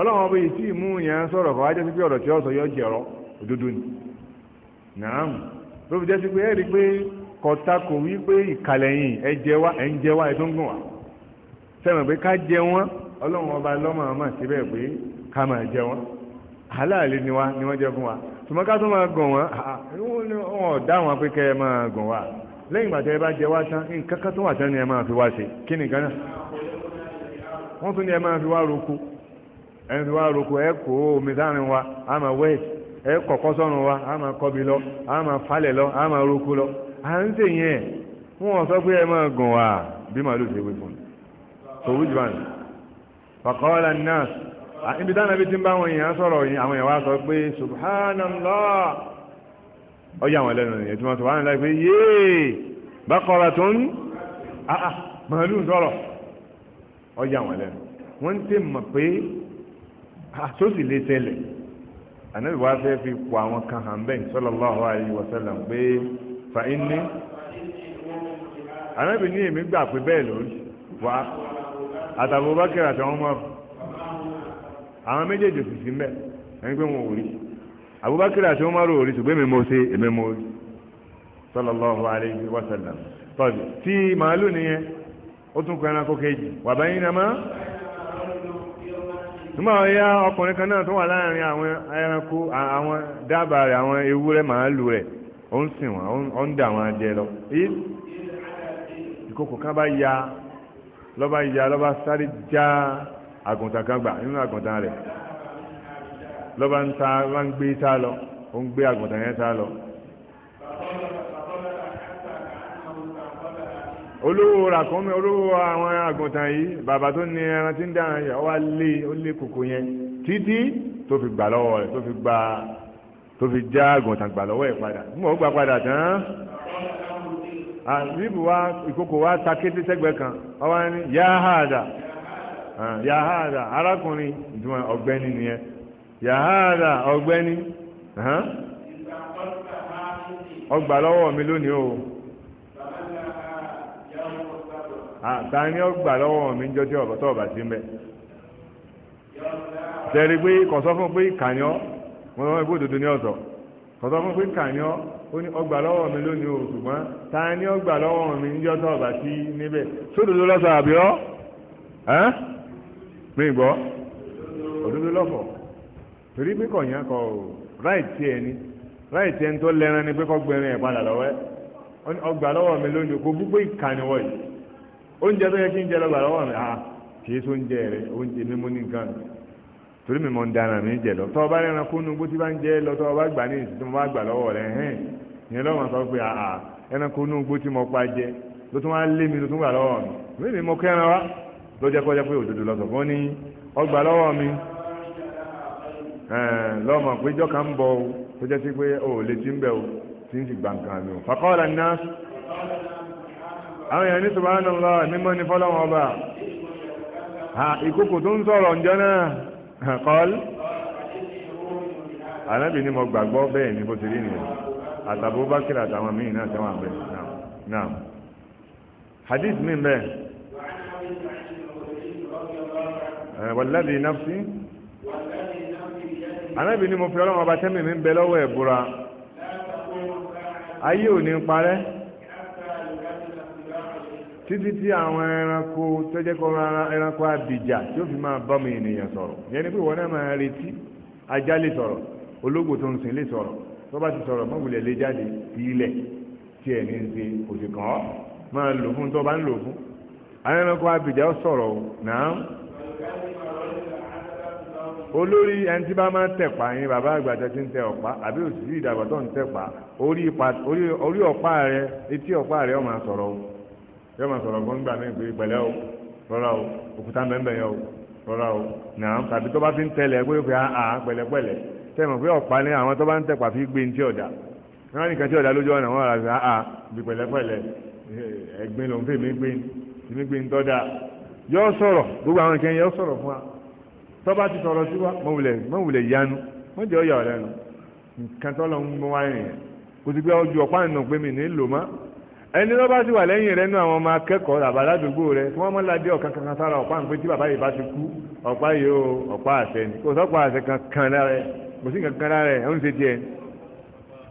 ọba ọba yìí tí ì mú yẹn sọ̀rọ̀ kọ́ yọ òdodo ni nàám fi jẹ́ sí pé ẹ pé kọ̀tà kò wí pé ẹ wá ọlọ́run ọba lọ́mọ àmà síbẹ̀ pé ká máa jẹ wọn aláàlè ni ni wa tó máa gàn wọn ò dá wọn pé kẹ́ ẹ máa gàn wá lẹ́yìn ìgbà tẹ́ ẹ bá jẹ wá tán nǹkan fi wá ṣe kí wọ́n tún fi wá ẹ fi wá ẹ kó omi wa máa lọ máa lọ máa lọ à ń sèyìn wọ́n sọ pé ẹ máa gàn bí ṣe fàkọ́ọ́lá náà ibi táwọn ẹbí ti ń bá àwọn èèyàn sọ̀rọ̀ yìí àwọn èèyàn wá sọ pé subhanallah ọyá àwọn ẹlẹ́nu ẹ̀yẹ tí wọ́n sọ wà nílá pé yéè bákọ́ra tó ń àà màálù ń sọ̀rọ̀ ọyá àwọn ẹlẹ́nu wọ́n ń tẹ̀ mọ̀ pé àtòsí lè tẹ̀lẹ̀ ànábì wá fẹ́ fi pọ̀ àwọn kan hàn bẹ́ẹ̀ sallallahu alaihi wasallam pé fa inni ànábì ní èmi gbà pé bẹ́ẹ̀ lórí wàá àtàbò bákẹ́rì àtàwọn ọmọ àwọn méjèèjì sì sí mbẹ ẹni pé wọn ò rí Abubakar àti Umaru ò rí ṣùgbọ́n èmi mo ṣe èmi mo rí sallallahu alayhi wa sallam tọ́jú tí màálù nìyẹn ó tún kọ ẹranko kejì wà báyìí nàmá nígbà wọn ọkùnrin kan náà tó wà láàrin àwọn ẹranko àwọn dábàá rẹ̀ àwọn ewúrẹ́ màálù rẹ̀ ó ń sìn wọn ó ń dà wọn jẹ lọ ìkòkò kan bá ya lọ́ba ìyá lọ́ba sáré já àgùntàn kan gbà nínú àgùntàn rẹ̀ lọ́ba ń ta lọ́ba ń gbé tá lọ ó ń gbé àgùntàn yẹn tá lọ. olówó ràkúnmí olówó àwọn àgùntàn yìí bàbá tó ní ẹran tí ń dáhùn yẹn wá lé ó lé kòkò yẹn títí tó fi gbà lọ́wọ́ rẹ̀ tó fi gbà tó fi já àgùntàn gbà lọ́wọ́ ẹ̀ padà mú gbà padà tán. àbíbù wa ìkókò wa ta kété kan ọba ní yahada ah, yahada arákùnrin ìdúmọ̀ ọ̀gbẹ́ni nìyẹn yahada ọgbẹni ọgbà lọ́wọ́ mi lónìí o ah, ta ni ọgbà lọ́wọ́ mi ń jọ tí tó ọ̀bà sí mbẹ́ kanyọ pé kọ̀sọ́ fún pé mo ó ní ọgbà lọ́wọ́ mi lónìí o ṣùgbọ́n ta ni ọgbà lọ́wọ́ mi ọ̀bà sí níbẹ̀ lọ́sọ̀ àbí ọ́ mi gbọ́ lọ́fọ̀ torí pé ráìtì ẹ ni ráìtì ẹni tó lẹ́ran ni pé kọ́ gbẹ̀rin ẹ̀ padà lọ́wọ́ ẹ́ ó ní ọgbà lọ́wọ́ mi lónìí kò gbogbo ìkànnì wọ̀nyí oúnjẹ tó yẹ kí n jẹ lọ́gbà lọ́wọ́ mi à ah, kì í torí mi mọ ń dára mi jẹ lọ tọ́ ọba rẹ̀ ẹranko nu bó ti bá ń jẹ lọ tọ́ ọba gbà ní ìsìn tí mo bá gbà lọ́wọ́ rẹ̀ hẹ́n ìyẹn lọ́wọ́ sọ pé àà ẹranko nu bó ti pa jẹ ló tún wá lé mi wa pé òdodo lọ́sọ̀ fún ọgbà lọ́wọ́ mi lọ́mọ pé kan ń bọ̀ o tó jẹ́ sí o ò lè ti ń bẹ̀ o ń o. àwọn èèyàn ní mímọ́ fọ́lọ́wọ́n ọba ìkókò kọ́l anábì ni mo gbàgbọ́ bẹ́ẹ̀ ni bó ti rí nìyẹn àtàbó bákìrì àtàwọn míì náà tẹ́wọ̀n àbẹ̀ náà hadith mi bẹ́ẹ̀ wàlẹ́bí nafsi anábì ni mo fi ọlọ́run ọba mi bẹ lọ́wọ́ ẹ̀ búra ayé ò ní parẹ́ títí tí àwọn ẹranko tó jẹ́ kọ́ ẹranko abìjà tí ó fi máa bá ọmọ ènìyàn sọ̀rọ̀ yẹn ni pé ìwọ náà máa retí ajá lè sọ̀rọ̀ ológbò tó ń sìn lè sọ̀rọ̀ tó bá ti sọ̀rọ̀ mọ̀wulẹ̀ lè jáde sí ilẹ̀ tí ẹ̀ ní ń ṣe kò sì kàn ọ́ máa lò fún tó bá ń lò fún àwọn ẹranko abìjà ó sọ̀rọ̀ náà olórí ẹni tí bá máa ń tẹ̀pá yín bàbá àgbàjọ ti ń tẹ ọ̀pá àbí òṣìṣẹ́ orí ọ̀pá rẹ etí ọ̀pá rẹ ó máa sọ̀rọ̀ o yóò máa sọ̀rọ̀ fún gbà mí pé pẹ̀lẹ́ o rọra o òkúta mẹ́mbẹ̀ yẹn o rọra o nàá tàbí tó bá ti ń tẹ̀lẹ̀ pé pé àá pẹ̀lẹ́pẹ̀lẹ́ tẹ̀mọ̀ pé ọ̀pá ni àwọn tó bá ń tẹ̀pà fi gbé ntí ọ̀dà wọn nìkan tí ọ̀dà lójú ọ̀nà wọn rà sí àá bí pẹ̀lẹ́pẹ̀lẹ́ ẹ̀gbin ló ń fè mí gbé mí gbé ntọ́dà yọ sọ̀rọ̀ gbogbo àwọn ìkẹyìn yọ sọ̀rọ̀ fún wa tó ti sọ̀rọ̀ sí wa mọ̀wùlẹ̀ yanu wọ́n jẹ́ ọ̀yà ọ̀lẹ́nu nǹkan tó lọ ń mú wáyé nìyẹn kò ẹni ló bá sì wà lẹ́yìn rẹ̀ nú àwọn ọmọ akẹ́kọ̀ọ́ àbá ládùúgbò rẹ̀ tí wọ́n mọ́ ládé ọ̀kan kankan sára ọ̀pá ń pé tí bàbá yìí bá ti kú ọ̀pá yìí ó ọ̀pá àṣẹ ni kò sọ́pọ̀ àṣẹ kankan lára kò sí kankan lára ó ń ṣe tiẹ̀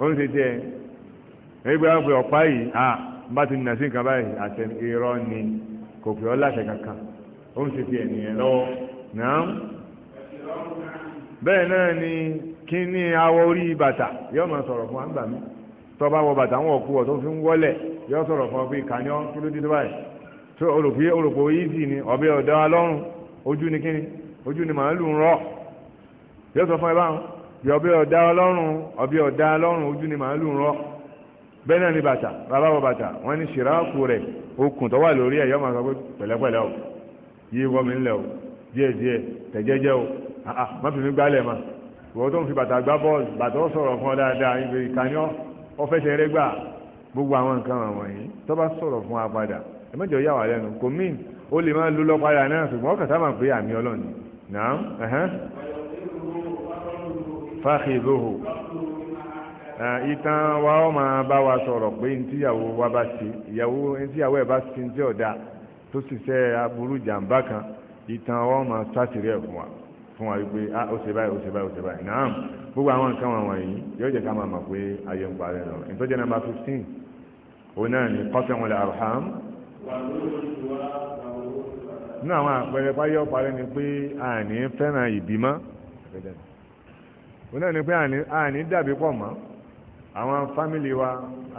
ó ń ṣe tiẹ̀ ẹgbẹ́ wọn pe ọ̀pá yìí à ń bá ti nà sí nǹkan báyìí àṣẹ irọ́ ni kò pè ọ́ láṣẹ kankan ó ń ṣe tiẹ̀ nìyẹn lọ́wọ́ náà bẹ́ẹ̀ náà ni kí ni awọ orí bàtà yóò máa tọ́ba wọ bàtà wọn kú ọ tó fi ń wọlẹ̀ yọ sọ̀rọ̀ fún ọ pé kàní ọ kí ló dé báyìí tó olùkú olùkú yìí ni ọbẹ̀ ọ̀dọ́ alọ́run ojú ni kíni ojú ni màálù ń rọ yọ sọ fún ẹ báwọn bí ọbẹ̀ ọ̀dá ọlọ́run ọbẹ̀ ọ̀dá ọlọ́run ojú ni màálù ń rọ bẹ́ẹ̀ náà ni bàtà bàbá wọ bàtà wọn ní ṣìráàkù rẹ̀ okùn tó wà lórí ẹ̀ yọ máa sọ pé pẹ̀lẹ́pẹ̀lẹ́ o yí wọ́n mi ń lẹ̀ o díẹ̀ díẹ̀ tẹ̀jẹ́jẹ́ o má fi mi gbálẹ̀ ma ìwọ tó ń fi bàtà gbá bọ́ọ̀lù bàtà ó sọ̀rọ̀ fún ọ dáadáa ìkànnì ọ́ ọ̀fẹ́sẹ̀ rẹ gbà gbogbo àwọn nǹkan àwọn yìí tó bá sọ̀rọ̀ fún wa padà ẹ̀mẹ́jọ yà wà lẹ́nu kò míì ó lè máa lu lọ padà náà ṣùgbọ́n ọkàn sábà pé àmì ọlọ́run náà ẹ̀hẹ́n fáhìlóhù ìtàn wa ó máa bá wa sọ̀rọ̀ pé ntíyàwó wa bá ṣe ìyàwó ntíyàwó ẹ̀ bá ṣe ntí ọ̀dà tó sì ṣe aburú jàǹbá kan ìtàn wa ó máa sátìrẹ́ fún wa fún wa wípé ah, ó ṣe báyìí ó ṣe báyìí ó ṣe báyìí náà gbogbo àwọn nǹkan wọn wọ̀nyí yóò jẹ́ ká máa mọ̀ pé ayé ń parẹ́ lọ ìtọ́jú nàmbà fifteen òun náà ni kọ́sẹ̀wọ̀n lè arham nínú àwọn àpẹẹrẹ páyọ́ parẹ́ ni pé àní fẹ́ràn ìbímọ òun náà ni pé àní dàbí pọ̀ mọ́ àwọn fámìlì wa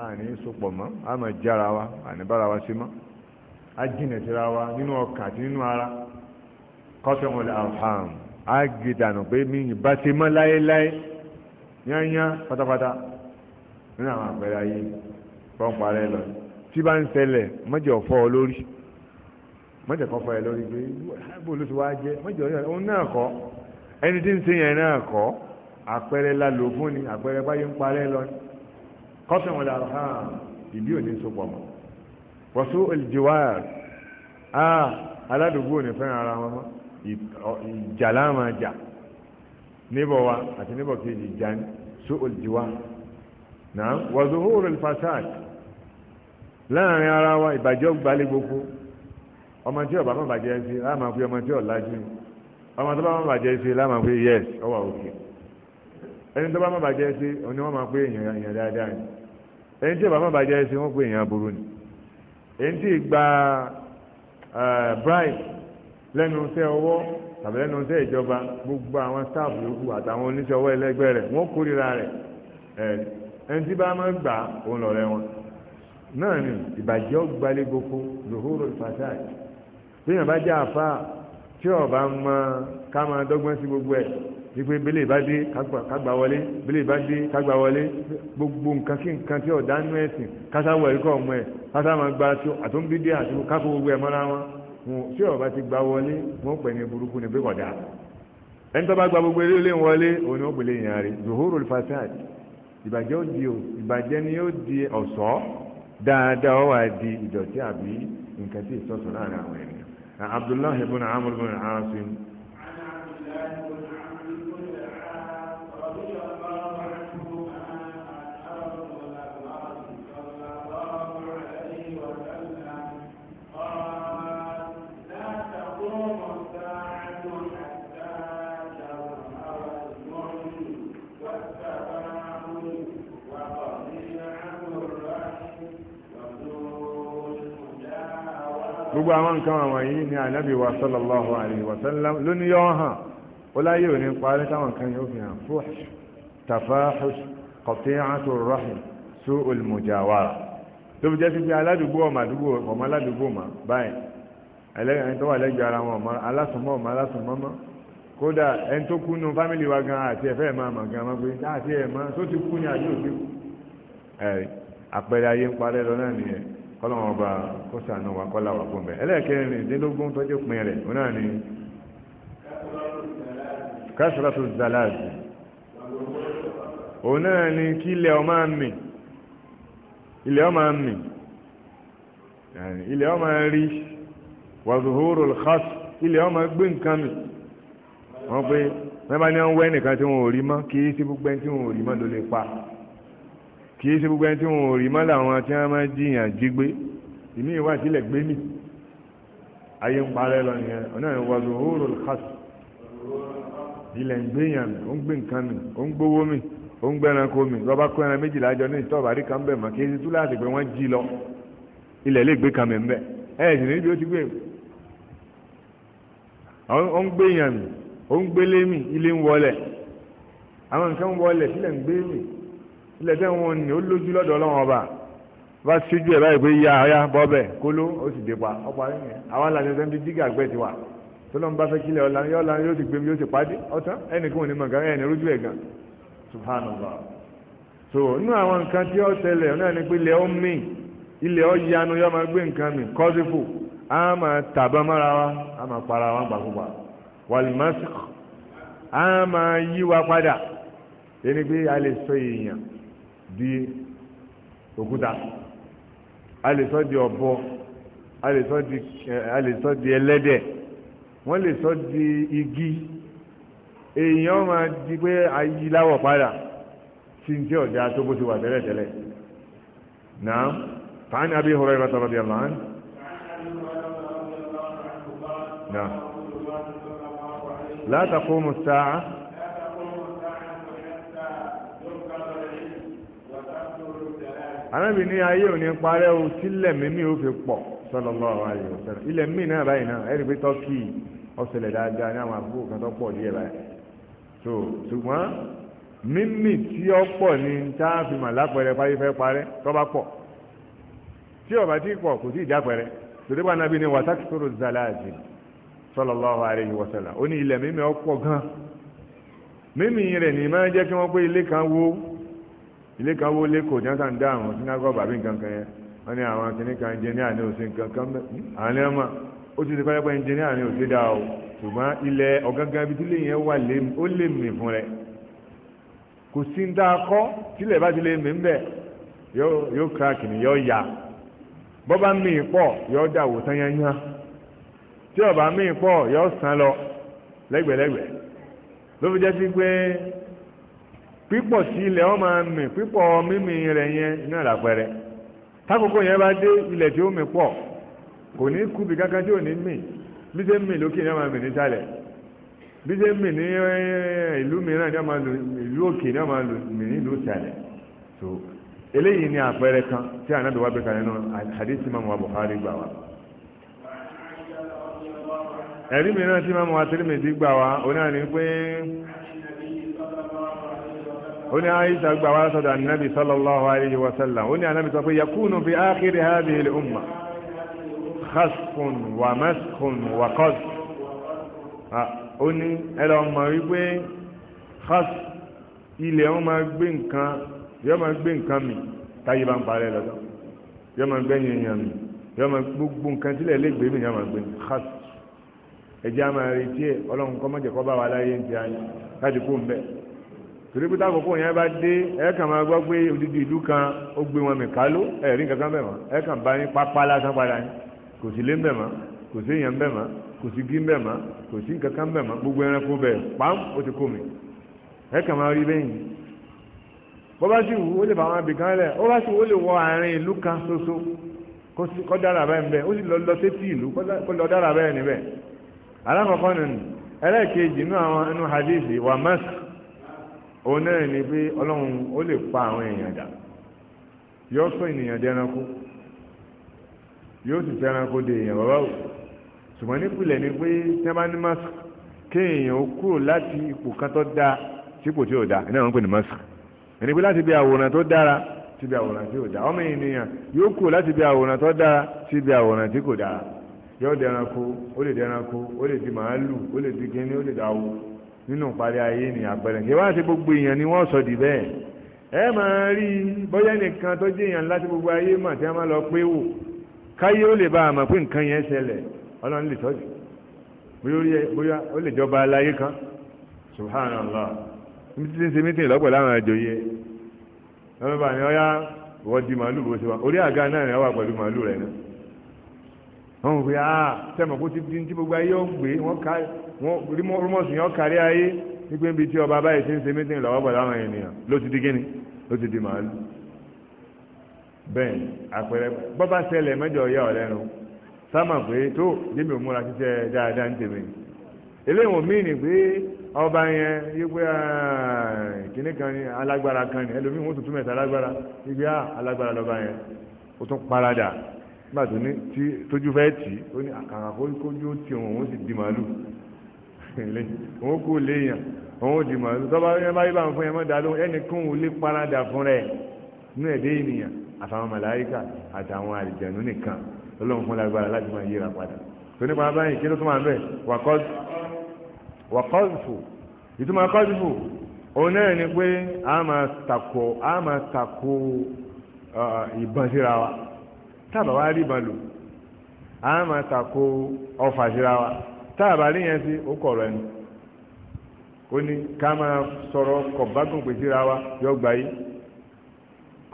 àní sopọ̀ mọ́ àmọ̀ jára wa àní bára wa sí mọ́ ajínẹ̀tìra wa nínú ọkàn àti nínú ara kọ́sẹ̀wọ̀n lè arham á gé dànù pé mi ì bá ṣe mọ́ láéláé yányá pátápátá nínú àwọn àpẹẹrẹ ayé pọ́ǹpù ara ẹ lọ tí bá ń ṣẹlẹ̀ mọ́jọ fọ́ ọ lórí mọ́jọ kọ́ fọ́ ẹ lórí pé bó ló ti wá jẹ mọ́jọ yọ òun náà kọ́ ẹni tí ń ṣe yẹn náà kọ́ àpẹẹrẹ la lò fún ni àpẹẹrẹ báyé ń parẹ́ lọ ni kọ́sìn wọn làrá hàn ìbí òní sopọ̀ mọ́ wọ́n sún olùjẹ́wàá aládùúgbò ò ní fẹ́ràn ara wọn mọ́ ìjà láàmà jà níbọ̀ wa àti níbọ̀ kejì ìjà su'ul jiwa náà wa zuhurul fasad láàrin ara wa ìbàjẹ́ gbalẹ̀ gbogbo ọmọ tí ọba máa bàjẹ́ sí láàmà pé ọmọ tí ọ̀làjú ọmọ tó bá máa bàjẹ́ sí láàmà pé yes ọwà òkè ẹni tó bá máa bàjẹ́ sí òní wọ́n máa pé èèyàn èèyàn dáadáa ni ẹni tí ọba máa bàjẹ́ sí wọ́n pé èèyàn burú ni èyí tí gba eh, lẹ́nu iṣẹ́ ọwọ́ tàbí lẹ́nu iṣẹ́ ìjọba gbogbo àwọn sáàfù yòókù àtàwọn oníṣẹ́ ọwọ́ ẹlẹ́gbẹ́ rẹ̀ wọ́n kórìíra rẹ̀ ẹni tí bá máa gbà òun lọ̀rẹ́ wọn náà ni ìbàjẹ́ gbalẹ̀ gboko lòhóró ìfàsáì bí yàn bá jẹ́ àfa tí ọba mọ ká máa dọ́gbọ́n sí gbogbo ẹ̀ wípé bílẹ̀ bá dé kágbà wọlé bílẹ̀ bá dé kágbà wọlé gbogbo nǹkan kí nǹkan tí ọ̀dánú ẹ̀sìn kásáwọ̀ ẹ̀ríkọ̀ ọmọ ẹ̀ kásáwọ̀ gba àtúnbídé àti kákó gbogbo ẹ̀ mọ́ra wọn tí ọba ti gba wọlé wọn pè ní burúkú ní bíkọ̀dá ẹni tó bá gba gbogbo eré lé wọlé òun ó gbélé yàn rí zuhurul fasad ìbàjẹ́ ó di o ìbàjẹ́ ni ó di ọ̀ṣọ́ dáadáa ó wà di ìdọ̀tí àbí nǹkan tí ìsọ̀sọ̀ láàrin àwọn ènìyàn abdullahi ibn amr ibn asim. gbogbo àwọn nǹkan àwọn yìí ni ànábì wa sallallahu alayhi wa sallam lónìí yọ hàn ó láyé òní parí táwọn kan yóò fi hàn fúhṣ tafahush qati'atu rahim su'ul mujawara tó fi jẹ́ sí pé aládùúgbò ọmọ àdúgbò ọmọ aládùúgbò mà báyìí ẹlẹ́yìn tó wà lẹ́gbẹ̀ẹ́ ara wọn ọmọ alásùnmọ́ ọmọ alásùnmọ́ mọ́ kódà ẹni tó kú nù fámìlì wa gan àti ẹ̀fẹ́ máa mà gan máa pé láti ẹ̀ máa tó ti kú ní àdúgbò ẹ̀rí àpẹẹrẹ ayé ń parẹ́ lọ náà nìyẹn kọ́lọ́wọ́n ọba kó sànù wa kọ́lá wà fún bẹ́ẹ̀ ẹlẹ́ẹ̀kẹrin ìdínlógún tọ́jú pin rẹ̀ òun náà ni kásìrọ́tù zalazi òun náà ni kí ilẹ̀ ọmọ mi ilẹ̀ ọmọ mi ilẹ̀ ọmọ rí wàzúhóró lxas ilẹ̀ ọmọ gbé nǹkan mi wọ́n pé mẹ́bàá ni wọ́n wẹ́ nìkan tí wọ́n ò rí mọ́ kì í sí gbogbo ẹni tí wọ́n ò rí mọ́ ló lè pa kì í ṣe gbogbo ẹni tí wọn ò rí mọ́ làwọn tí wọ́n máa jiyàn jí gbé ìmí ìwà sílẹ̀ gbé mi ayé ń parẹ́ lọ nìyẹn ọ̀nà ìwà zuhuru khas ilẹ̀ ń gbé yàn mi ó ń gbé nǹkan mi ó ń gbówó mi ó ń gbẹ́ranko mi lọ́ba kó ẹran méjìlá jọ ní ìtọ́ọ̀bà rí kan bẹ́ẹ̀ mọ́ kì ṣe túláàsì pé wọ́n jí lọ ilẹ̀ lè gbé kan mi ń bẹ́ẹ̀ ẹ̀ sì níbi ó ti gbé ó ń gbé yàn mi ó ń gbélé mi ilé ń wọlẹ̀ àwọn nǹkan wọlẹ̀ sílẹ̀ ń ilẹ̀ tẹ́ wọn ni ó lójú lọ́dọ̀ ọlọ́run ọba bá ṣíjú ẹ̀ báyìí pé ya ọ̀ya bọ́bẹ̀ kóló ó sì dé pa ọ̀pọ̀ àárín yẹn àwọn alàjọ sẹ́ni ti dígà gbẹ́ ti wà tọ́lọ́mù bá fẹ́ kílẹ̀ ọ̀la yọ̀ọ́la yóò ti gbé mi yóò ti pàdé ọ̀tán ẹnìkan ò ní mọ̀ nǹkan ẹ̀ rújú ẹ̀ gan subhanallah so inú àwọn nǹkan tí ó ṣẹlẹ̀ náà ni pé ilẹ̀ ó mì ilẹ̀ ó yanu yọ máa gbé nǹkan mi kọ́sífù á máa tàbá mára wa á máa para wa gbàgbọ́gbà wàlìmọ́sì á máa yí wa padà yẹni pé a lè sọ èèyàn di òkúta a lè sọ di ọ̀bọ a lè sọ di eh, a lè sọ di ẹlẹ́dẹ̀ wọ́n lè sọ di igi èèyàn máa di pé ayí láwọ̀ padà tí ń jẹ́ ọ̀dà tó bó ti wà tẹ́lẹ̀tẹ́lẹ̀ náà fàánì Abi Hurairah radiyallahu anhu. لا تقوم الساعة anábì ní ayé òní parẹ́ o sílẹ̀ mímí ó fi pọ̀ sallallahu alaihi wasallam ilẹ̀ mímí náà báyìí náà ẹ̀rí pé tọ́kì ọ̀sẹ̀lẹ̀ dáadáa ní àwọn àbúrò kan tó pọ̀ díẹ̀ báyìí so ṣùgbọ́n mímí tí ó pọ̀ ní tá a fi mà lápẹ̀rẹ̀ parí fẹ́ parẹ́ ti pọ̀ kò sí ìjápẹ̀rẹ̀ tòdébà náà bí ní wàtàkì tó rò zàlàjì sallallahu alaihi wasallam ó ó ilé kan wó lẹ́kọ̀ọ́ tí wọ́n sàn dá àwọn sínágọ́ọ̀bù àbí nǹkan kan yẹn wọ́n ní àwọn kìnnìkan ẹnjìníà ní òsè nǹkan kan àwọn ẹni ọmọ ó ti ti kọ́ lẹ́pọ̀ ẹnjìníà ní òsè dá o ṣùgbọ́n ilẹ̀ ọ̀gángan ibi tí ilé yẹn wà ó lè mì fún rẹ̀ kò sí ń dá a kọ́ tílẹ̀ bá ti lè mì ń bẹ̀ yóò kíráàkì ni yóò yá bọ́bá mì pọ̀ yóò dà wò tán yán yán tí ọ̀bá mì pọ̀ yóò sàn lọ lẹ́gbẹ̀lẹ́gbẹ̀ ló fi jẹ́ sí pé pípọ̀ sí ilẹ̀ ọ máa mì pípọ̀ mímì rẹ̀ yẹn náà lápẹẹrẹ tákòókò yẹn bá dé ilẹ̀ tí ó mì pọ̀ kò ní kankan tí ò ní mì bí ṣe ń mì lókè mì bí ṣe mì ní ìlú mìíràn ni ọ máa ìlú òkè mì so eléyìí ni kan tí wa bẹ àdé wa gbà wá ẹ̀rí mìíràn tí wa gbà wá هنا عيسى aisha gba wá sọ́dọ̀ anabi sallallahu alayhi wa sallam ó ní anabi sọ pé yakunu fi ákìrì hadhihi al-umma khasfun wa maskun wa qaz ó ní ẹlọ mọ̀ wípé khas ilẹ̀ wọn máa gbé nǹkan yọ máa gbé nǹkan mi táyé bá ń parẹ́ lọ́dọ̀ yọ máa gbẹ́yìn èèyàn mi yọ máa gbogbo nǹkan sílẹ̀ lè gbé mi yọ máa gbé khas ẹ̀jẹ̀ á máa retí ẹ̀ ọlọ́run kọ́ mọ́jẹ̀kọ́ bá wa láyé ń ti ayé láti kú ń bẹ́ẹ̀ torí pété àkókò yẹn bá dé ẹ kàn máa gbọ́ pé odidi ìlú kan ó gbé wọn mìkáló ẹ rí nǹkan kan bẹ̀ mọ́ ẹ kàn bá yín pápá lásán padà yín kò sí lé ń bẹ̀ mọ́ kò sí èèyàn ń bẹ̀ mọ́ kò sí gí ń bẹ̀ mọ́ kò sí nǹkan kan bẹ̀ mọ́ gbogbo ẹranko bẹ̀ pam ó ti kó mi ẹ kàn máa rí bẹ́yìn bó bá sì wù ó lè bá wọn abìkan lẹ̀ ó bá sì wù ó lè wọ àárín ìlú kan ṣoṣo kó dára bẹ́ẹ̀ níbẹ̀ ó sì lọ lọ sétí ìlú kó lọ dára bẹ́ẹ̀ níbẹ̀ alákọ̀ọ́kọ́ nìyí ẹlẹ́ẹ̀kejì inú àwọn inú hadith wa òun náà ni pé ọlọ́run ó lè pa àwọn èèyàn dà yóò sọ ènìyàn dẹranko yóò sì dẹranko de èèyàn bàbá o ṣùgbọ́n nípìnlẹ̀ ni pé tẹ́mání mask kéèyàn ó kúrò láti ipò kan tó dáa sípò tí ò dáa iná wọn pè ní mask ẹni pé láti bí àwòrán tó dára síbi àwòrán tí ò dáa ọmọ ènìyàn yóò kúrò láti bí àwòrán tó dára àwòrán tí kò dáa yóò dẹranko ó lè dẹranko ó lè di màálù ó lè di ó lè nínú ìparí ayé ni àpẹẹrẹ ìyẹn wá sí gbogbo èèyàn ni wọ́n sọ di bẹ́ẹ̀ ẹ máa rí bóyá nìkan tó jẹ́ èèyàn láti gbogbo ayé mà tí a máa lọ pé wò káyé ó lè bá a mọ̀ pé nǹkan yẹn ṣẹlẹ̀ ọlọ́run lè tọ́jú bóyá ó lè jọba aláyé kan subhanallah níbi tí ń ṣe mítìnì lọ́pọ̀ láwọn àjò yẹ lọ́wọ́ bá ní ọyá wọ́n di màálù bó ṣe wà orí àga náà ni wọ́n wà pẹ̀lú màálù rẹ̀ náà wọ́n wọ́n fi ah sẹ́mọ̀ kó ti di ní tí gbogbo ayé ó gbé wọ́n ká rúmọ̀sù yẹn kárí ayé wípé níbi tí ọba báyìí ti ń ṣe mítìn lọ́wọ́ pẹ̀lú àwọn ènìyàn ló ti di kíni ló ti di màálù bẹ́ẹ̀ àpẹẹrẹ bọ́bá ṣẹlẹ̀ mẹ́jọ yà ọ́ lẹ́nu sámà pé tó jẹ́mi ò múra ṣiṣẹ́ dáadáa ń tèmi eléwọ̀n míì ni pé ọba yẹn wípé ah, kíní kan ni alágbára kan ni ẹlòmíì wọ́n tuntun mẹ́ta alágbára wípé ah, alágbára lọ́ba yẹn o tún parada nígbà tó ní tójú fẹ́ tì í ó ní àkàrà kójú ó tì òun òun sì di màálù sìn lé òun kò léèyàn òun dì mọ̀ tọ́ba yẹn bá yí bá ń fún yẹn mọ́ dàlú ẹnìkan ò lè paradà fún rẹ̀ nú ẹ̀dẹ́ ènìyàn àtàwọn màláyíkà àtàwọn àlìjẹ̀nú nìkan ọlọ́run fún lágbára láti máa yíra padà tó nípa báyìí kí ló tún máa bẹ̀ wàkọ́sùfù ìtumọ̀ kọ́sùfù òun náà ni pé a máa takò a máa takò ìbọn síra wa tábà wá rí ìbọn lò a máa takò ọfà síra wa. táàbàrí yẹn sí ó kọ̀rọ̀ ni ó ní ká máa sọ̀rọ̀ wa yọ gbà yí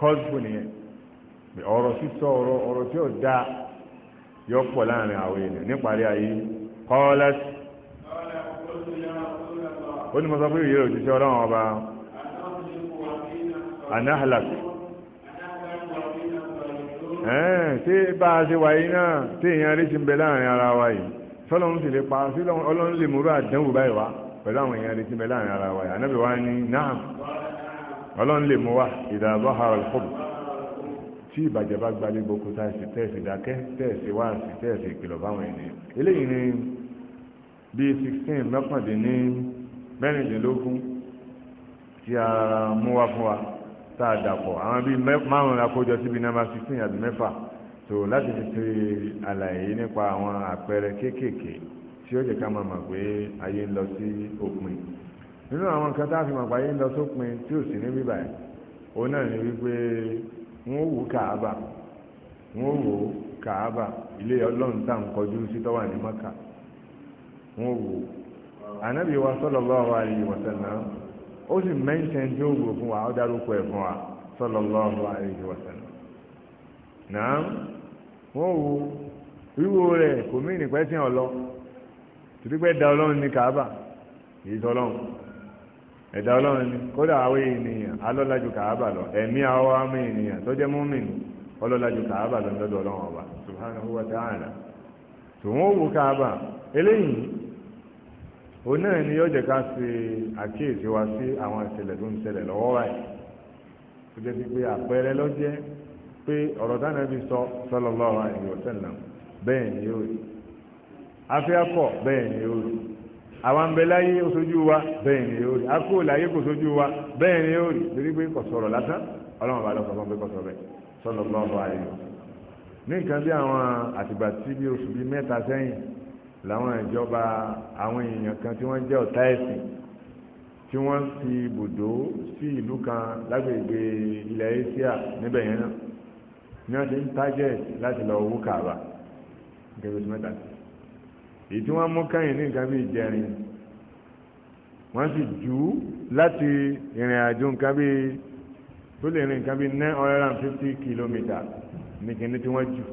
kọ́sùkù nìyẹn ọ̀rọ̀ sísọ ọ̀rọ̀ ọ̀rọ̀ tí ó dáa yọ pọ̀ láàrin àwọn èèyàn níparí ayé ó ní mo sọ ọlọ́run a ṣe wáyé náà tí èèyàn rí ti ń bẹ láàrin ara wa sọlọ́run sì lè pa sílọ́run ọlọ́run lè múrú àdánwò báyìí wá pẹ̀lú àwọn èèyàn retí bẹ láàrin ara wa yà ànábì wa ní náà ọlọ́run lè mú wa ìdààbọ̀ harold kọ́bù tí ìbàjẹ́ bá gbalẹ̀ gboko tá a tẹ̀sí dákẹ́ tẹ̀sí wá sí tẹ̀sí ìkìlọ̀ fáwọn ènìyàn eléyìí ni bíi sixteen mọ́kàndínní tí a mú wa fún wa tá a dàpọ̀ àwọn bíi márùn-ún akójọ síbi nàmbà sixteen àti mẹ́fà so láti fi ṣe àlàyé nípa àwọn àpẹẹrẹ kéékèèké tí ó jẹ́ ká máa mọ̀ pé ayé ń lọ sí òpin nínú àwọn nǹkan tá a fi mọ̀ pé ayé ń lọ sópin tí ò sí ní bíbà yìí òun náà ni wípé wọ́n wò kàába wọ́n wò kàába ilé ọlọ́run tá à ń kọjú sí tó wà ní mọ́kà wọ́n wò ànábì wa sallallahu alaihi wa sallam ó sì mẹ́ńṣẹ́n tí ó wò fún wa ó dárúkọ ẹ̀ wa sallallahu alaihi wa sallam náà. wọ́n wo wíwo rẹ̀ kò mí ìnìpẹ́ sí ọ̀lọ́ tìrìpẹ́ da ọlọ́run ní kàábà èyí sọ ọlọ́run ni kódà àwọn ènìyàn alọ́lájú kàábà lọ ẹ̀mí àwọn àmì ènìyàn tó jẹ́ ọlọ́lájú kàábà lọ lọ́dọ̀ ọlọ́run ọba tó wọ́n wo kàábà eléyìí òun náà ni yóò jẹ́ ká ṣe àkíyèsí wa sí àwọn ìṣẹ̀lẹ̀ tó ń pé ọ̀rọ̀ táwọn ẹbí sọ sallallahu alaihi wasallam bẹ́ẹ̀ ni ó rí afẹ́kọ̀ bẹ́ẹ̀ ni ó rí àwọn abẹ́láyé ó sojú wa bẹ́ẹ̀ ni ó rí akó láyé kò sojú wa bẹ́ẹ̀ ni ó rí torí pé kò sọ̀rọ̀ lásán ọlọ́run bá lọ sọ fún pé kò sọ bẹ́ẹ̀ sallallahu alaihi wasallam ní nǹkan bí àwọn àtìgbà tí bí oṣù bíi mẹ́ta sẹ́yìn làwọn ìjọba àwọn èèyàn kan tí wọ́n jẹ́ ọ̀tá ẹ̀sìn tí wọ́n fi ibùdó sí ìlú kan lágbègbè ilẹ̀ Asia níbẹ̀ yẹn náà ní wọ́n ti ń target láti lọ owó kààbà nǹkan bí oṣù mẹ́ta èyí tí wọ́n mú kẹ́yìn ní nǹkan bí ìjẹrin wọ́n sì jù ú láti ìrìn àjò nǹkan bí tó lè rìn nǹkan bí nine hundred and fifty kilometres ní kíní tí wọ́n jù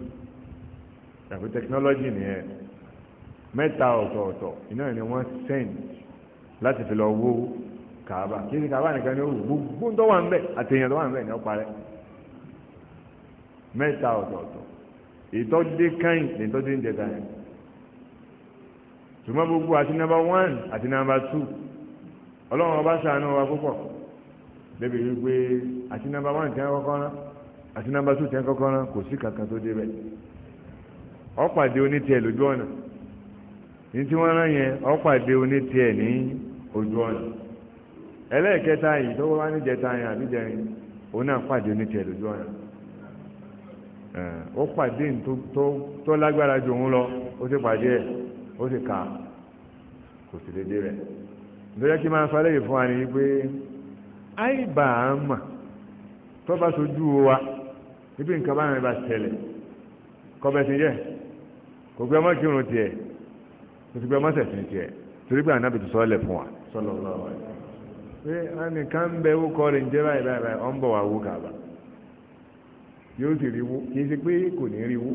tàbí technology nìyẹn mẹ́ta ọ̀tọ̀ọ̀tọ̀ iná ni wọ́n send láti fi lọ wó kààbà kí ni kààbà nìkan ni ó wù gbogbo tó wà ń bẹ̀ àtẹ̀yìn tó wà ń bẹ̀ ni ó parẹ́. mẹ́ta ọtọọtọ ìtọ́jú kẹ́yìn ní ìtọ́jú ìjẹta yẹn ṣùgbọ́n gbogbo àti nàmbà wán àti nàmbà tù ọlọ́run ọba ṣàánú wa púpọ̀ débi wípé àti nàmbà wán tiẹ́ kọ́kọ́ rán àti nàmbà tù tiẹ́ kọ́kọ́ rán kò sí kankan tó débẹ̀ ọ̀pàdé onítìẹ̀ lójú ọ̀nà ní tí wọ́n rán yẹn ọ̀pàdé onítìẹ̀ ní ojú ọ̀nà ẹlẹ́ẹ̀kẹta yìí tó wá ní jẹta yẹn ó pàdé tó lágbára jù òun lọ ó sì pàdé ó sì kà kò sì dé rẹ̀ lóyá kí máa falẹ̀ yìí fún wa ni pé àìbà á mà tó bá sojú wa ibi nǹkan bá rìn bá yẹ kò gbé ọmọ kírun tiẹ̀ kò sì gbé ọmọ sẹ̀sìn tiẹ̀ torí pé ànábì tó sọ fún wa sọlọ pé bẹ yóò sì ríwó kìí ṣe pé kò ní ríwó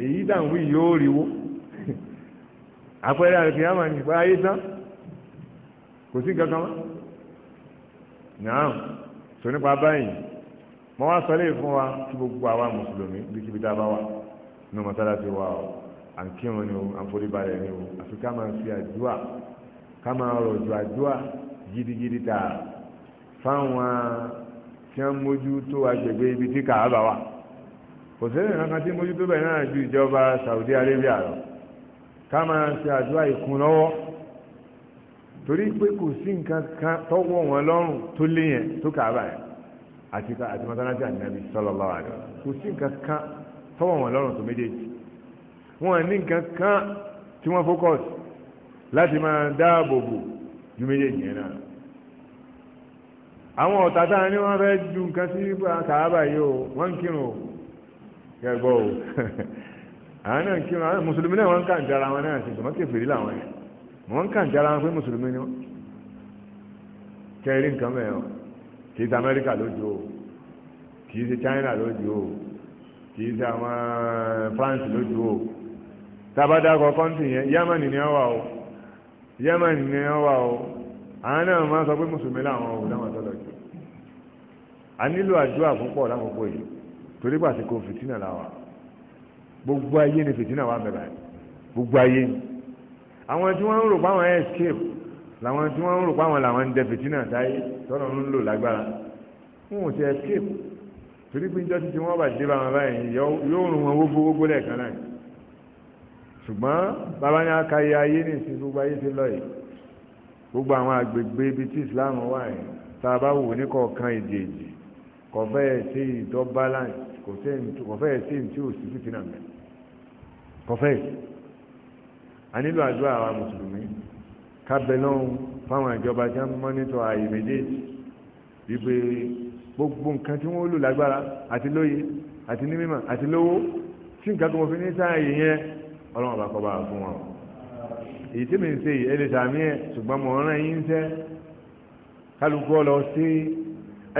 èyí dàwí yóò ríwó àpẹẹrẹ àti àmà ní ìgbà ayé tán kò sí kankan mọ́ náà tó nípa báyìí mo wá sọ lè fún wa kí gbogbo àwa mùsùlùmí bíkíbi tá a bá ní mọ́sálásí wa o à ni o à ni o àfi ká máa fi àdúrà ká máa rọ̀jò àdúrà gidigidi tààrà fáwọn tí wọ́n mójú tó agbègbè ibi tí kàábà wà kò sẹ́lẹ̀ kankan tí mójú tó bẹ̀ náà ju ìjọba Saudi Arabia lọ ká máa ṣe àdúrà ìkun lọ́wọ́ torí pé kò sí nǹkan kan tọ́wọ́ wọn lọ́rùn tó lé yẹn tó kàábà yẹn àti àti mọ́tánátì ànábì sallallahu alaihi wasallam kò sí nǹkan kan tọ́wọ́ wọn lọ́rùn tó méjèèjì wọn ní nǹkan kan tí wọ́n fókọ̀sì láti máa dáàbò bò ju méjèèjì yẹn náà àwọn ọ̀tá tá a ní wọ́n fẹ́ ju nǹkan sí kàábà yìí o wọ́n ń kírun o gẹ́gbọ́ o àwọn náà ń kírun àwọn mùsùlùmí náà wọ́n ń kàǹtì ara wọn náà sì tòmọ́ kẹfìrí làwọn yẹn wọ́n ń kàǹtì ara wọn pé mùsùlùmí ni wọ́n kẹrí nǹkan mẹ́rin o kì í ṣe Amẹ́ríkà lójú o kì í ṣe China lójú o kì í ṣe àwọn eh, France lójú o tábàdàkọ kọ́ńtì yẹn Yámánì ni wọ́n wà o Yámánì ni wọ́n wà o àwọn náà máa sọ pé mùsùlùmí làwọn ò láwọn tọ́lọ̀ jù a nílò àdúrà púpọ̀ lákòókò yìí torí pàṣẹ kò fìtínà làwà gbogbo ayé ni fìtínà wà bẹ̀rẹ̀ gbogbo ayé àwọn tí wọ́n ń rò páwọn escape làwọn tí wọ́n ń rò páwọn làwọn ń dẹ fìtínà táyé tọ́lọ̀ ń lò lágbára wọn ò ti escape torí pé njọ́ títí wọ́n bá dé bá báyìí yóò rún wọn wógbó wógbó lẹ́ẹ̀kan náà ṣùgbọ́n bàbá ní akáyé ayé ní ìsìn gbogbo ayé ti lọ yìí gbogbo àwọn agbègbè ibi tí islam wà yẹn tá a bá wò ní kọ̀ọ̀kan èdè èdè kò fẹ́ẹ̀ sí ìtọ́ balance kò fẹ́ẹ̀ sí ìtí òsì fìtínà mẹ́ kò fẹ́ẹ̀ sí. a nílò àdúrà àwa mùsùlùmí kábẹ́ lọ́hùn fáwọn ìjọba tí wọ́n mọ́nítọ̀ àyè méjèèjì wípé gbogbo nǹkan tí wọ́n lò lágbára àti lóye àti ní mímọ̀ àti lówó tí nǹkan tó mo fi ní sáàyè yẹn ọlọ́run bá bá fún wọn èyí tí mi ń ṣe yìí ẹni sàmì ẹ̀ ṣùgbọ́n mo rán yín sẹ́ kálukú ọ lọ sí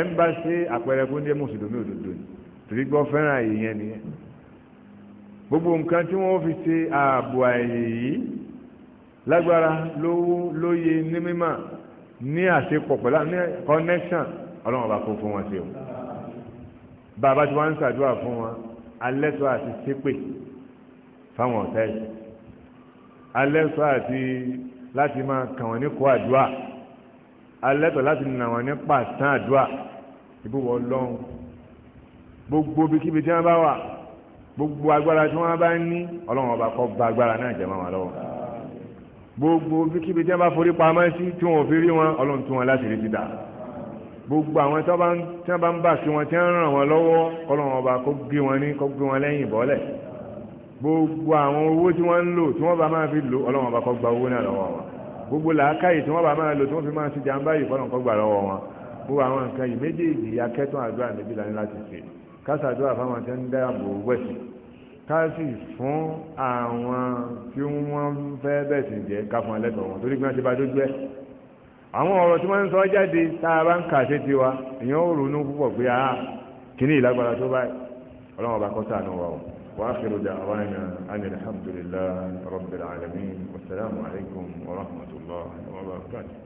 ẹmbàṣẹ àpẹẹrẹ kó ń jẹ́ mùsùlùmí òdodo ni torí gbọ́ fẹ́ràn àyè yẹn nìyẹn gbogbo nǹkan tí wọ́n fi ṣe ààbò àyè yìí lágbára lówó lóye ní mímọ̀ ní àṣepọ̀ pẹ̀lú ní connection ọlọ́run ọba kó fún wọn ṣe o bàbá tí wọ́n ń ṣàdúrà fún wọn alẹ́ tó àti ṣépè fáwọn ọ̀tá ẹ̀sìn alẹ́sọ̀ àti láti máa kàn wọ́n ní kó àdúrà alẹ́tọ̀ láti nà wọ́n ní pàtàn àdúrà ìbúwọ̀ ọlọ́run gbogbo ibikíbi tí wọ́n bá wà gbogbo agbára tí wọ́n bá ní ọlọ́run ọba kó gba agbára náà jẹ́ mọ́ wọn lọ́wọ́ gbogbo ibikíbi tí wọ́n bá forí pamọ́ sí tí wọ́n fi rí wọn ọlọ́run tú wọn láti rí ti dà gbogbo àwọn tí wọ́n bá ń bà sí wọn tí wọ́n ràn wọn lọ́wọ́ ọlọ́run ọba kó gbé wọn ní kó gbé wọn lẹ́yìn bọ́lẹ̀ gbogbo àwọn owó tí wọ́n ń lò tí wọ́n bá máa fi lò ọlọ́wọ́n bá kọ́ gba owó náà lọ́wọ́ wọn gbogbo làákàyè tí wọ́n bá máa lò tí wọ́n fi máa ṣe jàǹbá yìí fọ́nà kọ́ gbà lọ́wọ́ wọn gbogbo àwọn nǹkan yìí méjèèjì akẹ́tàn àdúrà níbi lání láti ṣe kásàdúrà fáwọn tí ń dáàbò wẹ̀sì ká sì fún àwọn tí wọ́n fẹ́ bẹ̀sìn jẹ́ ká fún alẹ́tọ̀ọ́ wọn torí pé wọ́n ti bá dójú ẹ̀ àwọn ọ̀rọ̀ tí wọ́n ń sọ jáde tá a bá ń kà sí tiwa èèyàn ò ronú púpọ̀ pé a ah, kìíní ìlágbára tó báyìí ọlọ́run ọba kọ́sà náà wà wọ́n. وآخر دعوانا أن الحمد لله رب العالمين والسلام عليكم ورحمة الله وبركاته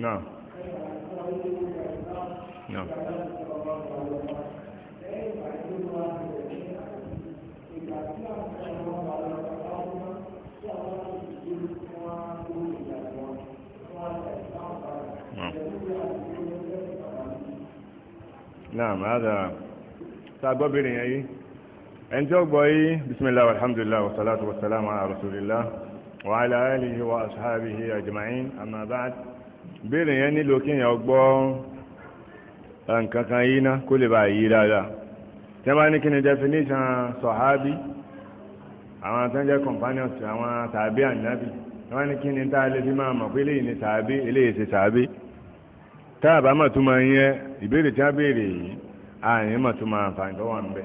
نعم. نعم نعم نعم هذا سأقوى بيرين أي أنت بسم الله والحمد لله والصلاة والسلام على رسول الله وعلى آله وأصحابه أجمعين أما بعد beere yẹn nílò kéèyàn gbọ́ nǹkan yìí ná kó lè bá yí dáadáa tí bá ní kí ni definition sọ̀hábí àwọn tó companions àwọn tàbí ànábì tí ní kí ni lè fi máa mọ̀ pé ni tàbí eléyìí tàbí tá a bá tó máa yẹn ìbéèrè tí béèrè yìí tó máa fà tó wà ń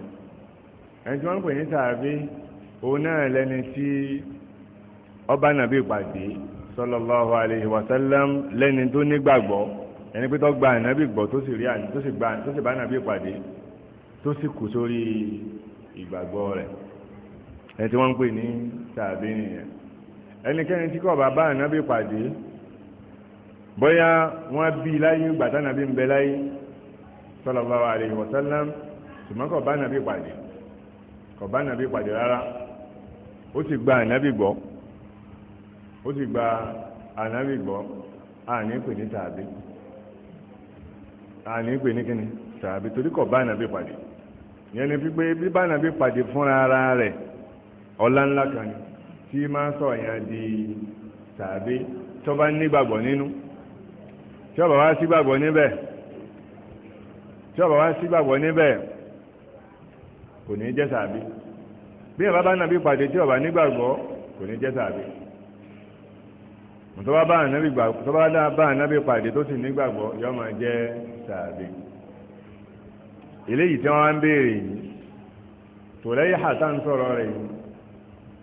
ẹni tí wọ́n ń sallallahu alayhi wa sallam lẹ́ni tó nígbàgbọ́ ẹni pé tó gba ànábì gbọ́ tó sì rí àná tó sì gba tó sì bá ànábì pàdé tó sì kù sórí ìgbàgbọ́ rẹ̀ ẹni tí wọ́n ń pè ní tàbí nìyẹn ẹnikẹ́ni tí kò bá bá ànábì pàdé bóyá wọ́n bí láyé ìgbà tánàbí ń bẹ láyé sallallahu alayhi wa sallam kò bá ànábì pàdé kò bá ànábì pàdé rárá ó sì gba ànábì gbọ́ ó sì gba ànábì gbọ́ àní pè ní tàbí àní pè ní kíni tàbí torí ni pípé bí bá ànábì pàdé ara rẹ̀ ọlá ńlá kan tí máa sọ yẹn di tàbí tó bá nígbàgbọ́ nínú tí ó bá wá sígbàgbọ́ níbẹ̀ tí ó bá wá sígbàgbọ́ níbẹ̀ kò ní jẹ́ tàbí bí bá tọ́ba bá ànábì gbà tọ́ba dá bá ànábì pàdé tó sì nígbàgbọ́ yọ máa jẹ́ sàbí eléyìí tí wọ́n á ń béèrè yìí sọ̀rọ̀ rẹ̀ yìí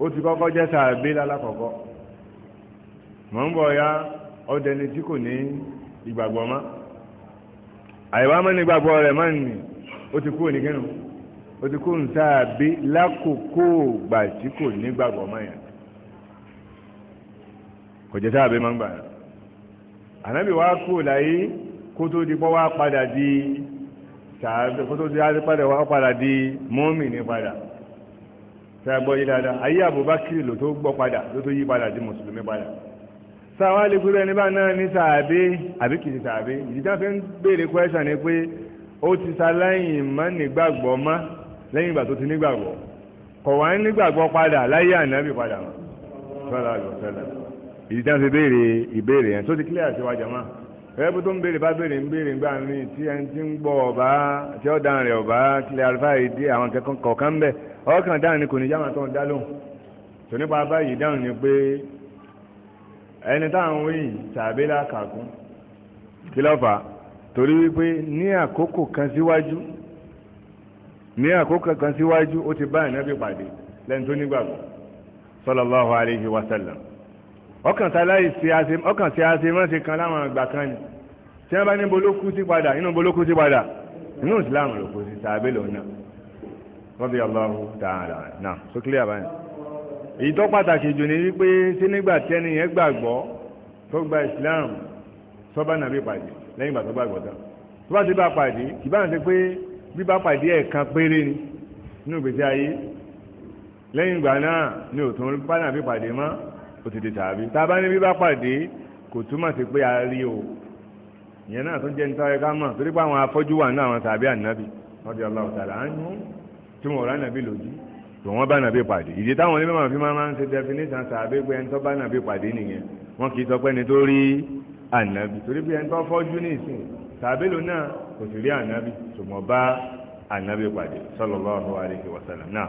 ó ti kọ́kọ́ jẹ́ lálákọ̀ọ́kọ́ mọ̀ ya ọdẹni tí kò ní ìgbàgbọ́ ma. àìwá mọ́ ní rẹ̀ máa nì ó ti ku ní kírun ó ti kúrò ní sàbí lákòókò gbà tí kò ní kò jẹ́ sáà bẹ́ máa ń gbà yẹn ànábì wa kú láyé kó tó di pọ́ wá padà di sàábẹ́ kó tó di padà wá padà di mọ́mì ní padà sáà gbọ́ yí dáadáa ayé Abubakar ló tó gbọ́ padà ló tó yí padà di mùsùlùmí padà sáwá lè kúrò ẹni bá náà ní sàábẹ́ àbí kìí sàábẹ́ ìdíjà fi ń béèrè kwẹ́sàn ni pé ó ti sa lẹ́yìn mọ́ nígbàgbọ́ mọ́ lẹ́yìn ìgbà tó ti nígbàgbọ́ kọ̀wá nígbàgbọ́ padà láyé ànábì padà sọ́lá sọ́lá ìdí táwọn fi béèrè ìbéèrè yẹn tó ti clear sí wa jàmá ẹbí tó ń béèrè bá béèrè ń béèrè gbà ní tí ẹni tí ń gbọ́ ọba tí ó dáhùn rẹ̀ ọba tilẹ̀ alifáì dé àwọn kẹ́kọ̀ọ́ kọ̀ọ̀kan ń bẹ̀ ọkàn dáhùn ni kò ní jáwọn tó ń dá lóhùn tó nípa báyìí dáhùn ni pé ẹni táwọn wí tàbí lákàkún kí ló fà torí wípé ní àkókò kan síwájú ní àkókò kan síwájú ó ti bá ìnábì pàdé lẹ́ni tó nígbàgbọ́ sallallahu alaihi wasallam ọkàn sáláì ṣe àṣe ọkàn ṣe àṣe mọ́ṣe kan láwọn àgbà kan ni tí wọ́n bá ní bolókú sí padà inú bolókú sí padà inú ìsìláàmù ló kó sí sàbẹ̀ lòun náà wọ́n fi ọlọ́hu tààrà náà sókè àbáyé. èyí tó pàtàkì jù ní wípé ṣé nígbà tẹ́ni yẹn gbàgbọ́ tó gba ìsìláàmù sọ́bà nàbí pàdé lẹ́yìn ìgbà tó gbàgbọ́ tán tó bá ti bá pàdé kì bá ń ṣe pé bí bá pàdé ẹ̀ẹ̀kan péré ni nínú ìgbésí ayé lẹ́yìn ìgbà náà ni òtún bá nàbí pàdé mọ́ ó ti di tàbí tá a bá ní bí bá pàdé kò túmọ̀ sí pé a rí o ìyẹn náà tún jẹ́ nítorí ọ̀yẹ́ ká mọ̀ torí pé àwọn afọ́jú wà nínú àwọn tàbí ànábì wọ́n di ọlọ́wọ́ tààlà á ń mú tí wọ́n rà nàbí lòdì tó wọ́n bá nàbí pàdé ìdí táwọn onímọ̀ fi máa ń ṣe definition tàbí pé ẹni tó bá nàbí pàdé nìyẹn wọ́n kì í sọ pé ẹni tó rí ànábì torí pé ẹni tó fọ́jú ní tàbí lò náà kò sì rí ànábì ṣùgbọ́n bá ànábì pàdé sallallahu alaihi wasallam náà.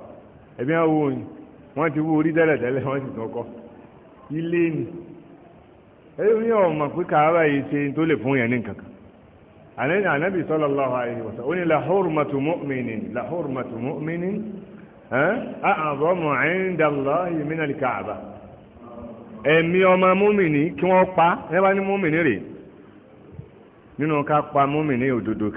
ẹ̀bí ya owó ni ti wú orí tẹ́lẹ̀ tẹ́lẹ̀ wọ́n sì tún kọ́ ilé ni ẹ̀yọ́ ní ọ̀mọ̀ pé kàábà yìí ṣe tó lè fún yẹn ní nǹkan kan ànábì sallallahu alaihi ó ní mu'minin la hurmatu mu'minin a'zamu 'inda Allahi min al-Ka'bah ẹ̀mí ọmọ múmìnì kí wọ́n pa ẹ̀bá ní múmìnì rè nínú ká pa òdodo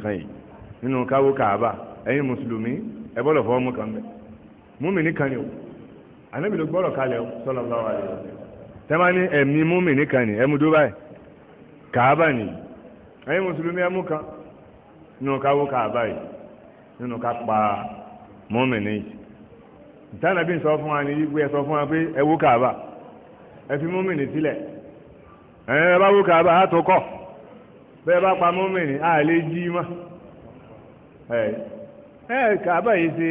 múmìnì kan ni o ànábì ló gbọ́rọ̀ kalẹ̀ o sallallahu alaihi wasallam tẹ́lá ní ẹ̀mí múmìnì kan ni ẹmu dubai kàábà ni ẹ̀yin mùsùlùmí ẹmu kan nínú ká wó kàábà yìí nínú ká pa múmìnì yìí ìtànàbí sọ fún wa ní wípé ẹ sọ fún wa pé ẹ wó kàábà ẹ fi múmìnì sílẹ̀ ẹ bá wó kàábà á tó kọ̀ bẹ́ẹ̀ bá pa múmìnì á lè jí mọ́ ẹ ẹ kàábà yìí ṣe.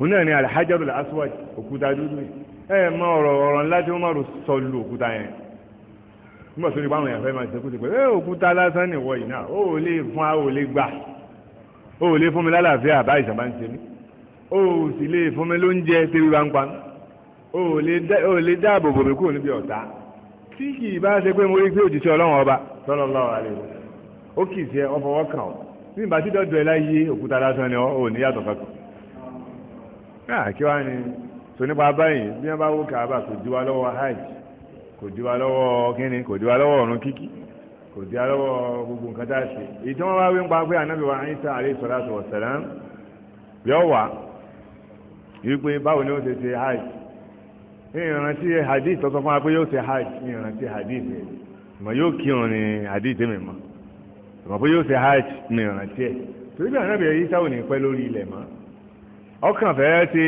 òun náà ni alhajaru aswad òkúta dúdú ẹ mọ ọ̀rọ̀ ọ̀rọ̀ ńlá tí wọn máa rò sọlù òkúta yẹn nígbà tó ní báwọn èèyàn fẹ́ máa ṣe kó ti pé ẹ òkúta lásán ni ìwọ yìí náà ó ò lè fún a ò lè gbà ó ò lè fún mi lálàáfíà bá ìṣàbá ń ṣe mí ó ò sì lè fún mi lóúnjẹ tí wíwá ń pa mí ó ò lè dáàbò bò mí kúrò níbi ọ̀tá tí kì í bá ṣe pé mo rí pé òjìṣẹ́ ọlọ́run ọba sallallahu alaihi wasallam ó kì í ṣe ọfọwọ́ kàn ọ́ nígbà tí dọ́dọ̀ ẹ láyé òkúta lásán ni ó ò ní yàtọ̀ kankan náà kí wá ní tó nípa báyìí bí wọ́n bá wó kò lọ́wọ́ hajj kò lọ́wọ́ kínní kò lọ́wọ́ ọ̀run kíkí kò lọ́wọ́ gbogbo nǹkan tá a ṣe èyí tí wọ́n bá wí ń pa pé wa wà wípé hajj ìrántí hadith fún wa pé yóò ṣe hajj ìrántí hadith hajj mi ìrántí ẹ̀ torí bí ò ní pẹ́ lórí ọkàn fẹ́ ti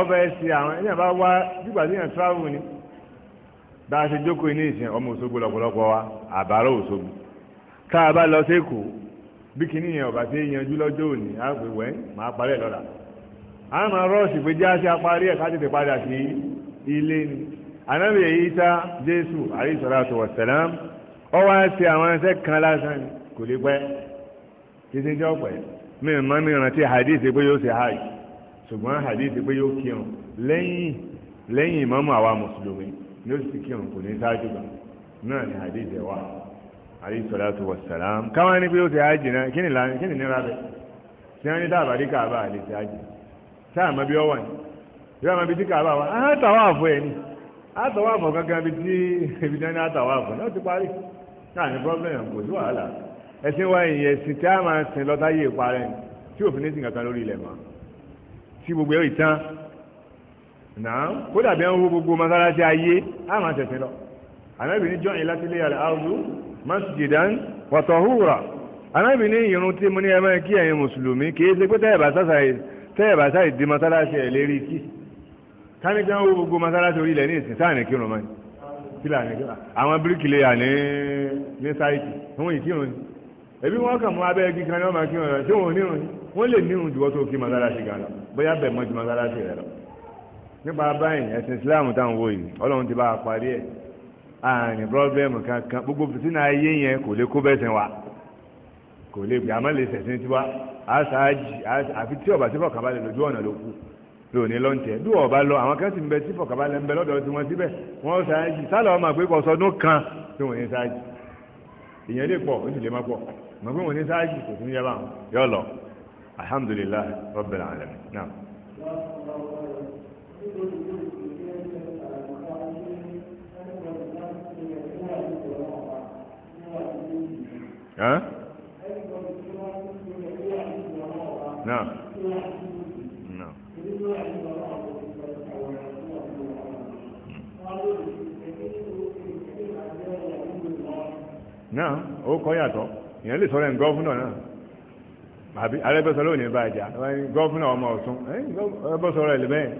ọbẹ̀ ṣe àwọn ẹni àbá wá nígbà tí yẹn travel ni bá a ṣe jókòó ní ìsìn ọmọ Òṣogbo lọ́pọ̀lọpọ̀ wa àbárò Òṣogbo tá a bá lọ sí Èkó bí kinní yẹn ọ̀bà tí yanjú lọ́jọ́ òní á pè wẹ́ máa parí ẹ̀ lọ́la a máa rọ́ọ̀sì pé jáde apárí ẹ̀ ká tètè padà sí ilé ni anábì Ìsá Jésù alayhi salatu wassalam ọwọ́ àti àwọn ẹsẹ̀ kan lásán kò lè pẹ́ títí mi ò mọ mi rántí hadithi pé yóò ṣe hajj ṣùgbọ́n hadithi pé yóò kírun lẹ́yìn lẹ́yìn ìmámù àwa mùsùlùmí ni ó sì kírun kò ní ṣáájú gan náà ni hadithi wa alayhi salatu wa salam káwọn ẹni pé yóò ṣe hajj náà kí ni lánà kí ni nira bẹ ṣé wọn ní dáàbà rí kàbá àlè ṣe hajj sáà mọ bí ọ wà ní bí wọn mọ bí tí kàbá wà á tàwọn àfọ ẹ ní á tàwọn àfọ gangan bí tí ibi dání á tàwọn àfọ náà ti parí náà ní ẹ̀sìn wa ìyẹn ẹ̀sìn tí a máa sìn lọ́táyé ìparẹ́ tí òfin ní sìn kankan lórí ilẹ̀ mọ́ tí gbogbo ẹ̀rọ ìtàn náà kó dàbí ẹ̀hún wo gbogbo masalasi ayé a máa tẹ̀sìn lọ anábì ní jọ́ìn láti lé àlẹ́ àwùjọ masjidan wa tahura anábì ní irun tí mo ní ẹ máa kí ẹ̀yin mùsùlùmí kì í ṣe pé tẹ́yẹ̀bà sáì di masalasi ẹ̀ lérí kí káníkì ẹ̀hún wo gbogbo masalasi orí ilẹ̀ ní ìsìn sáà ní kírun mọ́ ni kílà ní kílà àwọn yà ní ní sáìtì fún ìkírun ni ẹbí wọn kàn mú abẹ́ igi kan ní ọmọ kí wọn lọ ṣé wọn ò nírun wọn lè nírun jùwọ́ tó kí mọ́sálásí gan lọ bóyá bẹ̀ mọ́ ju mọ́sálásí rẹ lọ. nípa báyìí ẹ̀sìn Islam táwọn wò yìí ọlọ́run ti bá a parí ẹ̀ àrùn pírọ́blẹ́mù kankan gbogbo fìtínà ayé yẹn kò lè kó bẹ́sẹ̀ wa kò lè gbé àmọ́ lè sẹ̀sìn tiwa àṣáájì àfi tí ọ̀bà tí fọkànbalẹ̀ lójú ọ̀nà ló kù lónìí ló ń tẹ̀ bí ọ̀bá lọ àwọn kan sì ń bẹ tí fọkànbalẹ̀ ń bẹ lọ́dọ̀ tí wọ́n síbẹ̀ wọ́n ṣáájì sálọ̀ ọmọ àgbékọ̀ọ́sọdún kan tí wọ́n ní ṣáájì ìyẹn lè pọ̀ ó sì lè má pọ̀ mọ̀ pé wọ́n ní sáájì kò tún yẹba yọ lọ alhamdulilayi rabbil alamin naam. ها نعم نعم نعم هو كوياتو èèyàn lè sọ̀rọ̀ ẹ̀ gọ́fúnà náà àbí arẹ́bẹ́sọ lónìí bá jà gọ́fúnà ọmọ ọ̀tún arẹ́bẹ́sọ̀rọ̀ ẹ̀ lẹ́bẹ̀ẹ́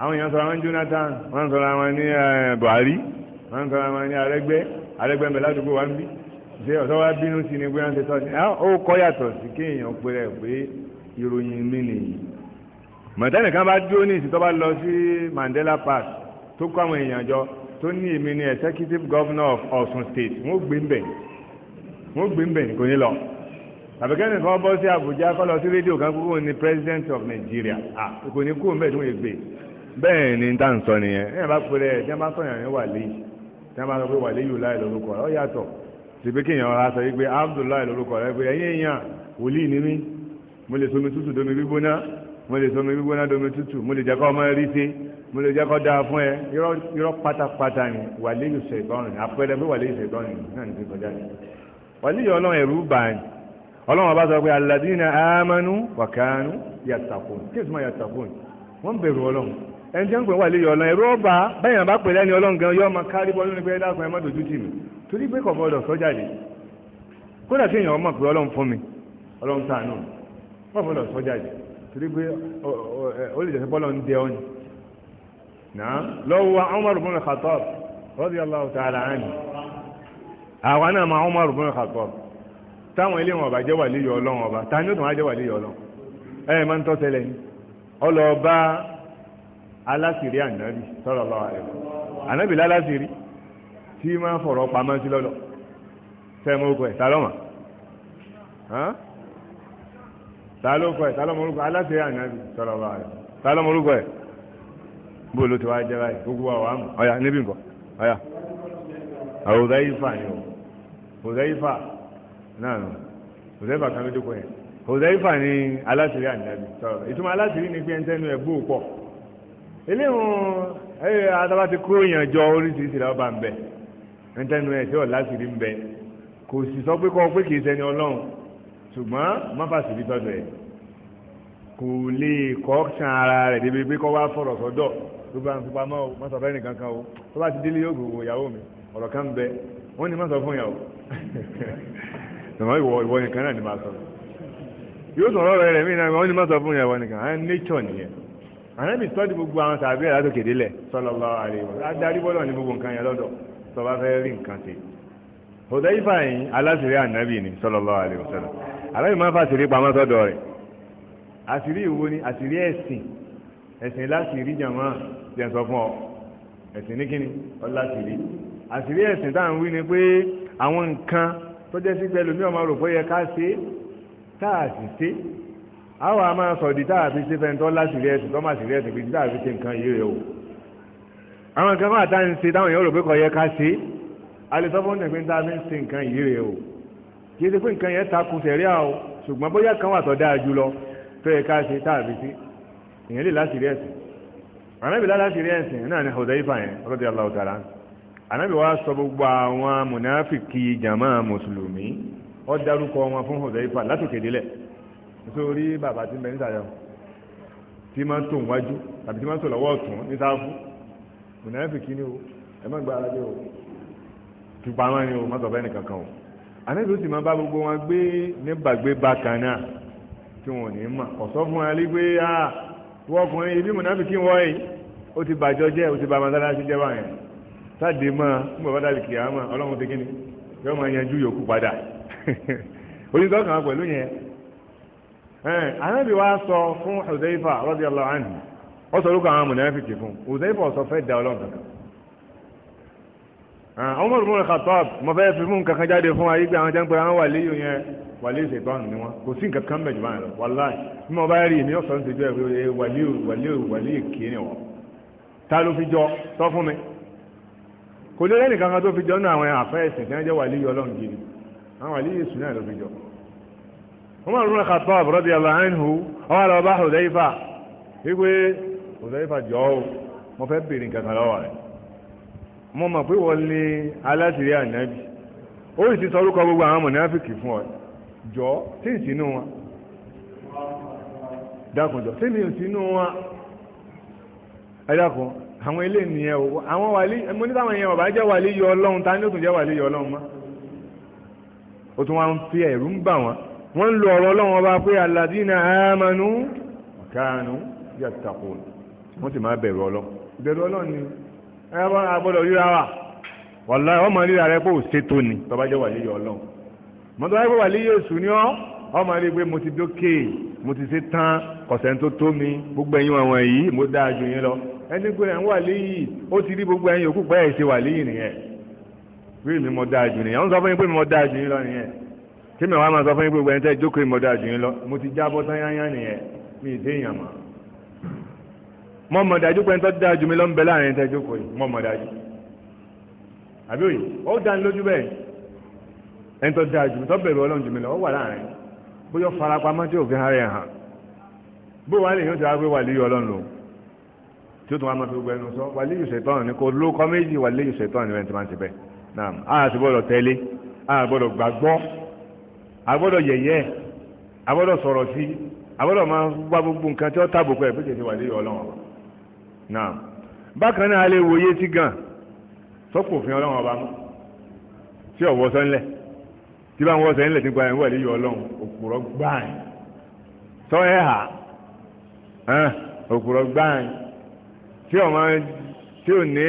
àwọn èèyàn sọ̀rọ̀ àwọn Jonathan wọ́n sọ̀rọ̀ àwọn ní Buhari wọ́n sọ̀rọ̀ àwọn ní Arẹ́gbẹ́ Arẹ́gbẹ́ ń bẹ ládùúgbò wa ń bí ṣe ọ̀sọ́ wa bínú sí ni pé wọ́n ti sọ ni ó kọ́ yàtọ̀ sí kéèyàn pé rẹ̀ pé ìròyìn mi nìyí mọ̀tẹ́nìkan bá dúró ní ìsìn tó bá lọ sí Mandela Park tó kọ́ àwọn èèyàn jọ tó ní èmi ni executive governor of Ọ̀ṣun state wọ́n gbé ń bẹ̀yìn wọ́n gbé ń bẹ̀ kò ní lọ àbẹ̀kẹ́ni kan bọ́ sí Àbújá kọ́ lọ sí rédíò kan kúkú ní president of Nigeria kò ní kú ń bẹ̀ tó ń gbé bẹ́ẹ̀ ni tá à ń sọ nìyẹn ẹ̀ bá pèrè ẹ̀ tí wọ́n bá sọ̀yàn ní wàlẹ́ yìí tí wọ́n bá sọ pé wàlẹ́ yìí láì lórúkọ rẹ̀ yàtọ̀ sí pé kéèyàn ra sọ wípé Abdullahi lórúkọ rẹ̀ pé ẹ̀yìn èèyàn wòlíì ni mí mo lè somi tútù domi gbígbóná mo lè somi gbígbóná domi tútù mo lè jẹ́ kó ọmọ rí sí mo lè jẹ́ kó dáa fún ẹ irọ́ pátápátá ni wàlẹ́ yìí ṣètọ́rin àpẹẹrẹ pé wàlẹ́ yìí ṣètọ́rin náà ní ti kọjá ni wàlí yìí ọlọ́run ẹ̀rú báyìí ọlọ́run ọba sọ pé alladina amanu wa kanu yattaqun kí èsì máa yattaqun wọ́n bẹ̀rù ọlọ́run ẹni tí wọ́n pè wàlí yìí ọlọ́run ẹ̀rú ọba bẹ́yìn bá pè lẹ́ni ọlọ́run gan yọ ọmọ kárí bọ́ lónìí pé dákun ẹ má dojú tì mí torí pé kọ̀ fọdọ̀ sọ jáde kódà tí èèyàn mọ̀ pé ọlọ́run fún mi ọlọ́run ṣàánú mọ̀ fọdọ̀ sọ jáde torí pé ó lè jẹ́ pé ọlọ́run dẹ ọ́ni náà lọ́wọ́ Umar ibn Khattab radiyallahu ta'ala anhu àwa náà máa Umar ibn Khattab táwọn ilé wọn ọba jẹ́ wàlẹ́ yọ ọlọ́run ọba ta ni ó tàn wá jẹ́ wàlẹ́ yọ ọlọ́run ẹ máa ń tọ́sẹ̀lẹ̀ ni ọlọ́ọ̀bá alásìrí ànábì sallallahu alaihi wasallam ànábì lálásìrí tí máa fọ̀rọ̀ pamọ́ sí lọ́lọ́ sẹ́mu orúkọ ẹ̀ sálọ́mà sálọ́kọ ẹ̀ sálọ́mà orúkọ alásìrí ànábì sallallahu orúkọ ẹ̀ bó ló ti wá jẹ́ báyìí gbogbo àwọn àmọ́ Huzaifa náà nù Huzaifa kan ló dúkọ yẹn Huzaifa ni aláṣírí ànábì sọ̀rọ̀ ìtumọ̀ aláṣírí ni pé ẹntẹ́nu ẹ̀ bú pọ̀ eléhùn ẹ̀ adaba ti kó yàn jọ oríṣiríṣi làwọn bá ń bẹ ẹntẹ́nu ẹ̀ tí ò láṣírí ń bẹ kò sì sọ pé kọ́ pé kì í ṣẹni ọlọ́run ṣùgbọ́n má bà sí ibi tọ́jú ẹ̀ kò lè kọ́ san ara rẹ̀ débi pé kọ́ wá fọ̀rọ̀ sọ́dọ̀ ló bá fipamọ́ o wọ́n ní má sọ fún yàwó tọmọ ìwọ ìwọ nìkan náà ni má sọ yóò sọ̀rọ̀ rẹ̀ rẹ̀ mí náà wọ́n ní má sọ fún yàwó nìkan á nature nìyẹn ànábì tọ́jú gbogbo àwọn tàbí ẹ̀ látòkè délẹ̀ sallallahu alaihi wasallam adarí bọ́lọ̀ ní gbogbo nǹkan yẹn lọ́dọ̀ tó bá fẹ́ rí nǹkan ṣe Hudayfa yìí aláṣìírí ànábì ni sallallahu alaihi wasallam ànábì máa fà sírí pamọ́ sọ́dọ̀ rẹ̀ àṣírí ìwo ni àṣírí ẹ̀sìn ẹ̀sìn láṣìírí jàmọ́ jẹ́ sọ fún ọ ẹ̀sìn ní kíni ọ láṣìírí àṣírí ẹ̀sìn tá à ń wí ni pé àwọn nǹkan tó jẹ́ sí pẹ̀lú mi ọmọ rò pé yẹ ká ṣe tá a sì ṣe àwọn a máa sọ̀dí tá a fi ṣe fẹ́ntọ́ láṣìírí ẹ̀sìn tó máa ẹ̀sìn fi tá a fi ṣe nǹkan yìí rẹ̀ o àwọn nǹkan máa tá ń ṣe táwọn èèyàn rò pé yẹ ká ṣe a lè sọ fún ní pé tá a fi ń ṣe nǹkan yìí rẹ̀ o kì í ṣe pé nǹkan yẹn takun sẹ̀ríà o ṣùgbọ́n bóyá kan wà tó dáa jù lọ tó yẹ ká ṣe tá a fi ṣe èèyàn lè láṣìírí ẹ̀sìn àmẹ́bí láṣìírí ẹ̀sìn náà ni Hudayfa yẹn radiyallahu ta'ala anábì wa sọ gbogbo àwọn mùnáfìkì jàmá mùsùlùmí ó dárúkọ wọn fún Hudhaifa látòkè délẹ̀ nítorí bàbá tí ń bẹ níta yọ tí máa ń tò wájú tàbí tí máa ń tò lọ́wọ́ ní sáfù mùnáfìkì ni o ẹ má gba ara o tùpá máa ní o má sọ fẹ́ nìkan o anábì ó sì máa bá gbogbo wọn gbé nígbàgbé bákan náà tí wọn ò ní mà ọ̀sọ́ fún wa lé pé ah, wọ́n ọkùnrin ibi mùnáfìkì wọ́ọ̀yì ó ti bàjọ́ jẹ́ ó ti bà mọ́tálásí jẹ́ sáde máa ń bàbá dàlí kìá máa ọlọ́run ti kíni yóò máa yanjú yòókù padà onítọ́ kan pẹ̀lú yẹn anábì wa sọ fún Hudhaifa radiyallahu anhu ó sọ lóko àwọn mùnáfíkì fún Hudhaifa sọ fẹ́ da ọlọ́run kankan àwọn ọmọ ìrùn Khattab mo fẹ́ fi fún kankan jáde fún ayé gbé àwọn jẹ́ ń pẹ́ àwọn wàlíyò yẹn wàlíyò ṣètọ́nù ni wọn kò sí nǹkan kan báyìí lọ wàláì bí mo bá rí kò lè rẹ́nì kankan tó fi jọ náà àwọn àfẹ́ ẹ̀sìn tí wọ́n jẹ́ wàlíyí ọlọ́run gidi àwọn wàlíyí èṣù náà ló fi jọ. Umar ibn Khattab radiyallahu anhu ọwọ́ àlọ́ bá Hudhayfa wípé Hudhayfa jọ ọ́ mo fẹ́ bèrè kankan lọ́wọ́ rẹ̀ mo mọ̀ pé wọ́n lé alásìírí ànábì ó sì ti sọ orúkọ gbogbo àwọn mọ̀nàfíkì fún ọ jọ sí ìsinú wọn dákun jọ sí ìsinú wọn ẹ dákun àwọn ilé nìyẹn o àwọn wàlí mo ní táwọn yẹn ọba jẹ́ wàlí yọ ọlọ́run ta ni ó tún jẹ́ wàlí yọ ọlọ́run mọ́ ó tún wá ń fi ẹ̀rú ń bà wọ́n wọ́n ń lo ọ̀rọ̀ ọlọ́run ọba pé aládìní àmánú kánú yàtàkù wọ́n sì máa bẹ̀rù ọlọ́run ìbẹ̀rù ọlọ́run ni ẹ bá agbọ́dọ̀ ríra wa wàlá ọmọ ríra rẹ pé òṣètò ni tọ́ba jẹ́ wàlí yọ ọlọ́run mọ́tò wáyé pé wàlí yóò sùn ní ọ́ ọmọ rí pé mo ti dókè mo ti ṣe tán ọ̀sẹ̀ tó tó mi gbogbo ẹ̀yin àwọn yìí mo dáa ju yín lọ ẹni pé ẹ̀ ń wà léyìí ó ti rí gbogbo ẹ̀yin òkú pẹ́ ẹ̀ ṣe wà léyìí nìyẹn pé mi mọ̀ dáa jù nìyẹn ó ń sọ fún yín pé mi mọ̀ dáa jù yín lọ nìyẹn kí mi wàá máa sọ fún yín pé gbogbo ẹ̀yin tẹ́ jókòó mi mọ̀ dáa jù yín lọ mo ti jábọ́ tán yányá nìyẹn mi ì séèyàn mọ́ mọ́ mọ̀ dájú pé ẹni tó dáa jù mí lọ ń bẹ láàrin tẹ́ jókòó yìí mọ́ mọ̀ dájú àbí òye ó dá ní lójú bẹ́ẹ̀ ẹni tó dáa jù mí tó tí ó tún wá máa fi gbogbo ẹnu sọ wà léyìn ṣètọ́nù ni kò lóko méjì wà léyìn ṣètọ́nù ni wọ́n ti máa ti bẹ̀ náà a sì gbọ́dọ̀ tẹ́lé a gbọ́dọ̀ gbàgbọ́ a gbọ́dọ̀ yẹ̀yẹ́ a gbọ́dọ̀ sọ̀rọ̀ sí a gbọ́dọ̀ máa wá gbogbo nǹkan tí ó tàbùkù ẹ̀ pé wà léyìn ọlọ́run ọba náà bákan náà a lè wòye sí gan sọ́kò òfin ọlọ́run ọba mú tí ọ̀wọ́ sọ́nlẹ̀ tí bá ń wọ́ tí ọmọ tí ò ní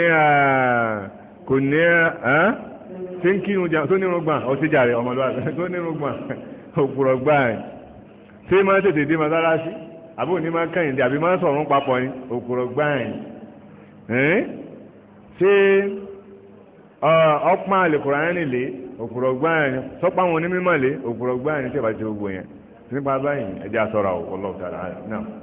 kò ní tí ń kírun jà tó nírun gbà ọtí jàre ọmọlúwàbí tó nírun gbà òpùrọ̀ gbà ẹ̀ tí máa tètè dé mọ́sálásí àbí òní máa kẹ́yìn dé àbí máa sọ̀rọ̀ papọ̀ ni òpùrọ̀ gbà ẹ̀ ṣé ọpọ́n àlèkùnrin nílé òpùrọ̀ gbà ẹ̀ sọ́pọ̀ àwọn onímọ̀ lé òpùrọ̀ gbà ẹ̀ ní tí ìbá ti gbogbo yẹn nípa báyìí ẹ̀jẹ̀ àsọ̀rọ̀ ọlọ́ọ̀tà náà.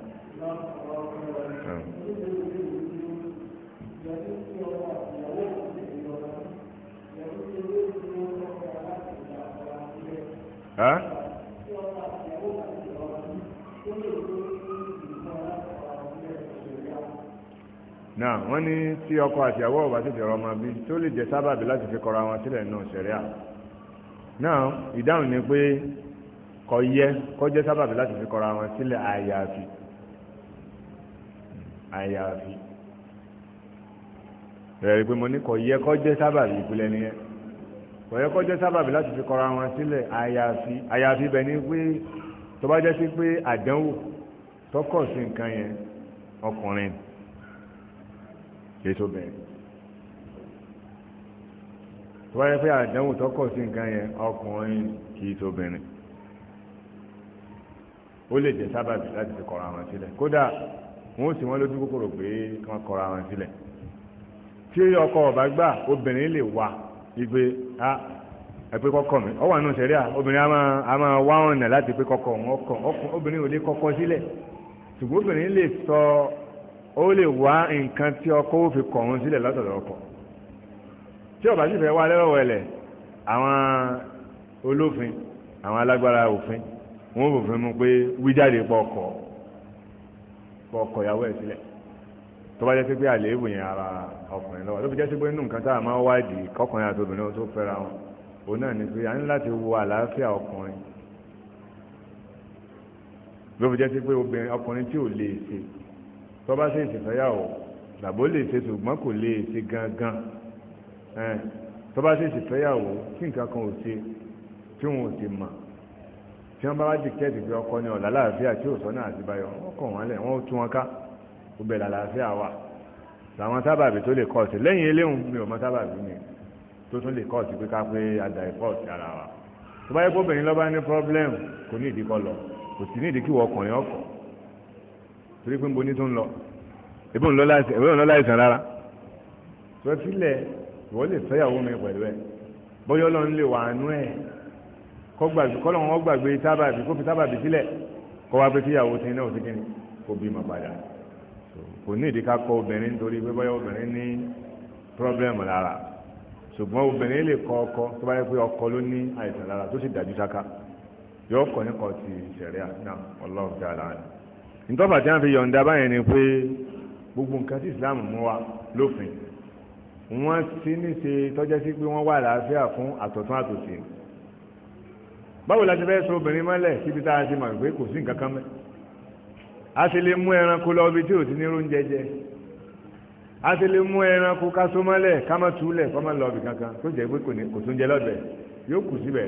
náà wọ́n ní tí ọkọ àtìyàwó ọba tètè ọmọ bí tó lè jẹ sábàbí láti fi kọra wọn sílẹ̀ nù sẹ̀ríà náà ìdáhùn ni pé kò yẹ kó jẹ sábàbí láti fi kọra wọn sílẹ̀ àyàfi àyàfi rẹ̀ rí pé mo ní kò yẹ kó jẹ sábàbí ìpìlẹ̀ nìyẹn kọ̀yẹ́ kọ́ jẹ́ sábàbí láti fi kọra wọn sílẹ̀ àyàfi àyàfi bẹ̀ ni pé tó bá jẹ́ sí pé àdánwò tọkọ̀ sí nǹkan yẹn ọkùnrin kìí tó bẹ̀rẹ̀ tó bá jẹ́ pé àdánwò tọkọ̀ sí nǹkan yẹn ọkùnrin kìí tó bẹ̀rẹ̀ ó lè jẹ́ sábàbí láti fi kọra wọn sílẹ̀ kódà wọn ó sì wọn lójú kòkòrò pé kí wọ́n wọn sílẹ̀ tí ọkọ ọba gbà obìnrin lè wà ìgbé a ah, ẹ̀pẹ́ kọ́kọ́ mi ọwọ́ àánú sẹ̀rí à obìnrin a máa wá ọ̀nà láti pé kọ́kọ́ ọkùn obìnrin ò lè kọ́kọ́ sílẹ̀ ṣùgbọ́n obìnrin lè sọ ó lè wá nǹkan tí ọkọ ó fi kọ̀ ọ́n sílẹ̀ látọ̀dọ̀ ọkọ tí ọba sì fẹ́ wá lẹ́wọ̀ ẹ̀lẹ̀ àwọn olófin àwọn alágbára òfin wọn ò fẹ́ mú pé wíjáde pọ̀ ọkọ̀ pọ̀ ọkọ̀ ìyàwó ẹ̀ sílẹ̀ tó bá jẹ́ pé àléébù yẹn ara ọkùnrin lọ́wọ́ ló fi jẹ́ sí pé nǹkan tá a máa wádìí kọkùnrin àti obìnrin tó fẹ́ra wọn òun náà ni pé a ní láti wo àlàáfíà ọkùnrin ló fi jẹ́ sí pé obìnrin ọkùnrin tí ò lè ṣe tó bá ṣe ìṣèfẹ́yàwó làbó lè ṣe ṣùgbọ́n kò lè ṣe gangan tó bá ṣe ìṣèfẹ́yàwó kí nǹkan kan ò ṣe tí wọn ò ti mọ̀ tí wọ́n bá wá di kẹ́ẹ̀tì pé ọkọ ni ọ̀làláàfíà tí ò sọ́nà àtibáyọ̀ wọ́n kọ̀ wọ́n lẹ̀ wọ́n tún wọn ká gbogbo ẹ̀ làlàáfíà wà làwọn sábàbí tó lè kọ́ọ̀sì lẹ́yìn eléhùn mi ò mọ sábàbí mi tó tún lè kọ́ọ̀sì pé ká pé àdá ìkọ́ọ̀sì ara wa tó bá yẹ kó obìnrin lọ́ba ní problem kò ní ìdí kọ́ lọ kò sì ní ìdí kí wọ́n ọkùnrin ọkọ̀ torí pé ń bo ní tó ń lọ ebi òun lọ láìsàn rárá tó sílẹ̀ wọ́n lè fẹ́yàwó mi pẹ̀lú ẹ̀ bóyá ọlọ́run lè wà ánú ẹ̀ kọ́lọ́run ó gbàgbé sábàbí kó fi sábàbí sílẹ̀ kọ́ wá pé kíyàwó ti náà ó ti kò ní ìdí ká kọ obìnrin nítorí pé bóyá obìnrin ní pírọ́blẹ́mù lára ṣùgbọ́n obìnrin lè kọ ọkọ tó bá yẹ pé ọkọ ló ní àìsàn lára tó sì dájú sáká yóò kọ ní kọ ti ṣẹ̀ríà náà ọlọ́run tí a là ń. ìtọ́fà tí wọ́n fi yọ̀ǹda báyẹn ni pé gbogbo nǹkan tí Islam mú wa lófin wọ́n ti ní ṣe tọ́jẹ́ sí pé wọ́n wà láàáfíà fún àtọ̀tún àtòsí. báwo la ti fẹ́ so obìnrin mọ́lẹ̀ síbi tá a ti mọ̀ pé kò sí nǹkan kan mẹ́rin a sì lè mú ẹranko lọ ibi tí ò ti ní rún jẹjẹ a sì lè mú ẹranko ká só ká má túlẹ̀ kó má lọ ibì kankan tó jẹ́ pé kò tún jẹ lọ́bẹ̀ yóò kù síbẹ̀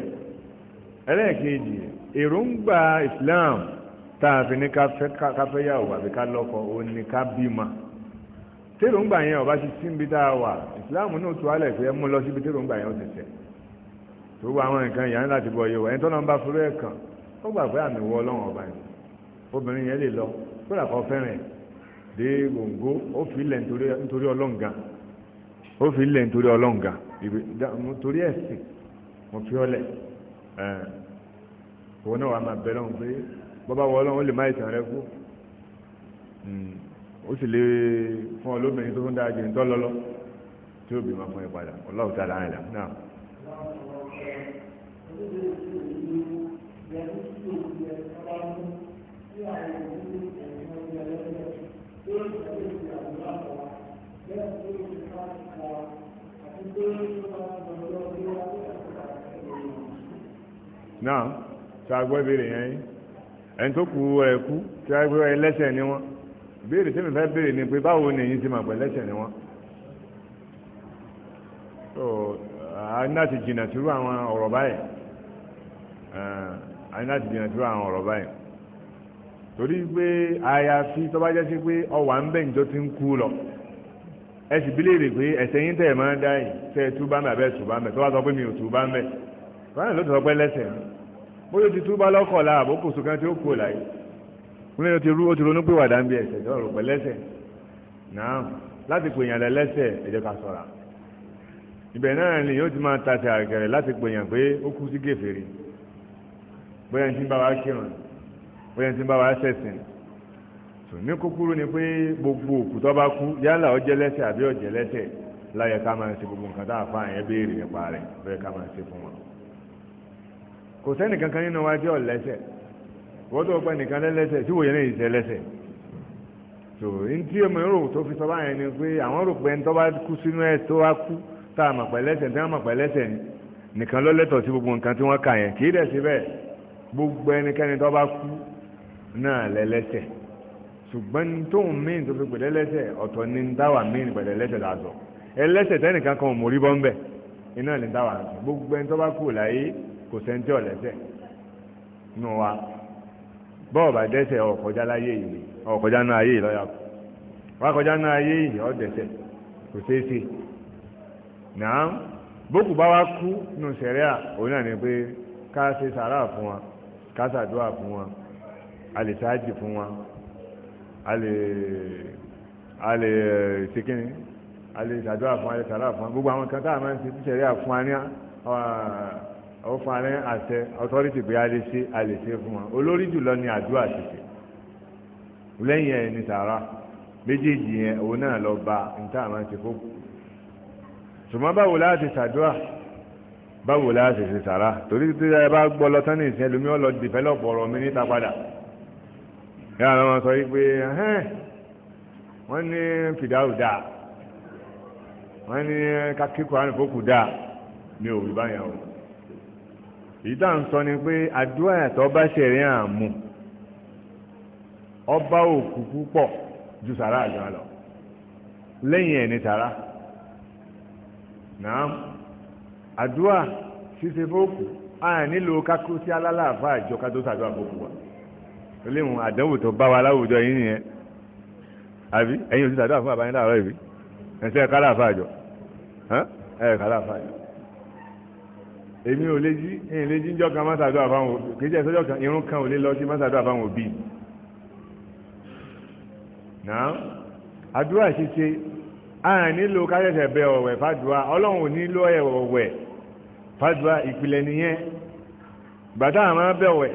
ẹlẹ́ẹ̀kejì èròǹgbà Islam tá a fi ní ká fẹ́ yàwó àbí ká lọ́kọ òun ni ká bímọ tèròǹgbà yẹn ọba ti síbi tá a wà Islam náà tó alẹ̀ fẹ́ mú lọ síbi tèròǹgbà yẹn ó ti tẹ̀ tó wọ àwọn nǹkan yẹn láti bọ̀ yẹ̀wò ẹni tọ́nà ń bá fúrú ẹ̀ kan ó gbà pé àmì wọ ọlọ́run ọba yẹn obìnrin yẹn lè lọ kódà kan fẹ́ràn ẹ̀ dé gbòǹgbò ó fi lẹ̀ nítorí ọlọ́ǹga ó fi lẹ̀ nítorí ọlọ́ǹga torí ẹ̀sìn mo fi ọ́ lẹ̀ òun náà wà máa bẹ̀ lọ́hùn pé bọ́bá wọ ọlọ́run ó lè má ìtàn rẹ kú hmm, ó sì lè fún ọ lóbìnrin tó ń dáa jẹ ń tọ́ lọ́lọ́ tí ó bì máa fún ẹ padà ọlọ́run tá a dáhùn ẹ̀ náà. náà tí a gbọ́ ìbéèrè yẹn yín ẹni tó kú ẹ̀kú tí a gbọ́ ẹlẹ́sẹ̀ ni wọ́n béèrè tí mi fẹ́ béèrè ni pé báwo ni èyí ti mà pẹ̀ lẹ́sẹ̀ ni wọ́n. so a ní láti jìnnà sírú àwọn ọ̀rọ̀ báyìí eh, a ní láti jìnnà sírú àwọn ọ̀rọ̀ báyìí torí pé àyàfi tó bá jẹ́ sí pé ọwà ń bẹ̀ níjọ́ ti ń kú lọ ẹ sì bí léèrè pé ẹ̀ṣẹ̀ yín tẹ̀ máa dá yìí tẹ́ ẹ tú mẹ́ àbẹ́ tú bá mẹ́ tó bá sọ pé mi ò tú mẹ́ kọ́nà ló ti sọ pé lẹ́sẹ̀ bóyá ti túbá lọ́kọ̀ la àbókù sùkán tí ó kú láyé wọn lè ti rú ó ti ronú pé wàdà ń bí ẹsẹ̀ tó rò pé lẹ́sẹ̀ náà láti pè yàn lẹ lẹ́sẹ̀ ẹ jẹ́ ká ibẹ̀ pé ó kú sí gèfèrè bóyá ń bá wa kírun bóyá ń bá wa tò ní kúkúrú ni pé gbogbo òkú tó bá kú yálà ó lẹ́sẹ̀ àbí ó gbogbo nǹkan tá a fa àyẹ́ béèrè nípa rẹ̀ fún kò sẹ́ni kankan nínú wa jẹ́ ọ̀lẹ́sẹ̀ wọ́n tó pẹ́ nìkan lẹ́lẹ́sẹ̀ tí wòye náà ìṣẹ́ lẹ́sẹ̀ tó ń tí èmi rò tó fi sọ báyẹn ni pé àwọn rò pé ń tọ́ bá kú sínú ẹ̀ tó wá kú tá a mọ̀ pẹ́ lẹ́sẹ̀ tí wọ́n mọ̀ pẹ́ lẹ́sẹ̀ nìkan ló lẹ́tọ̀ọ́ sí gbogbo nǹkan tí wọ́n kà yẹn kì í dẹ̀ sí bẹ́ẹ̀ gbogbo ẹnikẹ́ni tó bá kú náà lẹ́lẹ́sẹ̀ ṣùgbọ́n tóun míì tó fi ni ń dáwà míì pẹ̀lẹ́ lẹ́sẹ̀ làzọ̀ ẹlẹ́sẹ̀ tẹ́nìkan kan ò kò sẹ́ńtì ọ̀lẹ́sẹ̀ nù wa bọ́ọ̀ bá dẹ́sẹ̀ ọ̀kọjá láyé yìí ọ̀kọjá náà ayé yìí lọ́yà wá kọjá náà ayé yìí ọ̀ dẹ́sẹ̀ kò ṣeé ṣe nàá bókù bá wá kú nù sẹ̀ríà òun náà ni pé ká ṣe sàrà fún wa ká ṣàdúrà fún wa a lè ṣáàjì fún wa a lè a lè ṣe kí ni a lè ṣàdúrà fún wa a lè sàrà fún wa gbogbo àwọn kan tá a máa ń ṣe tíṣẹ̀ríà fún wa ní ó fún alẹ́ àṣẹ ọtọ́rìtì pé a lè ṣe a lè ṣe fún wa olórí jùlọ ni àdúrà ṣiṣẹ lẹ́yìn ẹ̀ ní sàrà méjèèjì yẹn òun náà lọ ba níta àwọn ti fò ṣùgbọ́n báwo láti ṣàdúrà báwo láti ṣe sàrà torí tí ẹ bá gbọ́ lọ tán ní ìsìn ẹlòmíràn lọ dìfẹ́lọ́pù ọ̀rọ̀ mi níta padà yàrá wọn sọ wípé wọ́n ní fìdáwù dáa wọ́n ní kákíkọ̀ ànífọ́kù dáa mi ò báyà ìdá ń sọ ni pé àdúrà ẹ̀tọ́ bá ṣẹ̀rí àmú ọba òkú púpọ̀ ju sàrá àjọ lọ lẹ́yìn ẹni sàrá náà àdúrà ṣíṣe fóòkù a nílò kákó sí alálàáfà àjọ ká tó sàdúrà fóòkù wa léwu àdánwò tó bá wa láwùjọ yín nìyẹn àbí ẹ̀yin ò sì sàdúrà fún àbáyé láàárọ̀ ìbí ẹ̀sẹ̀ kálàáfà àjọ ẹ̀ kálàáfà àjọ èmi ò lè jí èyí lè jí ńjọ́ kan mọ́sàdó àbáwọn òbí kìí jẹ́ sọ́jọ́ kan irun kan ò lè lọ sí mọ́sàdó àbáwọn òbí náà àdúrà ṣíṣe a nílò káṣẹ̀ṣẹ̀ bẹ ọ̀wẹ̀ fàdúrà ọlọ́run ò nílò ọ̀wẹ̀ fàdúrà ìpìlẹ̀ nìyẹn gbàtà àmọ́ bẹ̀wẹ̀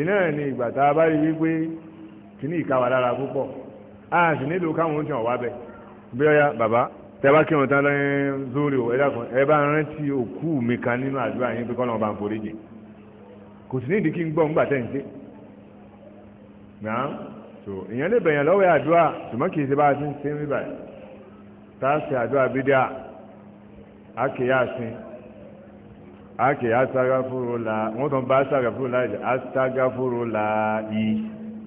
iná ni ìgbàtà bá rí wípé kìíní ìkàwà lára púpọ̀ a sì nílò káwọn oúnjẹ ọ̀wá bẹ̀ bí ọya bàbá tẹ́bá kí wọn tán lọ́yìn zúrì o ẹ̀dá kan ẹ bá rántí òkú mi kan nínú àdúrà yín pé kọ́nà ọba ń forí jì kò sí nídìí kí n gbọ́ ńgbà tẹ̀ ń ṣe náà tó ìyẹn lè bẹ̀yàn lọ́wọ́ àdúrà ṣùgbọ́n kì í ṣe bá a ti ń ṣe mí tá a ṣe àdúrà bídíà a kì í àṣin a kì í aṣágáfóró la wọ́n tán bá aṣágáfóró la yìí aṣágáfóró la yìí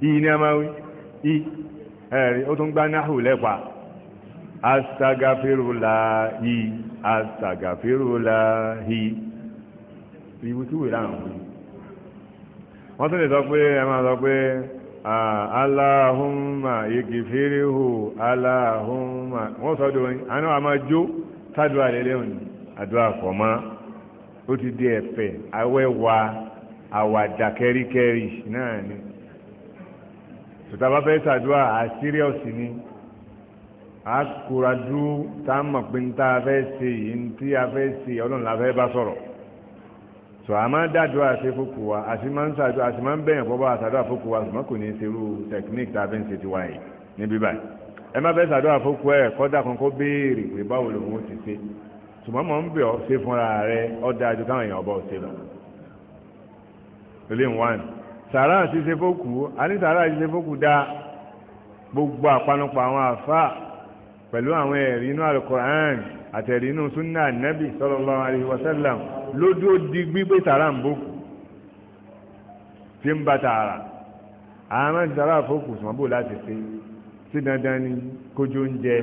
yìí ni a máa wí yìí ẹ̀rí ó tún gbá náhù astagafirulahi astagafirulahi ìwú tí wò láàrín wí wọ́n tún lè sọ pé ẹ máa sọ pé aláhùnmá igifirihu aláhùnmá wọ́n sọ dùn àná àmà jó tádùá lélẹ́hùn àdúrà fọ̀mọ́ ó ti di ẹ̀fẹ̀ awẹ́wà àwàdà kẹ́ríkẹ́rí náà ni tòtàbá fẹ́ sàdúrà àsíríọ̀sì ni a kura dúró tá a mọ̀ pé n ta fẹ́ ṣe yìí n tí a fẹ́ ṣe ọlọ́run la fẹ́ bá sọ̀rọ̀ sọ àmọ́ dàdúrà ṣe fòkù wa àti máa ń a àti máa ń bẹ̀yàn fọ́ bá a ṣàdúrà fòkù wa ṣùgbọ́n kò ní í ṣerú technique tá a fẹ́ ń ṣe ti wáyé níbí báyìí ẹ má fẹ́ ṣàdúrà fòkù ẹ kọ́dà kan kó béèrè pé báwo lòun ó ti ṣe ṣùgbọ́n mọ̀ ń bẹ̀ ọ́ se fúnra rẹ ọ́ dáa ju káwọn èèyàn ọba ọ̀ṣẹ́ lọ. ilé ìwọ̀n sàrà àti ṣe fòkù gbogbo àpanupọ̀ àwọn àfáà pẹ̀lú àwọn ẹ̀rí inú alukoran àtẹ̀rí inú sunna nabi sallallahu alaihi wasallam lójú ó di gbígbé tààrà ń bókù tí ń bá tààrà àwọn máa ń tààrà fókù sùn bò láti ṣe sí dandan ni kójú oúnjẹ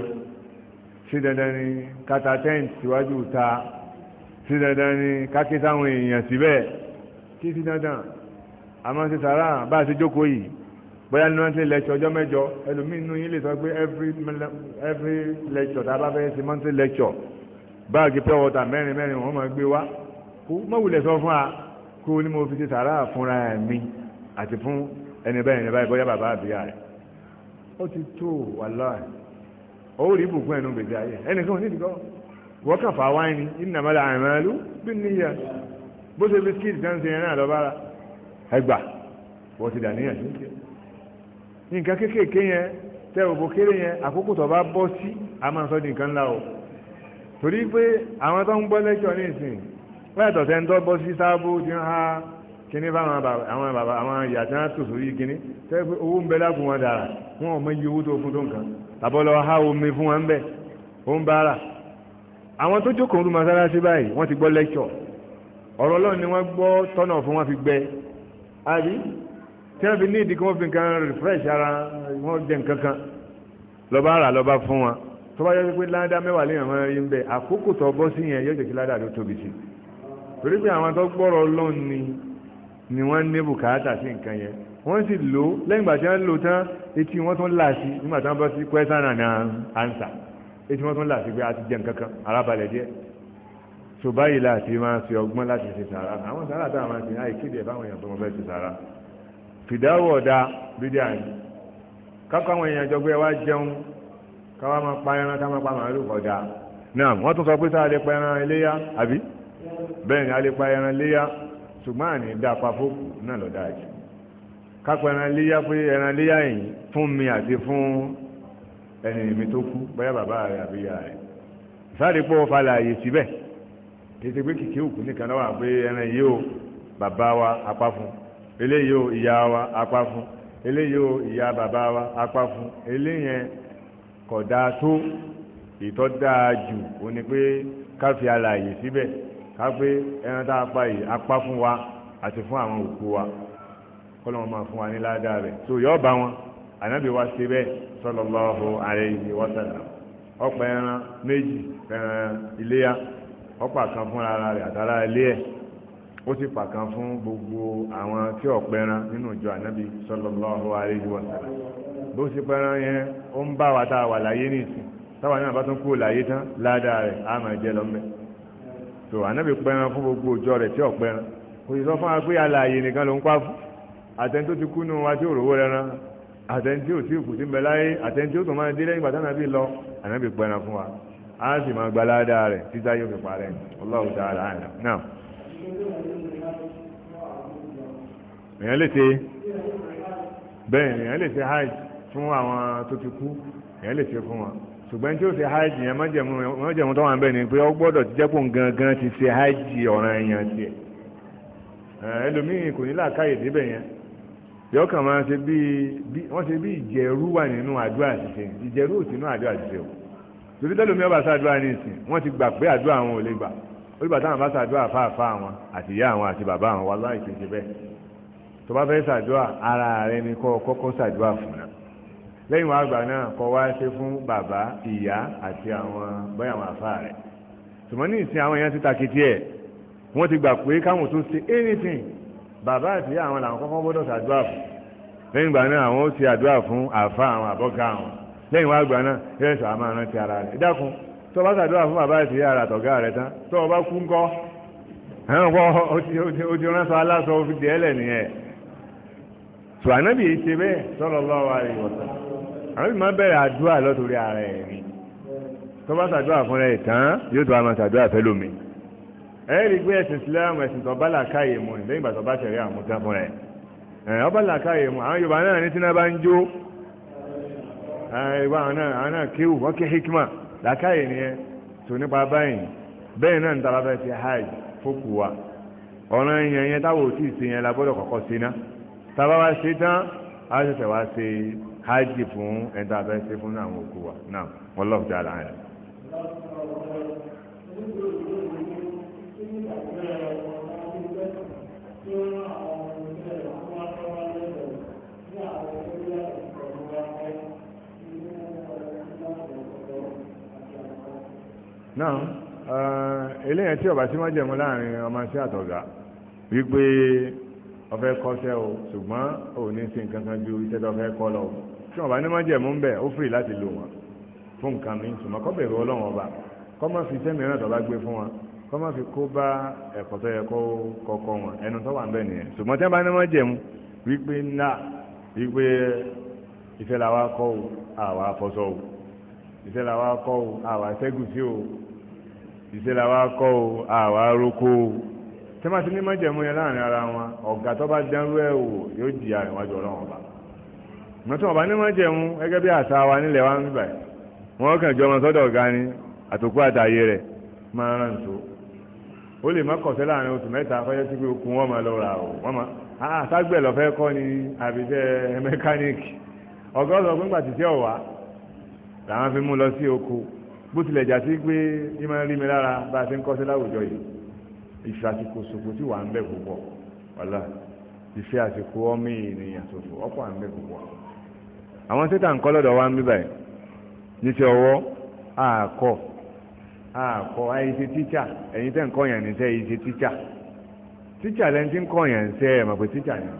sí dandan ni kata tẹ́ǹtì síwájú ta sí dandan ni kákí èèyàn síbẹ̀ kí sí dandan àmọ́ sí tààrà bá a ṣe jókòó yìí bóyá ní wọ́n ti lecture ọjọ́ mẹ́jọ ẹlòmíín nínú yín lè sọ pé every lecture tá a bá fẹ́ ṣe monthly lecture báàgì pure water mẹ́rin mẹ́rin wọ́n máa gbé wá kó mọ̀wulẹ̀ sọ fún wa kó ní mo fi ṣe sàrà fúnra mi àti fún ẹni bẹ́ẹ̀ ẹni báyìí bóyá bàbá àbíyá rẹ̀ ó ti tó wàláhì ó rí ibùkún ẹnu gbèsè ayé ẹnì kan ò ní wọ́n kà fà wáyé ni innamal a'malu binniyat bó ṣe bisikíìtì tán ṣe yẹn náà lọ́ bára ẹgbà wọ́n ti dà níyàn sí nǹkan kéékèèké yẹn tẹ òbò kéré yẹn àkókò tó bá bọ́ sí a máa sọ di nǹkan ńlá o torí pé àwọn tó ń gbọ́ lẹ́kọ̀ọ́ ní ìsìn wọ́n yàtọ̀ sẹ́ni tó bọ́ sí sáàbù tí wọ́n há kíní bá àwọn bàbá àwọn ìyá tí wọ́n tò sórí kíní tẹ́ pé owó ń bẹ lágùn wọn dára wọn ò mọ iye owó tó fún tó nǹkan tàbọ̀ lọ omi fún wọn bẹ́ẹ̀ ó ń bára àwọn tó jókòó rú masalasi báyìí wọ́n ti gbọ́ lẹ́kọ̀ọ́ ọ̀rọ̀ ọlọ́run ni wọ́n gbọ́ tọ́nà fún wọn fi gbẹ àbí tí wọ́n fi ní ìdí kí wọ́n fi nǹkan refresh ara wọ́n jẹ nǹkan kan lọ́ba ara lọ́ba fún wa tó bá yọ pé ládá mẹ́wàá lèèyàn máa rí ń àkókò tó bọ́ sí yẹn yóò jẹ́ kí ládá ló tóbi sí torí pé àwọn tó gbọ́rọ̀ Ọlọ́run ni ni wọ́n ní bùkátà sí nǹkan yẹn wọ́n sì lò ó lẹ́yìn ìgbà tí wọ́n lò tán etí wọ́n tún là sí nígbà tí wọ́n bọ́ sí question and answer etí wọ́n tún là sí pé a ti jẹ nǹkan kan arábalẹ̀ díẹ̀ tó báyìí láti máa fi ọgbọ́n láti ṣe sàrà àwọn sàrà táwọn máa ṣe àìkéde ẹ̀ fáwọn èèyàn tó wọ́n fẹ́ ṣe sàrà fìdáwọ̀ ọ̀dà bídíà ni kákọ́ àwọn èèyàn jọgbé wa jẹun káwa máa pa ẹran káwa máa pa màálù ọ̀dà náà wọ́n tún sọ pé sáà lè pa ẹran iléyà àbí bẹ́ẹ̀ ni a lè pa ẹran iléyà ṣùgbọ́n àní dá pa fóòkù náà lọ dáa jù kápa ẹran iléyà pé ẹran iléyà yìí fún mi àti fún ẹni mi tó kú bóyá bàbá rẹ àbí ìyá rẹ sáré pọ̀ falẹ̀ àyè síbẹ̀ kí ti pé kìkì òkú nìkan lọ́wọ́ àgbé ẹran yìí o bàbá wa apá fún un eléyìí o ìyá wa apá fún eléyìí o ìyá bàbá wa apá fún eléyẹn kò dáa tó ìtọ́ dáa jù ó ní pé ká fi àlàyé síbẹ̀ ká pé ẹran tá a pa yìí apá fún wa àti fún àwọn òkú wa kọ́ lọ́wọ́ máa fún wa ní ládàá rẹ̀ tó yọ ọba wọn ànábì wa ṣe bẹ́ẹ̀ sallallahu alayhi wa sallam ọ̀pọ̀ ẹran méjì ẹran iléyà ọ̀pọ̀ àkànfúnra rẹ̀ àtàrà ilé ẹ̀. ó si fàkan fún gbogbo àwọn tí ó nínú ìjọ ànábì sallallahu alaihi wa sallam bó sì pẹran yẹn ó ń bá wa tá a wà láyé nìsín táwa náà bá tún kúrò láyé tán ládàá rẹ̀ á máa jẹ tó ànábì pẹran fún gbogbo ìjọ rẹ̀ tí kò sì sọ fún wa pé alààyè nìkan ló ń fún àtẹni tó ti kú wa tí ò rówó rẹran àtẹni tí ò tí kù sí ń bẹ láyé àtẹni tí lọ ànábì fún wa á sì máa rẹ̀ títáyé parẹ́ èèyàn lè ṣe bẹ́ẹ̀ èèyàn lè ṣe hajj fún àwọn tó ti kú èèyàn lè ṣe fún wọn ṣùgbọ́n tí ó ṣe hajj yẹn mọ́jẹ̀mú tó wà ń bẹ̀ ni pé ó gbọ́dọ̀ ti jẹ́pọ̀ gangan ti ṣe hajj ọ̀ràn èèyàn kò ní làákàyè débẹ̀ yẹn ṣe bí wọ́n ṣe bí ìjẹ̀rú wà nínú àdúrà ṣiṣẹ́ ìjẹ̀rú ò sí o tẹ́lómi ọba ṣàdúrà ní wọ́n ti gbà pé àdúrà àwọn ò lè gbà olùbàdàn àbá ṣàdúrà àwọn àtìyá àwọn àti bàbá àwọn bẹ́ẹ̀ tó bá fẹ́ ṣàdúrà ara rẹ ni kọ́ kọ́kọ́ ṣàdúrà fún náà lẹ́yìn wàá gbà náà kọ́ wá ṣe fún bàbá ìyá àti àwọn bóyá àwọn àfa rẹ̀ ṣùgbọ́n ní ìsìn àwọn èèyàn ti takìtì ẹ̀ wọ́n ti gbà pé káwọn tó ṣe anything bàbá àti ìyá àwọn làwọn kọ́kọ́ gbọ́dọ̀ ṣàdúrà fún lẹ́yìn gbà náà àwọn ó ṣe àdúrà fún àfa àwọn àbọ́gá àwọn lẹ́yìn wàá gbà náà yẹ́n sọ àmọ́ àrántí ara rẹ̀ dákun tó bá ṣàdúrà fún bàbá àti ìyá rẹ̀ àtọ̀gá rẹ̀ tán tó ti ránṣọ aláṣọ òfin dẹ́ẹ̀lẹ̀ nìyẹn tó ànábì yìí ṣe bẹ́ẹ̀ sallallahu alaihi wasallam ànábì máa bẹ̀rẹ̀ àdúrà lọ́tòrí ara ẹ̀ ni tó bá ṣàdúrà fúnra ẹ̀ tán yóò tó a máa ṣàdúrà fẹ́ lómi ẹ̀ rí i pé ẹ̀sìn Islam ẹ̀sìn tó bá làákàyè mu ní lẹ́yìn ìgbà tó bá ṣẹ̀rí àmúta fúnra ẹ̀ ẹ̀ ọba làákàyè mu àwọn Yorùbá náà ní tí bá ń jó ìwà àwọn náà kéwù wọ́n ni ẹ tó nípa báyìí tàbá wá a tán á ṣẹ̀ṣẹ̀ wá ṣe hajj fún ẹ̀dá abẹ́ ṣe fún àwọn òkú wa náà wọ́n lọ́ọ̀ fi dára ẹ̀. náà eléyìí tí ọba tí wọ́n jẹ̀mú láàrin ọmọ sí àtọ̀gá wípé ọfẹ́ kọ́ṣẹ́ o ṣùgbọ́n ò ní sin kankan ju iṣẹ́ tó fẹ́ kọ́ lọ tí wọn bá ní má jẹ̀mú ń bẹ̀ ó fìrì láti lò wọn fún nǹkan mi ṣùgbọ́n kọ́ bẹ̀rù ọlọ́run ọba kọ́ má fi iṣẹ́ mìíràn tó bá gbé fún wọn kọ́ má fi kó bá ẹ̀kọ́ tó yẹ kó kọ́kọ́ wọn ẹnu tó wà ń bẹ̀ nìyẹn ṣùgbọ́n tí wọn bá ní má jẹ̀mú wípé ńlá wípé ìfẹ́ la wá kọ́ o àwa afọ́sọ́ o ìfẹ́ la wá kọ́ o àwa ṣẹ́gùsí o ìfẹ́ la wá o àwa arókó o tí wọ́n ti ní májẹ̀mú yẹn láàrin ara wọn ọ̀gá tó bá dánrú ẹ̀ wò yóò jìyà rẹ̀ wájú ọba wọn tí wọn bá ní bí àṣà wa nílẹ̀ wa ń bíbà yìí wọn kàn jọ ọmọ sọ́dọ̀ ọ̀gá ni àtòkú àtàyè rẹ̀ máa rán tó ó lè má kọ̀sẹ́ láàrin oṣù mẹ́ta fẹ́jọ́ sí pé okun wọn máa lọ ra o wọn máa àṣàgbẹ̀ lọ́fẹ́ kọ́ ni àbíṣẹ́ mẹkáníìkì ọ̀gá ọ̀sọ̀ pé ńgbà títí ọ̀wá làwọn fi mú lọ sí oko bó tilẹ̀ jà sí pé ìmọ̀ rí mi lára bá a ti ń kọ́sẹ́ láwùjọ yìí ìfẹ́ àsìkò ṣòfò tí wà ń bẹ púpọ̀ ọ̀la ìfẹ́ àsìkò ọmọ ènìyàn ṣòfò ọ̀pọ̀ à ń bẹ púpọ̀ àwọn títà ń kọ́ lọ́dọ̀ wa ń bí báyìí ní ti ọwọ́ àkọ́ àkọ́ àìṣe tíjà ẹ̀yin tẹ́ ń kọ́ yẹn níṣẹ́ ìṣe tíjà tíjà lẹ́ni tí ń kọ́ yẹn níṣẹ́ ẹ̀ mọ̀ pé tíjà ni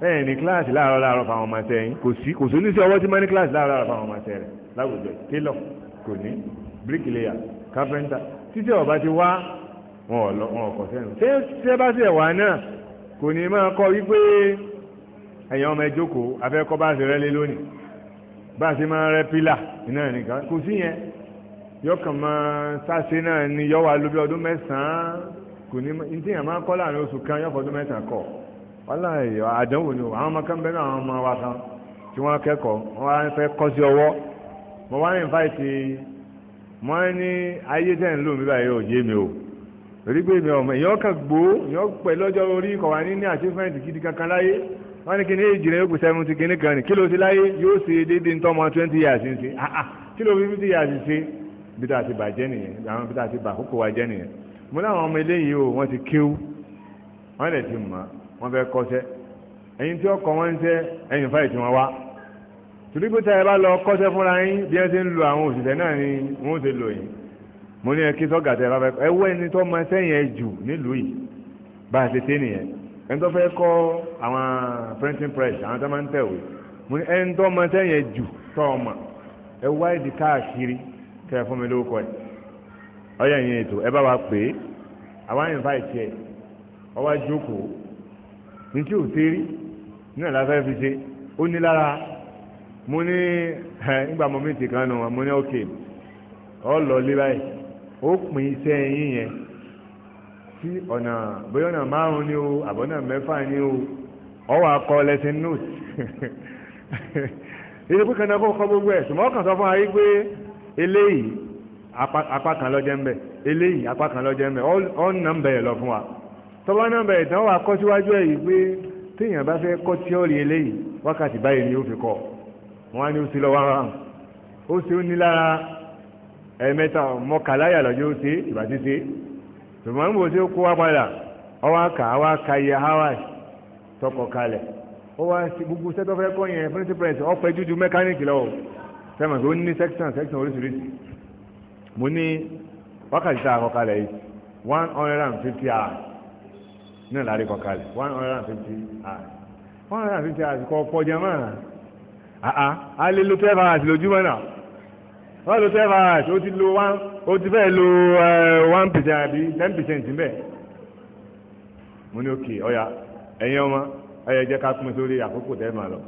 bẹ́ẹ̀ ni kíláàsì láàárọ̀ láàárọ̀ fáwọn ọmọ ẹsẹ̀ yín kò sí kò sí oníṣẹ́ ọwọ́ tí máa ní kíláàsì láàárọ̀ láàárọ̀ fáwọn ọmọ ẹsẹ̀ rẹ̀ láwùjọ télọ̀ kò ní bíríkìlẹ̀yà kápẹ́ńtà títí ọ̀bá ti wá wọn ọkọ̀ sẹ́nu ṣé ṣé bá ṣe wà náà kò ní máa kọ́ wípé ẹ̀yàn ọmọ ẹjókòó afẹ́kọ́ bá ṣe rẹ́lé lónìí bá ṣe máa rẹ́ pílà iná nìkan kò sí yẹn yọkàn máa ṣàṣe náà ni yọwà ló bí ọdún mẹ́sàn-án kò ní ní tíyàn máa kọ́ láàrin oṣù kan yọkọ̀ ọdún mẹ́sàn-án kọ̀ wálá àdánwò ni àwọn ọmọ kan bẹ́ẹ̀ náà àwọn ọmọ wa kan tí wọ́n kẹ́kọ̀ọ́ wọ́n wá fẹ́ kọ́ sí ọwọ́ mo wá ní ìfáìtì mo ní ayé tẹ̀ ń lò mí báyìí ò yé mi o torí pé mi ọmọ èèyàn kàn gbó èèyàn pẹ̀ lọ́jọ́ orí kọ̀ wá ní ní achievement gidi kankan láyé wọ́n ní kíni èjì rẹ̀ yóò kù seventy kíní kan ní kí ló láyé yóò ṣe déédéé ní tọ́mọ twenty years ń ṣe ah ah kí ló fi fifty years ṣe bí tá a ti bàjẹ́ nìyẹn àwọn bí tá bà kókó wa jẹ́ nìyẹn mo láwọn ọmọ eléyìí o wọ́n ti kéwú wọ́n lè ti mọ̀ wọ́n fẹ́ kọ́ṣẹ́ ẹ̀yin tí ọkọ̀ wọn ń ṣe ẹ̀yin fáyì tí wọ́n wá torí pé tá a bá lọ kọ́ṣẹ́ fúnra yín bí wọ́n ti ń lo àwọn òṣìṣẹ́ náà ni wọ́n ti lò yín mo ní ẹkí sọ́gà tẹ́ bá fẹ́ kọ́ ẹwọ́ ẹni tó máa sẹ́yìn ẹ jù nílùú yìí bá a ṣe ṣe nìyẹn ẹni tó fẹ́ kọ́ àwọn printing press àwọn tó máa ń tẹ̀wé mo ní ẹni tó máa sẹ́yìn ẹ jù tọ́ ọmọ ẹ wá ìdí káàkiri kẹ́ ẹ fún mi lórúkọ ẹ ọyọ ìyẹn ètò ẹ bá wa pè é àwa ń fa ìtì ẹ ọwọ́ ní tí ò tẹ́rí náà la fẹ́ fi ṣe ó ní lára mo ní ẹ nígbà mọ́mí ti kan nù wọn mo ní ókè ọ lọ lé báyìí ó pín iṣẹ́ yín yẹn sí ọ̀nà bóyá ọ̀nà márùn-ún ni o àbọ̀nà mẹ́fà ni o ọwọ́ akọ lẹ́sìn note èyí pé kanna kó kọ gbogbo ẹ̀ ṣùgbọ́n ọkàn sọ fún wa yìí pé eléyìí apá kan ló jẹ́ ń bẹ̀ eléyìí apá kan ló ń bẹ̀ ọ́n nà ń bẹ̀rẹ̀ lọ fún wa tọ́ba náà bẹ̀rẹ̀ tán wà kọ́ síwájú ẹ̀ yìí pé téèyàn bá fẹ́ kọ́ tíọ́rì eléyìí wákàtí báyìí ni ó fi kọ́ wọn á ní ó sì lọ wá ó sì ó ní lára ẹ̀ẹ̀mẹ́ta mọ́kàláyà lọ́jọ́ ṣe ìbàdí ṣe ṣùgbọ́n níbo tí ó kó wá padà ọwọ́ àkà wá ka iye hours tọkọ̀ kalẹ̀ ó wá gbogbo sẹ́tọ́fẹ́ kọ́ yẹn principles ọ̀pẹ jújú mẹkáníìkì lọ́wọ́ sẹ́mọ̀ pé ní section section oríṣiríṣi mo ní wákàtí tá a kọ kalẹ̀ yìí one hundred and fifty hours náà lárí kọ kalẹ̀ one hundred and fifty hours one hundred and fifty hours kọ pọ̀ jẹ́ mọ́ àá alẹ́ ló twelve hours wọ́n lo twelve hours ó ti lo one ó ti fẹ́ lo eh, one percent àbí ten percent ń bẹ̀. mo ní òkè ọ̀yà ẹ̀yin ọmọ ẹ̀yẹ jẹ́ ká pín sórí àkókò tẹ́ máa lọ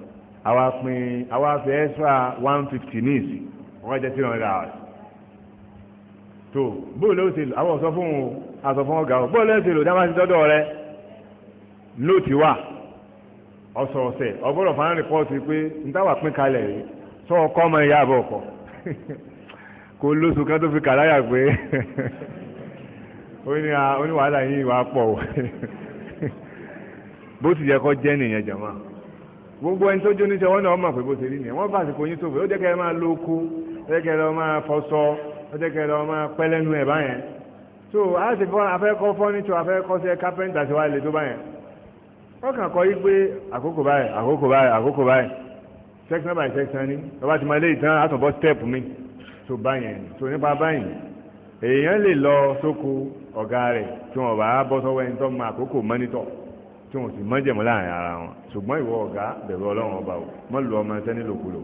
àwa pín àwa fẹ́ extra one fifty ní ìsìn wọ́n jẹ́ three hundred hours. tó bóòlù ó ṣe lò àwọn ọ̀sọ́ fún un àsọ fún ọ̀gá o bóòlù ó ṣe lò dáhùn sí dọ́dọ̀ rẹ ló ti wà ọ̀sọ̀ọ̀sẹ̀ ọ̀gbọ́dọ̀ fún àwọn rìpọ́ọ̀tì pé ntàwà pín kalẹ̀ rí sọ ọkọ́ ọmọ ìyá àbọ̀ ọkọ̀. kò lóṣù kan tó fi kàláyà pé ó ní oníwàhálà yín ìwà pọ̀ wò bó ti yẹ kó jẹ́ nìyẹn jàmá gbogbo ẹni tó jó níṣẹ́ wọn náà mọ̀ pé bó ti rí nìyẹn wọ́n bá àsìkò yín sófò ó jẹ́ kẹ́ ẹ máa lóko ó jẹ́ kẹ́ ẹ máa fọṣọ ó jẹ́ kẹ́ ẹ máa pẹ́ lẹ́nu ẹ̀ báyẹn so a ti fọ́ afẹ́kọ́ fọ́nìṣọ́ afẹ́kọ́ sí kápẹ́ntà sí wa lè tó báyẹn wọ́n kàn kọ́ yí pé àkókò báyìí àkókò báyìí àkókò báyìí section by section ni ọba ti máa lé ìtàn àtúnbọ̀ step mi tó báyẹn ni tó nípa báyìí èèyàn lè lọ sóko ọ̀gá rẹ̀ tí wọ́n bá bọ́ sọ́wọ́ ẹni tó mọ àkókò mọ́nítọ̀ tí wọ́n sì mọ́jẹ̀mọ́ láàrin ara wọn ṣùgbọ́n ìwọ ọ̀gá bẹ̀rù ọlọ́run ọba o mọ́ lu ọmọ ẹsẹ́ nílòkulò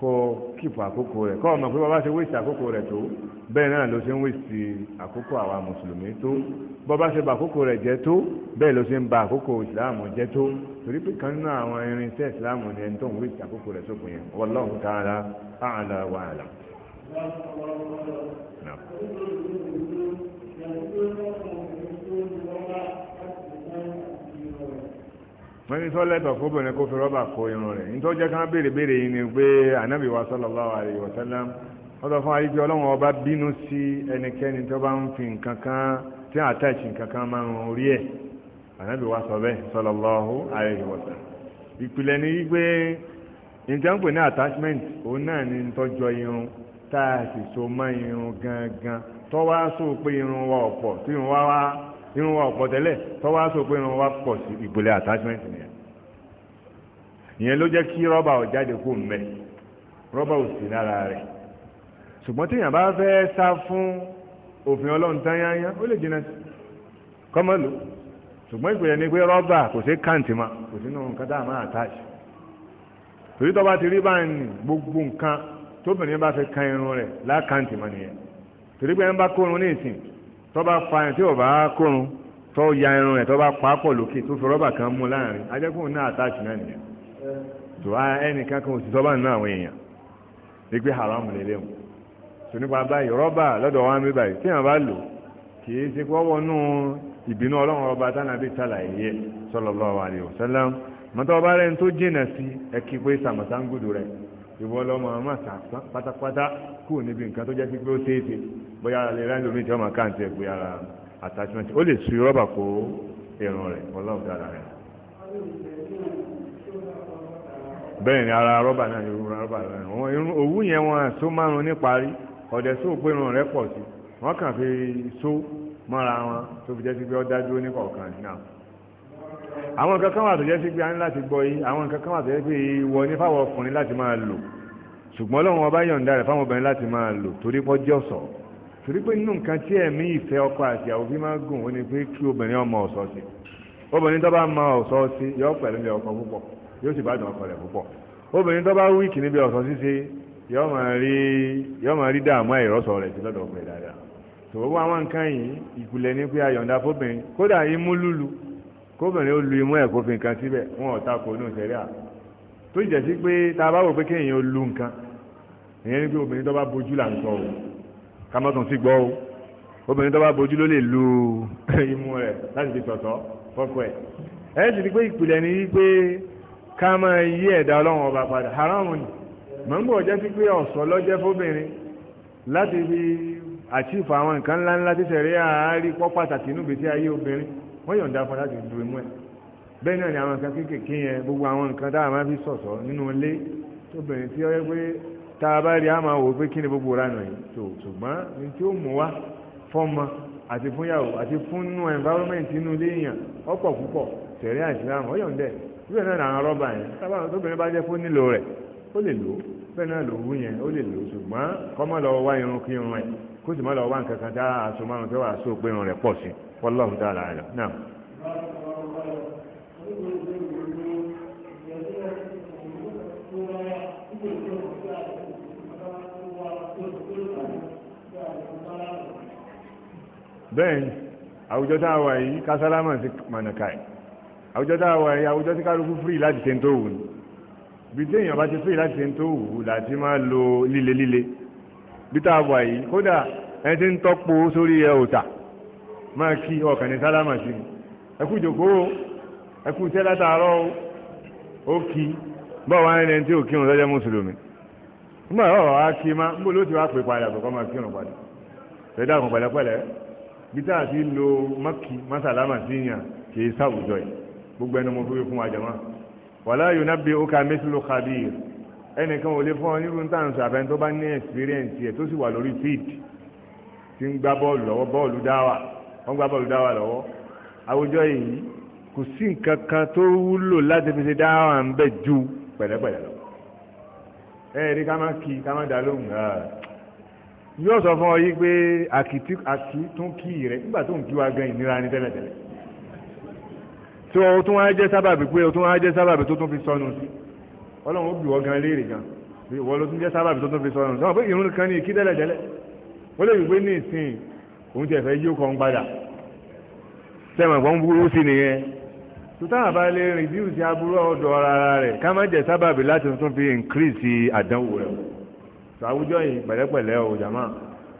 kó kíìpù àkókò rẹ̀ kọ́ ọmọ pé bàbá ṣe wíṣì àkókò rẹ̀ tó bẹ́ẹ̀ náà ló ṣe ń wíṣì àkókò àwa mùsùlùmí tó bàbá ṣe bà àkókò rẹ̀ jẹ́ tó bẹ́ẹ̀ ló ṣe ń ba àkókò ìsìláàmù jẹ́ tó torí pé kan nínú àwọn irinṣẹ́ ìsìláàmù ni ẹni tó ń wíṣì àkókò rẹ̀ sókun yẹn wallahu ta'ala a'la wa a'lam نعم wọ́n ní sọ́lẹ́tọ̀ fóbìnrin kó fi rọ́bà kó irun rẹ̀ nítorí jẹ́ ká béèrè béèrè yìí ni pé ànábì wa sallallahu alaihi wa wọ́n sọ fún ayé ọlọ́run ọba bínú sí ẹnikẹ́ni tó bá ń fi nǹkan tí nǹkan kan máa ń ẹ̀ ànábì wa sọ bẹ́ẹ̀ sallallahu ìpìlẹ̀ ni wípé nǹkan pè ní attachment òun náà ni tá a sì so mọ́ irun gangan tó wá sọ pé irun wa ọ̀pọ̀ tí irun wa wá irun wa ọ̀pọ̀ tẹ́lẹ̀ tó wá sọ pé irun wa pọ̀ sí ìgbòlẹ̀ attachment nìyẹn ìyẹn ló jẹ́ kí rọ́bà ò jáde kó mẹ́ rọ́bà ò sí lára rẹ̀ ṣùgbọ́n téèyàn bá fẹ́ sá fún òfin ọlọ́run tán yányá ó lè jìnnà sí kọ́mọ́ lò ṣùgbọ́n ìpìlẹ̀ ni pé rọ́bà kò sí kàǹtì ma kò sínú nǹkan tá a máa attach torí tó bá ti rí báyìí gbogbo nǹkan tóbìnrin bá fi kan irun rẹ̀ lákàntì mọ́ nìyẹn torí pé ẹ ń bá kórun ní ìsìn tó bá fa tí ò bá kórun tó ya irun rẹ̀ tó bá pa pọ̀ lókè tó fi rọba kan mú láàrin ajẹ́kùn náà àtàkì náà nìyẹn tó a ẹnìkan kan òsì sọ́bà nínú àwọn èèyàn ní pé haram tó nípa báyìí lọ́dọ̀ wa ń bí báyìí tí wọ́n bá lò kì í ṣe pé wọ́n nú ìbínú ọlọ́run ọba ìwọ lọ́mọ ọmọ sàkán pátápátá kù níbi nǹkan tó jẹ́ sí pé ó ṣeéṣe bóyá lè rẹ́ lómi tí wọ́n máa káàntì ẹ̀ bóyá attachment ó lè su rọ́bà kó irun rẹ̀ ọlọ́run dára rẹ̀. bẹ́ẹ̀ ni ara rọ́bà náà ni irun rọ́bà rẹ̀ wọ́n irun òwú yẹn wọn so márùn ní parí ọ̀dẹ̀ sóò pé irun rẹ̀ pọ̀ sí wọ́n kàn fi so mọ́ra wọn tó fi jẹ́ sí pé ó dájú ó ní kọ̀ọ̀kan náà àwọn nǹkan kan wà tó jẹ́ sí pé a ní láti gbọ́ yìí àwọn nǹkan kan wà tó jẹ́ pé ìwọ ní fáwọn ọkùnrin láti máa lò ṣùgbọ́n Ọlọ́run ọba yọ̀ǹda rẹ̀ fáwọn obìnrin láti máa lò torí pọ́ jẹ́ ọ̀sọ̀ torí pé nínú nǹkan tí ẹ̀mí ìfẹ́ ọkọ àti àwọn òbí máa gùn ó ní pé kí obìnrin ọmọ ọ̀sọ́ sí obìnrin tó bá mọ ọ̀sọ́ sí yọ pẹ̀lú ilé ọkọ púpọ̀ yóò sì bàdàn ọkọ rẹ̀ púpọ̀ obìnrin tó bá wíìkì níbi ọ̀sọ́ ṣíṣe yọ máa rí dààmú àìrọ́sọ rẹ̀ sí lọ́dọ̀ ọkọ ìdáadáa tòwó àwọn nǹkan yìí ìpìlẹ̀ ní pé ayọ̀ǹda fóbìnrin kódà imú lúlu kóbìnrin ó lu imú ẹ̀ kó fi nǹkan síbẹ̀ wọn ò takò ní ìṣẹ̀rí à tó jẹ́ sí pé tá a bá wò pé kéèyàn ó lu nǹkan ìyẹn ni pé obìnrin tó bá bojú là ń sọ o ká má tún sí gbọ́ o obìnrin tó bá bojú ló lè lu imú rẹ̀ láti fi tọ̀tọ̀ fọ́kọ ẹ̀ ẹ̀ sì ti pé ìpìlẹ̀ ni wípé ká máa yí ẹ̀dá ọlọ́run ọba padà haramu ni mọ̀ ń bọ̀ jẹ́ sí pé ọ̀sọ́ lọ́jẹ́ fóbìnrin láti fi àchífù àwọn nǹkan ńláńlá tí sẹ̀rí àárí pọ́ pàtàkì nínú ìgbésí ayé obìnrin wọ́n da fún láti lu imú ẹ̀ bẹ́ẹ̀ náà ni àwọn nǹkan kéékèèké yẹn gbogbo àwọn nǹkan tá a máa fi sọ̀sọ̀ nínú ilé tóbìnrin tí ó yẹ pé tá a bá rí a máa wò pé kí ni gbogbo ránà yìí tó ṣùgbọ́n ní tí ó mú wá fọ́mọ àti fúnyàwó àti fúnnú environment inú ilé yẹn ọ̀pọ̀ púpọ̀ tẹ̀rí àìsílámù ọ̀yọ̀ ń dẹ̀ bẹ́ẹ̀ náà làwọn rọ́bà yẹn tábàwọn tóbìnrin bá jẹ́ fún nílò rẹ̀ ó lè lò ó bẹ́ẹ̀ náà lòwú yẹn ó lè lò ó ṣùgbọ́n kọ́ mọ́ lọ wá irun kí irun ẹ̀ kó sì mọ́ lọ wá nǹkan والله تعالى أعلم نعم bẹ́ẹ̀ ni àwùjọ tá a wà yìí kásálámà sí mànàkà ẹ̀ àwùjọ tá a wà yìí àwùjọ tí kálukú fírì láti ṣe ń tó wù ní bí tí èèyàn bá ti fírì láti ṣe tó wù láti máa lo líle bí tá a wà yìí kódà ẹni tí ń tọ́pọ̀ sórí ẹ̀ òòtà máa kí ọkàn ní sálámà sí i ẹkú ìjòkó ẹkú iṣẹ́ látàárọ̀ ó kí bọ́ọ̀ wá ẹni tí ò kírun lọ́jọ́ mùsùlùmí nígbà ọ̀rọ̀ wa kí má níbo ló ti wá pè padà kọ̀ọ̀kan máa kírun padà pẹ̀lú àkùn pẹ̀lẹ́pẹ̀lẹ́ bí táà ti lo mọ́kì mọ́sàlámà sí yàn kì í sáwùjọ yìí gbogbo ẹni mo fi wí fún wa jàmá wàlá yunabbi uka mithlu khabir ẹnìkan ò lè fún ọ nírú ntànsọ àbẹ tó bá ní experience yẹ tó sì wà lórí field ti ń gbá bọ́ọ̀lù lọ́wọ́ bọ́ọ̀lù dáwà wọ́n gbá bọ́ọ̀lù dáwà lọ́wọ́ àwùjọ yìí kò sí nǹkan kan tó wúlò láti fi ṣe dáwà ń bẹ̀ ju pẹ̀lẹ́pẹ̀lẹ́ lọ ẹ rí ká má kí ká má dá lóhùn yóò sọ fún ọ yí pé àkì tún kí rẹ nígbà tó ń kí wa gan ìnira ni tẹ́lẹ̀tẹ́lẹ̀ tí o tún wá jẹ́ sábàbí pé o tún wá jẹ́ sábàbí tó tún fi sọnù sí ọlọ́run ó bì wọ́n gan léèrè gan ìwọ ló tún jẹ́ sábàbí tó tún fi sọnù sí wọn ìrún kan ní ìkí tẹ́lẹ̀tẹ́lẹ̀ ó lè wípé ní ìsìn òun tẹ̀ fẹ́ yíó kan padà sẹ́wọ̀n kan burú sí nìyẹn tuntun àbá lè rìdíù sí aburú ọ̀dọ̀ ara rẹ̀ ká má jẹ́ sábàbí láti tún fi increase àdánwò rẹ̀ tó àwùjọ yìí pẹ̀lẹ́pẹ̀lẹ́ o jàmá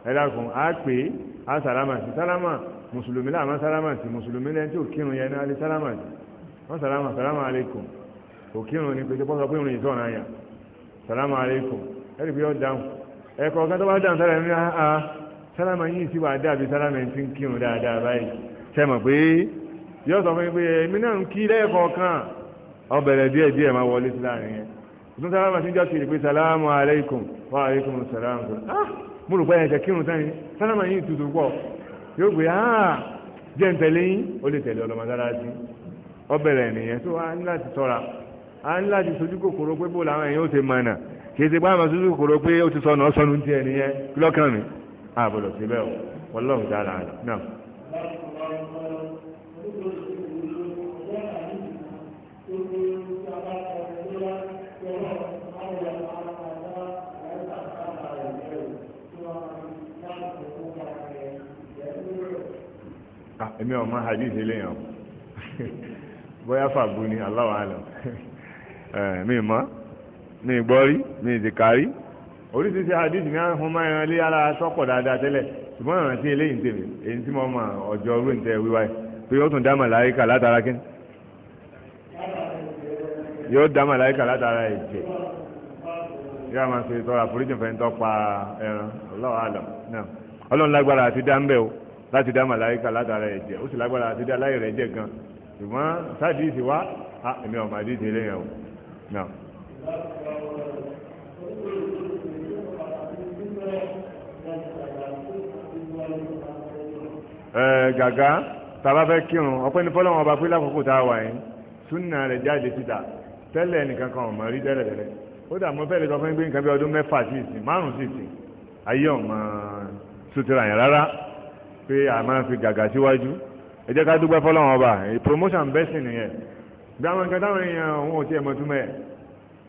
ẹ dákun á pè é á sàlámà sí sálámà mùsùlùmí láàmà sálámà sí mùsùlùmí lẹ́ni tí ò kírun yẹn náà lé sálámà sí wọ́n sàlámà sálámà aleikum ò kírun ni pété pọ́sọ pé òun yìí sọ̀rọ̀ àyà sálámà aleikum ẹ rí i pé ó dáhùn ẹ̀kọ́ kan tó bá dáhùn sálámà sálámà yìí sì wà dàbí sálámà ti ń kírun dáadáa báyìí sẹ́mọ̀ pé yóò sọ fún mi pé èmi náà ń kí lẹ́ẹ̀kọ̀ọ̀kan ọbẹ̀rẹ̀ díẹ̀ díẹ̀ máa wọlé sí láàrin yẹn sálámà ń sálámù aleikum wa aleikum sálámù ah! mo rò pé ẹ̀jẹ̀ kírun sáyìn sálámà yìí tutù pọ̀ yóò gbé áà ah! jẹ́ ń tẹ̀lé yín ó lè tẹ̀lé ọlọ́mọ sáláàtì ọbẹ̀rẹ̀ nìyẹn tó a ní láti tọ́ra a ti àbọ̀dọ̀ síbẹ̀ o wọlọ́run dára náà. Ah, èmi ọ̀ máa hadith eléyàn bóyá fàbù ni aláwọ̀ àlọ́ eh, mi mọ́ mi gbọ́ rí mi ìdìkárí oríṣiríṣi àdìsí ní àwọn ọmọ ẹran lé ara sọ́pọ̀ dáadáa tẹ́lẹ̀ ṣùgbọ́n ìrántí eléyìí ń tèmi èyí tí mo mọ ọjọ́ orú ń tẹ wíwá yìí pé yóò tún dá màláíkà látara kí yóò dá màláíkà látara ẹ̀jẹ̀ yóò máa ṣe tọrọ àforíjì fẹ́ ń tọ́pa ẹran ọlọ́wọ́ àlọ́ náà ọlọ́run lágbára àti dá ń bẹ̀ o láti dá màláíkà látara ẹ̀jẹ̀ ó sì lágbára àti dá láì rẹ̀ jẹ̀ gan ṣùgbọ́n sáà dìísì wá èmi ọ̀ ẹ gàgá tàbá fẹ́ kírun ọpẹ́ ní fọ́lọ́wọ́n ọba pé lákòókò tá a wà yín súnà rẹ̀ jáde síta tẹ́lẹ̀ nìkan kan ọ̀mọ̀ rí tẹ́lẹ̀ tẹ́lẹ̀ ó dà mọ́ fẹ́lẹ̀ sọ fún gbé nǹkan bí ọdún mẹ́fà sí ìsìn márùn sí ìsìn ayé ọ̀mọ̀ sutura yẹn rárá pé a máa fi gàgà síwájú ẹ jẹ́ ká dúpẹ́ fọ́lọ́wọ́n ọba promotion bẹ́sìn nìyẹn gbàmọ̀ nǹkan táwọn èèyàn òun ò tiẹ̀ mọ̀ túmọ̀ ẹ̀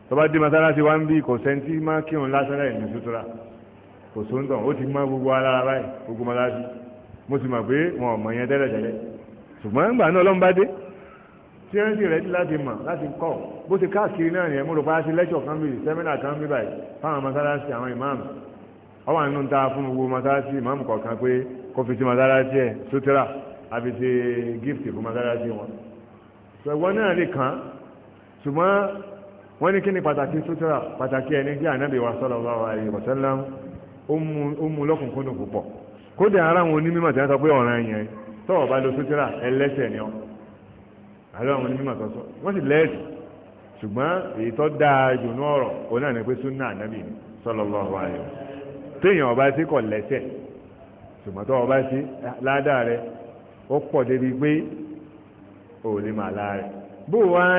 tọ́ba dé masalasi wa ń bí kò sẹ́ńtì má kírun lásán sutura kò só ń tàn ó ti mọ gbogbo alára báyìí gbogbo mọ́láṣí mo sì mọ̀ pé wọn ò mọ̀ yẹn tẹ́lẹ̀ tẹ́lẹ̀ ṣùgbọ́n ńgbà náà lọ́nba dé tí wọ́n sì rẹ̀ láti mọ̀ láti kọ́ bó ti káàkiri náà nìyẹn mo rò pa ṣe lẹ́kṣọ̀ kan bíi sẹ́mínà kan bíi báyìí fáwọn mọ́sálásí àwọn ìmáàmù ọwọ́ àánú ń ta fún gbogbo mọ́sálásí ìmáàmù kọ̀ọ̀kan pé kó fi ti mọ́sálásí ẹ̀ sótírà àbí ti gift fún mọ́sálásí wọn. ṣùgbọ́n náà lè kàn ṣùgbọ́n wọ́n ní kí ni pàtàkì sótírà pàtàkì ẹni kí ànábì wa sallallahu alaihi wasallam ó mú lọ́kùnkúndùn púpọ̀ kódà ara àwọn onímọ̀ tí wọ́n sọ pé ọ̀ràn yẹn tọ́wọ́ bá lo sotira ẹlẹ́sẹ̀ ni ọ́ àlọ́ àwọn onímọ̀ tó sọ wọ́n sì lẹ́ẹ̀dì ṣùgbọ́n èyí tó dáa jù ní ọ̀rọ̀ náà ní pé súnà ànábì ni téèyàn ọba sí kọ̀ lẹ́sẹ̀ ṣùgbọ́n tọ́wọ́ bá sí ládàá rẹ ó pọ̀ débi pé ò lè mà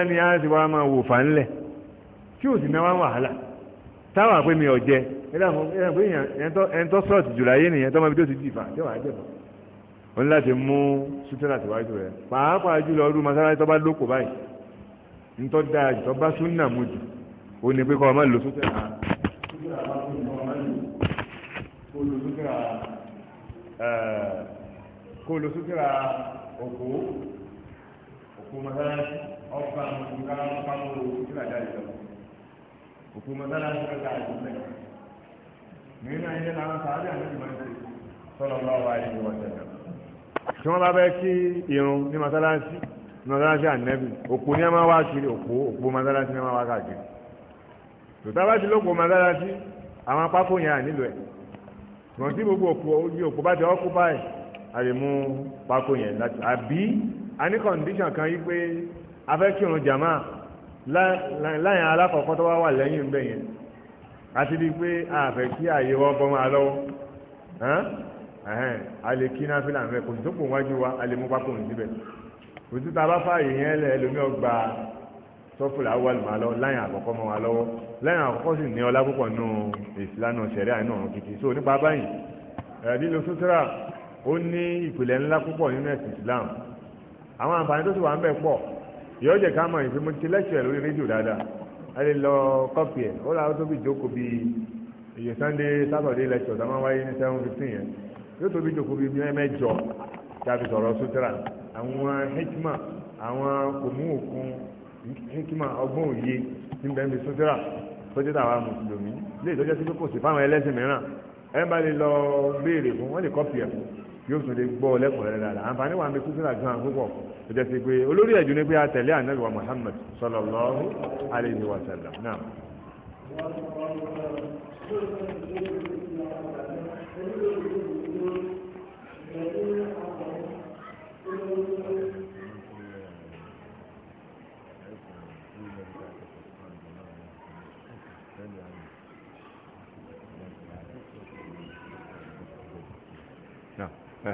ni a ti wá máa wò ẹn tó sọ̀rọ̀ tìjú láyé nìyẹn tó máa fi tó ti jìfà tí wàá jẹ̀fà wọn láti mú sútẹ́lá tìwájú rẹ pàápàá jùlọ ọdún masalasi tó bá lóko báyìí ntọ́ dáa jù tó bá súnà mu jù ó ní pé kọ́ ọ má lo sútẹ́lá kó lo sútẹ́lá eh, eh, òkú òkú masalasi ọba òkú kálámù pàmò sútẹ́lá dáa jù lọ òkú masalasi ọba dáa jù lọ nínú ayé làwọn sáré àlejò máa ń ṣe sọlọ bá wà ní ìwọ̀sẹ̀lẹ̀. tí wọ́n bá fẹ́ kí irun ní masalasi ní masalasi ànẹ́bì òpó ní a máa wá kiri òpó òpó masalasi ní a máa wá káàkiri. tòtá bá ti lóko masalasi àwọn apákó yẹn ànílò ẹ̀ ṣùgbọ́n tí gbogbo òpó ojú òpó bá ti ọ́kú báyìí a lè mú pákó yẹn láti àbí a ní kọ̀ǹdíṣàn kan yí pé a fẹ́ kírun jàmáà láyìn alákọ̀ọ́kọ́ tó wá wà lẹ́yìn bẹ́ẹ̀ yẹn àti bíi pé àfẹ́ kí àyè wọ́n bọ́ máa lọ́wọ́ a lè kí náà fílà mẹ́ kò tó kò wájú wa a lè mú pápọ̀ ní síbẹ̀ kò sí ta bá fààyè yẹn lẹ̀ ẹlòmí ọgbà sọ́fùlà wà lùmọ̀ lọ láyìn àkọ́kọ́ mọ́ wa lọ́wọ́ láyìn àkọ́kọ́ sì ní ọlá púpọ̀ nù ìsìlánà ṣẹ̀rí àìnà ọ̀run kìkì so nípa báyìí lílo sutura ó ní ìpìlẹ̀ ńlá púpọ̀ nínú ẹ̀sìn Islam àwọn àǹfààní tó sì wà ń bẹ̀ pọ̀ yóò jẹ́ ká mọ̀ ìfimúti lẹ́sẹ̀ lórí rédíò dáadáa ẹ lè lọ kọ́pì ẹ̀ ó làwọn tó bí jókòó bíi iye sunday saturday lecture tá a máa wáyé ní seven fifteen yẹn yóò tó bí jókòó bíi mẹ́jọ tàbí sọ̀rọ̀ sutra àwọn hikma àwọn òmù òkun hikma ọgbọ́n òye tí ń bẹ́ẹ̀ bí sutra tọ́jú tàwa mùsùlùmí lè tọ́jú sí pé kò sí fáwọn ẹlẹ́sìn mìíràn ẹ bá lè lọ béèrè fún wọ́n lè kọ́pì ẹ̀ fún yóò tún lè gbọ́ lẹ́kọ̀ọ́ rẹ̀ dáadáa àǹfààní wa ń bẹ kúsìlà gan púpọ̀ tó jẹ́ sí pé olórí ẹ̀jú ni pé a tẹ̀lé ànábì wa Muhammad alayhi wa sallam náà. Thank náà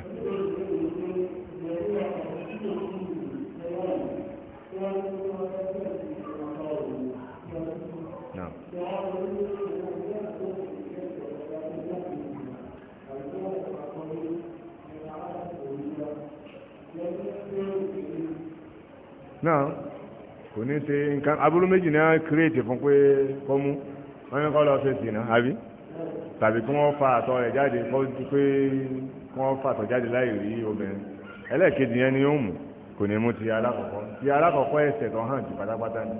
kò ní ṣe nǹkan aburú méjì náà kírètì fún pé kọ́ mú wọ́n ní kọ́ lọ́ọ́ ṣe sí náà àbí tàbí kí wọ́n fa àtọ̀ rẹ̀ jáde kọ́ pé wọ́n fàtọ̀jáde láì rí obìnrin ẹlẹ́ẹ̀kejì yẹn ni ó mú kò ní mú ti alákọ̀ọ́kọ́ ti alákọ̀ọ́kọ́ ẹ̀ṣẹ̀ tó hàn jù pátápátá ni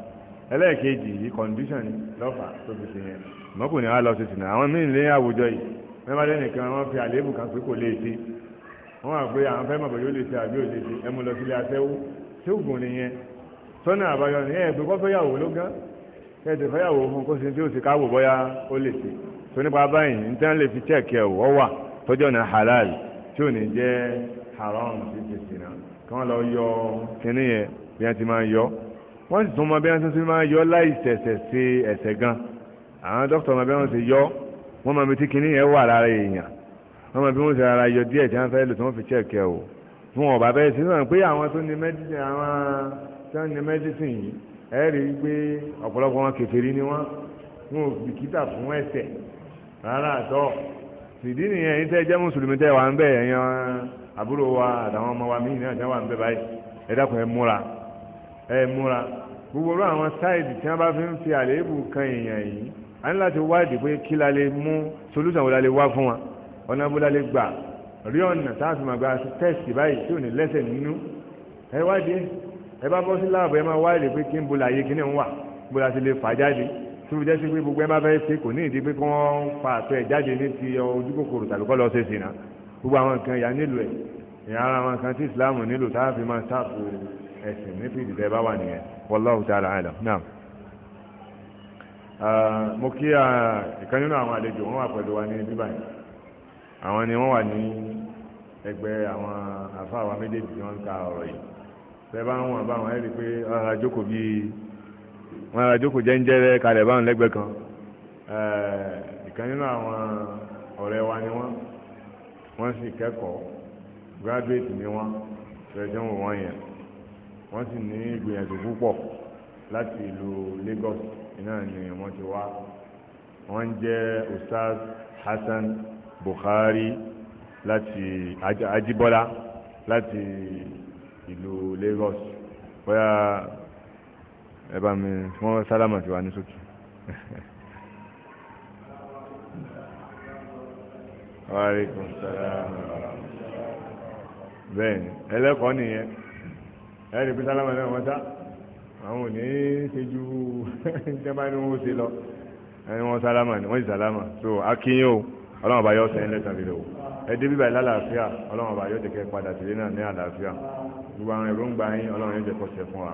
ẹlẹ́ẹ̀kejì yìí kọ̀ǹdíṣàn ni lọ́fà tó fi ṣe yẹn mọ́ kò ní wá lọ sí sìnà àwọn míì lé àwùjọ yìí mẹ́fà fi àléébù kan pé kò lè ṣe wọ́n wà pé àwọn tí ò ní jẹ́ haram sí tètè náà kí wọ́n lọ yọ kínní yẹn bí wọ́n ti máa yọ wọ́n sì tún mọ bí wọ́n ti máa yọ láì ṣẹ̀ṣẹ̀ ṣe gan àwọn dókítà mọ bí wọ́n ti yọ wọ́n mọ bí tí kínní yẹn wà lára èèyàn wọ́n mọ bí wọ́n ti rárá yọ díẹ̀ tí wọ́n fẹ́ lò tí wọ́n fi ṣẹ̀kẹ́ o tí wọ́n bẹ́ẹ̀ sí náà pé àwọn tó ní mẹ́dísìn àwọn tó ní mẹ́dísìn yìí ẹ rí i pé ọ̀pọ̀lọpọ̀ wọn kèfèrí ni wọ́n wọn ò bìkítà fún ẹ̀ṣẹ̀ rárá àtọ́ fìdí nìyẹn yìí tẹ́ jẹ́ mùsùlùmí tẹ́ wà ń bẹ̀ ẹ̀yàn àbúrò wa àtàwọn ọmọ wa míì náà jẹ́ wà ń bẹ̀ báyìí ẹ dákun ẹ múra ẹ múra gbogbo orú àwọn sáìdì tí wọ́n bá fi ń fi àléébù kan èèyàn yìí a ní láti wádìí pé kí la lè mú solúsàn wo la lè wá fún wa ọ̀nà wo la lè gbà rí ọ̀nà tá a fi máa gba tẹ́sì báyìí tí ò ní lẹ́sẹ̀ nínú ẹ wádìí ẹ bá bọ́ sí láàbù ẹ máa wádìí pé kí n bo láàyè kí ni ń wà bó la ti lè fà jáde tó fi jẹ́ sí pé gbogbo ẹ bá fẹ́ ṣe kò ní ìdí pé kí wọ́n fa àtọ ẹ̀ jáde ní ti ojú kòkòrò tàbí kọ́ lọ ṣe sí náà gbogbo àwọn nǹkan ìyá nílò ẹ̀ ìyá ara àwọn nǹkan tí ìsìláàmù nílò tá a fi máa ṣàpò ẹ̀sìn ní fìdí tẹ́ bá wà nìyẹn wallahu ta'ala alam náà. mo kí ìkan nínú àwọn àlejò wọn wà pẹ̀lú wa ní bíbá yìí àwọn ni wọ́n wà ní ẹgbẹ́ àwọn àfáà wa méjèèjì tí wọ́n ń ka ọ̀rọ̀ yìí wọn ara jókòó jẹ́ńjẹ́rẹ́ kalẹ̀ báwọn lẹ́gbẹ̀ẹ́ kan eh, ìkan nínú àwọn ọ̀rẹ́ wa ni wọ́n wọ́n sì kẹ́kọ̀ọ́ graduate ni wọ́n ṣẹ̀ṣẹ̀ wò wọ́n yẹn wọ́n sì ní ìgbìyànjú púpọ̀ láti ìlú Lagos iná ni wọ́n ti wá wọ́n ń Ustaz Hassan Bukhari láti Ajibola láti ìlú Lagos bóyá ẹ bá mi wọ́n sálámà ti wà ní sókè. wàhálẹ́kùn sálámà bẹ́ẹ̀ ni ẹlẹ́kọ̀ọ́ nìyẹn ẹ̀rí pé sálámà náà wọ́n sá àwọn ò ní í ṣe ju ìjọba ni wọ́n ṣe lọ ẹni wọ́n sálámà ni wọ́n sì sálámà so akínyìn o ọlọ́run ọba yóò sẹ́yìn lẹ́sàn lílo ẹ dé bíbá ìlàlàáfíà ọlọ́run ọba yóò jẹ́ kẹ́ padà sílé náà ní àlàáfíà gbogbo àwọn èròǹgbà yín ọlọ́run yóò jẹ́ kó fún wa.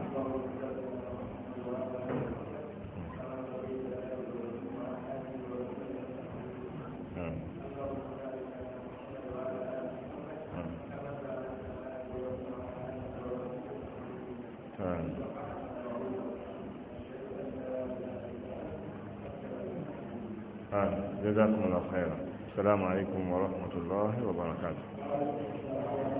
جزاكم الله خيرا السلام عليكم ورحمة الله وبركاته